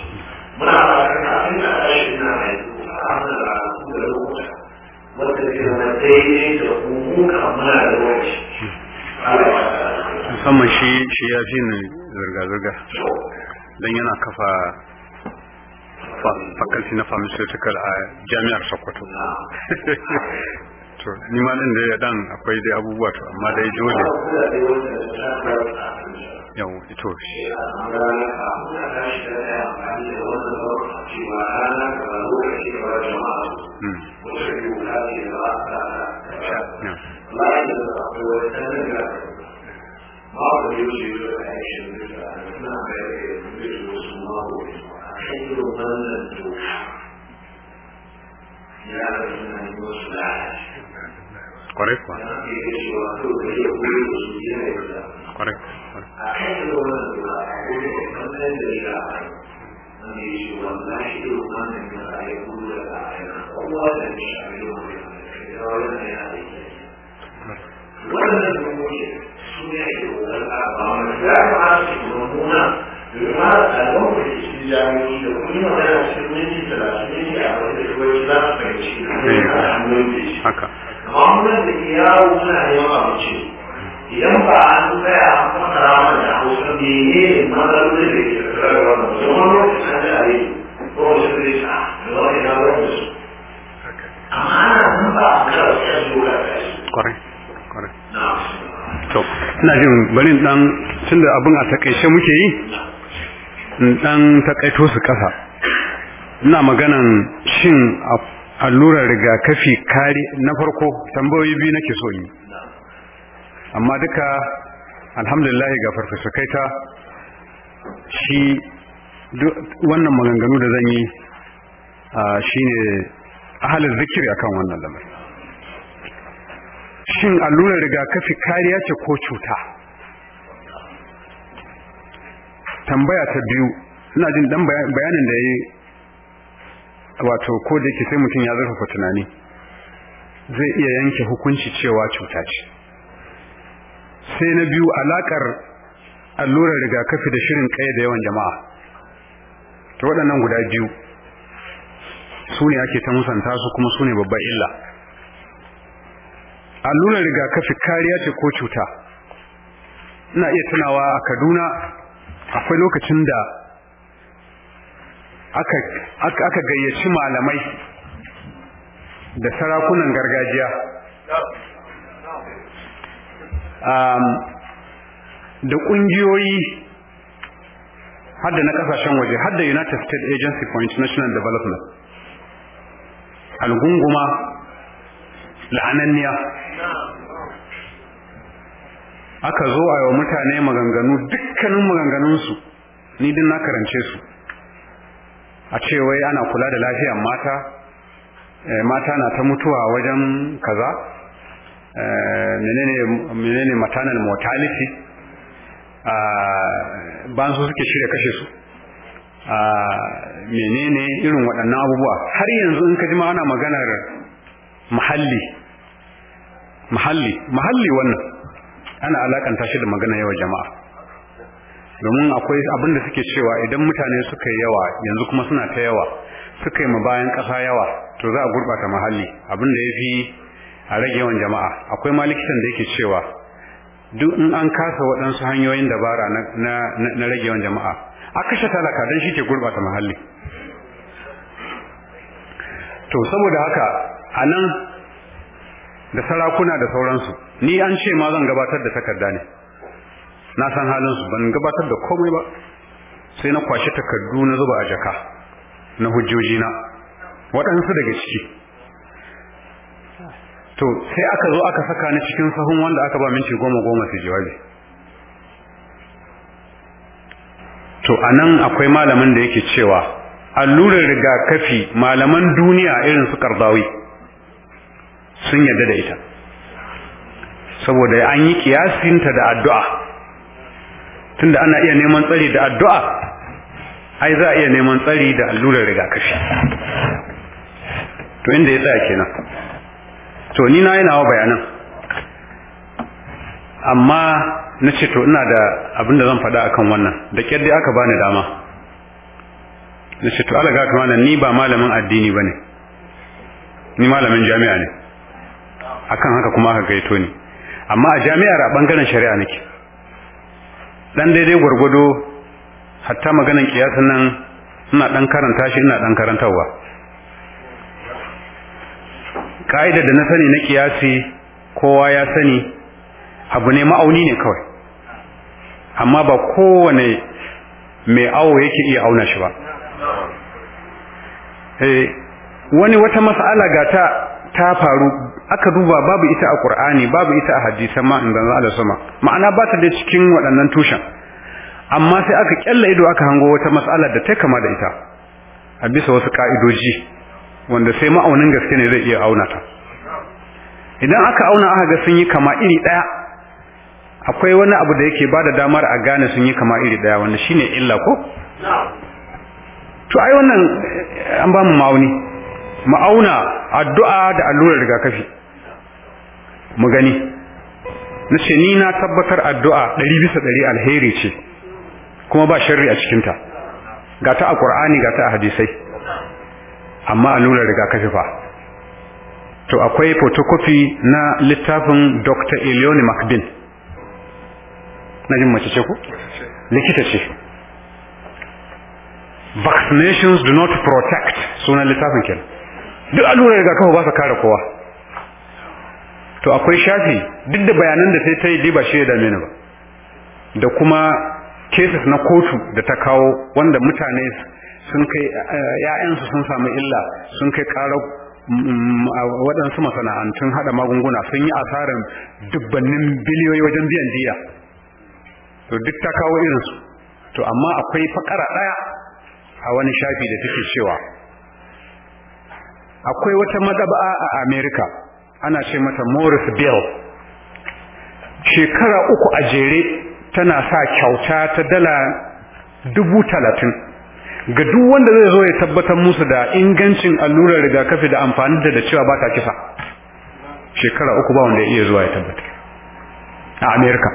muna musamman shi shi ya fi ni zirga-zirga don yana kafa faculty na pharmaceutical a jami'ar sokoto (laughs) to ni ma ɗin da ya dan akwai dai abubuwa to amma dai dole 要无处是。嗯。嗯。بعض يوجد العيش ما يجوز الله خير من الدنيا يا ابن المصلح قريب kwarai wannan rubuce su ne ake Haka. Amma da yawo muna neman abinci idan ba an tsaya a kuma ramar da hausa yi ne matsalolin da ke tattara da wannan su wani lokacin da a yi ko wasu da shi a wani na wani su amma ana nan ba a kara sai su wula da shi kwarai kwarai ina jin bari dan tunda abin a takaice muke yi dan takaito su kasa ina maganan shin allurar rigakafi kari na farko tambayoyi biyu nake so yi amma duka alhamdulillah ga farfesa kaita shi wannan maganganu da zan yi shi ne ahalin zikiri akan wannan lamar. shin allurar rigakafi kariya ce ko cuta tambaya ta biyu ina jin dan bayanin da ya yi wato ko da ke sai mutum ya zafafa tunani zai iya yanke hukunci cewa cuta ce sai na biyu alakar allurar rigakafi da shirin kai da yawan jama'a to waɗannan guda biyu su ne ake ta musanta su kuma su ne babban illa allurar rigakafi kariya ce ko cuta ina iya tunawa a kaduna akwai lokacin da aka, aka gayyaci malamai da sarakunan gargajiya da ƙungiyoyi har da na kasashen waje har da United States Agency for International Development algunguma la'ananniya aka zo a yawa mutane maganganu dukkanin maganganunsu ni din na karance su a ce ana kula da lafiyar mata eh, mata na ta mutuwa wajen kaza Eh, menene menene maternal mortality a ah, ban su suke shirya kashe su a ah, menene irin waɗannan abubuwa har yanzu in ka ji ma ana maganar muhalli muhalli wannan ana alakanta shi da magana yawa jama'a domin akwai abin da suke cewa idan mutane suka yi yawa yanzu kuma suna ta yawa suka yi ma bayan ƙasa yawa to za a gurɓata muhalli abin da ya fi a rage yawan jama'a akwai ma likitan da yake cewa duk in an kasa waɗansu hanyoyin dabara na rage yawan jama'a a kashe talaka don shi ke gurɓata muhalli to saboda haka a nan da sarakuna da sauransu ni an ce ma zan gabatar da takarda ne na san halinsu ban gabatar da komai ba sai na kwashe takardu na zuba a jaka na hujjojina waɗansu daga ciki to sai aka zo aka saka ni cikin sahun wanda aka ba minti goma goma su jawabi to anan akwai malamin da yake cewa allurar rigakafi malaman duniya irin su karzawi sun yarda da ita saboda an yi kiyasinta da addu'a tunda ana iya neman tsari da addu'a ai za a iya neman tsari da allurar rigakafi to inda ya tsaya kenan to ni na yana wa bayanan amma na ce to ina da abin da zan faɗa akan wannan da kyar dai aka bani dama na ce to alaga kuma nan ni ba malamin addini ba ne ni malamin jami'a ne akan haka kuma aka gaito ni amma a jami'ar a ɓangaren shari'a nake dan daidai gwargwado hatta maganan kiyasan nan ina dan karanta shi ina dan karantarwa ka'idar da na sani na kiyasi kowa ya sani abu ne ma'auni ne kawai amma ba kowane mai awo yake iya auna shi ba eh, wani wata mas'ala ga ta ta faru aka duba babu ita a ƙur'ani babu ita a hadisan ma inda Allah sama ma'ana ba ta da cikin waɗannan tushen amma sai aka ƙyalla ido aka hango wata mas'ala da ta kama da ita a bisa wasu ka'idoji wanda sai ma'aunin gaske ne zai iya auna ta idan aka auna aka ga sun yi kama iri daya akwai wani abu da yake bada damar a gane sun yi kama iri daya wanda shine illa ko to ai wannan eh, an ba mu ma'auni ma'auna addu'a da allurar rigakafi mu gani Na ce ni na tabbatar addu'a 100 bisa 100 alheri ce kuma ba sharri a cikinta ga ta a ƙur'ani ga ta a hadisai amma allurar rigakafi fa to akwai photocopy na littafin Dr. Elioni Macbin na jin mace ce ku likita ce vaccinations do not protect sunan littafin kenan duk allurar rigakafi ba su kare kowa to akwai shafi duk da bayanan da sai ta yi ba shi ya dame ni ba da kuma cases na kotu da ta kawo wanda mutane sun kai eh, ‘ya'yansu sun samu illa sun kai ƙarar mm, waɗansu masana'antun haɗa magunguna sun yi asarar dubbannin biliyoyi wajen biyan jiya to duk ta kawo irinsu to amma akwai fakara ɗaya a wani shafi da take cewa akwai wata madaba'a a america ana ce mata morris bill shekara uku a jere tana sa kyauta ta dala dubu talatin ga duk wanda zai zo ya tabbatar musu da ingancin allurar rigakafi da amfani da da cewa ba ta kisa shekara uku ba wanda ya iya zuwa ya tabbatar a amerika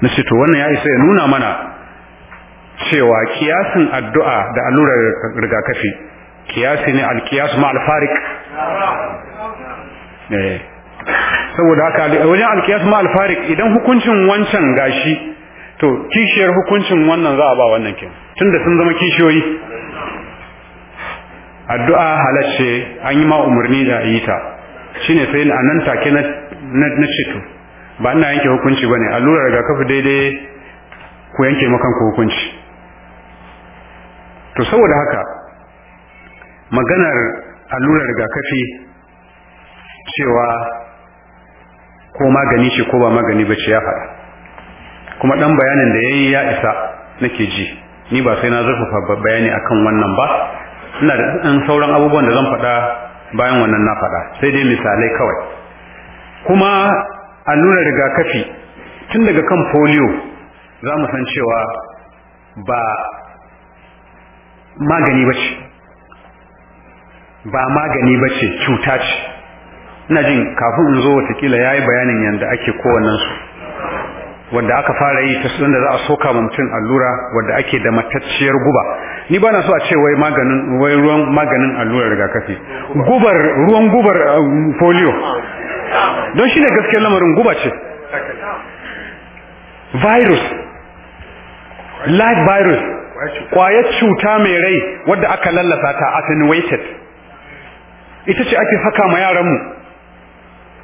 na ce to wannan ya isa ya nuna mana cewa kiyasin addu'a da allurar rigakafi kiyasi ne alkiyas ma alfarik eh. saboda haka wajen alkiyas ma alfarik idan hukuncin wancan gashi to kishiyar hukuncin wannan za a ba wannan tun da sun zama kishiyoyi addu'a halacce an yi ma umarni da yi ta ne sai a nan take na na ba ina yanke hukunci ba ne, allurar rigakafi daidai ku yanke makanku hukunci to saboda haka maganar allurar rigakafi cewa ko magani ce ko ba magani ba ce ya faɗa kuma ɗan bayanin da yayi ya isa nake ji ni ba sai na zurfafa bayani akan wannan ba ina da ɗan sauran abubuwan da zan faɗa bayan wannan na faɗa sai dai misalai kawai kuma allurar rigakafi tun daga kan polio za mu san cewa ba magani ba ce ba magani ba ce cuta ce ina jin kafin in zo watakila ya yi bayanin yadda ake kowannensu wanda aka fara yi ta sunan da za a soka ma mutum allura wanda ake da matacciyar guba ni ba na so a ce wai maganin wai ruwan maganin allurar rigakafi gubar ruwan gubar uh, polio don shi ne gaskiyar lamarin guba ce virus live virus kwayar cuta mai rai wadda aka lallasa ta attenuated ita ce ake saka ma yaranmu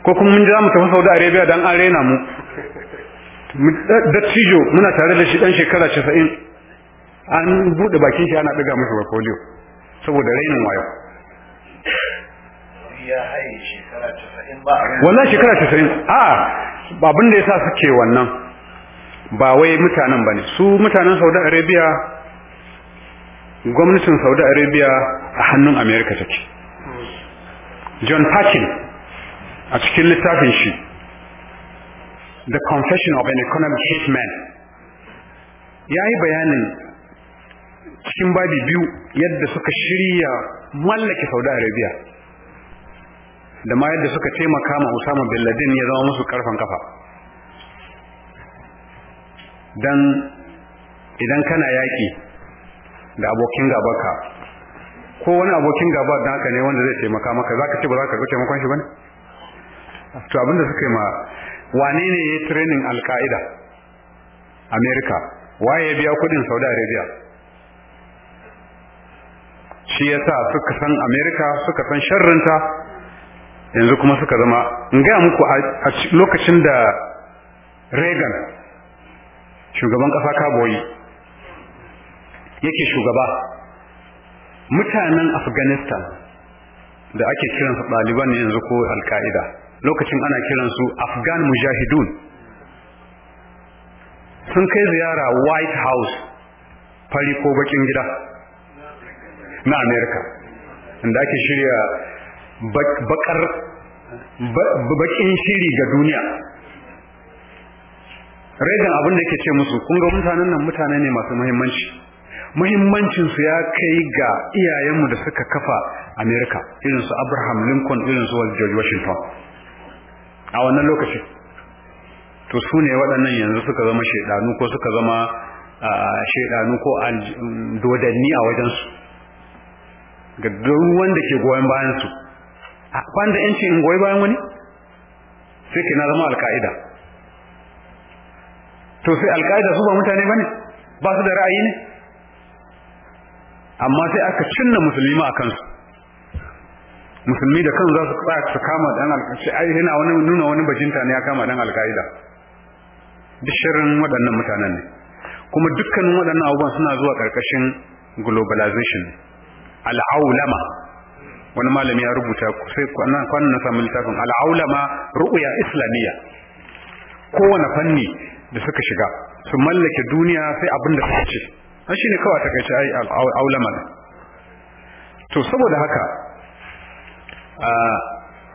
ko kuma mun ji za mu tafi saudi arabia don an rena mu dattijo muna tare da shi dan shekara 90 an bude bakin shi ana daga masa portfolio saboda rainin wayo wannan shekara 90 a'a babin da yasa suke wannan ba wai mutanen bane su mutanen Saudi Arabia gwamnatin Saudi Arabia a hannun America take John Patkin a cikin littafin shi the confession of an economic hitman ya yi bayanin cikin babi biyu yadda suka shirya mallake saudi arabia da ma yadda suka taimaka ma usama bin laden ya zama musu karfan kafa don idan kana yaƙi da abokin gabaka ko wani abokin gaba da haka ne wanda zai taimaka maka za ka ce ba za ka ga taimakon shi ba ne to abinda suka yi ma wane ne ya yi alka'ida amerika waye ya biya kudin saudi arabia shi ya sa suka san Amerika suka san sharrinta yanzu kuma suka zama in gaya muku a lokacin da reagan shugaban kasa kaboyi yake shugaba mutanen afghanistan da ake kiransa ɗaliban yanzu ko alka'ida lokacin ana kiransu afghan mujahidun sun kai ziyara white house fari ko bakin gida na america inda ake shirya bakar bakin shiri ga duniya reagan abin da ke ce musu kunga mutanen nan mutane ne masu muhimmanci muhimmancinsu ya kai ga iyayenmu da suka kafa america irinsu abraham lincoln irinsu george washington a wannan lokacin to su ne waɗannan yanzu suka zama shaidanu ko suka zama shaidanu ko dodanni a wajensu ga wanda ke goyon bayansu ban da yanci in goyi bayan wani sai ke na zama alka'ida to sai alka'ida su ba mutane ba ne ba su da ra'ayi ne amma sai aka cinna musulmi a kansu musulmi da kan za su tsaya su kama dan alƙashi ai yana wani nuna wani bajinta ne ya kama dan alƙaida duk shirin waɗannan mutanen ne kuma dukkanin waɗannan abubuwan suna zuwa ƙarƙashin globalization al'aulama wani malami ya rubuta sai kwanan na samun littafin al'aulama ru'uya islamiyya kowane fanni da suka shiga su mallake duniya sai abin da suka ce an shi ne kawai takaice ai al'aulama to saboda haka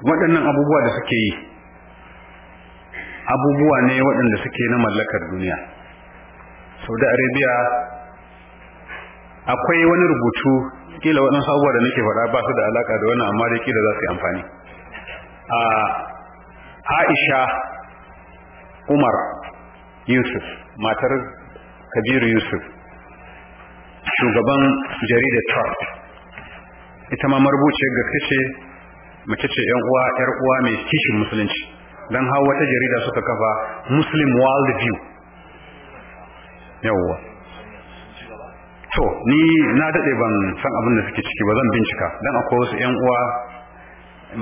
waɗannan abubuwa da suke yi abubuwa ne waɗanda suke na mallakar duniya saudi arabia akwai wani rubutu kila waɗansu abubuwa da nake faɗa ba su da alaƙa da wannan amma dai kila za su yi amfani a aisha umar yusuf matar kabiru yusuf shugaban jaridar trump ita ma marubuciyar gaske ce mace ce yan uwa yar uwa mai kishin musulunci dan har wata jarida suka kafa Muslim World View yawa to ni na dade ban san abin da suke ciki ba zan bincika dan akwai wasu yan uwa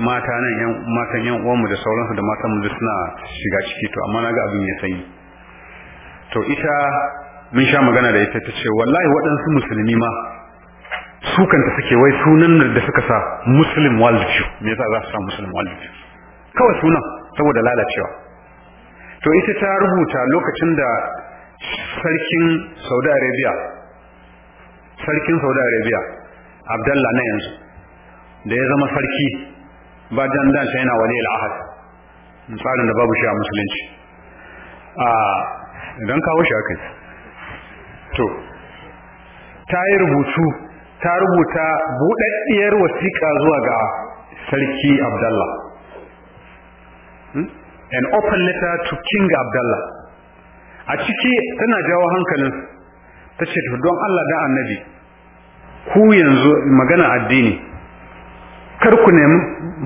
mata nan yan matan yan uwanmu da sauransu da matan mu suna shiga ciki to amma naga abin ya sanyi to ita mun sha magana da ita tace wallahi waɗansu musulmi ma sukanta suke wai sunan da suka sa muslim world me yasa za su sa muslim world kawai sunan saboda lalacewa to ita ta rubuta lokacin da sarkin saudi arabia sarkin saudi arabia abdallah na yanzu da ya zama sarki ba dan dan sai yana wali al-ahad misalin da babu shi a musulunci a idan kawo shi akai to ta yi rubutu ta rubuta buɗaɗɗiyar wasiƙa zuwa ga sarki abdallah hmm? an open letter to king abdallah a ciki tana jawo hankalin ta ce don allah da annabi ku yanzu magana addini kar ku nemi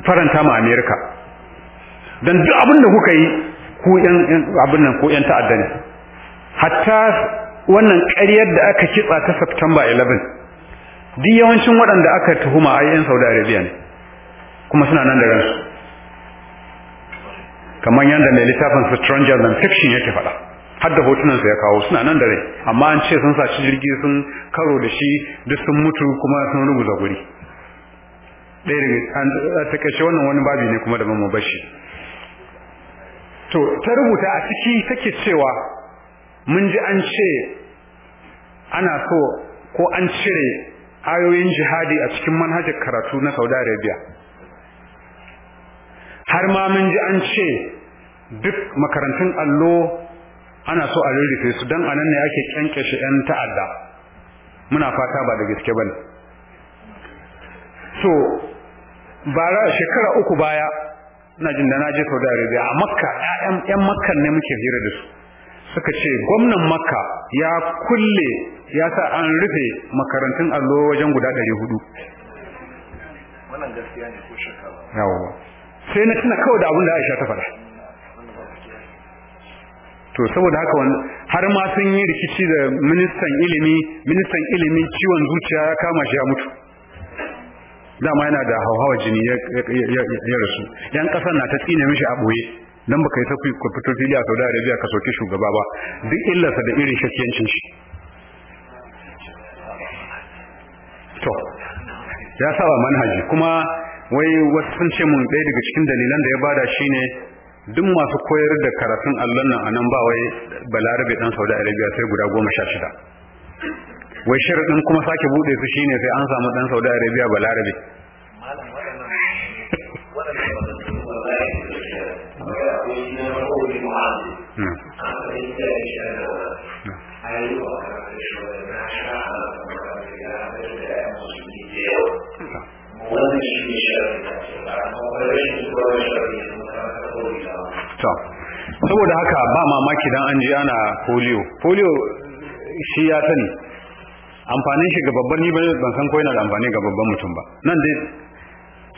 faranta ma amerika don duk abin kuka yi ku yan abin nan ku yan ta'adda ne hatta wannan ƙaryar da aka kitsa ta september 11 duk yawancin waɗanda aka tuhuma a yin saudi arabia ne kuma suna nan da ransu kamar yadda mai littafin stranger than fiction yake faɗa har da hotunansa ya kawo suna nan da rai amma an ce sun saci jirgi sun karo da shi duk sun mutu kuma sun rubuta guri ɗaya daga an takaice wannan wani babi ne kuma da mu bashi to ta rubuta a ciki take cewa mun ji an ce ana so ko an cire ayoyin jihadi a cikin manhajar karatu na Saudi Arabia har ma mun ji an ce duk makarantun allo ana so a rurrufe su don anan ne ake kyankyashe 'yan ta'adda muna fata ba da gaske ba ne so bara shekara uku baya na jin da na je saudi arabia a makka 'yan Makka ne muke hira da su suka ce gwamnan makka ya kulle ya sa an rufe makarantun allo wajen guda ɗari hudu sai na tuna kawai da abin da aisha ta fara. to saboda haka wani har ma sun yi rikici da ministan ilimi ministan ilimin ciwon zuciya ya kama shi ya mutu dama yana da hauhawar jini ya rasu yan ƙasar na ta tsine mishi a ɓoye don baka yi ta fito fili a da arabia ka soke shugaba ba duk illarsa da irin shakiyancin shi to ya saba manhaji kuma wai wasu sun ce mun ɗaya daga cikin dalilan da ya bada shine duk masu koyar da karatun allon nan anan ba wai balarabe dan saudi arabia sai guda goma sha shida wai ɗin kuma sake buɗe su shine sai an samu dan saudi arabia balarabe Hmm. da saboda haka ba mamaki dan an ji ana polio polio shi ya sani amfanin shi ga babban ni ban san ko yana da amfani ga babban mutum ba nan dai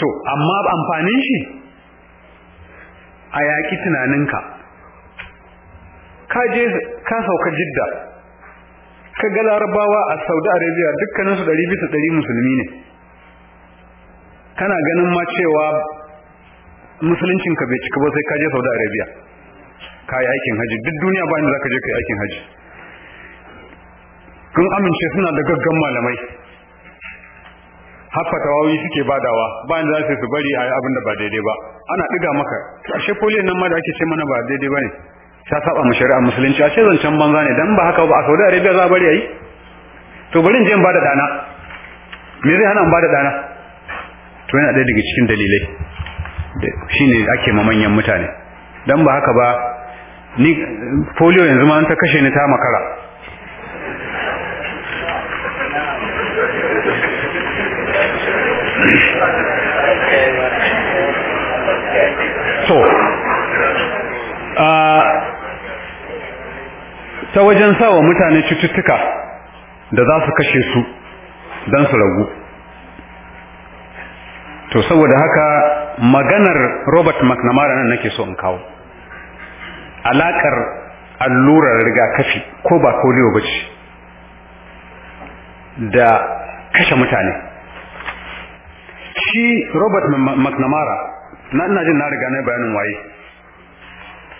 to amma amfanin shi a yaƙi tunaninka ka je ka sauka jidda ka ga larabawa a saudi arabia dukkaninsu ɗari bisa ɗari musulmi ne kana ganin ma cewa musuluncin ka bai cika ba sai ka je saudi arabia ka yi aikin haji duk duniya ba inda za ka je ka yi aikin haji kun amince suna da gaggan malamai haka tawawi suke badawa inda za su bari a yi abin da ba daidai ba ana diga maka ashe polio nan ma da ake ce mana ba daidai ba ne ta saba mu shari'ar musulunci a ce zancen banza ne dan ba haka ba a Saudi Arabia za bari yayi to bari in je in bada dana me zai hana in bada dana to yana ɗaya daga cikin dalilai shine ake ma manyan mutane dan ba haka ba ni polio yanzu ma an ta kashe ni ta makara so uh, ah, ta wajen sawa mutane cututtuka da za su kashe su don su ragu to saboda haka maganar robert mcnamara nan nake so in kawo alakar allurar rigakafi ko ba polio ba ce da kashe mutane shi robert mcnamara na ina jin na riga na bayanin waye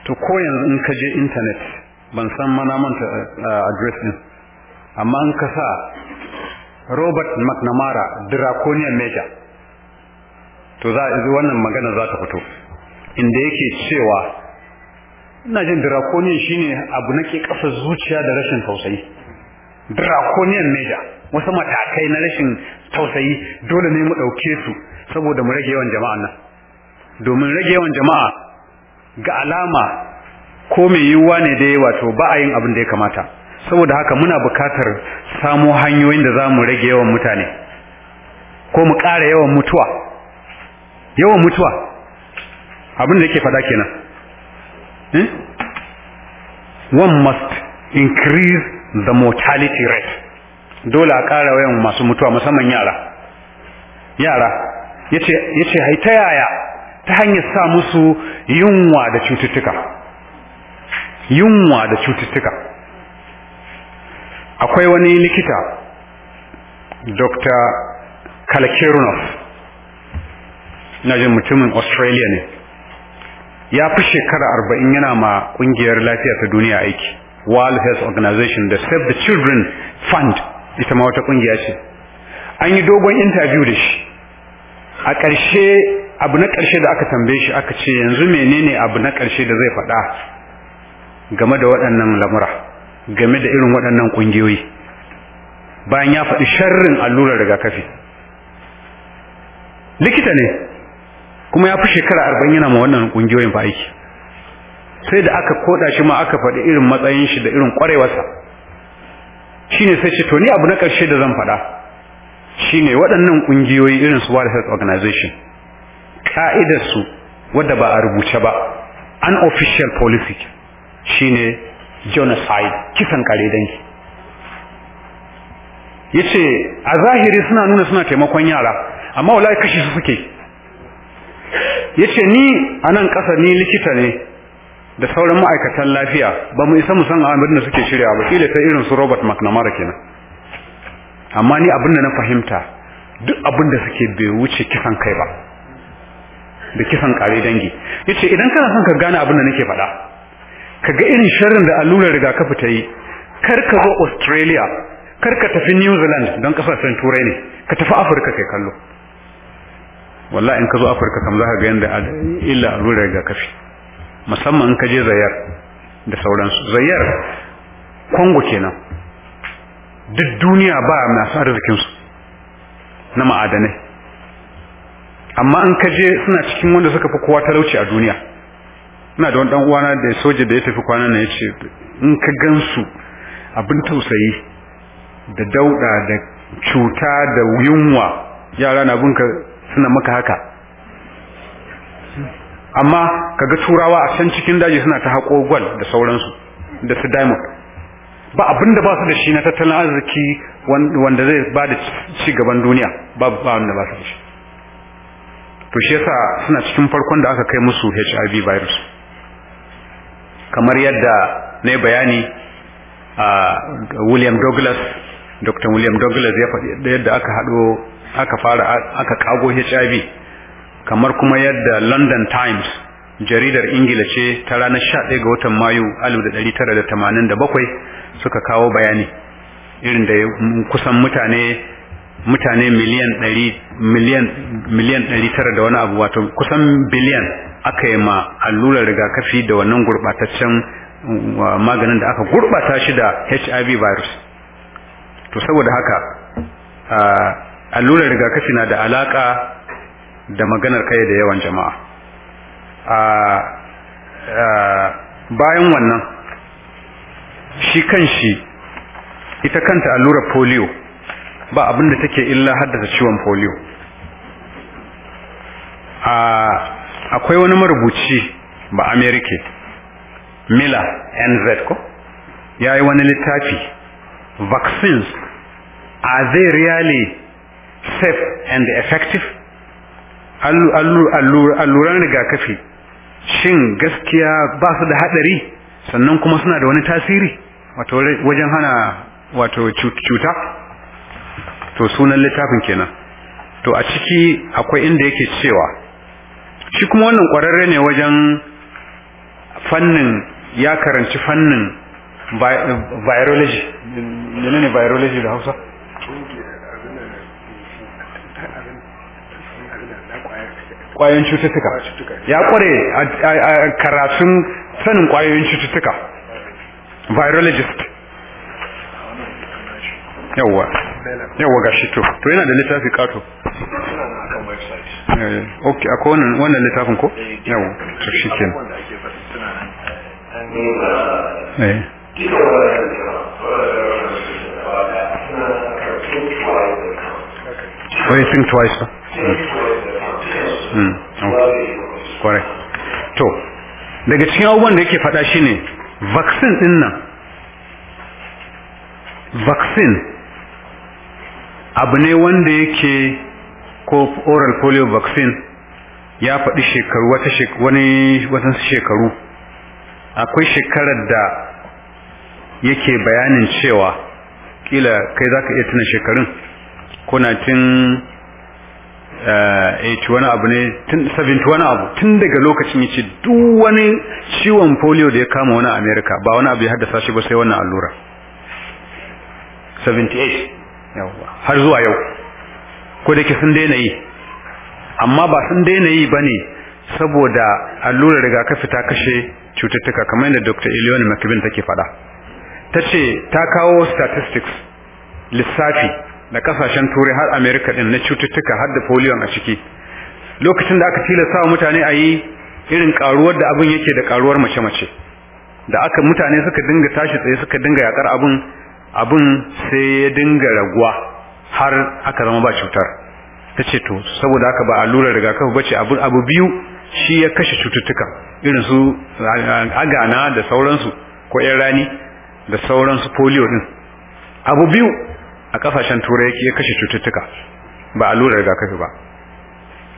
to ko yanzu in ka je intanet ban san mana manta eh, address din amma in ka sa Robert McNamara draconian major. to za a wannan magana za ta fito inda yake cewa ina jin draconian shine abu nake kafa zuciya da rashin tausayi draconian major wasu matakai na rashin tausayi dole ne mu dauke su saboda mu rage yawan jama'a nan domin rage yawan jama'a ga alama ko mai yiwuwa ne dai wato ba a yin abin da ya kamata saboda haka muna bukatar samo hanyoyin da za mu rage yawan mutane ko mu ƙara yawan mutuwa yawan mutuwa abin da yake fada kenan eh? one must increase the mortality rate dole a ƙara yawan masu mutuwa musamman yara yara yace yace haita yaya ta hanyar sa musu yunwa da cututtuka yunwa da cututtuka akwai wani likita dr kalakirunov na jin mutumin australia ne ya fi shekara arba'in yana ma kungiyar lafiya ta duniya aiki world health organization da save the children fund ita ma wata kungiya ce an yi dogon interview da shi a ƙarshe abu na ƙarshe da aka tambaye shi aka ce yanzu menene abu na ƙarshe da zai faɗa game da waɗannan lamura game da irin waɗannan ƙungiyoyi bayan ya faɗi sharrin allurar rigakafi likita ne kuma ya fi shekara arba'in yana ma wannan ƙungiyoyin fa aiki sai da aka koɗa shi ma aka faɗi irin matsayin shi da irin ƙwarewarsa Shi ne sai ce to ni abu na ƙarshe da zan faɗa Shi ne waɗannan ƙungiyoyi irin su World Health Organization ka'idarsu wadda ba a rubuce ba unofficial policy Shi shine genocide kisan kare dangi ce a zahiri suna nuna suna taimakon yara amma wala kashi su suke Ya ce ni a nan ƙasa ni likita ne da sauran ma'aikatan lafiya ba mu isa mu san abin da suke shirya ba kila ta irin su Robert McNamara kenan amma ni abin da na fahimta duk abin da suke bai wuce kisan kai ba da kisan kare dangi Ya ce idan kana son ka gane abin da nake faɗa Ka ga irin sharrin da allurar rigakafi ta yi kar ka zo Australia kar tafi New Zealand don kasashen turai ne ka tafi Afirka kai kallo wallahi in ka zo Afirka kam za ka ga yanda illa allurar rigakafi musamman in ka je Zayar da sauransu Zayar Kongo kenan duk duniya ba masu arzikinsu na ma'adanai amma ka je suna cikin wanda suka fi kowa talauci a duniya ina da wani dan uwana da soja da ya tafi kwana na ce in ka gansu abin tausayi da dauda da cuta da yunwa yara na gunka suna maka haka amma ka ga turawa a can cikin daji suna ta haƙo gwal da sauransu da su diamond ba abin da ba su da shi na tattalin arziki wanda zai ba da ci gaban duniya ba ba wanda ba su da shi to shi yasa suna cikin farkon da aka kai musu HIV virus kamar yadda na bayani a William Douglas Dr. William Douglas ya faɗi yadda aka haɗo aka fara aka kago HIV kamar kuma yadda London Times jaridar Ingila ce ta ranar 11 ga watan Mayu 1987 suka kawo bayani irin da kusan mutane mutane miliyan ɗari miliyan miliyan ɗari tara da wani abu wato kusan biliyan aka yi ma allurar rigakafi da wannan gurɓataccen maganin da aka gurɓata shi da HIV virus to saboda haka allurar rigakafi na da alaƙa da maganar kai da yawan jama'a bayan wannan shi kanshi ita kanta allurar polio ba abin da take illa haddasa ciwon polio a akwai wani marubuci ba amerika mila nz ko ya yi wani littafi vaccines are they really safe and effective alluran rigakafi shin gaskiya ba su da hadari sannan kuma suna da wani tasiri wato wajen hana wato cuta to sunan littafin kenan to a ciki akwai inda yake cewa shi kuma wannan kwararre ne wajen fannin ya karanci fannin virology ne ne virology da hausa kwayoyin cututtuka ya kware a karatun sanin kwayoyin cututtuka virologist yawa yawa gashi to to yana da littafi kato eh, ok a kowane wannan littafin ko eh, yawa to shi ke eh. What do you think twice? Huh? Mm. Mm. Okay. Correct. To, daga cikin abubuwan da yake faɗa shine vaccine din nan. Vaccine abu ne wanda yake ko oral polio vaccine ya faɗi shekaru wata wani watan shekaru akwai shekarar da yake bayanin cewa kila kai za ka iya tuna shekarun kuna tun wani abu ne tun wani abu tun daga lokacin yace duk wani ciwon polio da ya kama wani america ba wani abu ya haddasa shi ba sai wannan allura 78 har zuwa yau ko da ke sun daina yi amma ba sun daina yi ba ne saboda allurar rigakafi ta kashe cututtuka kamar yadda dr elion mcbin take faɗa ta ce ta kawo statistics lissafi da kasashen turai har america din na cututtuka har da polio a ciki lokacin da aka tilasta wa mutane a yi irin karuwar da abin yake da karuwar mace-mace da aka mutane suka dinga tashi tsaye suka dinga yakar abin abin sai ya dinga raguwa har aka zama ba cutar ta ce to saboda haka ba allurar rigakafi ba ce abu biyu shi ya kashe cututtuka irin su agana da sauransu ko yan rani da sauransu polio din abu biyu a kasashen turai yake ya kashe cututtuka ba allurar rigakafi ba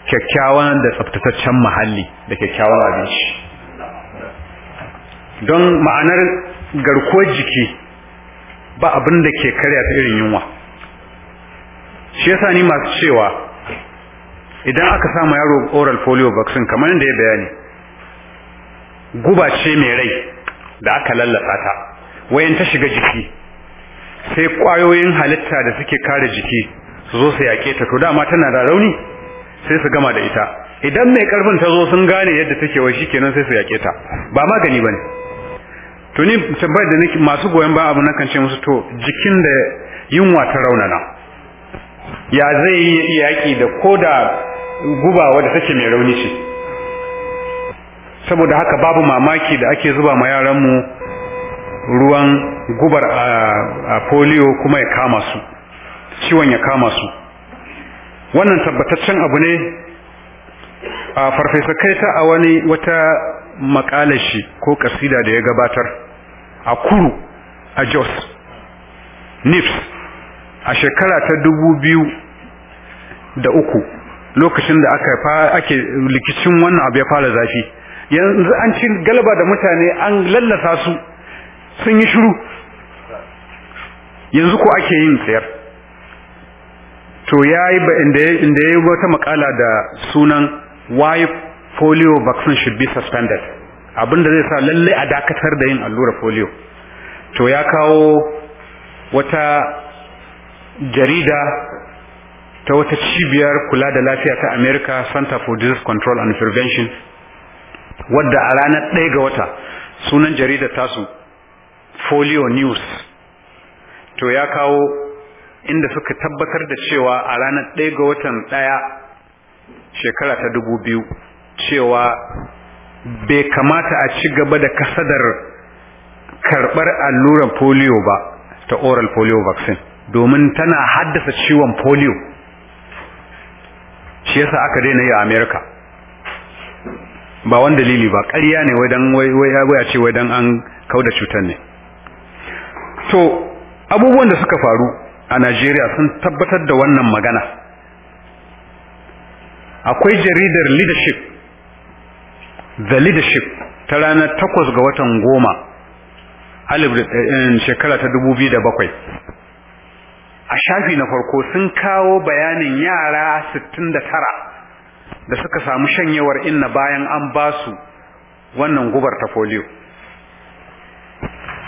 kyakkyawan da tsabtataccen muhalli da kyakkyawan abinci don ma'anar garkuwar jiki ba abin da ke karya ta irin yunwa shi yasa ni masu cewa idan aka samu yaro oral polio vaccine kamar da ya bayani guba ce mai rai da aka lallasa ta wayan ta shiga jiki sai kwayoyin halitta da suke kare jiki su zo su yake ta to dama tana da rauni sai su gama da ita idan mai karfin ta zo sun gane yadda take wai kenan sai su yake ta ba magani bane to ni tambayar da nake masu goyon ba abu nakan ce musu to jikin da yunwa ta raunana ya zai yi yaki da koda guba wadda take mai rauni ce saboda haka babu mamaki da ake zuba ma yaran mu ruwan gubar a polio kuma ya kama su ciwon ya kama su wannan tabbataccen abu ne a farfesa kai ta a wani wata makalashi ko kasida da ya gabatar a kuru a jos nips a shekara ta dubu biyu da uku lokacin da aka ake likicin wannan abu ya fara zafi yanzu an ci galaba da mutane an lallata su sun yi shiru yanzu ko ake yin tsayar to ya yi inda ya yi wata makala da sunan why polio vaccine should be suspended abin da zai sa lalle a dakatar da yin allurar polio to ya kawo wata jarida ta wata cibiyar kula da lafiya ta America Center for Disease Control and Prevention wadda a ranar ɗaya ga wata sunan jaridar tasu folio news to ya kawo inda suka tabbatar da cewa a ranar ɗaya ga watan ɗaya shekara ta dubu biyu cewa bai kamata a ci gaba da kasadar karɓar allurar polio ba ta oral polio vaccine domin tana haddasa ciwon polio shi yasa aka daina yi a america ba wani dalili ba ƙarya ne wai a ce wai dan an kauda cutar ne to abubuwan da suka faru a najeriya sun tabbatar da wannan magana akwai jaridar leadership the leadership ta ranar takwas ga watan goma eh, eh, shekara ta dubu biyu da bakwai a shafi na farko sun kawo bayanin yara sittin da tara da suka samu shanyewar inna bayan an ba su wannan gubar ta foliyo.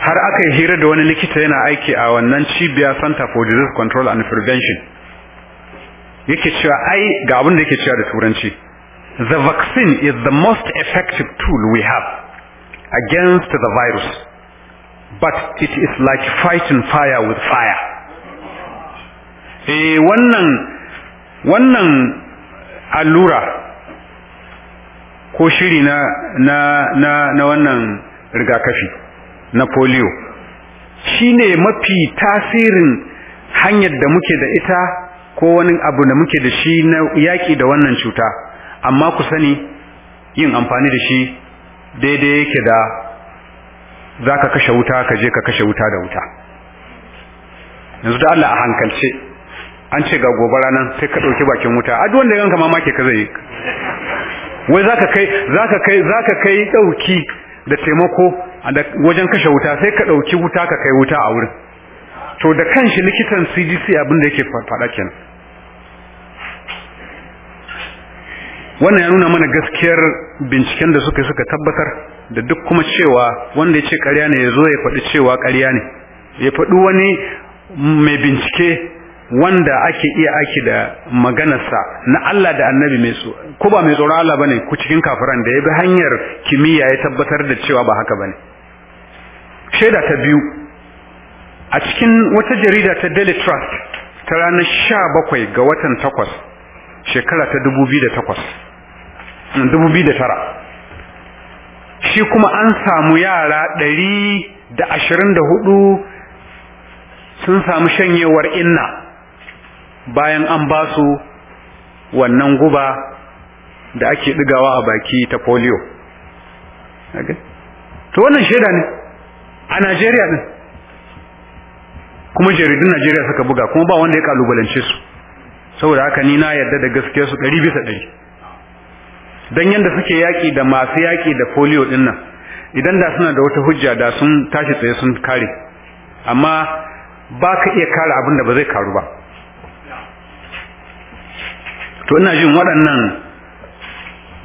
har aka yi hira da wani likita yana aiki a wannan cibiyar center for disease control and prevention yake cewa ai ga abin da yake cewa da turanci The vaccine is the most effective tool we have against the virus. But it is like fighting fire with fire. Eh wannan wannan allura ko shiri na na na na wannan rigakafi na polio shine mafi tasirin hanyar da muke da ita ko wani abu da muke da shi na yaƙi da wannan cuta amma ku sani yin amfani da shi daidai yake da za ka kashe wuta ka je ka kashe wuta da wuta yanzu da Allah a hankalce an ce ga gobara nan sai ka ɗauki bakin wuta a duk wanda ya ganka mamaki ka zai wai ka kai ka kai ka kai ɗauki da taimako wajen kashe wuta sai ka ɗauki wuta ka kai wuta a wurin to da kanshi likitan CDC abin da yake faɗa kenan wannan ya nuna mana gaskiyar binciken da suka suka tabbatar da duk kuma cewa wanda ya ce ƙarya ne ya zo ya faɗi cewa ƙarya ne ya faɗi wani mai bincike wanda ake iya aiki da maganarsa na Allah da annabi mai su ko ba mai tsoro Allah bane ku cikin kafiran da ya bi hanyar kimiyya ya tabbatar da cewa ba haka bane shaida ta biyu a cikin wata jarida ta Daily Trust ta ranar 17 ga watan 8 shekara ta 2008 2009 mm, shi kuma an samu yara 124 sun samu shanyewar inna bayan an ba su wannan guba da ake digawa a baki ta polio to wannan shaida ne a Najeriya din kuma jaridun Najeriya suka buga kuma ba wanda ya kalubalance su saboda haka ni na yarda da gaskiya su ɗari bisa ɗari don yadda suke yaƙi da masu yaƙi da polio ɗin nan idan da suna da wata hujja da sun tashi tsaye sun kare amma ba ka iya kare abin da ba zai karu ba to ina jin waɗannan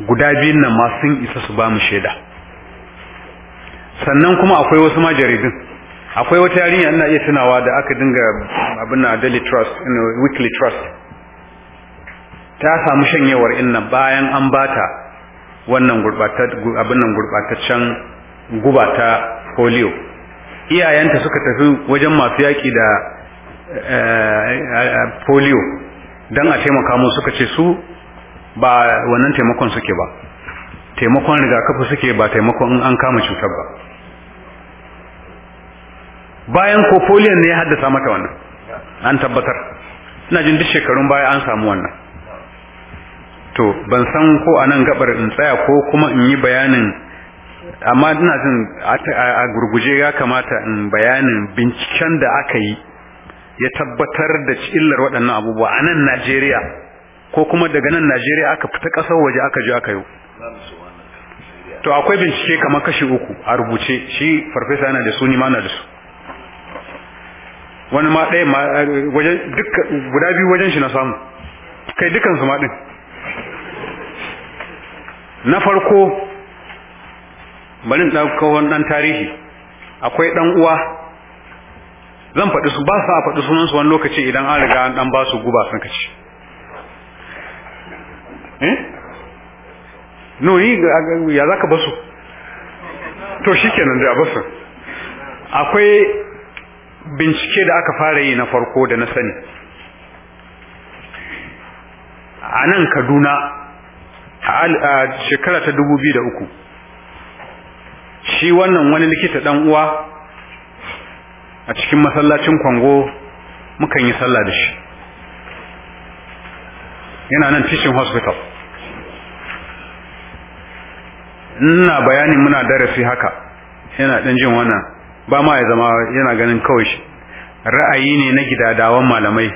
guda biyun nan ma sun isa su ba mu shaida sannan kuma akwai wasu ma jaridun akwai wata yarinya ina iya tunawa da aka dinga abin na daily trust weekly trust ta samu shanyewar inna bayan an bata wannan abin nan gurbataccen guba ta polio iyayenta suka tafi wajen masu yaƙi da eh, eh, polio don a taimaka mu suka ce su ba wannan taimakon suke ba taimakon rigakafi suke ba taimakon in an kama cutar ba bayan ko polio ne ya haddasa mata wannan an tabbatar ina jin duk shekarun baya an samu wannan to ban san ko a nan gabar in tsaya ko kuma in yi bayanin amma ina jin a gurguje ya kamata in bayanin binciken da aka yi ya tabbatar da illar waɗannan abubuwa a nan najeriya ko kuma daga nan najeriya aka fita ƙasar waje aka je aka yi to akwai bincike kamar kashi uku a rubuce shi farfesa yana da su ni da su wani ma ɗaya wajen guda biyu wajen shi na samu kai dukansu ma ɗin na farko bari ɗauka wannan tarihi akwai ɗan uwa zan faɗi su ba su a faɗi sunansu wani lokaci idan an riga an ɗan ba su guba sun kaci eh no yi ya za ka basu to shi kenan da basu akwai bincike da aka fara yi na farko da na sani a nan kaduna a shekara ta dubu biyu da uku shi wannan wani likita dan uwa a cikin masallacin kwango mukan yi sallah da shi yana nan teaching hospital ina bayani muna darasi haka yana dan jin wannan ba ma ya zama yana ganin kawai shi ra'ayi ne na gidadawan malamai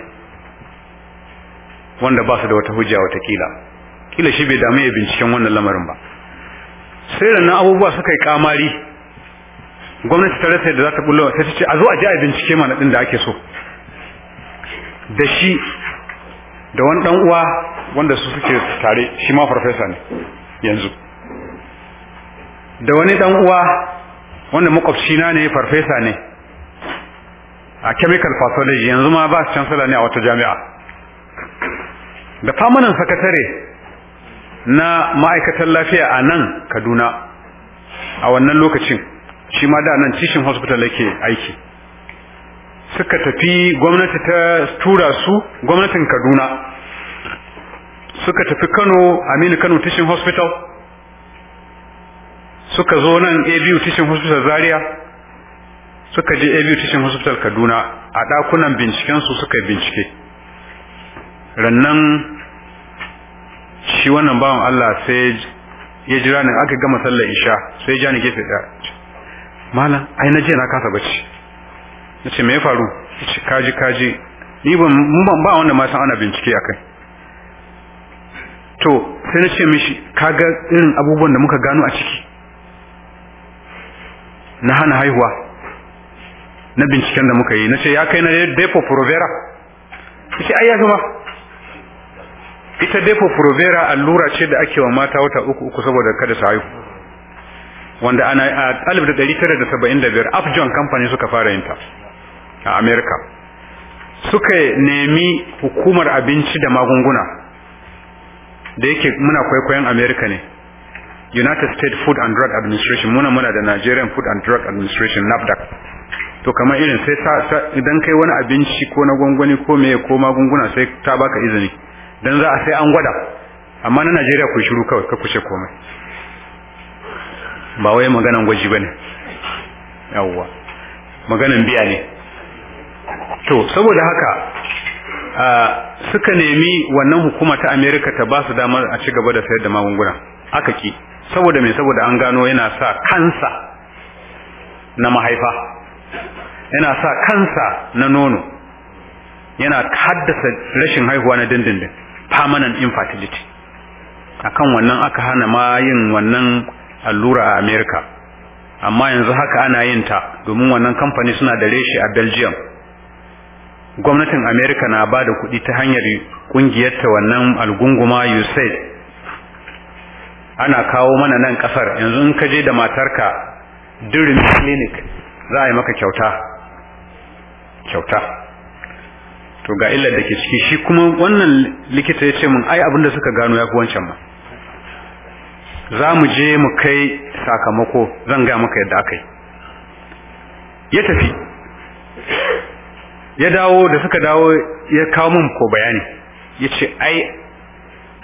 wanda ba su da wata hujja wata watakila kila shi bai damu ya binciken wannan lamarin ba sai da nan abubuwa suka yi kamari gwamnati ta rasa da za ta bullo sai ta ce a zo a ji a bincike mana din da ake so da shi da wani dan uwa wanda su suke tare shi ma farfesa ne yanzu da wani dan uwa wanda makwabcina ne farfesa ne a chemical pathology yanzu ma ba su cancela ne a wata jami'a da famanin sakatare na ma'aikatan lafiya a nan kaduna a wannan lokacin shi ma da nan tishin hospital yake aiki suka tafi gwamnati ta tura su gwamnatin kaduna suka tafi kano aminu kano tishin hospital suka zo nan abu tishin hospital zaria suka je abu tishin hospital kaduna a binciken bincikensu suka bincike rannan shi wannan bawan Allah sai ya jira ni aka gama sallar isha sai ja ni gefe ɗaya malam ai na je na kasa bacci na me ya faru ce kaji kaji ni ban ban ba wanda ma san ana bincike akai to sai nace ce ka ga irin abubuwan da muka gano a ciki na hana haihuwa na binciken da muka yi nace ya kai na depo provera ce ai ya ita depo provera allura ce da ake wa mata wata uku uku saboda kada su haihu wanda ana a da 1975 afjon company suka fara yin ta a america suka nemi hukumar abinci da magunguna da yake muna kwaikwayon america ne united states food and drug administration muna muna da nigerian food and drug administration nafdac to kamar irin sai idan kai wani abinci ko na gwangwani ko meye ko magunguna sai ta baka izini dan za a sai an gwada amma na Najeriya ku shiru kawai ka kushe komai ba wai maganan gwaji bane yawwa maganan biya ne to saboda haka suka nemi wannan hukuma ta amerika ta ba su damar a ci gaba da sayar da magunguna aka ki saboda me saboda an gano yana sa kansa na mahaifa yana sa kansa na nono yana haddasa rashin haihuwa na dindindin permanent infertility akan wannan aka hana ma yin wannan allura a America amma yanzu haka ana yin ta domin wannan kamfani suna da reshe a Belgium gwamnatin America na ba da kuɗi ta hanyar kungiyarta wannan algunguma USAID ana kawo mana nan kasar yanzu in ka je da matarka dirin clinic za a yi maka kyauta kyauta to ga illar da ke ciki shi kuma wannan likita ya ce mun ai abinda suka gano ya fi wancan ma za mu je mu kai sakamako zan gaya maka yadda aka yi ya tafi ya dawo da suka dawo ya kawo mun ko bayani ya ce ai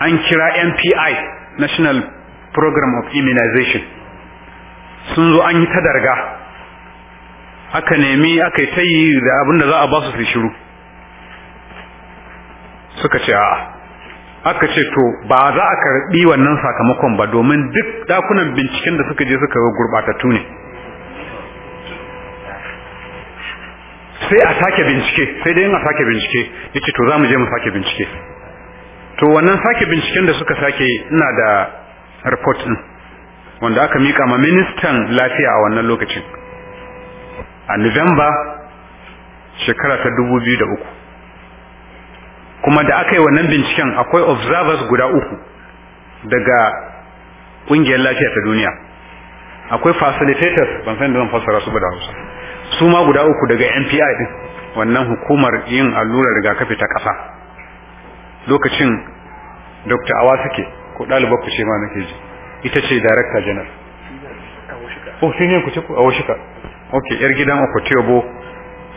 an kira npi national program of immunization sun zo an yi ta darga aka nemi aka yi tayi da abinda za a basu su shiru suka ce a'a aka ce to ba za a karbi wannan sakamakon ba domin duk dakunan binciken da suka je suka yi gurbatattu ne sai a sake bincike sai dai in a sake bincike yace to za mu je mu sake bincike to wannan sake binciken da suka sake ina da report din wanda aka mika ma ministan lafiya a wannan lokacin a November shekara ta 2003 kuma da aka yi wannan binciken akwai observers guda uku daga ƙungiyar lafiya ta duniya akwai facilitators ban san da zan fassara su da Hausa su ma guda uku daga NPI din wannan hukumar yin allurar rigakafi ta ƙasa lokacin Dr. Awa suke ko ɗalibar ku ce ma nake ji ita ce director general ko oh, ku ku a washika okay yar gidan Okotiobo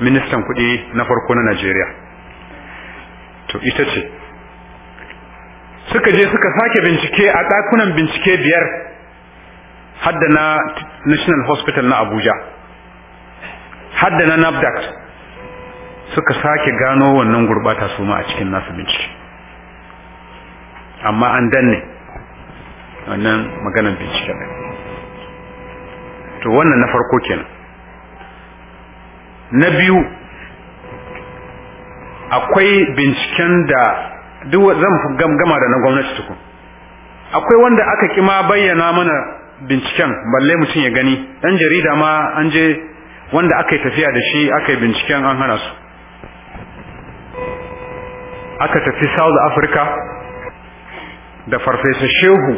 ministan kuɗi na farko na Najeriya to ita ce suka je suka sake bincike a ɗakunan bincike biyar hadda national hospital na abuja hadda na nafdac suka sake gano wannan gurbata su ma a cikin nasu bincike amma an danne wannan maganan bincike to wannan na farko kenan na biyu akwai binciken da duk zan gama da na gwamnati tukun akwai wanda aka ki ma bayyana mana binciken balle mutum ya gani dan jarida ma an je wanda aka yi tafiya da shi aka yi binciken an hana su aka tafi south africa da farfesa shehu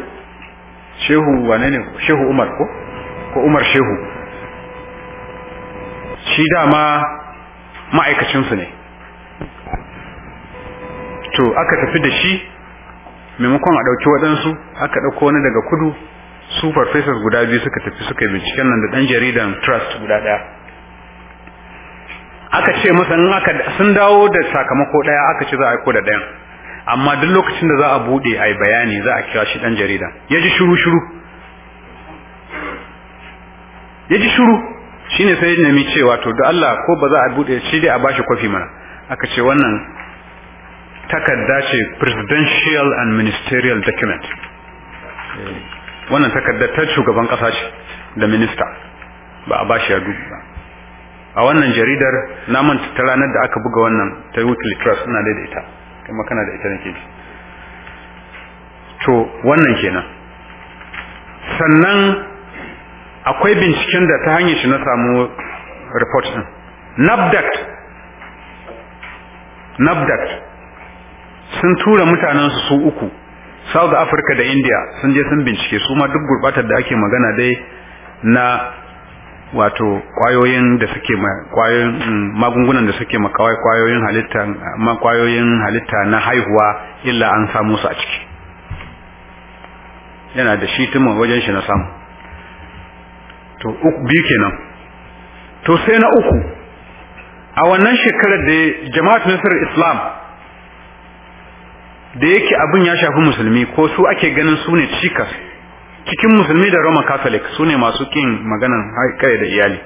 shehu wane ne shehu umar ko ko umar shehu shi dama ma'aikacinsu ne to aka tafi da shi maimakon a ɗauki waɗansu aka ɗauko wani daga kudu su farfesas guda biyu suka tafi suka yi binciken nan da ɗan jaridan trust guda ɗaya aka ce masa in aka sun dawo da sakamako ɗaya aka ce za a ko da ɗayan amma duk lokacin da za a buɗe a bayani za a kira shi ɗan jaridan ya ji shuru shuru ya ji shuru shine sai ya nemi cewa to da Allah ko ba za a buɗe shi dai a bashi kwafi mana aka ce wannan takarda ce presidential and ministerial document eh, wannan takardar ta shugaban kasa ce da minista ba a bashi shi yadu ba a wannan jaridar na manta ta ranar da aka buga wannan ta weekly trust ina da ita kuma kana da ita nake to wannan kenan sannan akwai binciken da ta hanyar shi na samu report din nabdak nabdak sun tura mutanensu su uku South Africa da India sun je sun bincike su ma duk gurbatar da ake magana dai na wato kwayoyin da suke ma kwayoyin mm, magungunan da suke ma kawai kwayoyin halitta ma kwayoyin halitta na haihuwa illa an samu su a ciki yana da shi tuma wajen shi na samu to uku biyu kenan to sai na uku a wannan shekarar da jama'at nasar islam da yake abin ya shafi musulmi ko su ake ganin su ne cikas cikin musulmi da roman catholic su ne masu kin maganan kare da iyali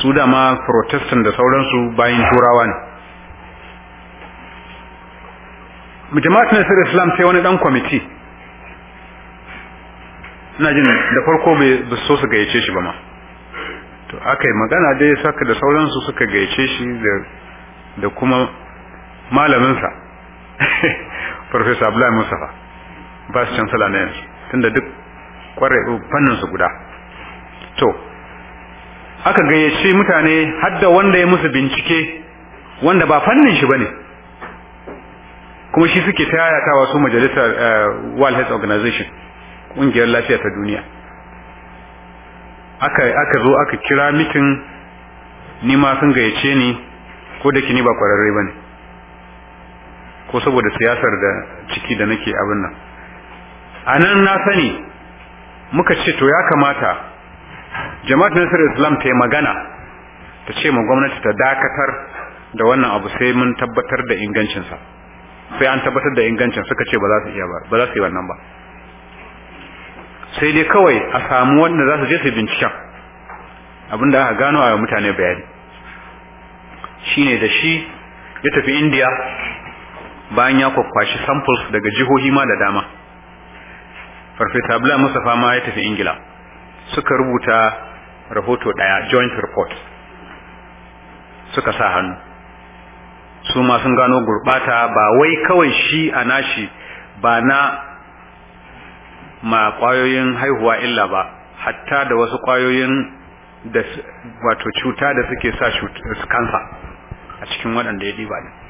su dama protestant da sauransu bayan turawa ne na sirri islam sai wani dan kwamiti ina jin da farko bai so su gayyace shi ba ma to aka yi magana dai saka da sauransu suka gayyace shi da kuma malaminsa (laughs) professor Abdullahi Mustafa ba su chancellor na yanzu tunda duk kware fannin guda to aka gayyace mutane hadda wanda ya musu bincike wanda ba fannin shi ba ne. kuma shi suke ta tayatawa su majalisar eh, World Health Organization ƙungiyar lafiya ta duniya aka zo aka kira mitin nima ma sun gayyace ni ko da ni ba kwararre ba ne. ko saboda siyasar da ciki da nake abin nan a nan na sani muka ce to ya kamata jama'at nasarar islam ta yi magana ta ce ma gwamnati ta dakatar da wannan abu sai mun tabbatar da ingancinsa sai an tabbatar da ingancin suka ce ba za su iya ba ba za su yi wannan ba sai dai kawai a samu wanda za su je su binciken abinda aka gano a mutane bayani shine da shi ya tafi indiya bayan ya kwakwashi samples daga jihohi ma da dama farfesa abla Musa fama ya tafi ingila suka rubuta rahoto daya joint report suka sa hannu su ma sun gano gurbata ba wai kawai shi a nashi ba na ma kwayoyin haihuwa illa ba hatta da wasu kwayoyin wato cuta da suke sa kansa a cikin waɗanda ya ɗiba ne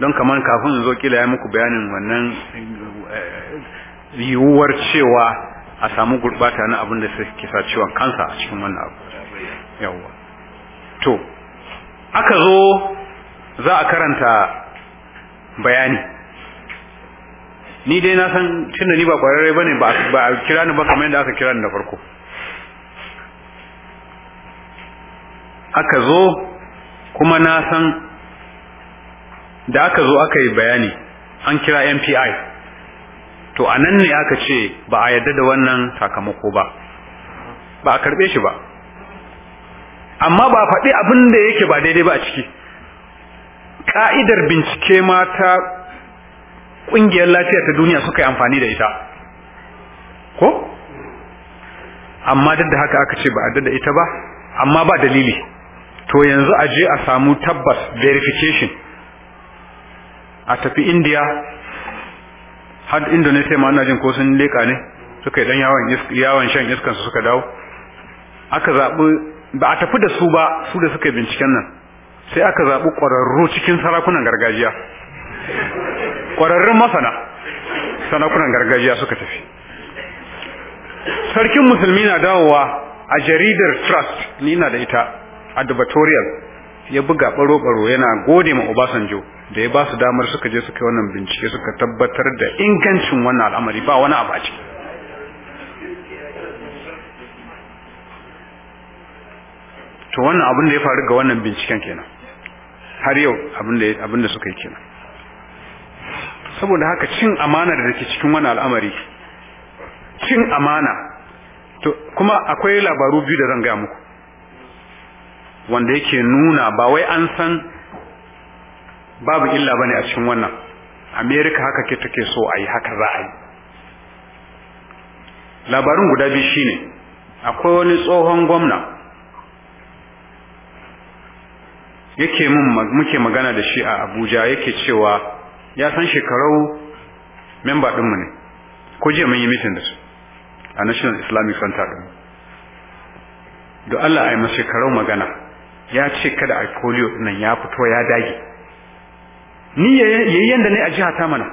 don kamar kafin zo kila ya muku bayanin wannan eh, yiwuwar cewa a samu gurbata na abin da suke sa ciwon kansa a cikin wannan abu yawwa to aka zo za a karanta bayani ni dai na san da ni ba kwararre ba ne ba a kira ni ba kamar yadda aka kira ni da farko aka zo kuma na san da aka zo aka yi bayani an kira MPI to a nan ne aka ce ba a yarda da wannan sakamako ba ba a karbe shi ba amma ba faɗi abin da yake ba daidai ba a ciki ka'idar bincike ma ta ƙungiyar lafiya ta duniya suka yi amfani da ita ko amma duk da haka aka ce ba a da ita ba amma ba dalili to yanzu a je a samu tabbas verification a tafi indiya har indonesia ma ana jin ko sun leka ne suka yi dan yawon shan iskansu suka dawo aka zaɓi ba a tafi da su ba su da suka binciken nan sai aka zaɓi ƙwararru cikin sarakunan gargajiya ƙwararrun masana sarakunan gargajiya suka tafi sarkin musulmi na dawowa a jaridar trust ni na da ita advertorial ya buga baro-baro yana gode ma Obasanjo da ya ba su damar suka je suka yi wannan bincike suka tabbatar da ingancin wannan al'amari ba wani abu a ciki to wannan abin da ya faru ga wannan binciken kenan har yau abin da suka yi kenan saboda haka cin amana da ke cikin wannan al'amari cin amana to kuma akwai labaru biyu da zan gaya muku wanda yake nuna ba wai an san babu illa bane a cikin wannan Amerika haka ke take so a yi haka za a yi labarin guda biyu shine akwai wani tsohon gwamna yake mun muke magana da shi a abuja yake cewa ya san shekarau memba ɗinmu ne ko jiya mun yi mitin da su a national islamic center ɗin da allah a yi shekarau magana ya ce kada a polio nan ya fito ya dage ni yayi yadda ne a jiha ta mana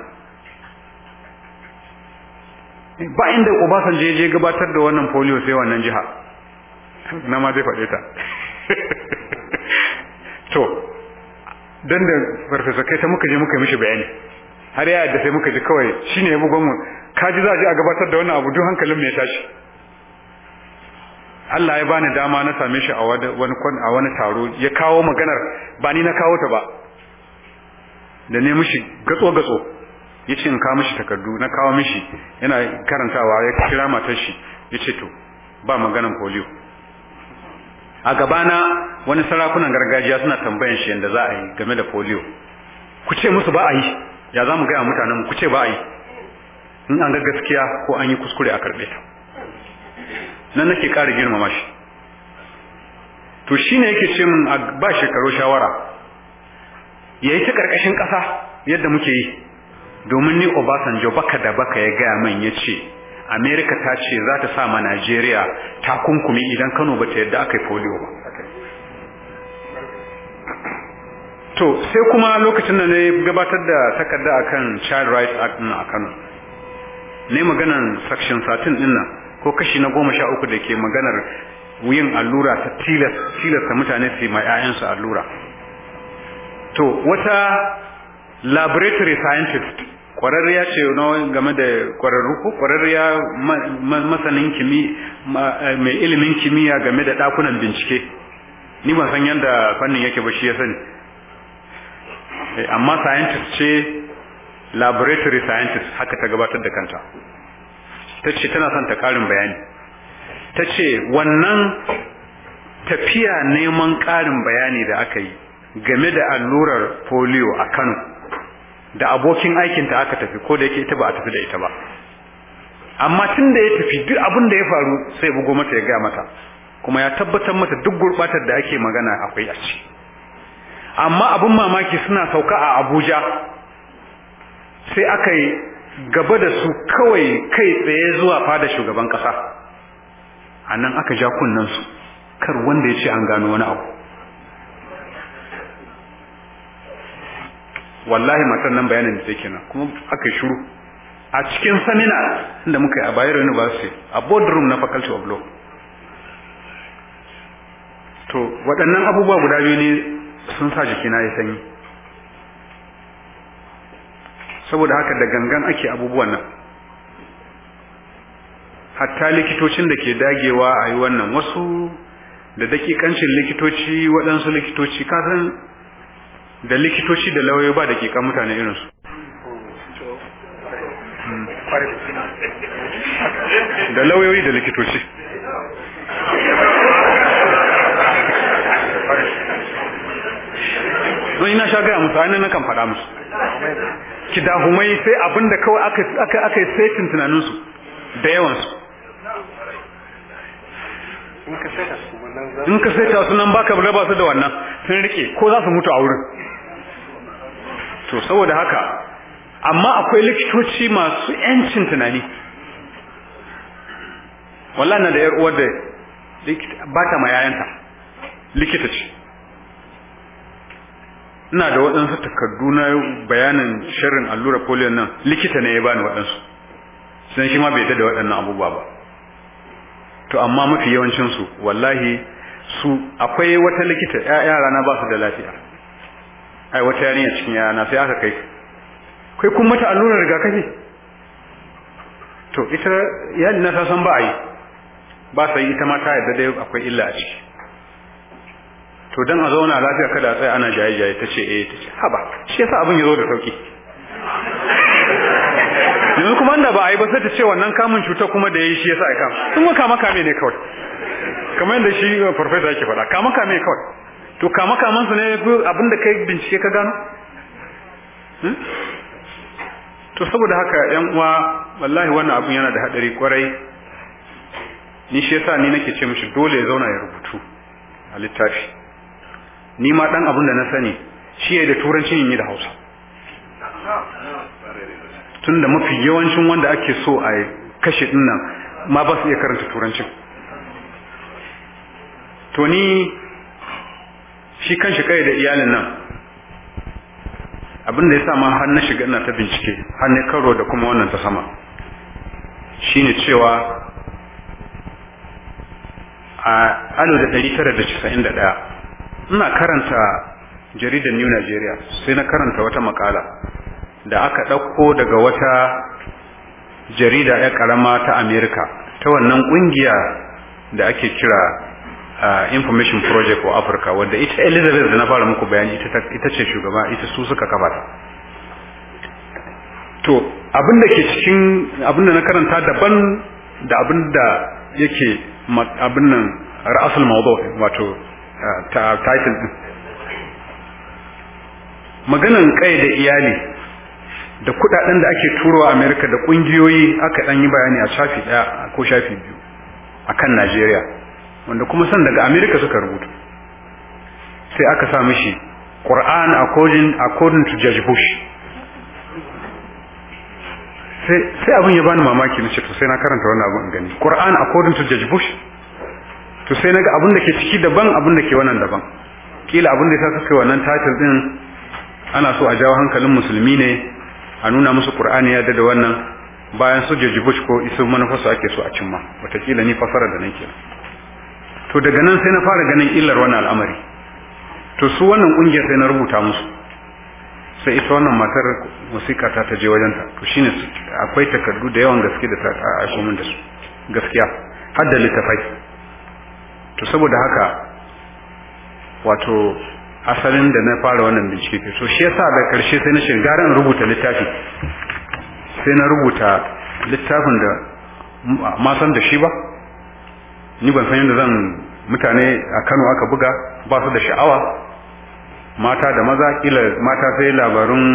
ba inda Obasanjo ya je gabatar da wannan polio sai wannan jiha na ma zai faɗe ta (laughs) to dan da farfesa kai ta muka je muka mishi bayani har ya yadda sai muka ji kawai shine ya bugon mu kaji za a je a gabatar da wannan abu duk hankalin mu ya tashi Allah ya bani dama na same shi a wani a wani taro ya kawo maganar ba ni na kawo ta ba da ne mishi gatso gatso ya ce in kawo mishi takardu na kawo mishi yana karantawa ya kira matar shi ya ce to ba maganan polio a gabana wani sarakunan gargajiya suna tambayan shi yadda za a yi game da polio ku ce musu ba a yi ya za mu gaya mutanen ku ce ba a yi in an ga gaskiya ko an yi kuskure a karɓe ta nan nake ƙara girmama shi to shine yake ce min ba shekaru shawara ya yi ta ƙarƙashin ƙasa yadda muke yi domin ni Obasanjo baka da baka ya gaya min ya ce Amerika ta ce za ta sa ma Najeriya takunkumi idan Kano ba ta yadda aka yi polio ba. To sai kuma lokacin da na gabatar da takarda akan Child Rights Act a Kano. Ne maganan Section 13 din nan ko kashi na goma sha uku da ke maganar yin allura ta tilasta mutane su ma 'ya'yansu allura to wata laboratory scientist kwararriya ce na game da kwararru ko kwararriya masanin eh, mai ilimin kimiyya game da ɗakunan bincike ni ban san yadda fannin yake ba shi ya sani eh, amma scientist ce laboratory scientist haka ta gabatar da kanta ta ce tana son ta karin bayani ta ce wannan tafiya neman ƙarin bayani da aka yi game da allurar polio a kano da abokin aikinta aka tafi ko da yake ita ba a tafi da ita ba amma tun da ya tafi duk abin da ya faru sai bugo mata ya gaya mata kuma ya tabbatar mata duk gurɓatar da ake magana akwai a ci amma abin mamaki suna sauka a abuja sai aka yi gaba da su kawai kai tsaye zuwa fada shugaban kasa a nan aka ja kunnan su kar wanda ya ce an gano wani abu wallahi matan nan bayanin da take nan kuma aka yi shuru a cikin seminar da muka yi a Bayero University a boardroom na Faculty of Law to waɗannan abubuwa guda biyu ne sun sa jiki na ya sanyi saboda haka da gangan ake abubuwan nan hatta likitocin da ke dagewa a yi wannan wasu da dakikancin likitoci waɗansu likitoci kasan da likitoci da lauyoyi ba kan mutane irinsu hmm. da lauyoyi da likitoci wani na sha gaya musu ainihin na kan faɗa musu kidahumai sai abinda kawai aka aka aka yi tunaninsu da yawansu in ka saita su nan baka raba su da wannan sun rike ko za su mutu a wurin to saboda haka amma akwai likitoci masu yancin tunani wallahi na da yar uwar da ba ta ma yayanta likita ce ina da waɗansu takardu na bayanin shirin allura polio nan likita ne ya bani waɗansu sun shi ma bai da waɗannan abubuwa ba to amma mafi yawancinsu wallahi su akwai wata likita yara na ba su da lafiya ai wata yarinya cikin yara na sai aka kai kai kun mata allurar rigakafi to ita yadda na ta san ba a yi ba sai ita ma ta yarda dai akwai illa a ciki to dan a zauna lafiya kada a tsaye ana jaye jaye tace eh tace haba shi yasa abin ya zo da sauki (laughs) yanzu kuma da ba a yi ba sai ta ce wannan kamun cutar kuma da yayi shi yasa ai kam sun ma kama kame ne kawai kamar yadda shi uh, professor yake faɗa kama kame kawai to kama kaman su ne abin da kai bincike ka gano hmm? to saboda haka yan uwa wallahi wannan abun yana da hadari kwarai ni shi yasa ni nake ce mishi dole ya zauna ya rubutu a littafi ni ma dan abin da na sani shi da turanci ne da hausa tunda mafi yawancin wanda ake so a kashe dinnan ma ba su iya karanta turancin to ni shi kan shi kai da iyalin nan abin da ya sa ma har na shiga ina ta bincike har ne karo da kuma wannan ta sama shine cewa a da 1991 ina karanta jaridar New Nigeria sai na karanta wata makala da aka ɗauko daga wata jarida ya karama ta Amerika ta wannan ƙungiya da ake kira Information Project for Africa wadda ita Elizabeth da na fara muku bayani ita ce shugaba ita su suka kafa ta. To abin da ke cikin abin da na karanta daban da abin da yake abin nan ra'asul mawdu wato title din maganan kai da iyali da kudaden da ake turowa America da kungiyoyi aka dan yi bayani a shafi daya ko shafi biyu akan Najeriya wanda kuma san daga America suka rubuta sai aka sa mishi Quran according according to Judge Bush sai sai abin ya bani mamaki na ce to sai na karanta wannan abin gani Quran according to Judge Bush to sai naga abin da ke ciki daban abin da ke wannan daban kila abin da ya kai wannan title din ana so a jawo hankalin musulmi ne a nuna musu qur'ani ya da wannan bayan sojoji bush ko isu manufarsu ake so a cimma watakila ni fasara da nake to daga nan sai na fara ganin illar wannan al'amari to su wannan kungiyar sai na rubuta musu sai ita wannan matar musika ta ta je wajenta to shine akwai takardu da yawan gaske da ta aiko min da su gaskiya har da littafai to saboda haka wato asalin da na fara wannan bincike to so shi yasa da karshe sai na gara in rubuta littafi sai na rubuta littafin da ma san da shi ba ni ban san yadda zan mutane a Kano aka buga ba su da sha'awa mata da maza kila mata sai labarun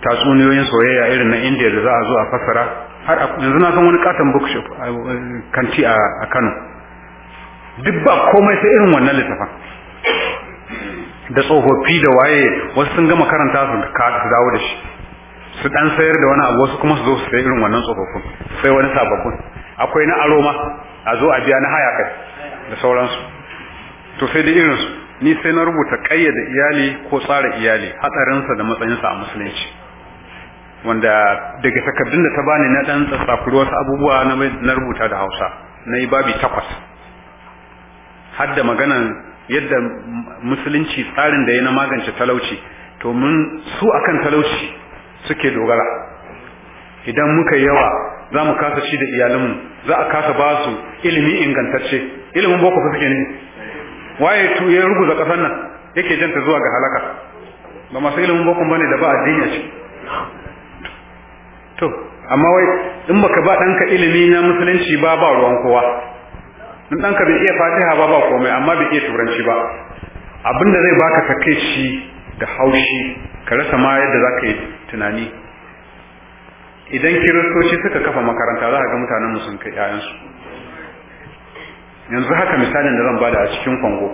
tatsuniyoyin soyayya irin na India da za a zo a fassara har yanzu na san wani katon bookshop eh, kanti a Kano duk ba komai sai irin wannan littafin da tsofaffi da waye wasu sun gama karanta su su dawo da shi su dan sayar da wani abu wasu kuma su zo su sayi irin wannan tsofaffin sai wani sababbin akwai na aroma a zo a biya na haya kai da sauransu to sai da irinsu ni sai na rubuta kayyade iyali ko tsara iyali hatsarinsa da matsayinsa a musulunci wanda daga takardun da ta bani na dan tsakuri wasu abubuwa na rubuta da hausa na yi babi takwas Hadda da maganan yadda musulunci tsarin da ya na magance talauci to mun su akan talauci suke dogara idan muka yawa za mu kasa ci da iyalinmu za a kasa ba su ilimi ingantacce ilimin boko suke ne waye tu ya ruguza kasar nan yake janta zuwa ga halaka ba masu ilimin boko bane da ba addini a ce. to amma wai in baka ba ɗanka ilimi na musulunci ba ba ruwan kowa in ɗanka bai iya fatiha ba ba komai amma bai iya turanci ba Abin da zai baka shi da haushi ka rasa ma yadda za ka yi tunani idan kiristoci suka kafa makaranta za ka ga mutanen mu sun kai 'ya'yansu yanzu haka misalin da zan bada a cikin kwango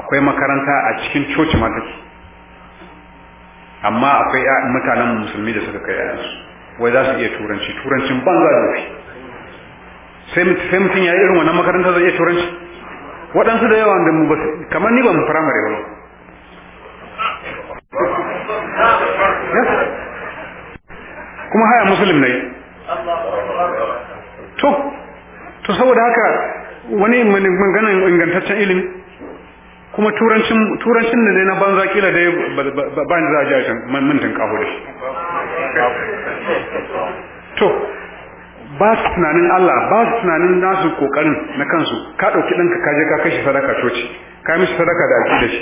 akwai makaranta a cikin coci ma take amma akwai mutanen musulmi da suka kai 'ya'yansu wai za su iya turanci turancin banza da sai mutum ya yi irin wannan makarantar zai iya turanci waɗansu da yawa da mu ba kamar ni ba mu firamare ba kuma haya musulun yi to to saboda haka wani maganin ingantaccen ilimi kuma turancin da dai na banza kila dai ba ni za a jajen mintin kahu da shi to ba su tunanin Allah ba su tunanin nasu kokarin na kansu ka ɗauki ɗanka ka je ka kashe sadaka coci ka mishi sadaka da aki da shi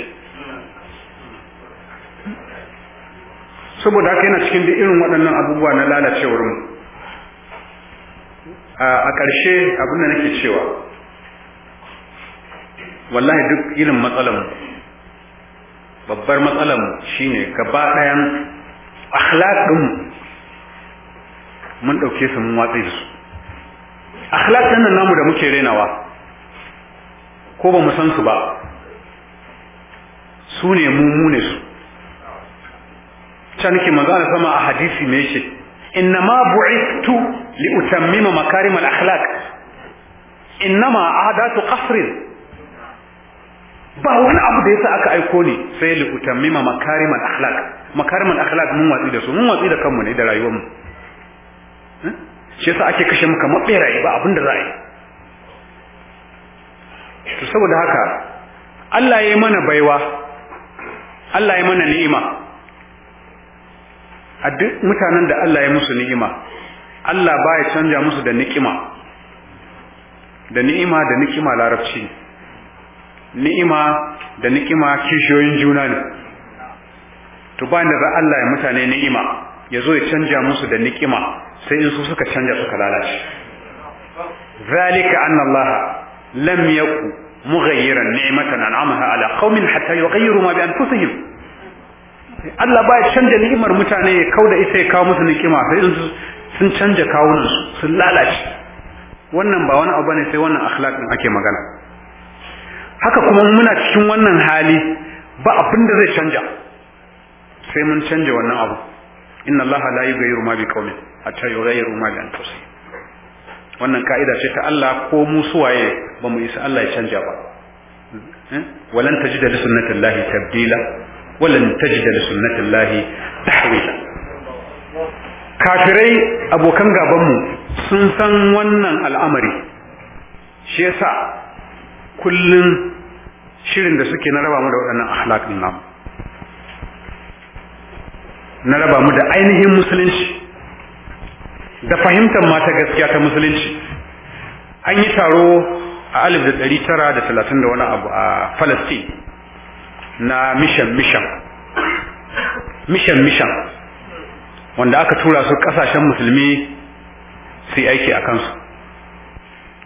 saboda haka yana cikin da irin waɗannan abubuwa na lalacewar mu a ƙarshe abin da nake cewa wallahi duk irin matsalar babbar matsalar mu shine gaba ɗayan akhlaqin mun ɗauke su mun watsi su akhlaq nan namu da muke renawa ko ba mu san su ba su ne mu mu ne su can ke magana sama a hadisi me yake ma bu'istu li utammima makarim al akhlaq ma adatu qasrin ba wani abu da yasa aka aiko ni sai li utammima makarim al akhlaq makarim al akhlaq mun watsi da su mun watsi da kanmu ne da rayuwarmu Hmm? shi yasa ake kashe maka maɓeraye ba abin da za a yi to saboda haka Allah ya yi mana baiwa Allah ya mana ni'ima a duk mutanen da Allah ya musu ni'ima Allah ba ya canja musu da ni'ima da ni'ima da ni'ima larabci ni'ima da ni'ima kishiyoyin juna ne to bayan da za Allah ya mutane ni'ima ya zo ya canja musu da ni'ima sai in su suka canja suka lalace zalika anna allaha lam yaku mughayyiran ni'matan an'amaha ala qaumin hatta yughayyiru ma bi anfusihim Allah baya canja ni'imar mutane ya kauda ita ya kawo musu ni'ima sai in sun canja kawunan su sun lalace wannan ba wani abu ne sai wannan akhlaqin ake magana haka kuma muna cikin wannan hali ba abin da zai canja sai mun canja wannan abu inna Allah la yughayyiru ma biqawmin hatta yughayyiru ma bi anfusihim wannan ka'ida ce ta Allah ko mu suwaye ba mu isa Allah ya canja ba eh? walan tajida li sunnatillahi tabdila walan tajida li sunnatillahi tahwila kafirai abokan gaban mu sun san wannan al'amari shi yasa kullun shirin da suke na raba mu da waɗannan ahlak namu na raba mu da ainihin musulunci da fahimtar mata gaskiya ta musulunci an yi taro a alif da ɗari tara da talatin da wani abu a Falastin na mission mission mission mission wanda aka tura su ƙasashen musulmi su aiki a kansu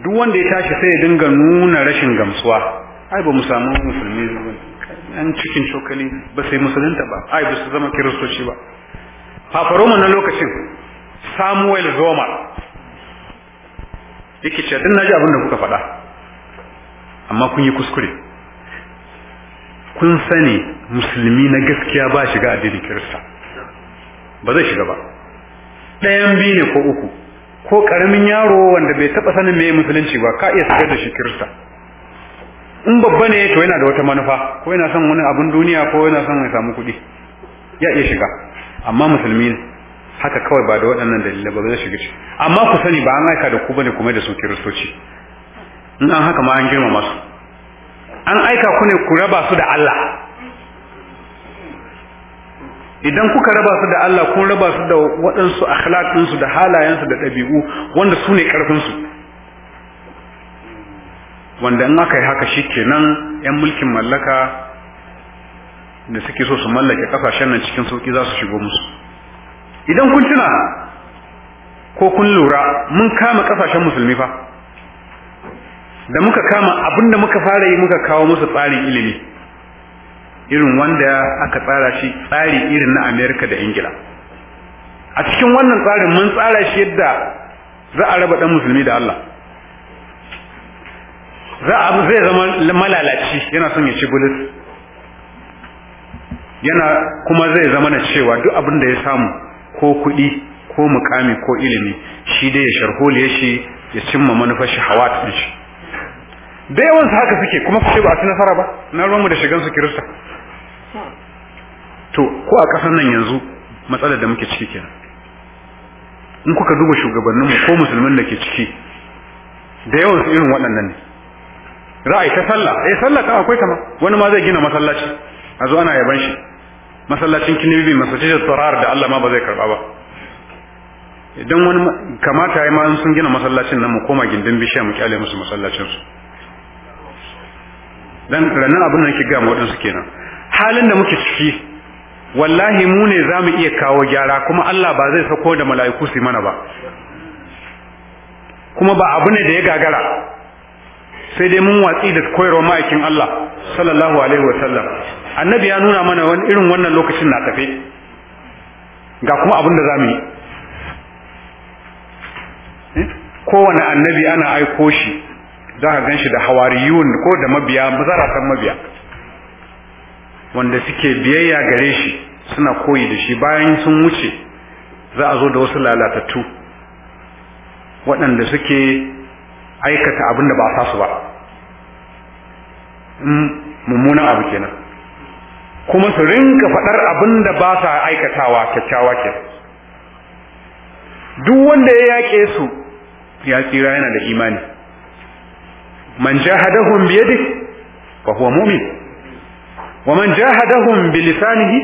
duk wanda ya tashi sai ya dinga nuna rashin gamsuwa ai ba mu samu musulmi an cikin cokali ba sai musulunta ba ai ba su zama kiristoci ba fafaroma na lokacin samuel zoma yake ce din naji abin da kuka faɗa amma kun yi kuskure kun sani musulmi na gaskiya ba shiga addinin kirista ba zai shiga ba ɗayan biyu ne ko uku ko ƙaramin yaro wanda bai taɓa sanin mai musulunci ba ka iya shiga da shi kirista in babba ne to yana da wata manufa ko yana son wani abun duniya ko yana son ya samu kuɗi ya iya shiga amma musulmi ne haka kawai ba da waɗannan dalilai ba zai shiga ci amma ku sani ba an aika da ku bane kuma da su kiristoci in an haka ma an girmama su an aika ku ne ku raba su da Allah idan kuka raba su da Allah kun raba su da waɗansu akhlaqinsu da halayensu da ɗabi'u wanda su ne ƙarfinsu wanda in aka yi haka shi kenan yan mulkin mallaka da suke so su mallake kasashen nan cikin sauki za su shigo musu idan kun tuna ko kun lura mun kama kasashen musulmi fa da muka kama abinda muka fara yi muka kawo musu tsarin ilimi irin wanda aka tsara shi tsari irin na Amerika da Ingila a cikin wannan tsarin mun tsara shi yadda za a raba dan musulmi da Allah Za a zai zama malalaci yana son ya ci bulus yana kuma zai zama na cewa duk abin da ya samu ko kuɗi ko mukami ko ilimi shi dai ya sharhole shi ya cimma manufar shi hawa ta shi da yawansu haka suke kuma su ce ba a ci nasara ba na ruwanmu da shigansu kirista to ko a ƙasar nan yanzu matsalar da muke ciki kenan in kuka duba shugabanninmu ko musulmin da ke ciki da yawan irin waɗannan ne ra'ayi ta sallah eh sallah ka akwai kama wani ma zai gina masallaci a zo ana yaban shi masallacin kinibi masallacin tsarar da Allah ma ba zai karba ba idan wani kamata ya ma sun gina masallacin nan mu koma gindin bishiya mu kyale musu masallacin su dan ranan abin nan ki ga waɗansu kenan halin da muke ciki wallahi mu ne za mu iya kawo gyara kuma Allah ba zai sako da mala'iku su mana ba kuma ba abu ne da ya gagara sai dai mun watsi da koyarwa ma'aikin Allah sallallahu alaihi wa sallam annabi ya nuna mana wani irin wannan lokacin na tafe ga kuma abin da zamu yi eh? kowane annabi ana aiko shi za ka gan shi da hawariyun ko da mabiya san mabiya wanda suke biyayya gare shi suna koyi da shi bayan sun wuce za a zo da wasu lalatattu waɗanda suke aikata abin da ba a sa su ba hmm, mummunan abu kenan kuma su rinka faɗar abin da ba sa aikatawa kyakkyawa ke duk wanda ya yaƙe su ya tsira yana da imani man jahadahum biye yadihi fa huwa mu'min wa man jahadahum bi lisanihi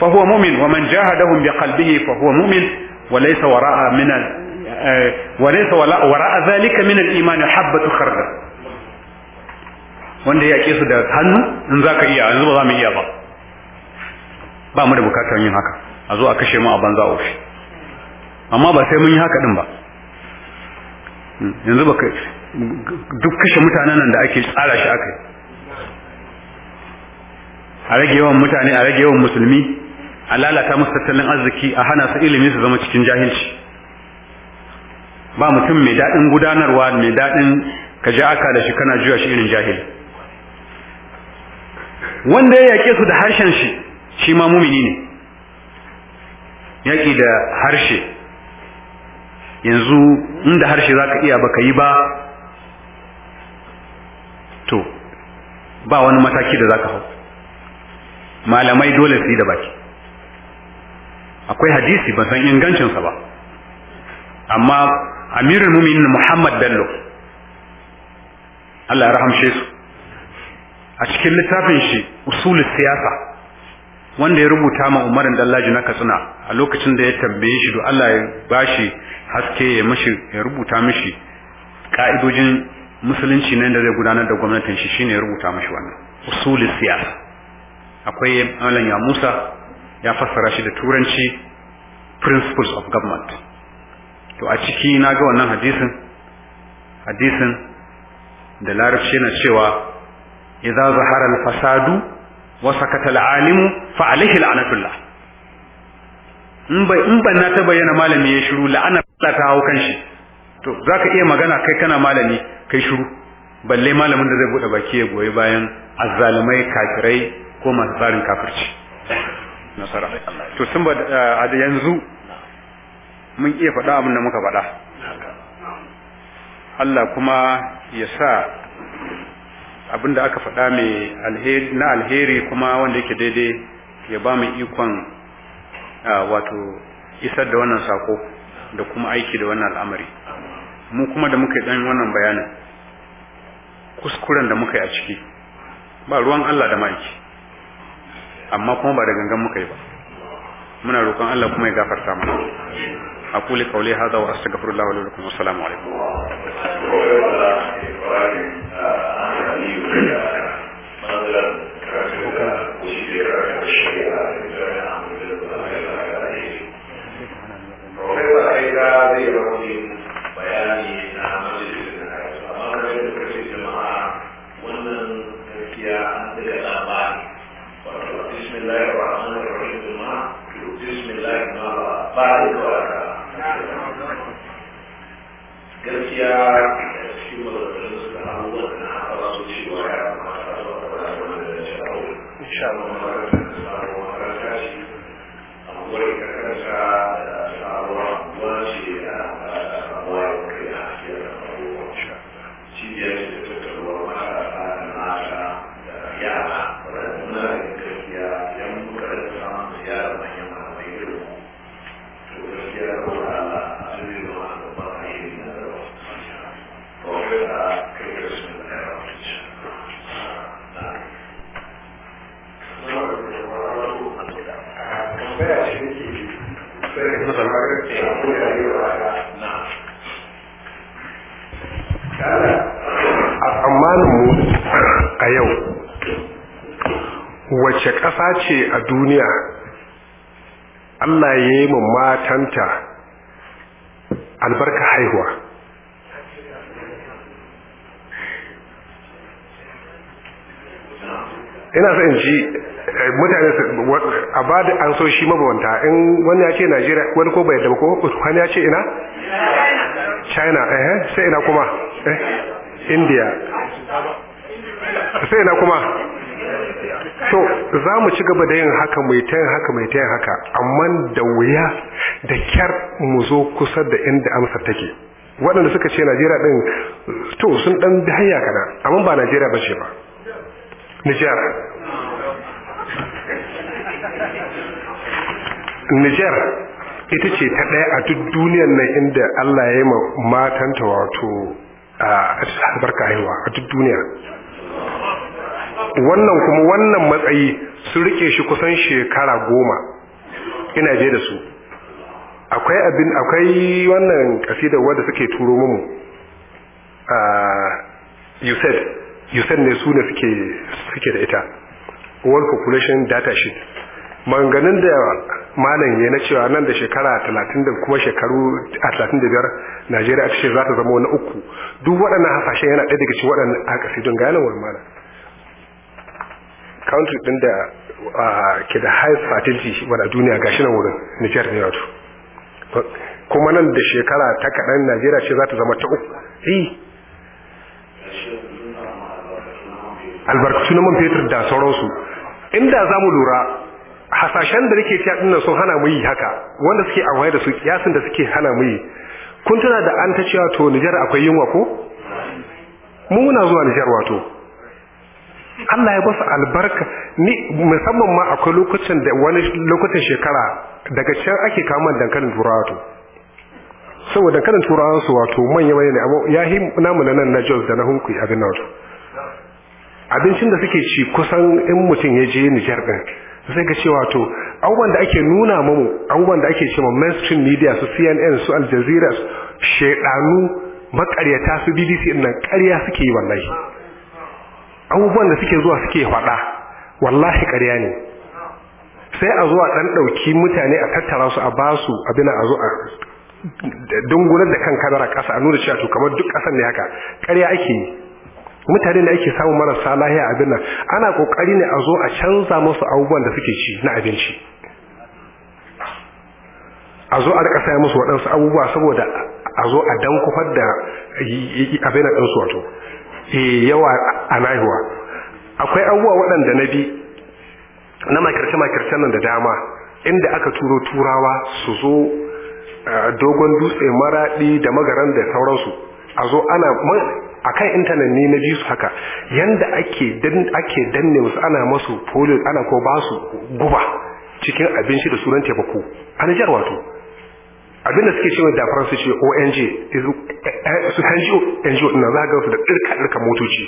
fa huwa mu'min wa man jahadahum bi qalbihi fa huwa mu'min wa laysa wara'a min Eh, walaysa wala wara zalika min al-iman habbatu khardal wanda ya su da hannu in zaka iya yanzu ba za mu iya ba ba mu da bukatar yin haka a zo a kashe mu a banza ofi amma ba sai mun yi haka din ba yanzu ba duk kashe mutanen nan da ake tsara shi aka yi a rage yawan mutane a rage yawan musulmi a lalata musu tattalin arziki a hana su ilimi su zama cikin jahilci ba mutum mai daɗin gudanarwa mai daɗin ka aka da shi kana juya shi irin jahili wanda ya yaƙe su da harshen shi shi ma mumini ne yaƙi da harshe yanzu inda harshe za ka iya baka yi ba to ba wani mataki da za ka hau malamai dole su yi da baki akwai hadisi ban san ingancinsa ba amma amirul mu'minin Muhammad Bello Allah ya rahamshe su a cikin littafin shi usul siyasa wanda ya rubuta ma Umarin Dallaji na Katsina a lokacin da ya tambaye shi do Allah ya bashi haske ya mishi ya rubuta mishi ka'idojin musulunci ne da zai gudanar da gwamnatin shi shine ya rubuta mishi wannan usul siyasa akwai malam ya Musa ya fassara shi da turanci principles of government to a ciki na ga wannan hadisin hadisin da larabci na cewa idza zahara al-fasadu wa sakata al-alimu fa alayhi la'natullah in bai in ban na ta bayyana malami ya shiru la'ana ta hau kanshi to zaka iya magana kai kana malami kai shiru balle malamin da zai bude baki ya goyi bayan azzalumai kafirai ko masu tsarin kafirci nasara to sun ba eh, yanzu mun iya faɗa abin da muka faɗa Allah kuma ya sa abin da aka faɗa mai na alheri kuma wanda yake daidai ya ba mu ikon wato isar da wannan sako da kuma aiki da wannan al'amari mu kuma da muka yi ɗan wannan bayanin kuskuren da muka yi a ciki ba ruwan Allah da maiki amma kuma ba da gangan muka yi ba muna roƙon Allah kuma ya gafarta mana أقول قولي هذا وأستغفر الله لي ولكم والسلام عليكم بسم الله الرحمن الرحيم بسم الله بعد gaskiya cikin mazaɓarin su da abubuwan da na su ya kamata su da Allah a tsammanin mu a yau wace ƙasa ce a duniya Allah ya yi mu matanta albarka haihuwa ina son ji Eh, mutane su a ba da an so shi mabawanta in wani ya ce najeriya wani ko bai dama ko wani ya ce ina china eh sai ina kuma eh india sai ina kuma to za mu ci gaba da yin haka mai ta yin haka mai ta yin haka amma da wuya da kyar mu zo kusa da inda amsar take waɗanda suka ce najeriya ɗin to sun ɗan hanya kana amma ba najeriya ba ce ba nijar Nijar ita ce ta ɗaya a duk duniyar nan inda Allah ya yi ma matanta wato a albarka haihuwa a duk duniya. Wannan kuma wannan matsayi sun rike shi kusan shekara goma ina je da su. Akwai abin akwai wannan kasidar wadda suke turo mamu a Yusuf Yusuf ne su ne suke da ita. world population data sheet manganin da malam ya na cewa nan da shekara 30 da kuma shekaru 35 Najeriya ta ce za ta zama wani uku duk waɗannan hasashen yana ɗaya daga cikin waɗannan a ƙasa don gane wani malam country din da ke da high fertility a duniya gashi nan wurin Nijar ne wato kuma nan da shekara ta kaɗan Najeriya ce za ta zama ta uku albarkatu na man fetur da sauransu inda za mu lura hasashen da nake cewa dinnan sun hana mu yi haka wanda suke amfani da su kiyasin da suke hana mu yi kun tuna da an ta cewa to Nijar akwai yunwa ko mu muna zuwa Nijar wato Allah ya basu albarka ni musamman ma akwai lokacin da wani lokacin shekara daga can ake kama dankalin turawa to saboda dankalin turawa su wato manya ne amma yahi namu nan na Jos da na Hunkuy abin nan abincin da suke ci kusan in mutum ya je Nijar ɗin sai ga cewa to abubuwan da ake nuna mamu abubuwan da ake ma mainstream media su CNN su Al Jazeera shaidanu makaryata su BBC din nan ƙarya suke yi wallahi abubuwan da suke zuwa suke faɗa wallahi ƙarya ne sai a zuwa ɗan ɗauki mutane a tattara su a basu su abin a zo a dungunar da kan kamera ƙasa a nuna cewa to kamar duk ƙasan ne haka ƙarya ake yi mutane da ake samu marasa lahiya abin nan ana kokari ne a zo a canza musu abubuwan da suke ci na abinci a zo a rika saya musu waɗansu abubuwa saboda a zo a dan kufar da abin da su wato eh, yawa a nahiwa akwai abubuwa waɗanda na bi na makirce-makircen nan da dama inda aka turo turawa su zo eh, dogon dutse maraɗi da magaran da sauransu a zo ana akan intanet ne na ji su haka yanda ake danne musu ana masu polio ana ko ba su guba cikin abinci da sunan taimako a Niger wato da suke cewa eh, eh, da faransu ce ONG su NGO NGO ina za ga su da dirka dirka motoci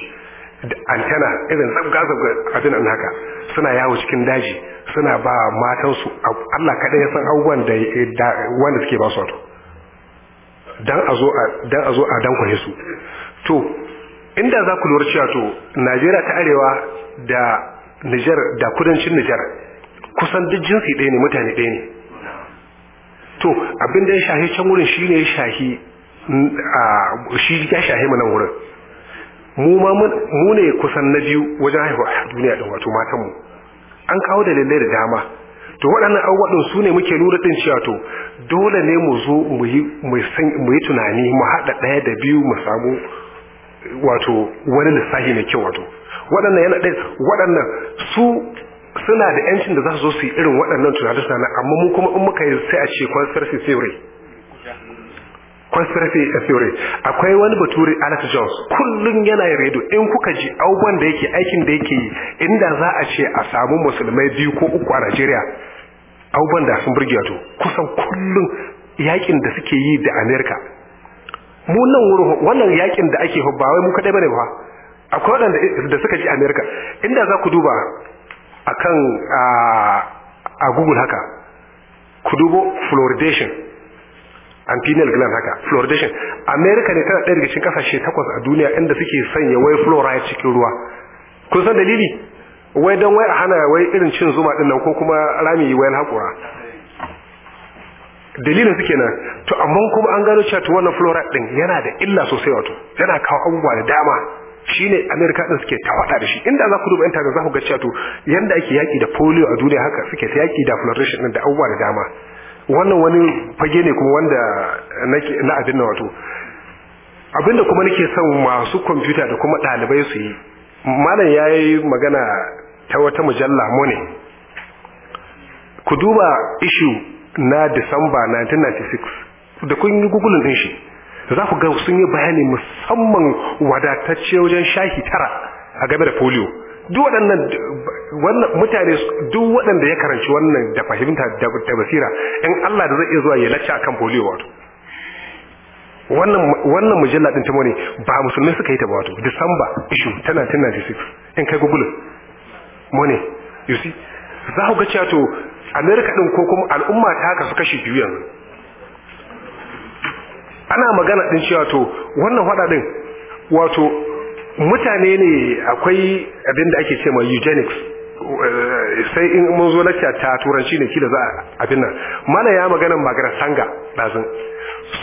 da antena irin zabga zabga abin nan haka suna yawo cikin daji suna ba matansu Allah kaɗai ya san abubuwan da wanda suke ba su wato dan a zo a dan a su to inda za ku lura cewa to najeriya ta arewa da nijar da kudancin nijar kusan duk jinsi ɗaya ne mutane ɗaya ne to abin da ya shahi can wurin shi ne ya shahi a mu nan wurin mu ma mu ne kusan na biyu wajen haihuwa duniya ɗin wato matan mu an kawo dalilai da dama to waɗannan abubuwan su ne muke lura ɗin cewa to dole ne mu zo mu yi tunani mu haɗa ɗaya da biyu mu samu wato wani lissafi mai kyau wato waɗannan yana ɗaya waɗannan su suna da yancin da za su zo su yi irin waɗannan tunanin sana amma mun kuma in muka yi sai a ce conspiracy theory akwai wani bature Alex Jones kullun yana redo in kuka ji abubuwan da yake aikin da yake yi inda za a ce a samu musulmai biyu ko uku a Najeriya abubuwan da sun burge to kusan kullun yakin da suke yi da America mu nan wannan yakin da ake hubba wai mu kadai bane ba akwai wanda da suka ji America inda za ku duba akan a Google haka ku dubo fluoridation and pineal gland haka fluoridation America ne tana ɗaya daga cikin kasashe takwas a duniya inda suke sanya wai fluoride cikin ruwa kun san dalili wai don wai a hana wai irin cin zuma din ko kuma rami wai hakura dalilin suke nan, to amma kuma an gano cewa wannan fluoride din yana da illa sosai wato yana kawo abubuwa da dama shine America din suke tawada da shi inda za ku duba intanet za ku ga cewa to yanda ake yaki da polio a duniya haka suke ta yaki da fluoridation din da abubuwa da dama wannan wani fage ne kuma wanda nake na abin nan wato abinda kuma nake son masu kwamfuta da kuma ɗalibai su yi malam yayi magana ta wata mujalla mone ku duba ishu na Disamba 1996 da kun yi gugulun din shi za ku ga sun yi bayani musamman wadatacce wajen shahi tara a game da polio duk waɗannan wannan mutane duk waɗanda ya karanci wannan da fahimta da basira in Allah da zai iya zuwa ya lacce akan polio wato wannan wannan mujalla din ta ba musulmi suka yi ta ba wato December issue ta 1996 in kai gugulun mone you see za ku ga cewa to amerika ɗin ko kuma al'umma ta haka su kashe biyu yanzu ana magana ɗin cewa to wannan hada wato mutane ne akwai abin da ake ce ma eugenics eh, sai in mun zo lakta ta turanci ne da za a abin nan mana ya magana magana sanga ɗazin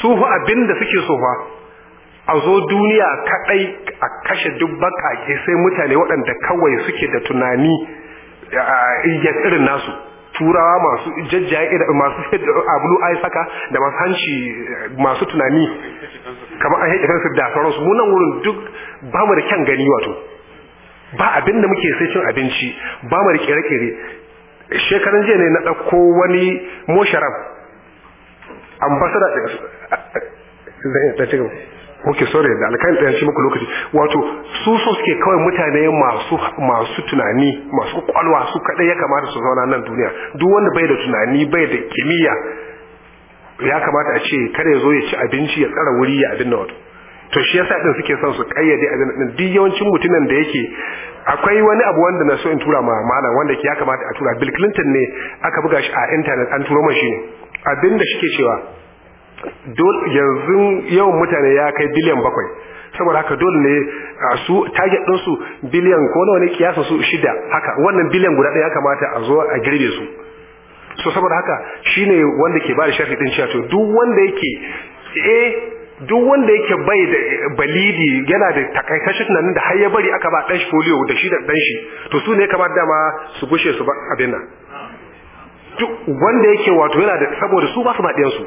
su fa abin da suke so fa a zo duniya kaɗai a kashe duk baka sai mutane waɗanda kawai suke da tunani eh, eh, irin nasu turawa masu jajjaye masu abulu ai saka da masu hanci masu tunani kamar an haƙe kansu da sauransu mu nan wurin duk ba mu da kyan gani wato ba abin da muke sai cin abinci ba mu da kere-kere shekaran jiya ne na ɗauko wani mosharab ambassador da ok sorry da alkain ɗayan shi muku lokaci wato su so suke kawai mutane masu tunani masu kwalwa su kaɗai ya kamata su zauna nan duniya duk wanda bai da tunani bai da kimiyya ya kamata a ce kada ya zo ya ci abinci ya tsara wuri ya abin da wato to shi yasa din suke son su kayyade a din duk yawancin mutumin da yake akwai wani abu wanda na so in tura ma malam wanda ya kamata a tura Bill ne aka buga shi a intanet an turo mashi ne abinda shike cewa yanzu yawan mutane ya kai biliyan bakwai saboda haka dole ne a su target din su biliyan ko nawa ne kiyasa su shida haka wannan biliyan guda ɗaya ya kamata a zo a girbe su so saboda haka shine wanda ke bada sharhi din cewa to duk wanda yake eh duk wanda yake bai da balidi yana da takaitashin nan da har ya bari aka ba ɗan shi folio da shi da ɗan shi to su ne kamar dama su gushe su ba abin nan duk wanda yake wato yana da saboda su ba su ma ɗiyan su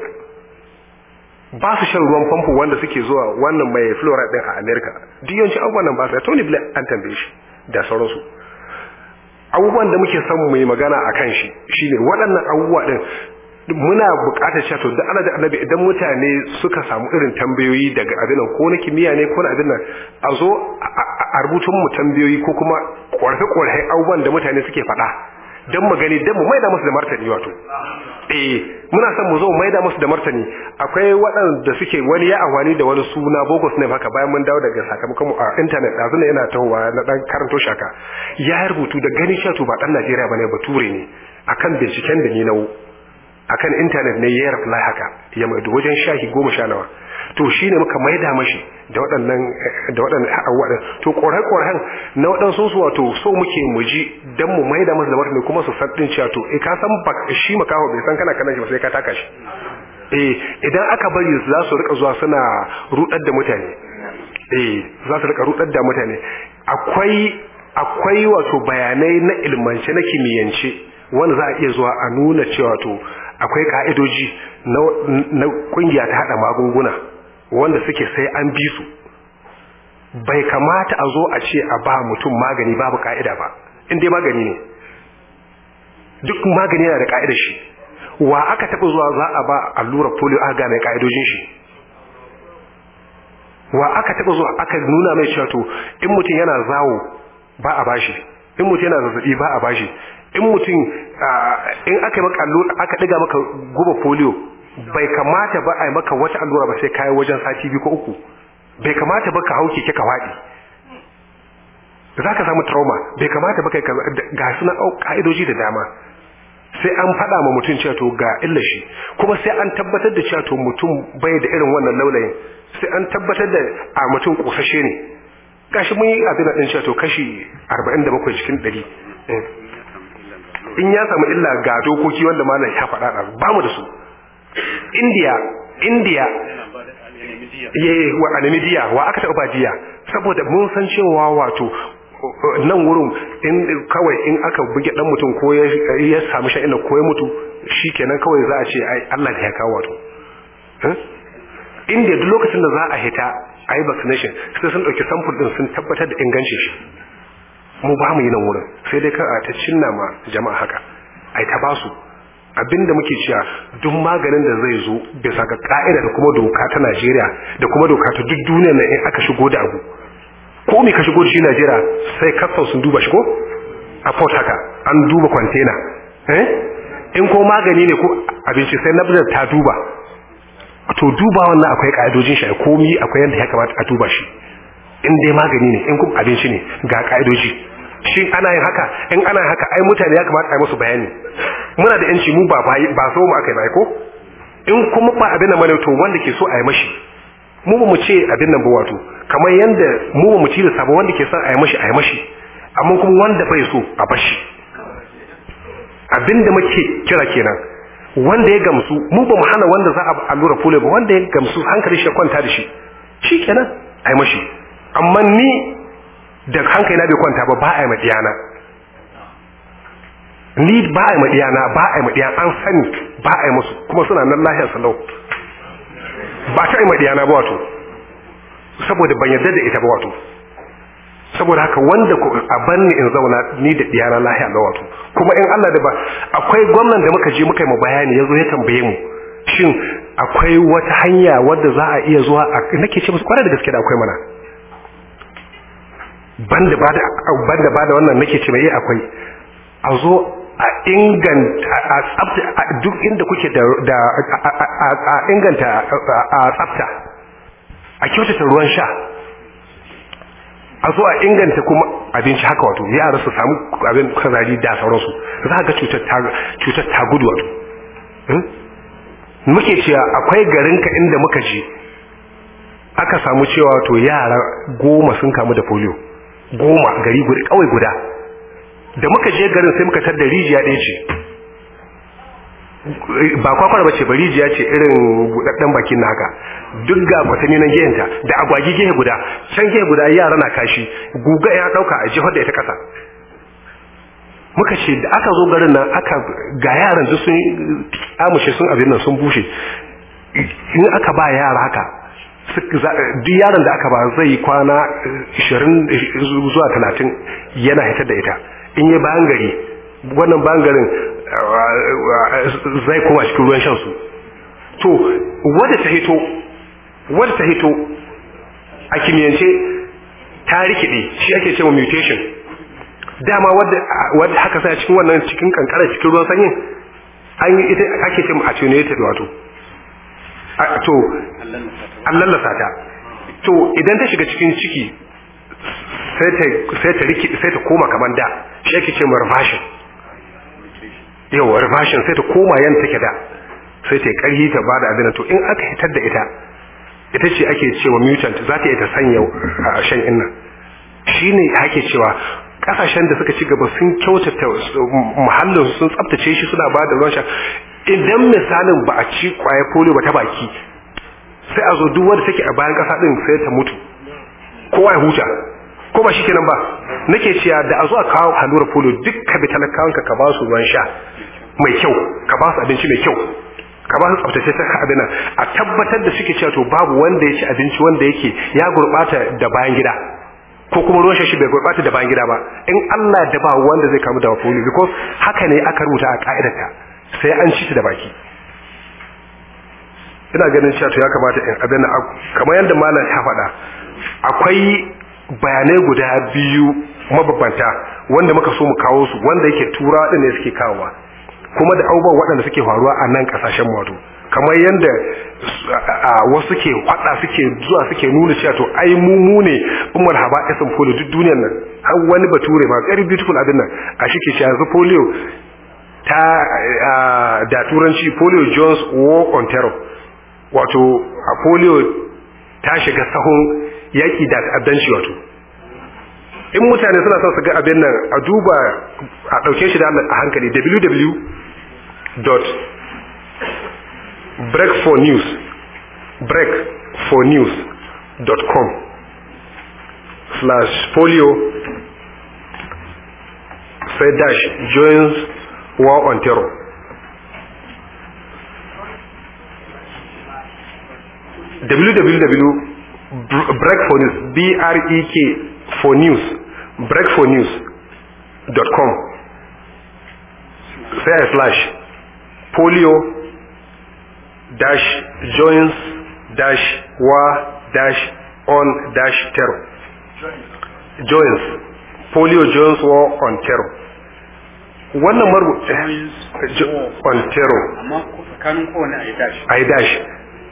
ba su shan ruwan famfo wanda suke zuwa wannan mai flora din a America duk yawanci abubuwan nan ba su Tony Blair an tambaye shi da sauransu abubuwan da muke samu mai magana a kan shi shine waɗannan abubuwa din muna buƙatar cewa to da Allah da Annabi idan mutane suka samu irin tambayoyi daga abinan ko na kimiyya ne ko na abin nan a zo a rubutun mu tambayoyi ko kuma ƙwarfe-ƙwarfe abubuwan da mutane suke faɗa don mu gani don mu maida musu da martani wato eh muna son mu zo mai da musu da martani akwai waɗanda suke wani ya amfani da wani suna bogus ne haka bayan mun dawo daga sakamakon mu ah, a internet da zuna yana tawowa na dan karanto shaka ya rubutu da ganin to ba dan Najeriya bane bature ne akan binciken da ni nawo akan internet ne ya reply haka ya mai wajen shahi goma sha nawa to shine muka maida mashi da waɗannan da waɗannan to ƙoran ƙoran na waɗansu su wato so muke mu ji dan mu maida masa zabar ne kuma su san din cewa to eh ka san shi makaho bai san kana kana shi ba sai ka taka shi eh idan aka bari za su rika zuwa suna rudar da mutane eh za su rika rudar da mutane akwai akwai wato bayanai na ilmance na kimiyyance wanda za a iya zuwa a nuna cewa to akwai ka'idoji na kungiya ta hada magunguna wanda suke sai an bi su bai kamata a zo a ce a ba mutum magani babu ka'ida ba in dai magani ne duk magani yana da ka'idar shi wa aka taɓa zuwa za a ba allurar polio aga mai ka'idojin shi wa aka taɓa zuwa aka nuna mai cewa to in mutum yana zawo ba a bashi in mutum yana zazzabi ba a bashi in mutum ah, in aka yi maka aka ɗiga maka guba polio bai kamata ba a yi maka wata allura ba sai kayi wajen sati biyu ko uku bai kamata ba ka hau keke ka waɗi za ka samu trauma bai kamata ba kai ga suna ka'idoji da dama sai an faɗa ma mutum cewa to ga illa shi kuma sai an tabbatar da cewa to mutum bai da irin wannan laulayin sai an tabbatar da a mutum kosashe ne gashi mun yi abin din cewa to kashi 47 cikin 100 eh. in ya samu illa ga dokoki wanda malam ya faɗa ba mu da su indiya indiya eh, wa anamidiya wa aka taɓa jiya saboda mun san cewa wato nan wurin in kawai in aka buge ɗan mutum ko ya samu sha'ina ko ya mutu shikenan kawai za a ce ai Allah ne ya kawo wato eh? inda duk lokacin da za a hita ai vaccination sai sun dauki sample din sun tabbatar da ingancin shi mu ba mu yi nan wurin sai dai kar a ta cinna ma jama'a haka ai ta basu abinda muke cewa duk maganin da zai zo bisa ga ka'ida da kuma doka ta Najeriya da kuma doka ta duk duniya ne in aka shigo da abu ko me ka shigo da shi Najeriya sai kasar sun duba shi ko a port haka an duba container eh in ko magani ne ko abinci sai nabdar ta duba to duba wannan akwai ka'idojin shi komi akwai yadda ya kamata a duba shi in dai magani ne in ko abinci ne ga ka'idoji shin ana yin haka in ana haka ai mutane ya kamata ai musu bayani muna da yanci mu ba ba so mu aka yi ba ko in kuma ba abin nan bane to wanda ke so ai mashi mu ba mu ce abin nan ba wato kamar yanda mu ba mu ci da sabo wanda ke son ai mashi ai mashi amma kuma wanda bai so a bashi abin da muke kira kenan wanda ya gamsu mu ba mu hana wanda za a allura fule ba wanda ya gamsu hankali shi kwanta da shi shi kenan mashi amma ni da hankali na bai kwanta ba ba a yi madiyana ni ba a yi madiyana ba a yi madiyana an sani ba a yi musu kuma suna nan lahiyar salau ba ta yi madiyana ba wato saboda ban yarda da ita ba wato saboda haka wanda ku a banni in zauna ni da diyana lahiya na wato kuma in Allah da ba akwai gwamnan da muka je muka yi mu bayani yanzu ya tambaye mu shin akwai wata hanya wadda za a iya zuwa nake ce musu kwarai da gaske da akwai mana banda ba da ba da wannan nake ce mai eh, akwai a zo a inganta a tsafta duk inda kuke da a inganta a tsafta a kyautata ruwan sha a zo a inganta kuma abinci haka wato yara su samu abin kazari da sauransu za ga cutar ta gudu wato hmm? muke cewa akwai garinka inda muka je aka samu cewa to yara goma sun kamu da polio goma gari guda kawai guda da muka je garin sai muka tarda rijiya ɗaya ce ba kwakwar ba ce ba rijiya ce irin buɗaɗɗen bakin na haka duk ga kwatanni na gehenta da agwagi gehe guda can gehe guda yara na kashi guga ya ɗauka a jihar da ita ƙasa muka ce da aka zo garin nan aka ga yaran duk sun amushe sun abin nan sun bushe in aka ba yara haka duk yaron da aka ba zai kwana 20 eh, eh, zuwa 30 yana hitar da ita in yi bayan gari wannan bayan garin eh, zai koma cikin ruwan shansu to wadda ta hito wadda ta hito a kimiyyance ta rikide shi ake cewa mutation dama wadda haka sai cikin wannan cikin kankara cikin ruwan sanyin an yi ita ake cewa attenuated wato to an ta to idan ta shiga cikin ciki sai ta riki sai ta koma kamar da shi ake ce marfashin Yau marfashin sai ta koma yan take da sai ta karhi ta bada abin to in aka hitar da ita ita ce ake cewa mutant za ta iya ta sanya a shan inna shine ake cewa kasashen da suka ci gaba sun kyautata muhallin sun tsabtace shi suna bada da ruwan sha idan misalin ba a ci kwaye polio ba ta baki sai a zo duk wanda take a bayan kasa din sai ta mutu kowa ya huta ko ba shikenan ba nake cewa da a zo a kawo halura polo duk ka bi talakawan ka ba su ruwan sha mai kyau ka ba su abinci mai kyau ka ba su tsaftace ta abinan a tabbatar da suke cewa to babu wanda ya ci abinci wanda yake ya gurbata da bayan gida ko kuma ruwan shi bai gurbata da bayan gida ba in Allah da ba wanda zai kamu da polio because haka ne aka rubuta a ka'idarta sai an ci ta da baki ina ganin cewa to ya kamata in abin kamar yadda malam ya faɗa akwai bayanai guda biyu mababbanta wanda muka so mu kawo su wanda yake tura din ne suke kawowa kuma da abubuwan waɗanda suke faruwa a nan ƙasashen wato kamar yadda wasu suke faɗa suke zuwa suke nuna cewa to ai mu mu ne umar haba isin polio duk duniyar nan har wani bature ma very beautiful abin nan a shi ke yanzu polio ta da turanci polio jones war on wato a polio ta shiga sahun yaki da ta'addanci wato in mutane suna son su ga abin nan a duba a ɗauke shi da a hankali dot com slash polio sai dash joins war on terror www.breakfornews b r e k for news breakfornews.com sai a slash polio dash joins dash wa dash on dash terror joins polio joins war on terror wannan marubuta on terror a yi dash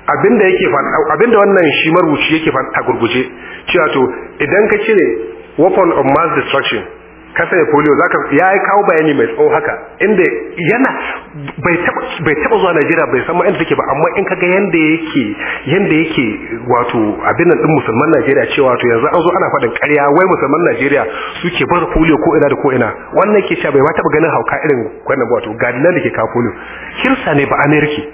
abinda yake abinda wannan shi marubuci yake faɗa ta gurguje cewa to idan ka cire weapon of mass destruction ka sanya polio zaka ya yi kawo bayani mai tsawo haka inda yana bai taba bai taba zuwa Najeriya bai san ma inda take ba amma in kaga yanda yake yanda yake wato abin nan din musulman Najeriya cewa to yanzu an zo ana faɗin ƙarya wai musulman Najeriya suke bar polio ko ina da ko ina wannan ke cewa bai ma taba ganin hauka irin wannan wato gadinan da ke kawo polio kirsa ne ba Amerika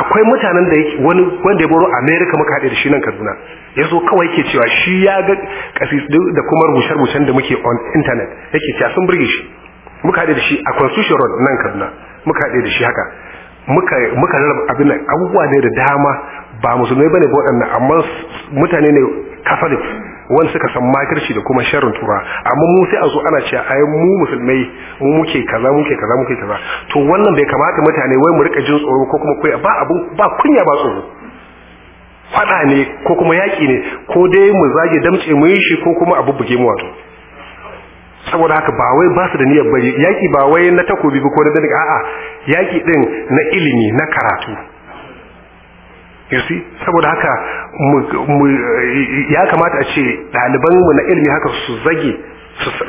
akwai mutanen da wani wanda ya boro Amerika muka haɗe da shi nan Kaduna ya zo kawai ke cewa shi ya ga kasi da kuma rubuce-rubucen da muke on internet yake cewa sun burge shi muka haɗe da shi a Constitution Road nan Kaduna muka haɗe da shi haka muka rarraba abin abubuwa ne da dama ba musulmai ne ba waɗannan amma mutane ne Catholics wani suka san makirci da kuma sharin tura amma mu sai a zo ana cewa ai mu musulmai mu muke kaza muke kaza muke kaza to wannan bai kamata mutane wai mu rika jin tsoro ko kuma koyi ba abun ba kunya ba tsoro fada ne ko kuma yaki ne ko dai mu zage damce mu yi shi ko kuma abu buge mu wato saboda haka ba wai ba su da niyyar bari yaki ba wai na takobi ko na daga a'a yaki din na ilimi na karatu you see saboda haka ya kamata a ce mu na ilimi haka su zage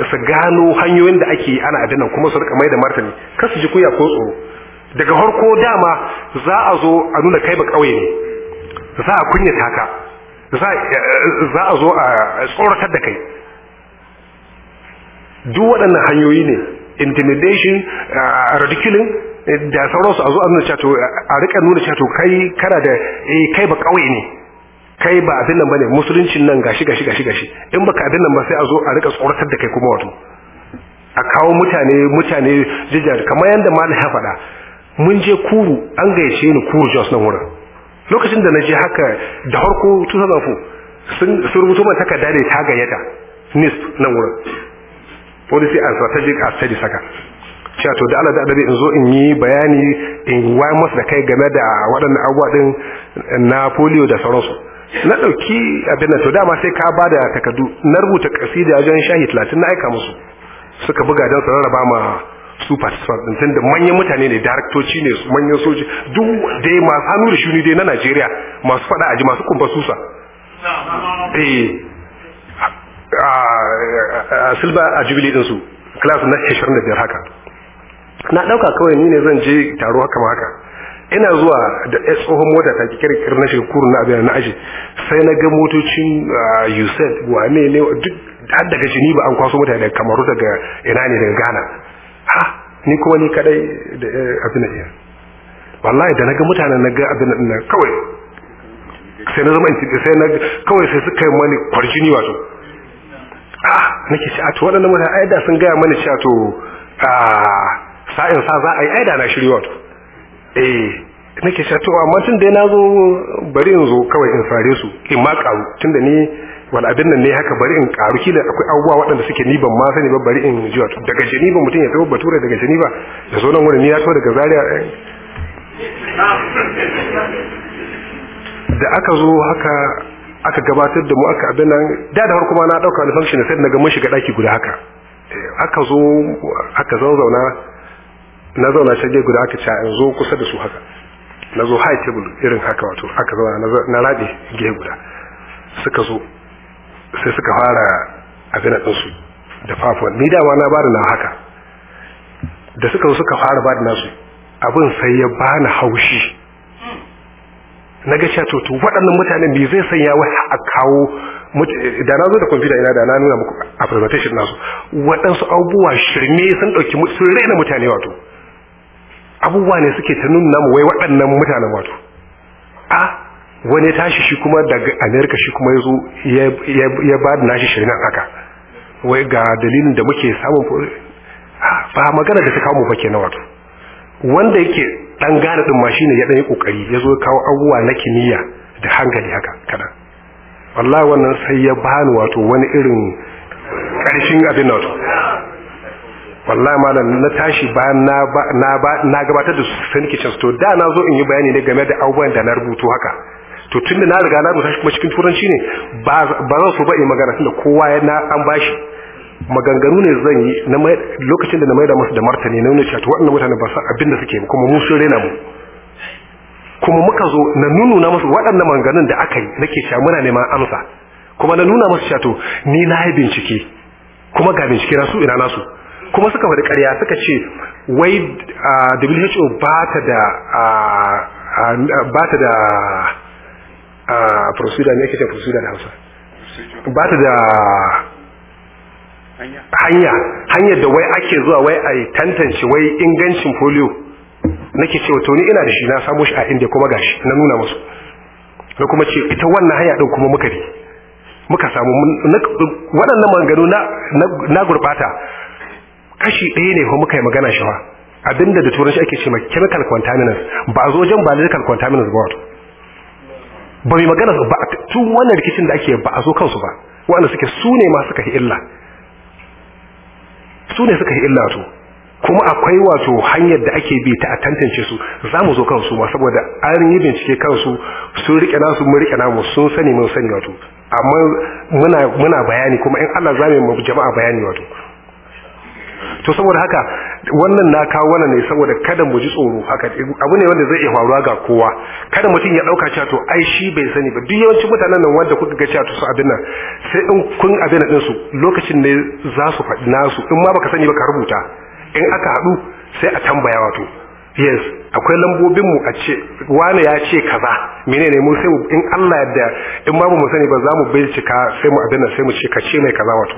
su gano hanyoyin da ake ana adinan kuma su rika mai da martani kar su ji kuya ko tsoro daga harko dama za a zo a nuna kai ba kauye ne za a kunyata haka za a zo a tsoratar da kai duk waɗannan hanyoyi ne intimidation uh, ridiculing da sauransu a zo a nuna cato a rika nuna cato kai kana da eh kai ba kauye ne kai ba abin nan bane musuluncin nan gashi gashi gashi gashi in baka abin nan ba sai a zo a rika tsoratar da kai kuma wato a kawo mutane mutane jijjar kamar yanda mal ya faɗa mun je kuru an gayyace ni kuru jos nan wurin lokacin da na je haka da harko 2004 sun rubuto man takarda ne ta gayyata nis nan wurin policy and strategic studies saka cewa to da Allah da annabi in zo in yi bayani in wayar masa da kai game da waɗannan abubuwa din na polio da sauransu na ɗauki abin da to dama sai ka ba da takardu na rubuta kasida wajen shahi 30 na aika musu suka buga don su rarraba ma su participants din tunda manyan mutane ne daraktoci ne su manyan soji duk dai masu hannu da shuni dai na Najeriya masu fada aji masu kumfa susa eh a silba a jubilee din su class na 25 haka na ɗauka kawai ni ne zan je taro haka ma haka ina zuwa da tsohon mota ta kirkir na shekuru na abin na ashe sai na ga motocin ah, usaid wane ne duk har daga shi ni ba an kwaso mutane daga kamaru daga ina ne daga ghana ha ni kuma ni kadai da eh, abin da iya wallahi da na ga mutanen na ga abin da kawai sai na zama sai na kawai sai suka yi mani kwarjini wato ah nake ci a to waɗannan mutane ai da sun gaya mani ci a to ah sa'in sa za a yi aida na shirya wato eh nake sha to amma tun da na zo bari in zo kawai in sare su in ma karu tun da ni wal abin nan ne haka bari in karu kila akwai abubuwa waɗanda suke ni ban ma sani ba bari in ji wato daga ba mutum ya tawo bature daga Geneva ya zo nan wurin ni ya tawo daga Zaria eh. da aka zo haka aka gabatar da mu aka abin nan da da farko ma na dauka wani function sai na ga mun shiga daki guda haka eh, aka zo aka zauna. na zauna shage guda aka ce in zo kusa da su haka na zo high table irin haka wato aka zauna na rabe gehe guda suka zo sai suka fara abin a ɗansu da fafuwa ni dama na bada na haka da suka zo suka fara bada nasu abin sai ya bani haushi na ga cewa to waɗannan mutanen ne zai sanya wai a kawo da na zo da kwamfuta ina da na nuna muku a presentation nasu waɗansu abubuwa shirme sun ɗauki sun raina mutane wato abubuwa ne suke ta nuna mu wai waɗannan mutanen wato a wani tashi shi kuma daga amerika shi kuma ya ya ba da nashi shirin haka wai ga dalilin da muke samun ba magana da ta kawo mu ba kenan wato wanda yake dan gane din ma shine ya dan yi kokari ya zo kawo abubuwa na kimiyya da hankali haka kada wallahi wannan sai ya bani wato wani irin ƙarshen abin wato wallahi nan na tashi bayan na na gabatar da sai nake to da na zo in yi bayani ne game da abubuwan da na rubuto haka to tunda na riga na rubuta shi kuma cikin turanci ne ba zan so ba in magana tunda kowa ya na an bashi maganganu ne zan yi na lokacin da na maida musu da martani na nuna cewa to wannan mutane ba su abin da suke kuma mu sun rena mu kuma muka zo na nuna musu waɗannan maganganun da aka yi nake cewa muna neman amsa kuma na nuna musu cewa to ni na yi bincike kuma ga bincike na su ina nasu kuma suka faɗi ƙarya suka ce wai WHO ba ta da ba ta da procedure ne yake ce procedure da Hausa ba ta da hanya hanyar da wai ake zuwa wai a tantance wai ingancin polio nake cewa to ni ina da shi na samu shi a inda kuma gashi na nuna musu na kuma ce ita wannan hanya din kuma muka bi muka samu waɗannan maganganu na gurbata kashi ɗaya ne ko muka yi magana shawa, abinda da turanci ake ce ma chemical contaminants ba a zo wajen biological contaminants ba wato ba mai magana ba tun wannan rikicin da ake ba a zo kansu ba waɗanda suke su ne ma suka yi illa su ne suka yi illa to kuma akwai wato hanyar da ake bi ta a tantance su za mu zo kansu ma saboda an yi bincike kansu sun rike nasu mun rike namu sun sani mun sani wato amma muna bayani kuma in Allah za mu jama'a bayani wato to saboda haka wannan na kawo wannan ne saboda kada mu ji tsoro haka abu ne wanda zai iya faruwa ga kowa kada mutum ya dauka cewa to ai shi bai sani ba duk yawancin mutanen nan wanda kuka ga cewa to su abin nan sai in kun abin nan su lokacin ne za su faɗi nasu in ma baka sani ba ka rubuta in aka haɗu sai a tambaya wato yes akwai lambobin mu a ce wani ya ce kaza menene mu sai in Allah yadda in ma mu sani ba za mu bincika sai mu abin nan sai mu ce ka ce mai kaza wato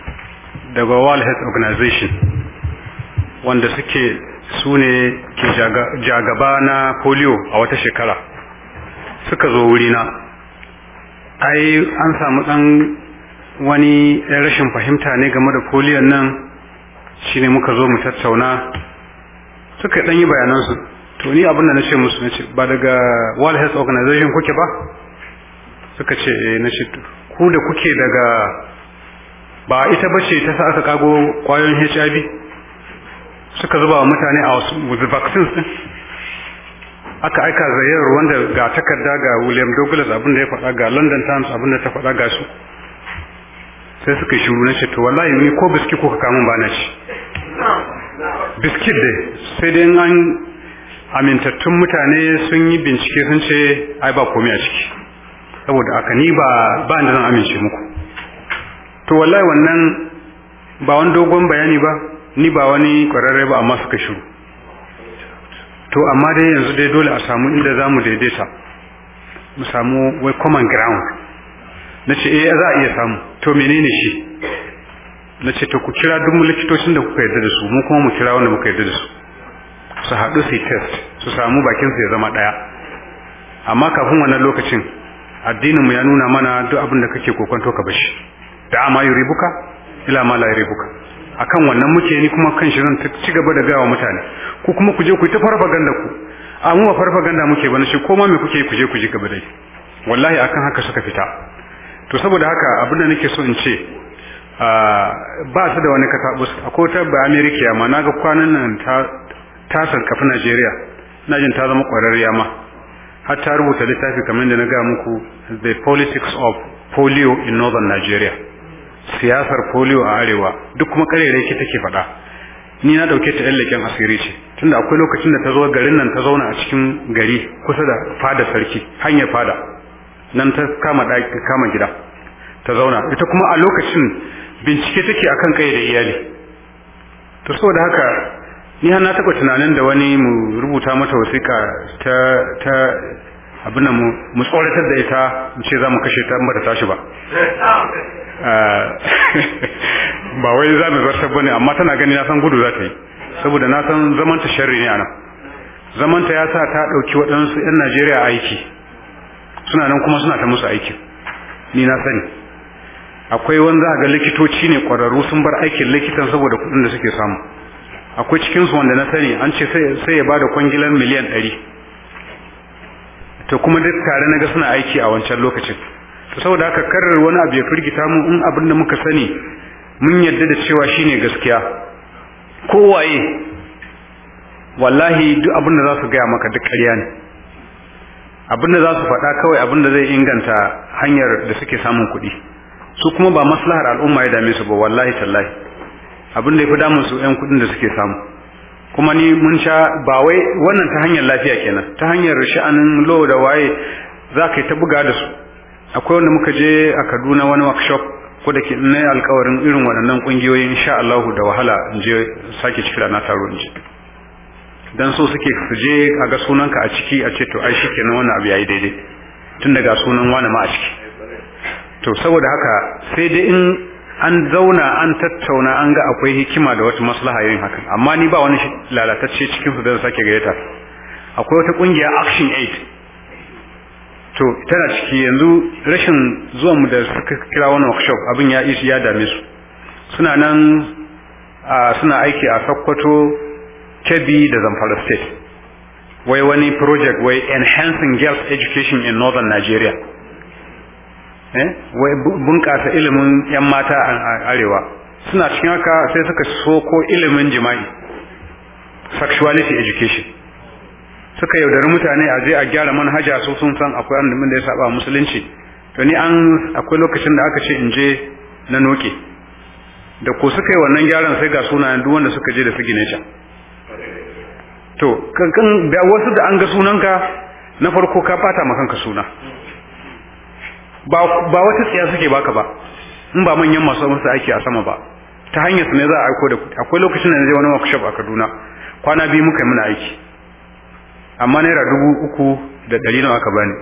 daga World Health Organization wanda suke su ne ke jagaba na polio a wata shekara suka zo wurina ai an samu dan wani rashin fahimta ne game da polio nan shine muka zo mu tattauna suka dan yi bayanansu to ni abin da nace musu nace ba daga World Health Organization kuke ba suka ce eh nace ku da kuke daga ba ita ba ce ta sa aka kago kwayoyin HIV suka zuba wa mutane a wasu vaccines din aka aika zayyar wanda ga takarda ga William Douglas abin da ya faɗa ga London Times abin da ta faɗa ga su sai suka shiru na ce to wallahi ni ko biskit ko kaka mun bana ci biskit dai sai dai an amintattun mutane sun yi bincike sun ce ai ba komai a ciki saboda aka ni ba ba inda zan amince muku to wallahi wannan ba wani dogon bayani ba ni ba wani kwararre ba amma suka shiru to amma dai yanzu dai dole a samu inda za daidaita mu samu wai common ground na ce eh za a iya samu to menene shi na ce to ku kira duk likitocin da kuka yarda da su mu kuma mu kira wanda muka yarda da su su haɗu su test su samu bakin su ya zama ɗaya amma kafin wannan lokacin addinin mu ya nuna mana duk abin da kake kokonto ka bashi da ma yuribuka ila ma la yuribuka akan wannan muke ni kuma kan shi zan ci gaba da gawa mutane ku kuma ku je ku ta farfaganda ku a mu ba farfaganda muke ba shi koma me kuke ku je ku ji gaba dai wallahi akan haka suka fita to saboda haka abin da nake so in ce ba su da wani katabus akwai ta ba america ma naga kwanan nan ta ta kafin Najeriya na jin ta zama kwararriya ma har ta rubuta littafi kamar da na ga muku the politics of polio in northern Nigeria siyasar polio a arewa duk kuma karerake take faɗa ni na dauke ta yallakin asiri ce tunda akwai lokacin da ta zo garin nan ta zauna a cikin gari kusa da fada sarki hanyar fada nan ta kama kama gida ta zauna ita kuma a lokacin bincike take akan kai da iyali to saboda haka ni har na taɓa tunanin da wani mu rubuta mata wasiƙa ta ta abin nan mu tsoratar da ita mu ce za mu kashe ta in ba tashi ba eh, (laughs) ba wai za mu ba bane amma tana gani na san gudu za ta yi saboda na san zaman ta sharri ne anan zaman ta ya sa ta dauki waɗansu yan Najeriya aiki suna nan kuma suna ta musu aiki ni na sani akwai wanda ga likitoci ne kwararru sun bar aikin likitan saboda kuɗin da suke samu akwai cikinsu wanda na sani an ce sai ya ba da kwangilan miliyan ɗari to kuma duk tare na ga suna aiki a wancan lokacin to saboda haka karar wani abu ya firgita mu in abin da muka sani mun yadda da cewa shine gaskiya kowaye wallahi duk abin da za su gaya maka duk ƙarya ne abin da za su faɗa kawai abin da zai inganta hanyar da suke samun kuɗi su kuma ba maslahar al'umma ya dame su ba wallahi tallahi abin da ya fi damun su 'yan kuɗin da suke samu kuma ni mun sha ba wai wannan ta hanyar lafiya kenan ta hanyar sha'anin lo da waye za ka yi ta buga da su akwai wanda muka je a kaduna wani workshop ko da ke na alkawarin irin waɗannan ƙungiyoyin insha Allah da wahala in je sake cikira na taro in je dan so suke su je a ga sunanka a ciki a ce to ai shikenan wannan abu yayi daidai tun daga sunan wani ma a ciki to saboda haka sai dai in an zauna an tattauna an ga akwai hikima da wata maslaha yin hakan amma ni ba wani lalatacce cikin su da sake gayyata akwai wata kungiya action aid to tana ciki yanzu rashin zuwan mu da suka kira wani workshop abin ya isi ya dame su suna nan suna aiki a Sokoto Kebbi da Zamfara state wai wani project wai enhancing girls education in northern Nigeria Eh, wai bunƙasa ilimin yan mata a arewa suna cikin haka sai suka so ko ilimin jima'i sexuality education suka yaudari mutane a je a gyara manhaja su sun san akwai annabi da ya saba musulunci to ni an akwai lokacin da aka ce in je na noke da ko suka yi wannan gyaran sai ga sunayen duk wanda suka je da su gine can to kankan wasu da an ga sunanka na farko ka fata ma kanka suna ba wata tsiya suke baka ba in ba manyan masu masu aiki a sama ba ta hanyar su ne za a aiko da kuɗi akwai lokacin da na je wani workshop a Kaduna kwana biyu muka yi muna aiki amma naira dubu uku da ɗari nawa aka bani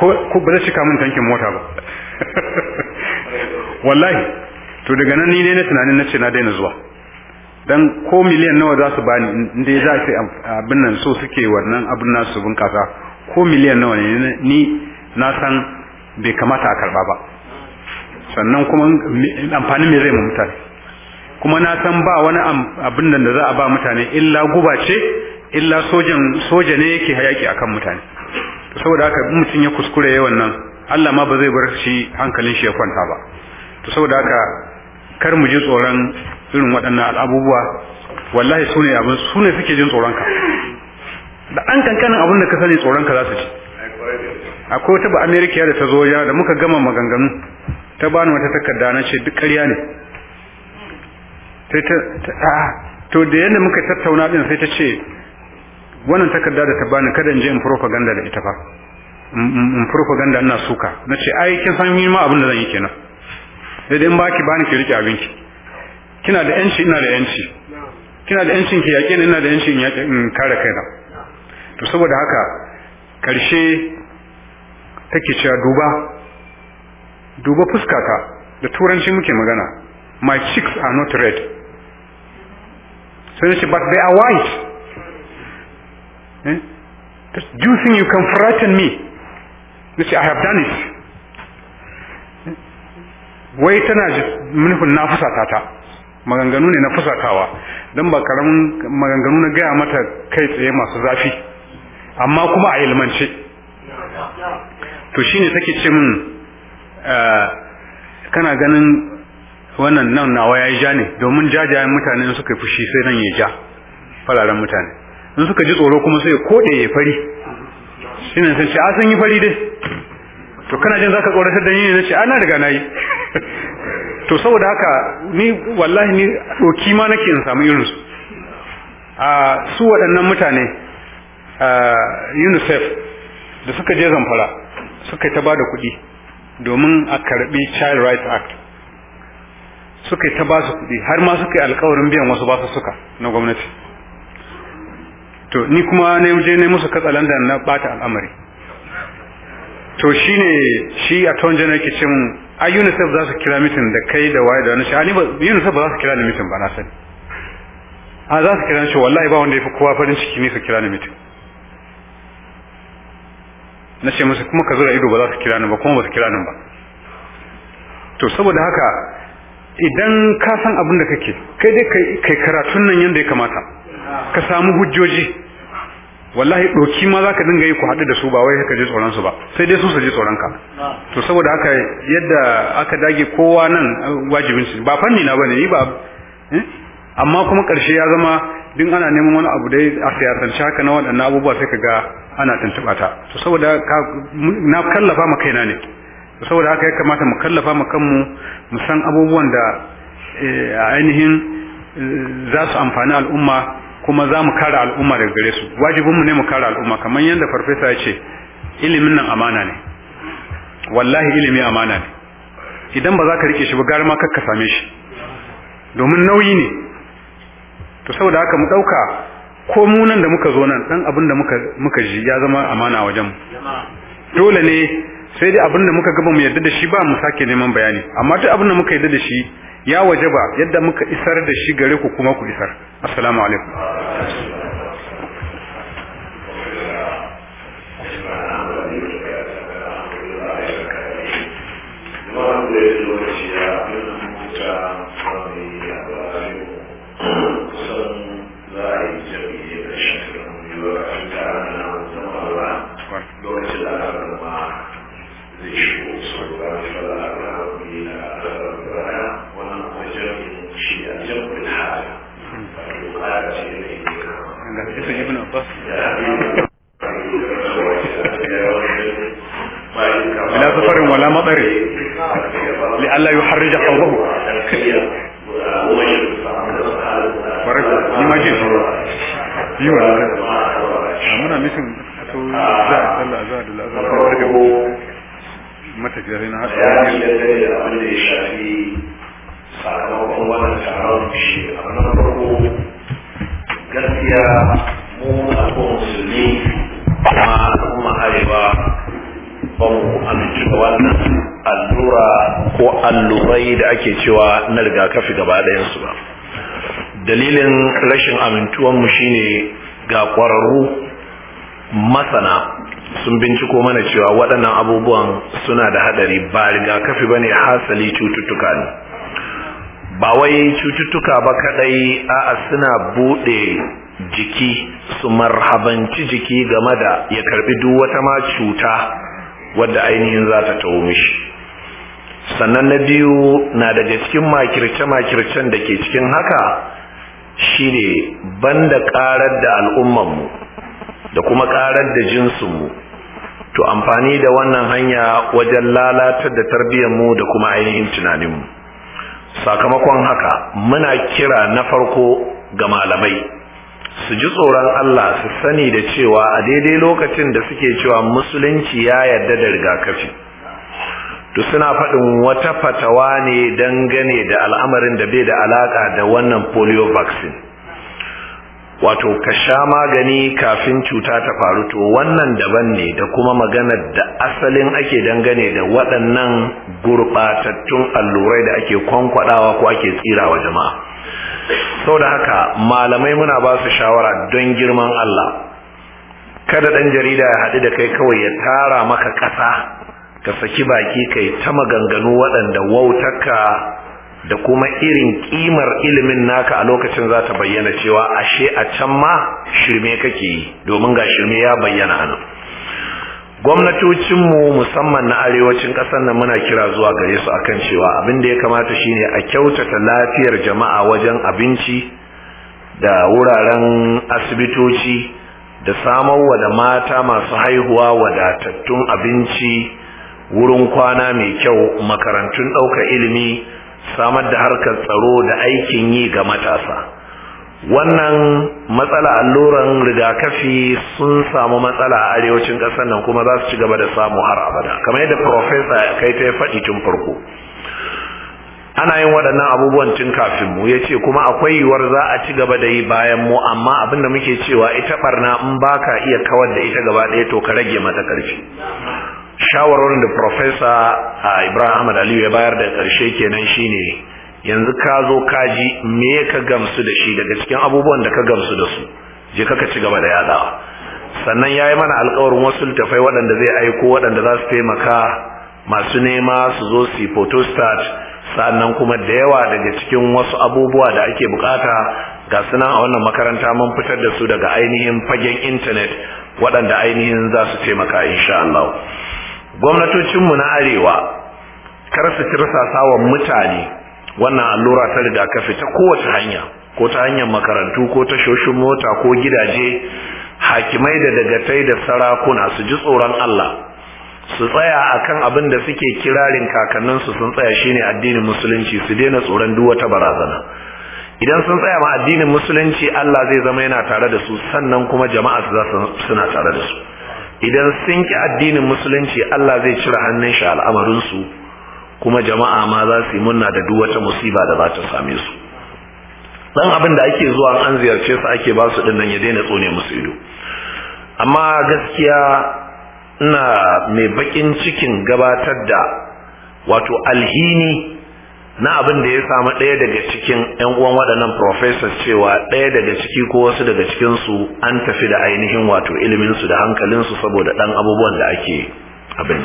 ko ba zai cika min tankin mota ba (laughs) wallahi to daga nan ni ne na tunanin na ce na daina zuwa dan ko miliyan nawa za su bani dai za su abin nan so suke wannan abin nasu bunƙasa ko miliyan nawa ne ni na san bai kamata a karba ba sannan kuma amfani mai zai mu mutane kuma na san ba wani abin da za a ba mutane illa guba ce illa sojan soja ne yake hayaki akan mutane saboda haka mutum ya kuskure yawan nan Allah ma ba zai bar shi hankalin shi ya kwanta ba to saboda haka kar mu ji tsoron irin waɗannan al'abubuwa wallahi su ne abin su ne suke jin tsoron da an kankanin abin da ka sani tsoron ka za su ci akwai wata ba amerika da ta zo ya da muka gama maganganu ta bani wata takarda na ce duk ƙarya ne to da yadda muka tattauna din sai ta ce wannan takarda da ta bani kada in je in propaganda da ita fa in propaganda ina suka na ce ai kin san ma abin da zan yi kenan sai dai in baki bani ki rike abinki kina da yanci ina da yanci kina da yancin ki yaƙe ina da yancin in kare kaina to saboda haka karshe take cewa duba duba fuskata da turanci muke magana my cheeks are not red sai ce but they are white eh? do you think you can frighten me ce i have done it eh? wai tana nufin na fusata ta maganganu ne na fusatawa don ba karamin maganganu na gaya mata kai tsaye masu zafi amma kuma a ilmance to shine take ce min ah, kana ganin wannan nan nawa yayi ja ne domin jajayen mutane in suka fushi sai nan ya ja fararen mutane in suka ji tsoro kuma sai kode ya fari shine sai ce a ah, sun yi fari dai to kana jin zaka tsoratar da ni ne nace ana ah, riga nayi (laughs) to saboda haka ni wallahi ni doki ma nake in samu irin su a su waɗannan mutane UNICEF da suka je zamfara suka ta bada kuɗi domin a karbi child rights act suka ta ba su kuɗi har ma suka yi alkawarin biyan wasu basu suka na gwamnati to ni kuma na je ne musu katsalandan na bata al'amari to shine shi a tawon janar ke ce mun a unicef za su kira mitin da kai da waye da wani sha'ani ba unicef ba za su kira ni mitin ba na sani a za su kira ni shi wallahi ba wanda ya fi kowa farin ciki ne su kira ni mitin na ce masa kuma ka zura ido ba za su kira ni ba kuma ba su kira ni ba to saboda haka idan ka san abin da kake kai dai kai karatun nan yadda ya kamata ka samu hujjoji wallahi doki ma za ka dinga yi ku haɗu da su ba wai ka je tsoron su ba sai dai su su je tsoron ka to saboda haka yadda aka dage kowa nan wajibin shi ba fanni na bane yi ba eh? amma kuma ƙarshe ya zama din ana neman wani abu dai a siyasance haka na waɗannan abubuwa sai ka ga ana tuntuɓa ta to saboda na kallafa ma kaina ne saboda haka ya kamata mu kallafa ma kanmu mu san abubuwan da eh, a ainihin eh, za su amfani al'umma kuma za mu kare al'umma daga gare su wajibinmu ne mu kara al'umma kamar yadda farfesa ya ce ilimin nan amana ne wallahi ilimi amana ne idan ba za ka rike shi ba gara ma kakka same shi domin nauyi ne to saboda haka mu ɗauka, ko mu nan da muka zo nan dan abin da muka ji ya zama amana wajen dole ne sai dai abin da muka gaba mu yarda da shi ba mu sake neman bayani amma duk abin da muka yarda da shi ya wajaba yadda muka isar da shi gare ku kuma ku isar assalamu alaikum Kwararru masana sun binciko mana cewa waɗannan abubuwan suna da haɗari ba rigakafi ba ne hasali cututtuka ne ba wai cututtuka ba kaɗai a'a suna buɗe jiki su marhabanci jiki game da ya karɓi duk wata ma cuta wadda ainihin za ta taho mishi sannan na biyu na daga cikin makirce-makircen da ke cikin haka shine banda karar da al'ummanmu da kuma karar da mu, to amfani da wannan hanya wajen lalatar da tarbiyyar mu da kuma ainihin tunaninmu sakamakon haka muna kira na farko ga malamai su ji tsoron Allah su sani da cewa a daidai lokacin da suke cewa musulunci ya yarda da rigakafi to suna faɗin wata fatawa ne dangane da al'amarin da bai da alaƙa da wannan polio vaccine wato ka sha magani kafin cuta ta faru to wannan daban ne da kuma maganar da asalin ake dangane da waɗannan gurɓatattun allurai da ake kwankwaɗawa ko ake tsira wa jama'a sau da haka malamai muna ba su shawara don girman Allah kada ɗan jarida ya haɗu da kai kawai ya tara maka ƙasa ka saki baki kai ta maganganu waɗanda wautarka da kuma irin ƙimar ilimin naka a lokacin za ta bayyana cewa ashe a can ma shirme kake yi domin ga shirme ya bayyana anan gwamnatocinmu musamman na arewacin ƙasar nan muna kira zuwa gare su akan cewa abin da ya kamata shine a kyautata lafiyar jama'a wajen abinci da wuraren asibitoci da samarwa da mata masu haihuwa wadatattun abinci wurin kwana mai kyau makarantun ɗaukar ilimi samar da harkar tsaro da aikin yi ga matasa wannan matsala alluran rigakafi sun samu matsala a arewacin ƙasar nan kuma za su ci gaba da samu har abada kamar yadda profesa kai ta faɗi tun farko ana yin waɗannan abubuwan tun kafin mu ya ce kuma akwai yiwuwar za a ci gaba da yi bayan mu amma abin da muke cewa ita ɓarna in ba ka iya kawar da ita gaba ɗaya to ka rage mata ƙarfi shawarwarin da profesa ibrahim ahmad aliyu ya bayar da ƙarshe kenan shine yanzu ka zo kaji me ka gamsu da shi daga cikin abubuwan da ka gamsu da su je ka ci gaba da yadawa sannan ya yi mana alkawarin wasu littafai waɗanda zai aiko waɗanda za su taimaka masu nema su zo su yi photostat sannan kuma da yawa daga cikin wasu abubuwa da ake bukata ga suna a wannan makaranta mun fitar da su daga ainihin fagen intanet waɗanda ainihin za su taimaka insha Allah. gwamnatocinmu na arewa kar su tirsasa wa mutane wannan allura ta rigakafi ta kowace hanya ko ta hanyar makarantu ko ta shoshin mota ko gidaje hakimai da dagatai da sarakuna su ji tsoron Allah su tsaya akan abin da suke kirarin kakanninsu sun tsaya shine addinin musulunci su daina tsoron duk wata barazana idan sun tsaya ma addinin musulunci Allah zai zama yana tare da su sannan kuma jama'a su suna tare da su idan sun ki addinin musulunci Allah zai cire hannun shi al'amarin su kuma jama'a ma za su yi munna da duk wata musiba da za ta same su dan abin da ake zuwa an ziyarce su ake ba su dinnan ya daina tsone musu ido amma gaskiya ina mai bakin cikin gabatar da wato alhini na abin da ya samu ɗaya daga cikin 'yan uwan waɗannan professors cewa ɗaya daga ciki ko wasu daga cikinsu an tafi da ainihin wato iliminsu da hankalinsu saboda ɗan abubuwan da ake abin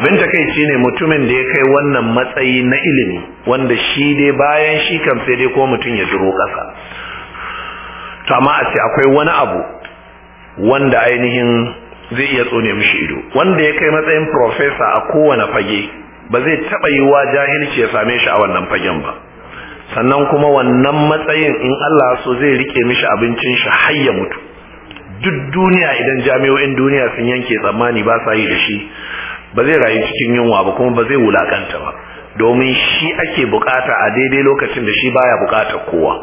abin takaici ne mutumin da ya kai wannan matsayi na ilimi wanda shi dai bayan shi kan sai dai ko mutum ya duro ƙasa to amma a ce akwai wani abu wanda ainihin zai iya tsone mishi ido wanda ya kai matsayin professor a kowane fage ba zai taɓa wa jahilci ya same shi a wannan fagen ba sannan kuma wannan matsayin in Allah so zai rike mishi abincin shi har ya mutu duk duniya idan jami'o'in duniya sun yanke tsammani ba sa yi da shi ba zai rayu cikin yunwa ba kuma ba zai wulakanta ba domin shi ake bukata a daidai lokacin da shi baya bukata kowa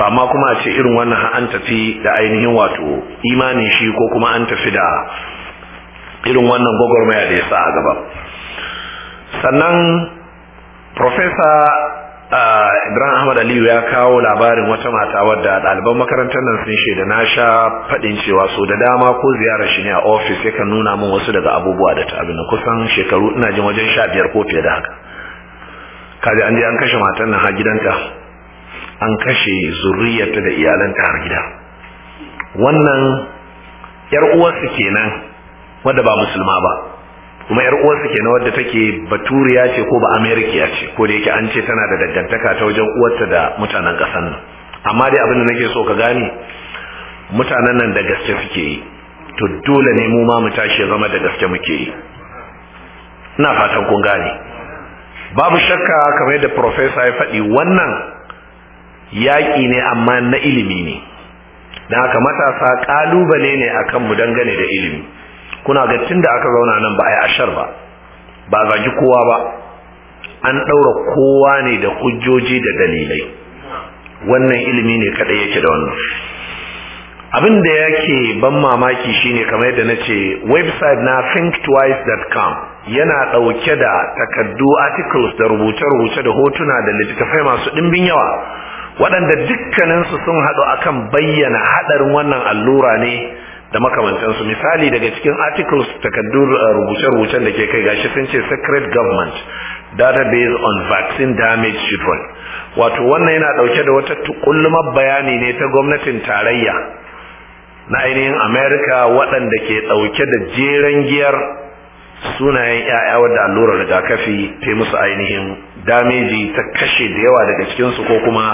to amma kuma a ce irin wannan an tafi da ainihin wato imanin shi ko kuma an tafi da irin wannan gwagwarmaya da ya sa a gaba sannan profesa ah, ibrahim ahmad aliyu ya kawo labarin wata mata wadda ɗaliban makarantar nan sun shaida na sha faɗin cewa so da dama ko ziyarar shi ne a ofis ya kan nuna min wasu daga abubuwa da ta abin kusan shekaru ina jin wajen sha biyar ko fiye da haka kaji an je an kashe matan nan har gidanta an kashe zuriyarta da iyalanta har gida wannan yar uwarsu kenan wadda ba musulma ba kuma yar uwarsa kenan wadda take baturiya ce ko ba amerikiya ce ko da yake an ce tana da dangantaka ta wajen uwarta da mutanen kasan nan amma dai abin da nake so ka gane mutanen nan da gaske suke yi to dole ne mu ma mu tashi zama da gaske muke yi ina fatan kun gane babu shakka kamar yadda profesa ya faɗi wannan yaƙi ne amma na ilimi ne don haka matasa ƙalubale ne akan mu dangane da ilimi kuna ga tunda aka zauna nan ba a yi ashar ba ba zagi kowa ba an ɗaura kowa ne da hujjoji da dalilai wannan ilimi ne kaɗai yake da wannan abin da yake ban mamaki shine kamar yadda na ce website na thinktwice.com yana ɗauke da takardu articles da rubuce-rubuce da hotuna da littattafai masu ɗimbin yawa waɗanda dukkaninsu sun haɗu akan bayyana haɗarin wannan allura ne da makamantansu misali daga cikin articles takaddun uh, rubuce-rubucen da ke kai gashi sun ce secret government database on vaccine damage children wato wannan yana dauke da wata tukullumar bayani ne ta gwamnatin tarayya na ainihin america waɗanda ke dauke da jeren giyar sunayen 'ya'ya wadda allurar rigakafi ta musu ainihin dameji ta kashe da yawa daga cikinsu ko kuma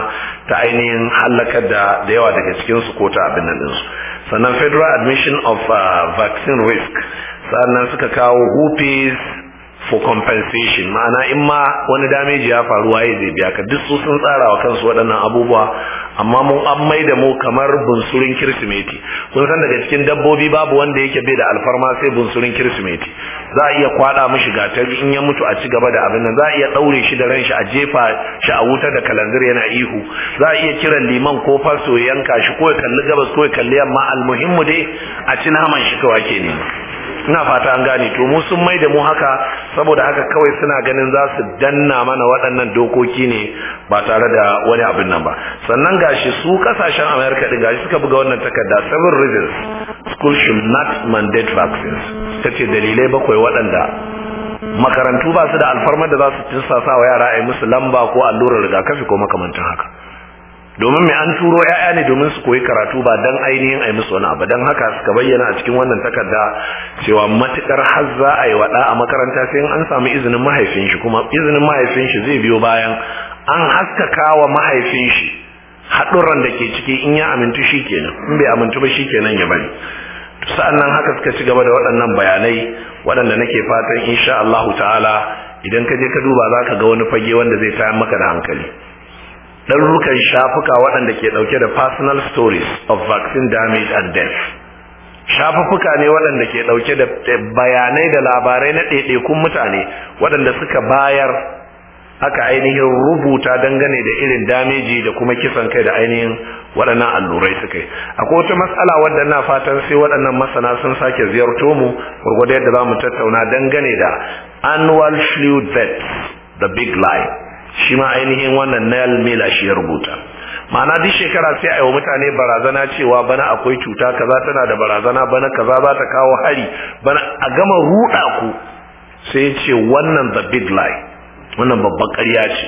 ta ainihin halakar da da yawa daga cikinsu ko ta abin nan ɗinsu sannan federal admission of uh, vaccine risk sannan suka kawo hupis for compensation ma'ana in ma wani damage ya faru waye zai biya ka duk su sun tsara wa kansu waɗannan abubuwa amma mun an mai da mu kamar bunsurin kirsimeti kun san daga cikin dabbobi babu wanda yake bai da alfarma sai bunsurin kirsimeti za a iya kwada mishi gatar in ya mutu a ci gaba da abin nan za a iya daure shi da ran shi a jefa shi a wutar da kalandir yana ihu za a iya kiran liman ko faso yanka shi ko ya kalli gabas ko ya kalli yamma almuhimmu dai a ci naman shi kawai ke nema ina fata an gane to mu sun mai da mu haka saboda haka kawai suna ganin za su danna mana waɗannan dokoki ne ba tare da wani abin nan ba sannan gashi su kasashen amerika din gashi suka buga wannan takarda seven reasons school should not mandate vaccines ta ce dalilai bakwai waɗanda makarantu ba su da alfarmar da za su tinsasa wa yara a yi musu lamba ko allurar rigakafi ko makamantan haka domin mai an turo ‘ya'ya ne domin su koyi karatu ba don ainihin a yi musu wani abu don haka suka bayyana a cikin wannan takarda cewa matukar har za a yi waɗa a makaranta sai an samu izinin mahaifin shi kuma izinin mahaifin shi zai biyo bayan an haskaka wa mahaifin shi haɗurran da ke ciki in ya amintu shi kenan in bai amintu ba shi kenan ya bari sa'an nan haka suka ci gaba da waɗannan bayanai waɗanda nake fatan insha Allahu ta'ala idan ka je ka duba za ka ga wani fage wanda zai tayar maka da hankali ɗarurrukan shafuka waɗanda ke ɗauke da personal stories of vaccine damage and death shafuffuka ne waɗanda ke ɗauke da bayanai da labarai na ɗaiɗaikun mutane waɗanda suka bayar aka ainihin rubuta dangane da irin dameji da kuma kisan kai da ainihin waɗannan allurai suka yi akwai wata matsala wadda na fatan sai waɗannan masana sun sake ziyarto mu gwargwado yadda za mu tattauna dangane da annual flu death the big lie shi ma ainihin wannan nail mela shi ya rubuta ma'ana duk shekara sai a yi wa mutane barazana cewa bana akwai cuta kaza tana da barazana bana kaza za ta kawo hari bana a gama ruɗa ku sai ya ce wannan the big lie wannan babban ƙarya ce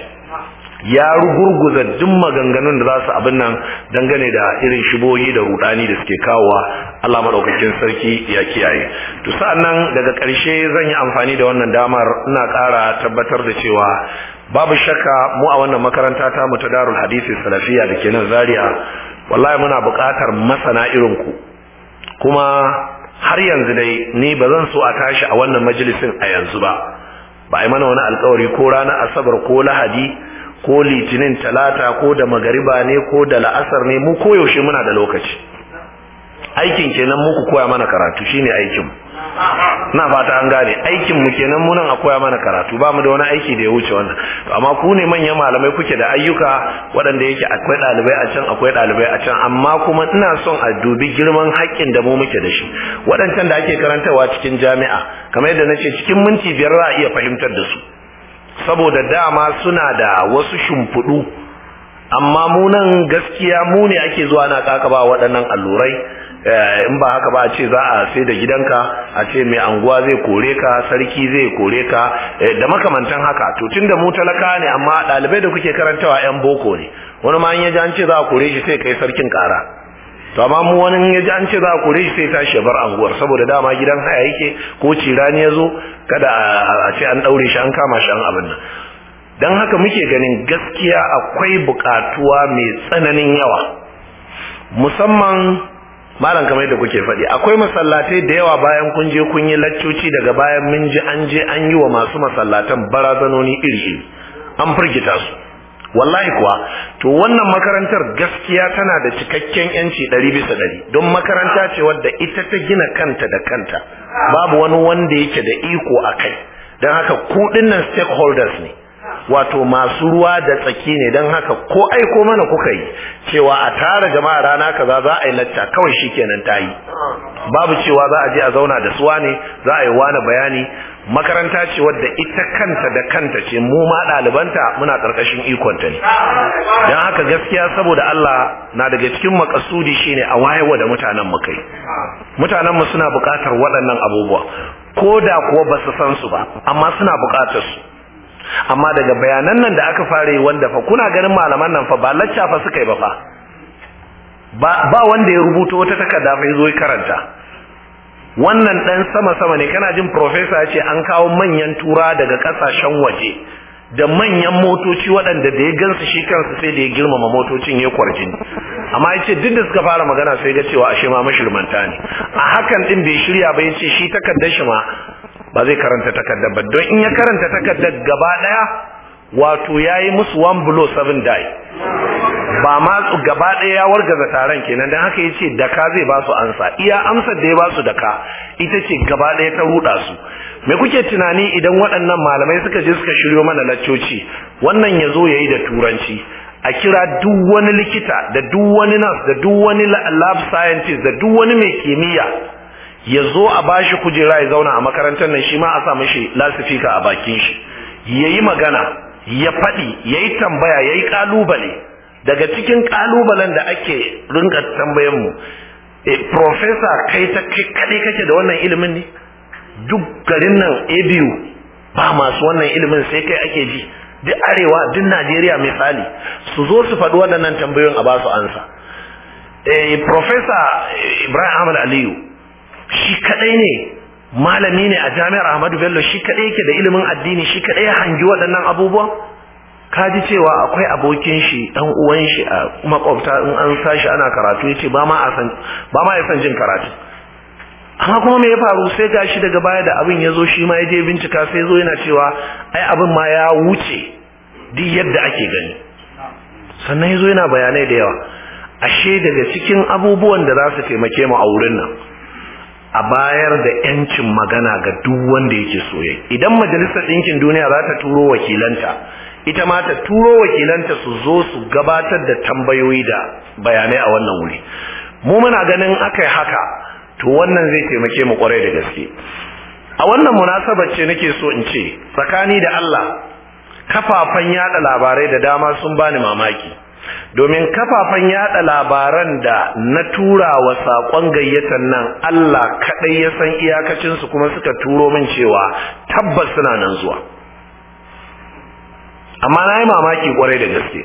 ya rugurguza duk maganganun da za su abin nan dangane da irin shiboyi da rudani da suke kawowa Allah madaukakin sarki ya kiyaye to sa'annan daga ƙarshe zan yi amfani da wannan damar ina ƙara tabbatar da cewa babu shakka mu a wannan makaranta ta mu ta darul hadisi salafiya da kenan zaria wallahi muna buƙatar masana irin ku kuma har yanzu dai ni ba zan so a tashi a wannan majalisin a yanzu ba ba a mana wani alkawari ko ranar asabar ko lahadi ko litinin talata ko da magariba ne ko da la'asar ne mu koyaushe muna da lokaci aikin kenan mu ku koya mana karatu shine aikin na fata an gane aikin mu kenan mu nan a koya mana karatu ba mu da wani aiki da ya wuce wannan to amma ku ne manyan malamai kuke da ayyuka waɗanda yake akwai ɗalibai a can akwai ɗalibai a can amma kuma ina son a dubi girman haƙƙin da mu muke da shi waɗancan da ake karantarwa cikin jami'a kamar yadda nace cikin minti biyar za a iya fahimtar da su saboda dama suna da wasu shimfiɗu amma mu nan gaskiya mu ne ake zuwa na ba waɗannan allurai Eh, in ba haka ba a ce za a sai da gidanka a ce mai anguwa zai kore ka sarki zai kore ka eh, da makamantan haka to tun da mu talaka ne amma ɗalibai da kuke karantawa yan boko ne wani ma in ya ji an ce za a kore shi sai kai sarkin ƙara to amma mu wani in ya ji an ce za a kore shi sai tashi bar anguwar saboda dama gidan haya yake ko cirani ya zo kada a ce an ɗaure shi an kama shi an abin nan don haka muke ganin gaskiya akwai buƙatuwa mai tsananin yawa musamman malam kamar yadda kuke faɗi akwai masallatai da yawa bayan kun je kun yi laccoci daga bayan mun ji an je an yi wa masu masallatan barazanoni iri iri an firgita su wallahi kuwa to wannan makarantar gaskiya tana da cikakken yanci ɗari bisa ɗari don makaranta ce wadda ita ta gina kanta da kanta babu wani wanda yake da iko a kai don haka kuɗin nan stakeholders ne wato masu ruwa da tsaki ne don haka ko aiko mana kuka yi cewa a tara jama'a rana kaza za a yi lacca kawai shikenan ta yi babu cewa za a je a zauna da suwa ne za a yi wani bayani makaranta ce wadda ita kanta da kanta ce mu ma ɗalibanta muna ƙarƙashin ikonta ne don haka gaskiya saboda Allah na daga cikin makasudi shine a wayewa da mutanen mu kai mutanen mu suna buƙatar waɗannan abubuwa ko da kuwa ba su san su ba amma suna buƙatar su amma daga bayanan nan da aka fara yi wanda fa kuna ganin malaman nan fa ba lacca fa suka yi ba fa ba wanda ya rubuta wata takarda fa zo ya karanta wannan dan sama sama ne kana jin professor ya ce an kawo manyan tura daga kasashen waje da manyan motoci waɗanda da ya gansu shi kansu sai da ya girmama motocin ya kwarjin amma ya ce duk da suka fara magana sai ga cewa ashe ma mashirmanta ne a hakan din bai shirya ba ya ce shi takardar shi ma ba zai karanta takardar ba don in ya karanta takardar gaba daya wato yayi musu one blow seven die ba ma gaba daya ya wargaza taron kenan dan haka yace da ka zai ba su ansa iya amsar da ya ba su da ita ce gaba daya ta ruda su me kuke tunani idan waɗannan malamai suka je suka shiryo mana laccoci wannan ya zo ya da turanci a kira duk wani likita da duk wani nas da duk wani lab scientist da duk wani mai kimiyya ya zo a bashi kujera ya zauna a makarantar nan shi ma a sa mashi lasifika a bakin shi ya yi magana ya faɗi ya yi tambaya ya yi ƙalubale daga cikin ƙalubalen da ake rinka tambayan mu e eh, profesa kai ta kaɗai kake da wannan ilimin ne duk garin nan abu ba masu wannan ilimin sai kai ake ji duk arewa duk najeriya misali su zo su faɗi waɗannan tambayoyin a ba su ansa e eh, profesa eh, ibrahim ahmad aliyu shi kadai ne malami ne a jami'ar Ahmadu Bello shi kadai yake da ilimin addini shi kadai ya hangi waɗannan abubuwa ka ji cewa akwai abokin shi dan uwan shi a makwabta in an sashi ana karatu yace ba ma a san ba ma ya san jin karatu amma kuma me ya faru sai gashi daga baya da abin ya zo shi ma ya je bincika sai zo yana cewa ai abin ma ya wuce duk yadda ake gani sannan ya zo yana bayanai da yawa ashe daga cikin abubuwan da za su taimake mu a wurin nan a bayar da yancin magana ga duk wanda yake soyayya idan majalisar ɗinkin duniya za ta turo wakilanta ita ma ta turo wakilanta su zo su gabatar da tambayoyi da bayanai a wannan wuri mu muna ganin aka yi haka to wannan zai taimake mu kwarai da gaske a wannan munasabar ce nake so in ce tsakani da Allah kafafan yada labarai da dama sun bani mamaki domin kafafen yada labaran da na tura wa sakon gayyatar nan Allah kadai ya san iyakacin su kuma suka turo min cewa tabbas suna nan zuwa amma na yi mamaki kwarai da gaske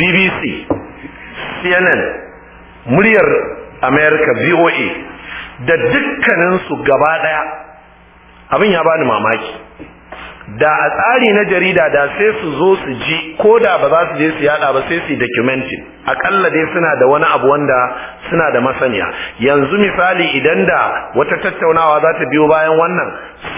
BBC CNN muryar America VOA da dukkaninsu gaba daya abin ya bani mamaki da a tsari na jarida da sai su zo su ji ko da ba za su je su yada ba sai su yi documenting akalla dai suna da wani abu wanda suna da masaniya yanzu misali idan da wata tattaunawa za ta biyo bayan wannan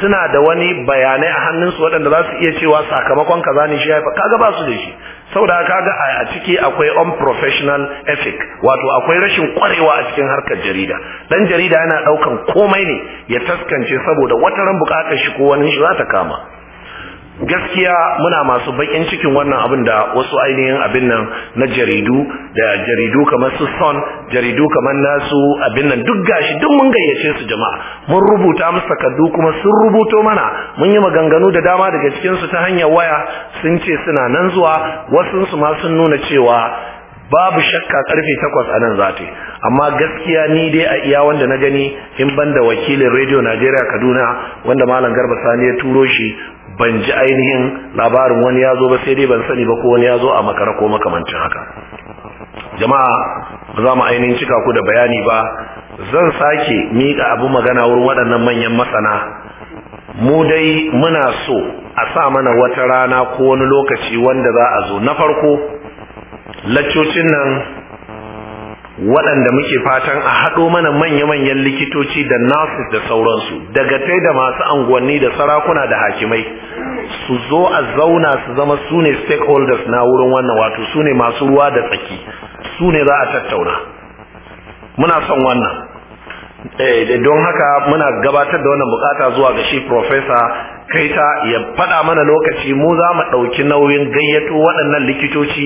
suna da wani bayanai a hannunsu waɗanda za su iya cewa sakamakon kaza ne shi ya kaga ba su da shi saboda kaga a ciki akwai unprofessional ethic wato akwai rashin kwarewa a cikin harkar jarida dan jarida yana daukan komai ne ya taskance saboda wata ran bukatar shi ko wani shi za ta kama gaskiya muna masu bakin cikin wannan abin da wasu ainihin abin nan na jaridu da jaridu kamar su son jaridu kamar nasu abin nan duk gashi duk mun gayyace su jama'a mun rubuta musu takardu kuma sun rubuto mana mun yi maganganu da dama daga cikin su ta hanyar waya sun ce suna nan zuwa wasu su ma sun nuna cewa babu shakka karfe takwas a nan zate, amma gaskiya ni dai a iya wanda na gani in banda wakilin radio najeriya kaduna wanda malam garba sani ya turo shi ban ji ainihin labarin wani ya zo ba sai dai ban sani ba ko wani ya zo a makara ko makamancin haka jama'a ba za mu ainihin cika ku da bayani ba zan sake miƙa abu magana wurin waɗannan manyan masana mu dai muna so a sa mana wata rana ko wani lokaci wanda za a zo na farko laccocin nan waɗanda muke fatan a haɗo mana manya-manyan likitoci da nurses da sauransu daga tai da masu anguwanni da sarakuna da hakimai su zo a zauna su zama su ne stakeholders na wurin wannan wato su ne masu ruwa da tsaki su ne za a tattauna muna son wannan eh, don haka muna gabatar da wannan bukata zuwa ga shi profesa kai ta ya faɗa mana lokaci mu za mu ɗauki nauyin gayyato waɗannan likitoci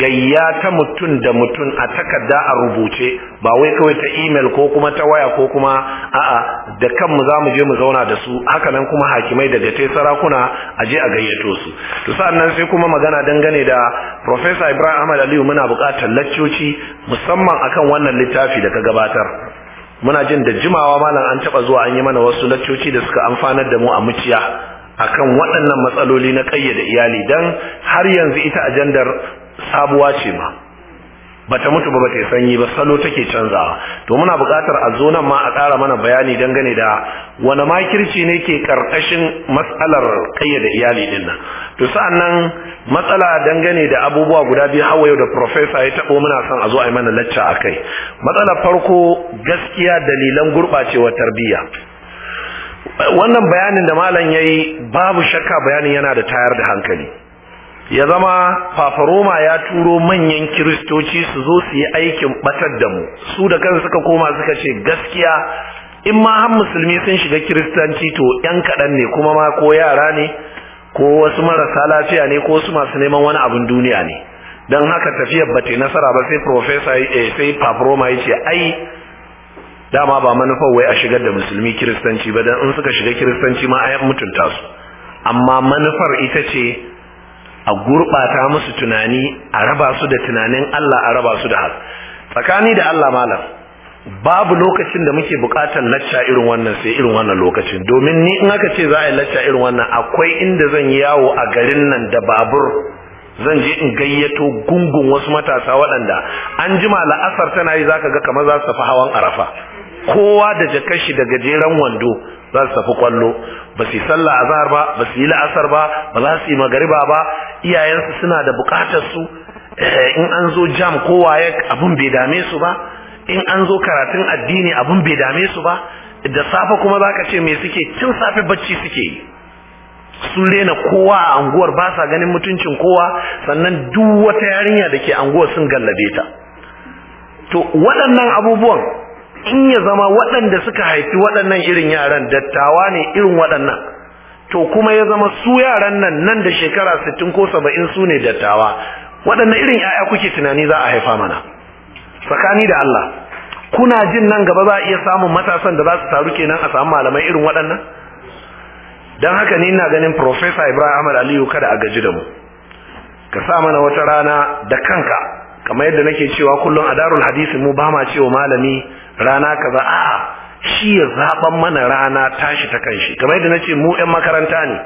gayya ta mutum da mutum a takarda a rubuce ba wai kawai ta email ko kuma ta waya ko kuma a'a da kanmu za mu je mu zauna da su hakanan kuma hakimai daga tai sarakuna a je a gayyato su to sannan sai kuma magana dangane da professor Ibrahim Ahmad Aliyu muna buƙatar laccoci musamman akan wannan littafi da ka gabatar muna jin da jimawa malam an taba zuwa an yi mana wasu laccoci da suka amfanar da mu a muciya akan waɗannan matsaloli na ƙayyade iyali dan har yanzu ita ajandar sabuwa ce ma bata mutu ba bata sanyi ba salo take canzawa to muna buƙatar a zo nan ma a ƙara mana bayani dangane da wani makirci ne ke ƙarƙashin matsalar da iyali din nan to sa'annan matsala dangane da abubuwa guda biyu hawa yau da professor ya tabo muna son a zo a yi mana lacca a kai matsalar farko gaskiya dalilan gurɓacewar tarbiyya wannan bayanin da malam ya yi babu shakka bayanin yana da tayar da hankali ya zama fafaroma ya turo manyan kiristoci su zo su yi aikin batar da mu su da kansu suka koma suka ce gaskiya in ma har musulmi sun shiga kiristanci to yan kaɗan ne kuma ma ko yara ne ko wasu marasa lafiya ne ko wasu masu neman wani abin duniya ne don haka tafiyar ba ta nasara ba sai profesa eh, sai fafaroma ya ce ai dama ba manufar wai a shigar da musulmi kiristanci ba don in suka shiga kiristanci ma a mutunta su amma manufar ita ce a gurɓata musu tunani a raba su da tunanin Allah a raba su da hal tsakani da Allah malam babu lokacin da muke buƙatar lacca irin wannan sai irin wannan lokacin domin ni in aka ce za a yi lacca irin wannan akwai inda zan yi yawo a garin nan da babur zan je in gayyato gungun wasu matasa waɗanda an jima la'asar tana yi zaka ga kamar za su fi hawan arafa kowa da jakashi da gajeren wando za su tafi kwallo ba su yi sallah azhar ba ba su yi la'asar ba ba za su yi magariba ba iyayensu suna da bukatar su eh, in an zo jam ko waye abun bai dame su ba in an zo karatun addini abun bai dame su ba da safe kuma za ka ce me suke tun safe bacci suke yi sun rena kowa a anguwar ba sa ganin mutuncin kowa sannan duk wata yarinya da ke anguwar sun gallabe ta to waɗannan abubuwan in ya zama waɗanda suka haifi waɗannan irin yaran dattawa ne irin waɗannan to kuma ya zama su yaran nan nan da shekara sittin ko saba'in su ne dattawa waɗannan irin 'ya'ya kuke tunani za a haifa mana tsakani da Allah kuna jin nan gaba za a iya samun matasan da za su taru kenan a samu malamai irin waɗannan don haka ni ina ganin Profesa Ibrahim Ahmad Aliyu kada a gaji da mu ka sa mana wata rana da kanka kamar yadda nake cewa kullum a darul hadisi mu ba ma cewa malami rana za, a shi ya zaɓan mana rana tashi ta kanshi kamar yadda nace mu 'yan makaranta ne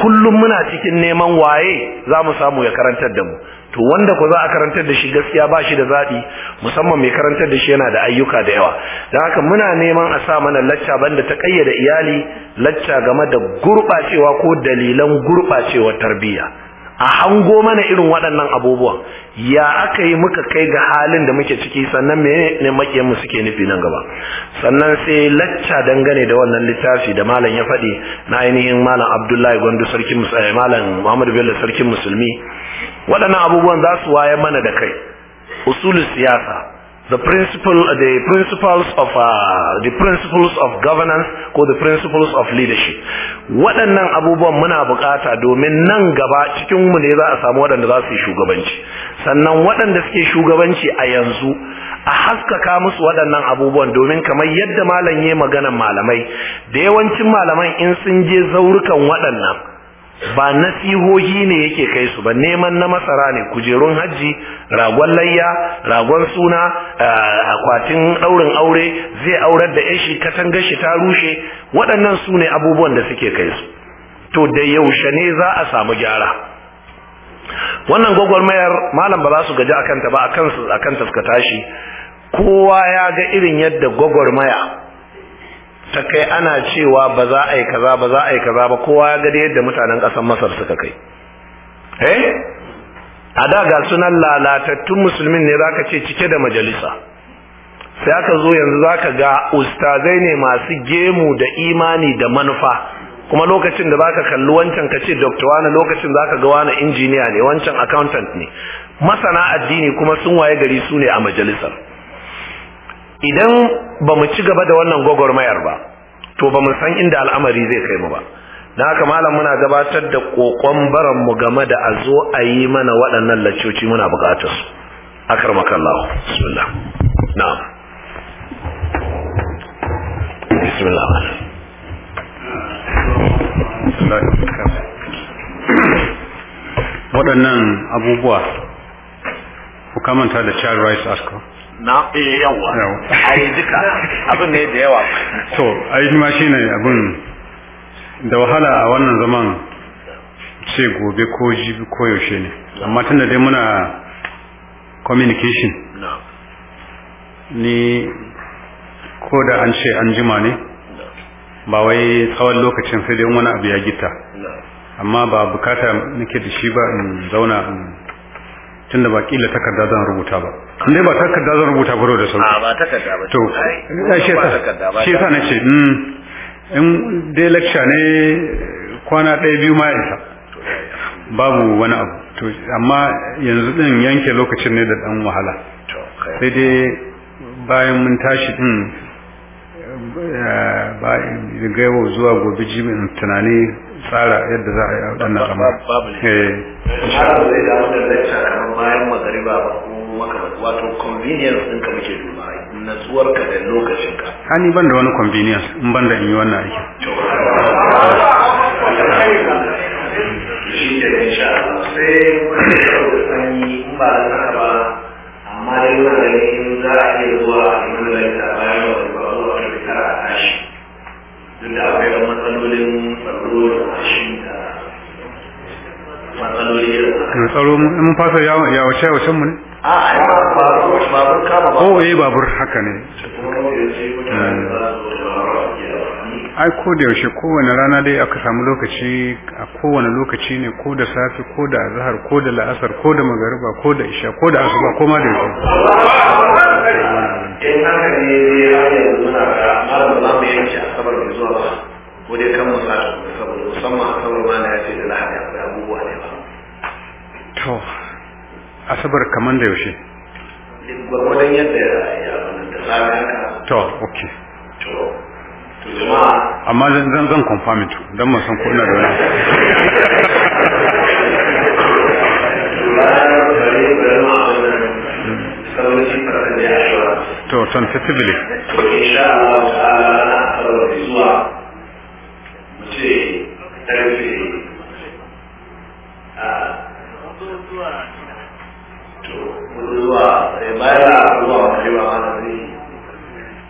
kullum muna cikin neman waye za mu samu ya karantar da mu to wanda ku za a karantar da shi gaskiya ba shi da zaɓi musamman mai karantar da shi yana da ayyuka da yawa don haka muna neman a sa mana lacca banda ta kayyada iyali lacca game da gurɓacewa ko dalilan gurɓacewar tarbiyya a hango mana irin waɗannan abubuwan ya aka yi muka kai ga halin da muke ciki sannan me ne mu suke nufi nan gaba sannan sai lacca dangane da wannan littafi da malam ya faɗi na ainihin malam abdullahi gwandu sarkin eh, malam muhammadu bello sarkin musulmi waɗannan abubuwan za su waye mana da kai usulun siyasa the principal uh, the principles of uh, the principles of governance ko the principles of leadership waɗannan abubuwan muna bukata domin nan gaba cikin mu ne za a samu waɗanda za su yi shugabanci sannan waɗanda suke shugabanci a yanzu a haskaka musu waɗannan abubuwan domin kamar yadda malam ya magana malamai da yawancin malaman in sun je zaurukan waɗannan ba nasihohi ne yake kai su ba neman na masara ne kujerun hajji ragon layya ragon suna akwatin ɗaurin aure zai aurar da yashi katangar shi ta rushe waɗannan su ne abubuwan da suke kai su to da yaushe ne za a samu gyara wannan gwagwarmayar malam ba za su gaji akanta ba akan su akan suka tashi kowa ya ga irin yadda gwagwarmaya ta kai ana cewa ba za a yi kaza ba za a yi kaza ba kowa ya gada yadda mutanen ƙasar masar suka kai eh a da ga sunan lalatattun musulmin ne zaka ce cike da majalisa sai aka zo yanzu zaka ga ustazai ne masu gemu da imani da manufa kuma lokacin da zaka kalli wancan ka ce doctor wani lokacin zaka ga wani injiniya ne wancan accountant ne masana addini kuma sun waye gari su ne a majalisar idan ba mu ci gaba da wannan gwagwarmayar ba to ba mu san inda al'amari zai kai mu ba don haka malam muna gabatar da kokon baran mu game da a zo a yi mana waɗannan lacoci muna buƙatar su akar makallahu bismillah na'am bismillah waɗannan abubuwa ku kamanta da child rights asko. na yawa duka abin ne da yawa to ai ma shine abin da wahala a wannan zaman ce gobe ko ji ko yaushe ne amma tunda dai muna communication ni ko da an ce an jima ne ba wai tsawon lokacin sai dai wani abu ya gita amma ba bukata nake da shi ba in zauna tunda ba kila takarda zan rubuta ba an dai ba takarda zan rubuta ba da sauki a ba takarda ba to shi yasa shi yasa ce mm in dai lecture ne kwana ɗaya biyu ma isa babu wani abu to amma yanzu din yanke lokacin ne da dan wahala sai dai bayan mun tashi din eh, bayan zuwa gobe jimin tunani tsara yadda za a yi wannan amma babu ne eh. shara ba zai damu da lecture kamar bayan magariba ba ko makamantu wato convenience ɗinka muke duba natsuwar ka da lokacin ka hani ban da wani convenience in ban da in yi wannan aikin shi ne insha Allah sai wani yau sani in ba da haka ba amma dai wannan ne za a iya zuwa a yi wani lecture bayan magariba zuwa karfe tara a tashi duk akwai matsalolin eh, mun fasa ya wace ne a ai babur babur kama ba oh eh babur haka ne eh. ai ko da yaushe kowane rana dai aka samu lokaci a kowane lokaci ne ko da safi ko da azhar ko da la'asar ko da magariba ko da isha ko da asuba ko ma da yaushe ah. in haka ya yi yanzu ga malamin mu zuwa ba ko dai kan musa saboda musamman a saboda ma na ya ce da lahadi akwai abubuwa ne ba to asabar da yaushe yadda ya da to ok to to jama'a amma zan zan confirm it dan san kuna da wani (laughs) to sensitively to insha Allah mai zuwa mu ce eh,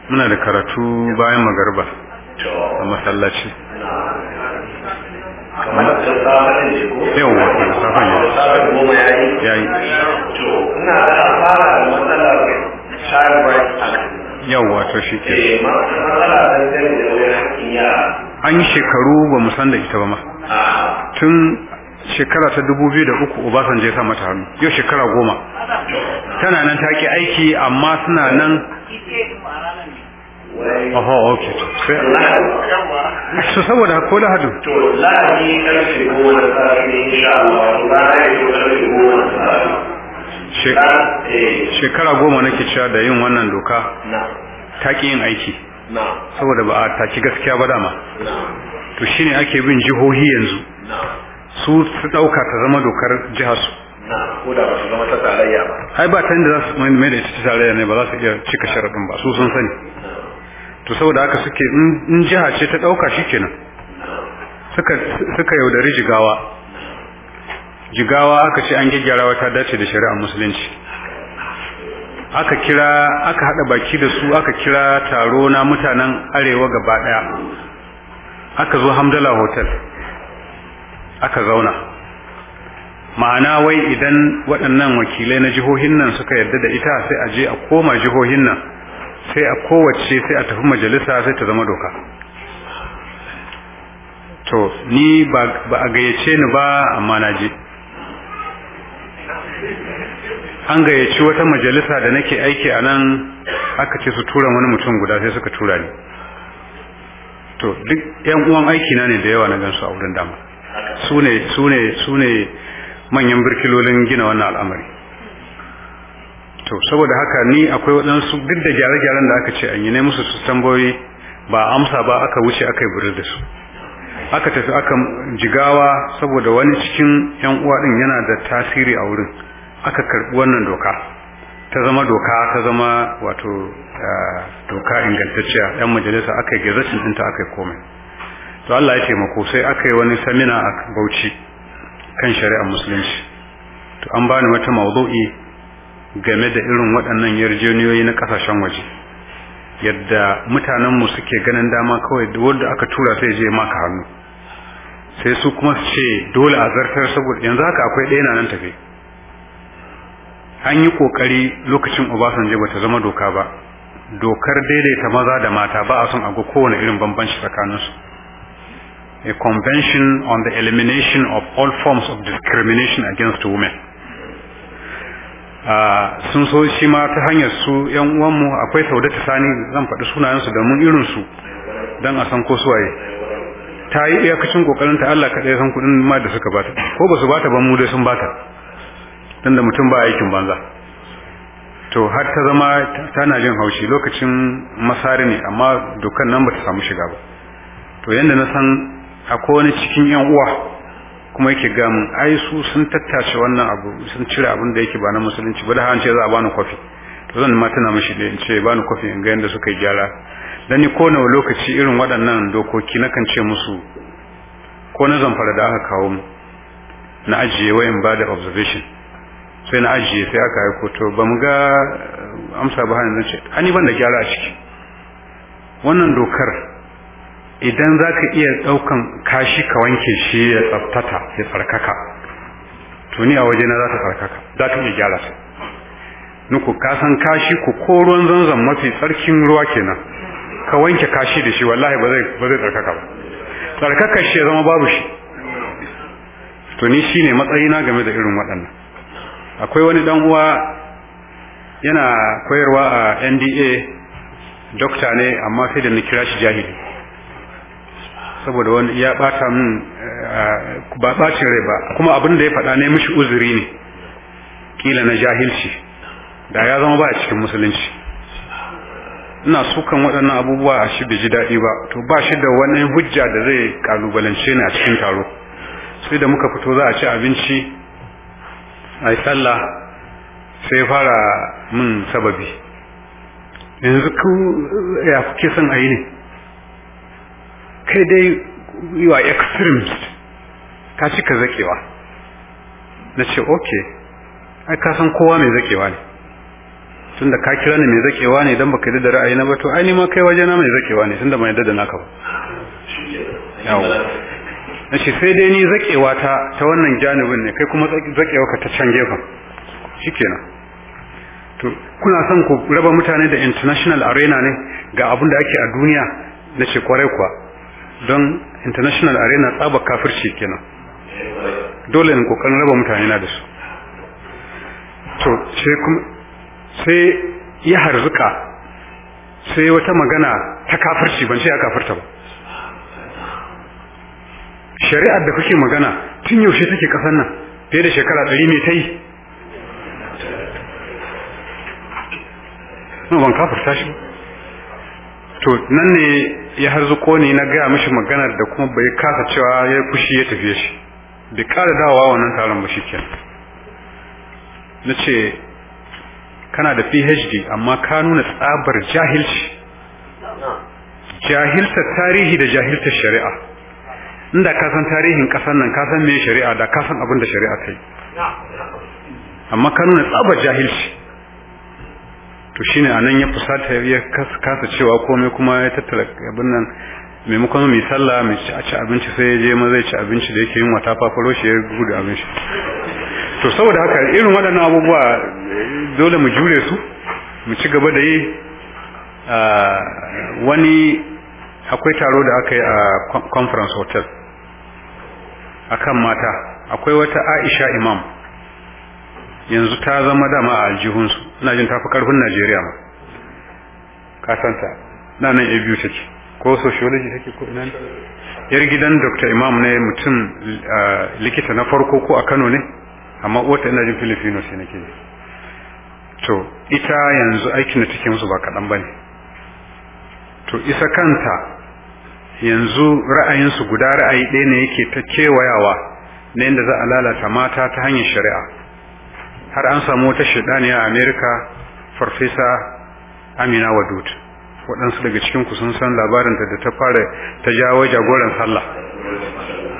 muna da karatu bayan magarba a masallaci yawa to shi ke an shekaru ba san da ita ba ma tun shekara ta dubu biyu da uku obasanjo ya sa mata hannu yau shekara goma tana nan ta ki aiki amma suna nan Aha, ok. Su saboda ko To, lahadi ƙarfe goma da safe, Eh. shekara goma nake cewa da yin wannan doka ta ki yin aiki saboda ba a taki gaskiya ba dama to shine ake bin jihohi yanzu su su ɗauka ta zama dokar jiha su ko da ba su zama ta tarayya ba ai ba ta inda za su mai da ita ta tarayya ne ba za su iya cika sharaɗin ba su sun sani to saboda haka suke in jiha ce ta ɗauka shi kenan suka yaudari jigawa jigawa aka ce an gyaggyara wata dace da shari'ar musulunci aka kira aka hada baki da su aka kira taro na mutanen arewa gaba daya aka zo hamdala hotel aka zauna ma'ana wai idan waɗannan wakilai na jihohin nan suka yarda da ita sai a je a koma jihohin nan sai a kowace sai a tafi majalisa sai ta zama doka to ni ba a gayyace ni ba amma na je an gayyaci wata majalisa da nake aiki a nan aka ce su tura wani mutum guda sai suka tura ni to duk yan uwan aiki na ne da yawa na gansu a wurin dama su ne su ne su ne manyan birkilolin gina wannan al'amari to saboda haka ni akwai waɗansu duk da gyare-gyaren da aka ce an yi ne musu su tambayoyi ba amsa ba aka wuce aka yi burir da su aka tafi aka jigawa saboda wani cikin yan uwa din yana da tasiri a wurin aka karbi wannan doka ta zama doka ta zama wato doka ingantacciya yan majalisa aka yi gizacin ɗinta aka yi komai to Allah ya taimako sai aka yi wani samina a bauchi kan shari'ar musulunci to an bani wata mawdu'i game da irin waɗannan yarjejeniyoyi na kasashen waje yadda mutanen mu suke ganin dama kawai da wanda aka tura sai je maka hannu sai su kuma su ce dole a zartar saboda yanzu haka akwai ɗaya na nan tafi an yi kokari lokacin obasanjo bata zama doka ba dokar daidaita maza da mata ba a son a ga kowane irin bambanci tsakaninsu a convention on the elimination of all forms of discrimination against women ah, sun so shi ma ta hanyar su yan uwanmu akwai saudata sani zan faɗi sunayensu domin irinsu don a san ko suwaye ta yi iyakacin kokarin ta Allah kaɗai san kuɗin ma da suka bata ko ba su bata ba mu dai sun bata tunda mutum ba aikin banza to har ta zama tana jin haushi lokacin masari ne amma dukkan nan ba ta samu shiga ba to yanda na san akwai wani cikin yan uwa kuma yake ga mun ai su sun tattace wannan abu sun cire abin da yake ba na musulunci ba da hanci za a bani kofi to zan ma tana mishi da ce bani kofi in ga yanda suka yi gyara dan ni ko nawa lokaci irin waɗannan dokoki nakan ce musu ko na zamfara da aka kawo mu na ajiye wayan ba da observation sai na ajiye sai aka haiko to ba mu ga eh, amsa ba hannun ce hani ban da gyara a ciki wannan dokar idan za ka iya ɗaukan kashi ka wanke shi ya tsaftata ya tsarkaka to ni a waje na za ta tsarkaka za ka iya gyara sai nuku ka san kashi ku ko ruwan zanzan mafi tsarkin ruwa kenan ka wanke kashi da shi wallahi ba zai tsarkaka ba tsarkaka shi ya zama babu shi to ni shine matsayina game da irin waɗannan akwai wani dan uwa yana koyarwa a NDA dokta ne amma sai da na kira shi jahili saboda wani ya bata min eh, ba bacin rai ba kuma abin da ya faɗa ne mishi uzuri ne kila na jahilci da ya zama ba a cikin musulunci ina sukan waɗannan abubuwa a shi ji daɗi ba to ba shi da wani hujja da zai kalubalance ni a cikin taro sai da muka fito za a ci abinci a sallah sai fara min sababi yanzu ku ya kuke son a yi ne kai dai yiwa extremist ka cika zakewa na ce ok ai ka san kowa mai zakewa ne tunda ka kira ni mai zakewa ne dan baka yarda da ra'ayi na ba to ai ni ma kai waje na mai zakewa ne tunda mai yarda da naka ba yawo. na ce sai dai ni zakewa ta ta wannan janibin ne kai kuma zakewa ka ta can gefen shikenan to kuna son ku raba mutane da international arena ne ga abin da ake a duniya na ce kwarai kuwa don international arena tsaba kafirci kenan dole ne kokarin raba mutane na da su to sai ya harzuka sai wata magana ta kafirci ban ce ya kafirta ba shari'ar da kuke magana tun yaushe take kasan nan fiye da shekara ɗari ne ta yi na ban kafar shi to nan ne ya harzuko ne na gaya mashi maganar da kuma bai kasa cewa ya kushi ya tafiye shi bai kara dawowa wannan taron ba shikenan na ce kana da phd amma ka nuna tsabar jahilci jahiltar tarihi da jahiltar shari'a inda ka san tarihin kasan nan ka san me shari'a da ka san abin da shari'a ta yi amma ka nuna tsabar jahilci to shine anan ya fusata ya kasa cewa komai kuma ya tattara abin nan maimakon mai sallah mai ci ci abinci sai ya je ma zai ci abinci da yake yin wata fafaro shi ya gudu abinci. to saboda haka irin waɗannan abubuwa dole mu jure su mu ci gaba da yi ah, wani akwai taro da aka yi a conference hotel akan mata akwai wata Aisha Imam yanzu ta zama dama a aljihunsu ina jin tafi karfin Najeriya ma kasanta na nan abu take ko sociology take ko ina yar gidan Dr. Imam ne mutum likita na farko ko a Kano ne amma wata ina jin Filipino sai nake to ita yanzu aikin da take musu ba kaɗan bane to isa kanta yanzu ra'ayinsu guda ra'ayi ɗaya ne yake ta kewayawa na yadda za a lalata mata ta hanyar shari'a har an samu wata ne a amerika farfesa amina wadud waɗansu daga cikin kusunsan sun san labarin da ta fara ta jawo jagoran sallah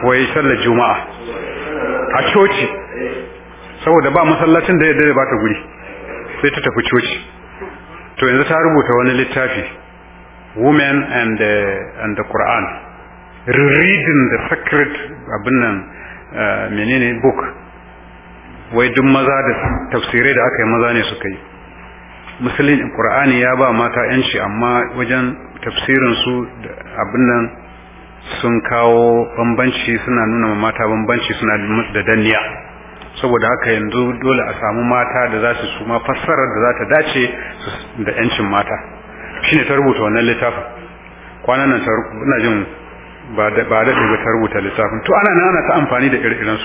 wai sallar juma'a a coci saboda ba masallacin da ya dare ba ta guri sai ta tafi coci to yanzu ta rubuta wani littafi women and the, uh, and the Quran rereading the sacred abin nan uh, menene book wai duk maza da tafsirai da aka yi maza ne suka yi musulun qur'ani ya ba mata yanci amma wajen tafsirin su abin nan sun kawo bambanci suna nuna mata bambanci suna da danniya saboda haka yanzu dole a samu mata da za su suma fassarar da za ta dace da yancin mata shine ta rubuta wannan littafin kwanan nan ta ina jin ba da ba ta rubuta littafin to ana nan ana ta amfani da ire To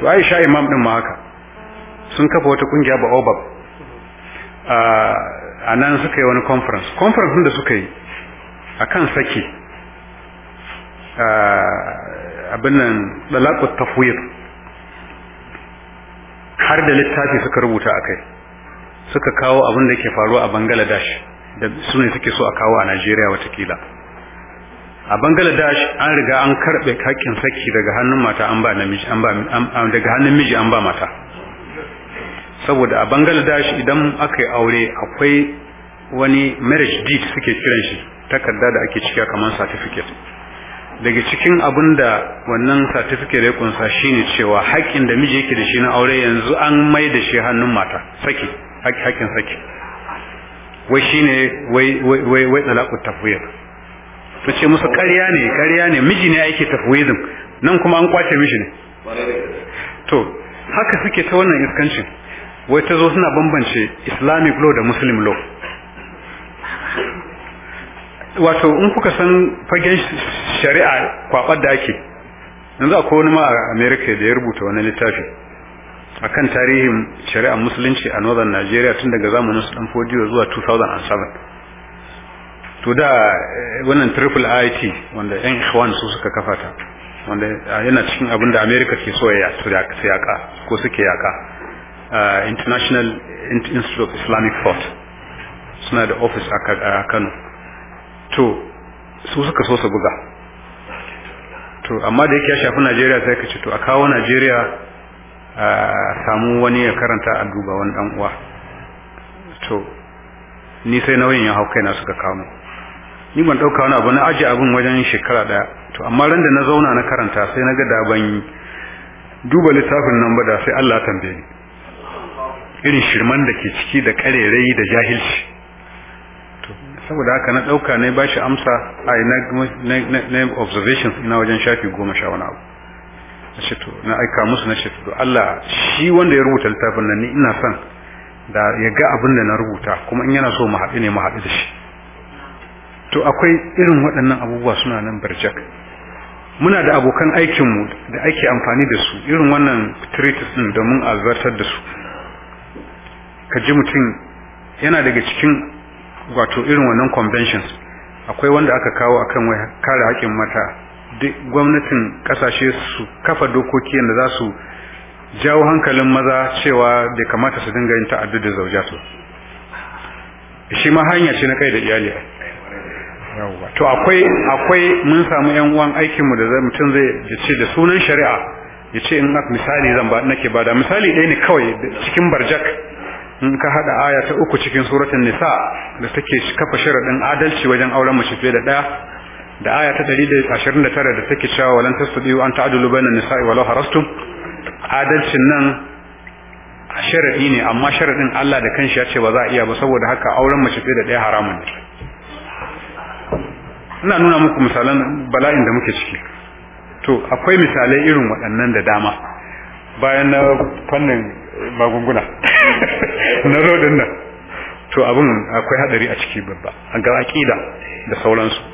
to Aisha Imam din ma haka sun kafa wata kungiya ba Obab a nan suka yi wani conference conference da suka yi a kan saki abin nan dalaqut tafwid har da littafi suka rubuta a kai, suka kawo abin da ke faruwa a bangaladesh da su ne suke so a kawo a Najeriya watakila a Bangladesh an riga an karbe hakkin saki daga hannun mata an ba namiji an ba daga hannun miji an ba mata saboda a Bangladesh idan aka yi aure akwai wani marriage deed suke kiran shi takarda da ake cika kamar certificate daga cikin abin wannan certificate ya kunsa shine cewa haƙƙin da miji yake da shi na aure yanzu an mai da shi hannun mata saki haƙƙin saki wai shine wai wai wai talaqut tafwid to ce musu ƙarya ne ƙarya ne miji ne yake tafwidin nan kuma an kwace mishi ne to haka suke ta wannan iskancin wai ta zo suna bambance islamic law da muslim law wato in kuka san fagen shari'a kwabar da ake yanzu akwai wani ma a america da ya rubuta wani littafi akan tarihin shari'ar musulunci a northern Nigeria tun daga zamanin su dan fodiyo zuwa 2007 to da eh, wannan triple IT wanda yan ikhwan su suka kafa ta wanda ah, yana cikin abin da America ke so ya yaka ko suke yaka ah, International Institute of Islamic Thought suna da office a Kano to su suka so su buga to amma da yake ya shafi Najeriya sai ka ce to a kawo Najeriya A samu wani ya karanta a duba wani dan uwa to ni sai nauyin ya hau kai na suka kamo ni ban dauka wani abu na ajiye abin wajen shekara daya to amma ran da na zauna na karanta sai na ga da ban duba littafin nan ba da sai Allah tambaye ni irin shirman da ke ciki da karerai da jahilci to saboda haka na dauka ne bashi amsa a na observations ina wajen shafi goma sha wani abu Na shito na aika musu na shito Allah shi wanda ya rubuta littafin nan ni ina son da ya ga abin da na rubuta kuma in yana so mu haɗu ne mu haɗu da shi to akwai irin waɗannan abubuwa suna nan barjak muna da abokan aikinmu da ake amfani da su irin wannan treatise din mun azartar da su ka ji mutum yana daga cikin wato irin wannan conventions akwai wanda aka kawo akan wai kare haƙƙin mata gwamnatin kasashe su kafa dokoki da za su jawo hankalin maza cewa bai kamata su dinga yin ta'addu da zaujatu shi ma hanya ce na kai da iyali to akwai akwai mun samu yan uwan aikin mu da mutum zai ce da sunan shari'a ya ce in misali zan ba nake bada misali ɗaya ne kawai cikin barjak in ka hada aya ta uku cikin suratul nisa da take kafa sharadin adalci wajen auren mace fiye da daya da aya ta 129 da take cewa walan tasbiu an ta'dulu bainan nisa'i walau harastum adalcin nan sharaɗi sharadi ne amma sharadin Allah da kanshi ya ce ba za a iya ba saboda haka auren mace da ɗaya haramun ne ina nuna muku misalan bala'in da muke ciki to akwai misalai irin waɗannan da dama bayan na fannin magunguna (laughs) na rodin nan to abin akwai hadari a ciki babba a ga aƙida da sauransu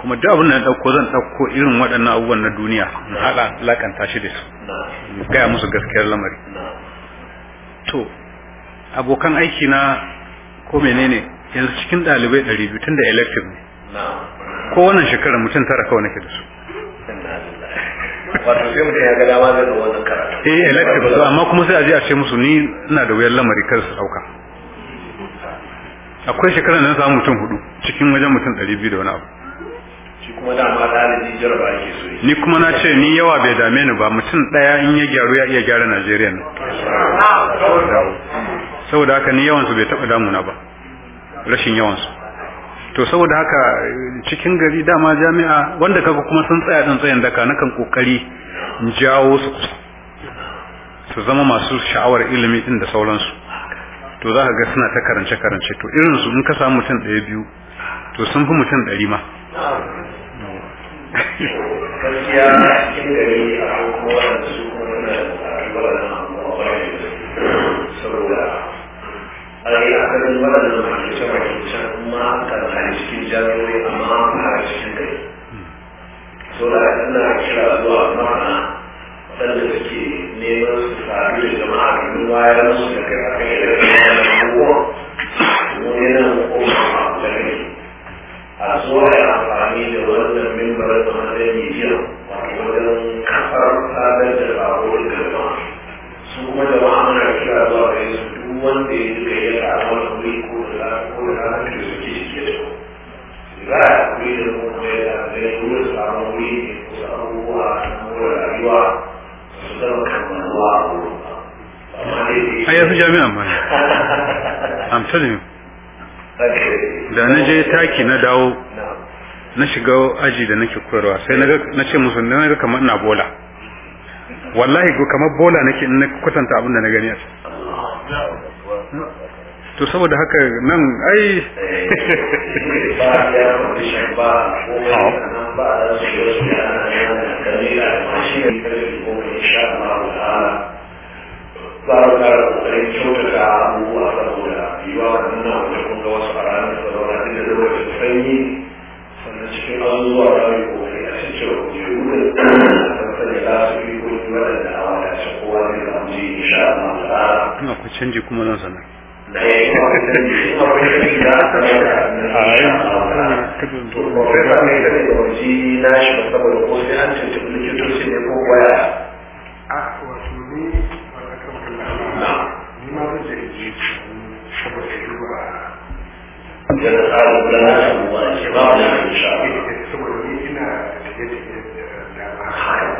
kuma duk abin da na ɗauko zan ɗauko irin waɗannan abubuwan na duniya na haɗa lakanta shi da su gaya musu gaskiyar lamari to abokan aiki na ko menene yanzu cikin ɗalibai ɗari biyu tun da elective ne ko wannan shekarar mutum tara kawai nake da su mutum ya ga eh elective amma kuma sai a je a ce musu ni ina da wuyar lamari kar su ɗauka akwai shekarar da na samu mutum hudu cikin wajen mutum ɗari biyu da wani abu ni kuma na ce ni yawa bai dame ni ba mutum daya in ya gyaru ya iya gyara Najeriya ne saboda haka ni yawansu bai taɓa damuna ba rashin yawansu to saboda haka cikin gari dama jami'a wanda kaga kuma sun tsaya dan tsayin daka na nakan kokari jawo su su zama masu sha'awar ilimi din da sauransu to za ka ga suna ta karance karance to irin su in ka samu mutum ɗaya biyu to sun fi mutum ɗari ma gaskiya cikin gari a kowane su kuma suna albalar amma wani saboda alayi asalin waɗannan makice-makice ma kan hali cikin jami'oi amma har cikin gari so da ina kira zuwa ma'ana waɗanda suke neman su sami da jama'a domin wayar musu da kai akan yadda kuma yana komawa da a so amfani da wannan mimbar da wannan miliyan wato wajen kafar sadar da babuwar gaba su kuma da ma'amuna kira zuwa ga su wanda ya duka ya samu wani wuri ko da ko da ta da suke cike da za a kuri da kuma ya da ya wuri samu wuri ne ko abubuwa kuma wurin rayuwa su zama kammaluwa a wurin ba. ya fi jami'an ma. I'm telling you. da na je taki na dawo na shiga aji da nake koyarwa sai na ce musu na ga kamar ina bola wallahi ko kamar bola nake in na kwatanta abin da na gani a to saboda haka nan ai ba za a kara kokarin kyautata abubuwa saboda yiwa wannan wanda kun ga wasu a ranar da zauna duk da lokacin sanyi sannan cikin abubuwa za mu kokari a cikin cewa da tattalin za su yi koyi waɗanda a wadace kowa zai samu ji insha Allah ta'ala. kuma ku canji kuma zan sanar. a yi na shi ba saboda ko sai an tuntuɓi likitoci ne ko waya. A wato ne ni ma zan saboda in je ba ya duba tsarin da na samu ba ke ba wani abin sha saboda ni ina tafiye-tafiye da ba haya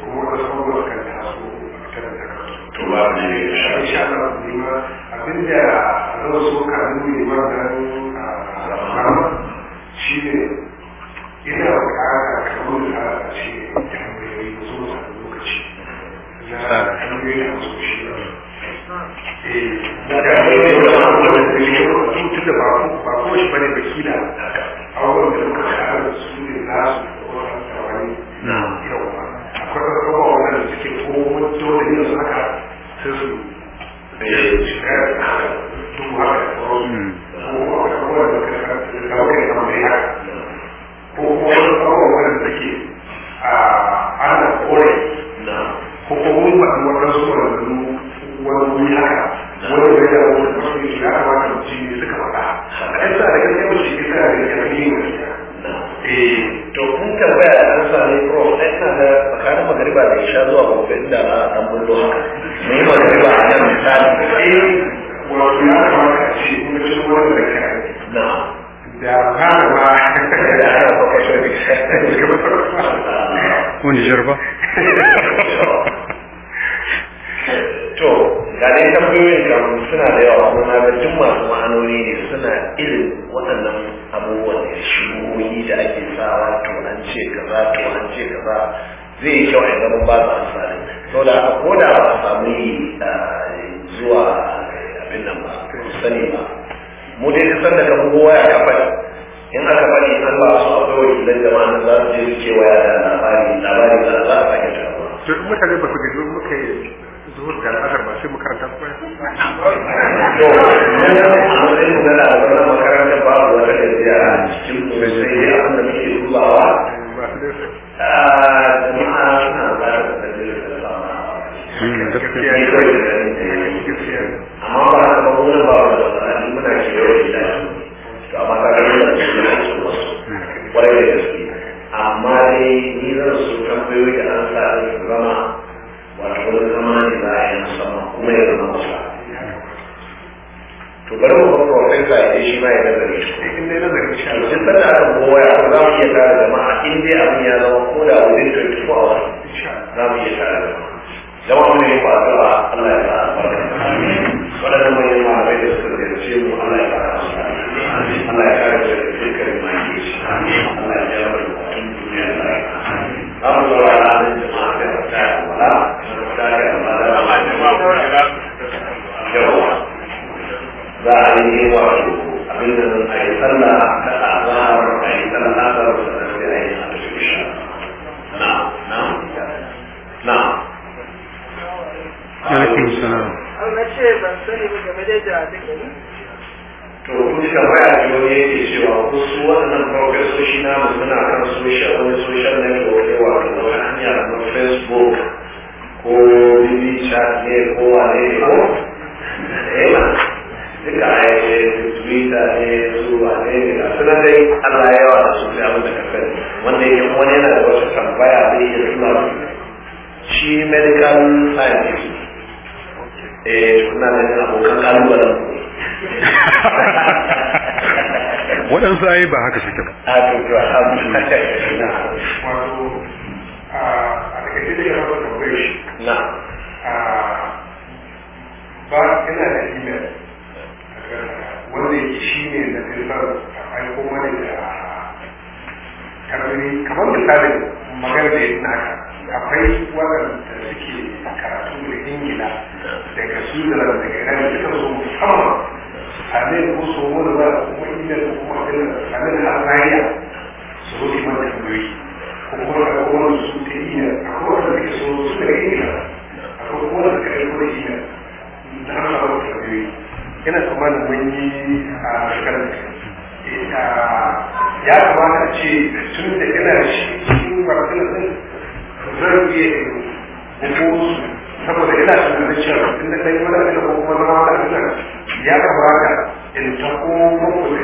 kuma wasu abubuwa kan taso tare da kansu to ba da ne sha sha ba ni ma abinda zan so ka nuni ma ganin shi ne ina bukata kamar da ce tambayoyi zuwa lokaci na tambayoyi a da ba ko shi bane bakila da muka shahara su ne nasu ko ko ko wani wuri wani da ya wani mutum ya kamata mutum ne suka faɗa a ɗan sa da kan yawan shi bisa da ƙarfi ne eh to kun tambaya an sami prof ɗan na da tsakanin magariba da isha zuwa gobe inda na ɗan bullo haka mai magariba a nan misali eh wato ya kamata a ce kuma shi wani da ka na da kana ba da ana kwakwato da shi wani jirba (laughs) to ga dai tambayoyin da suna da yawa kuma na jin masu ma'anoni ne suna irin waɗannan abubuwan da shigoyi da ake sawa to an ce kaza to an ce kaza zai yi kyau a gaban ba su amfani saboda da aka koda ba a samu yi zuwa abin nan ba sani ba mu dai ta san da kan kowa ya kafa in aka bari an ba su abu alƙawari idan jama'a na za su je su waya da labari labari za a sake taruwa. Duk mutane ba su gaji muka yi zuhur da al'asar ba sai makaranta su kwaya. To, nan da matsayin da na zama makarantar ba da wata cikin kuma sai ya abin da muke dubawa. Jama'a suna ba da tattalin da ba. Gaskiya ne. Gaskiya ne. Amma ba a zama wani ba da tsananin muna kewaye da to amma ta gani da su ne wasu. da gaske. Amma dai ni zan so tambayoyi da an sa zama wato wani za a yi musamman kuma ya zama musa to bari mu kuma profesa ya shi ma ya nazari shi in dai nazari shi to da aka gowa ya za mu iya tare jama'a in dai abin ya zama ko da wajen 24 hours za mu iya tare jama'a jama'a ne ba ta ba Allah ya sa albarka wadannan manyan malamai da suka ziyarce mu Allah ya kara su Allah ya kara su da dukkan maki Allah ya jabar da duniya da za mu zo ranar jama'a da ta za a yi wato abinda zan a yi sallah ta azhar a yi sallah azhar sannan sai a yi al-isha na na na alaikum ce ban sani ba game da to kun tambaya ne wani yake cewa wasu waɗannan farfesoshi na mu suna kan social wani social network ne wato na wani hanya na facebook ko bibi chat ne ko wane ne ko eh, duka ayyukan twitter ne su ne ne ga suna dai allah yawa da su da wanda wanda yake wani yana da wasu tambaya zai iya suna shi medical scientist eh suna da abokan kalubalen waɗansu ayi ba haka suke ba a to to alhamdulillah wato a takaice da yana ba tambaye shi na ba ina da email wanda yake shi ne na filfar aiko mana da karfi kamar misalin magana da yin haka akwai waɗanda suke karatu da ingila daga sudan daga iran da suka zo musamman a ne ko so wani ba kuma inda da kuma irin sanin su zo ko kuma da wani su ta iya akwai wanda suke so su daga ingila akwai kuma da suka aiko da ingila da hana ina tsammanin mun yi a shekarar ya kamata a ce tun da ina shi cikin barazana zan iya saboda ina da cewa tun da kai mana ina kuma zama wani abin ya kamata in ta kuma kuma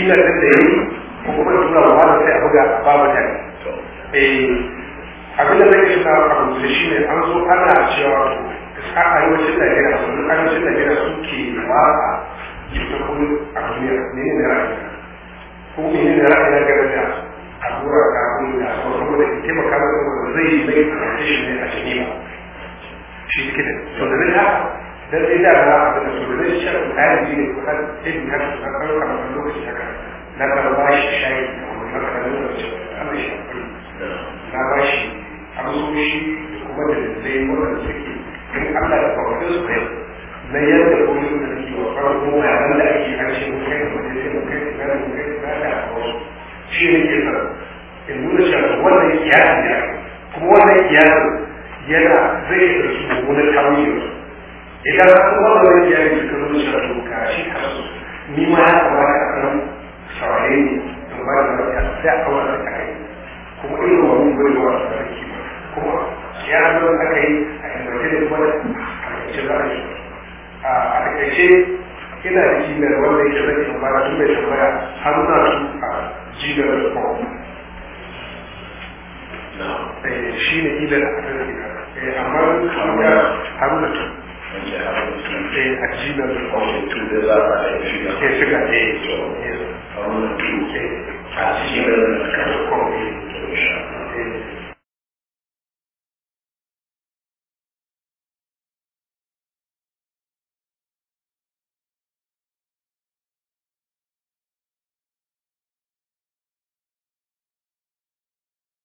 ina da da yi kuma tuna wa wani sai a buga a ba da eh, abin da zai shi na abu da shi ne an zo ana cewa a arewacin Najeriya su arewacin Najeriya suke watsa cutar kudu a duniya ne ne ra'ayi ko ne ne ra'ayi na game da allura ta kudu da sauran saboda ke taimaka masa wanda zai yi mai presentation ne a Geneva shi suke da to da zai haka dan zai da na abin da to da zai shi a tsarin ne ko har sai har su kan kan kan lokaci haka na kan ba shi shayi na kan lokaci an shi na ba shi an so da kuma da zai wanda suke sai Allah da kwamfin su kai na yadda kuma da ke wa farko na nan da ake hanci mu kai mu kai mu kai mu kai mu kai mu kai da wasu shi ne ke nan in nuna cewa wannan kiyasin ne kuma wannan kiyasin yana zai da su wani tawiyar idan kuma wannan ne suka nuna cewa to ka shi kansu ni ma ya kamata a san saurayi ne don ba da lafiya sai a kawar da kai kuma irin wannan gwajewa da sarki kuma ya hannu aka yi a yanzu da kuma a cikin rami a takaice ina jinar wanda yake zai tambaya tun bai tambaya har na su a jinar da kuma shi ne idan a tattalin amma haruna haruna tun a jinar da kuma da za a shiga ke shiga ne haruna tun a jinar da kuma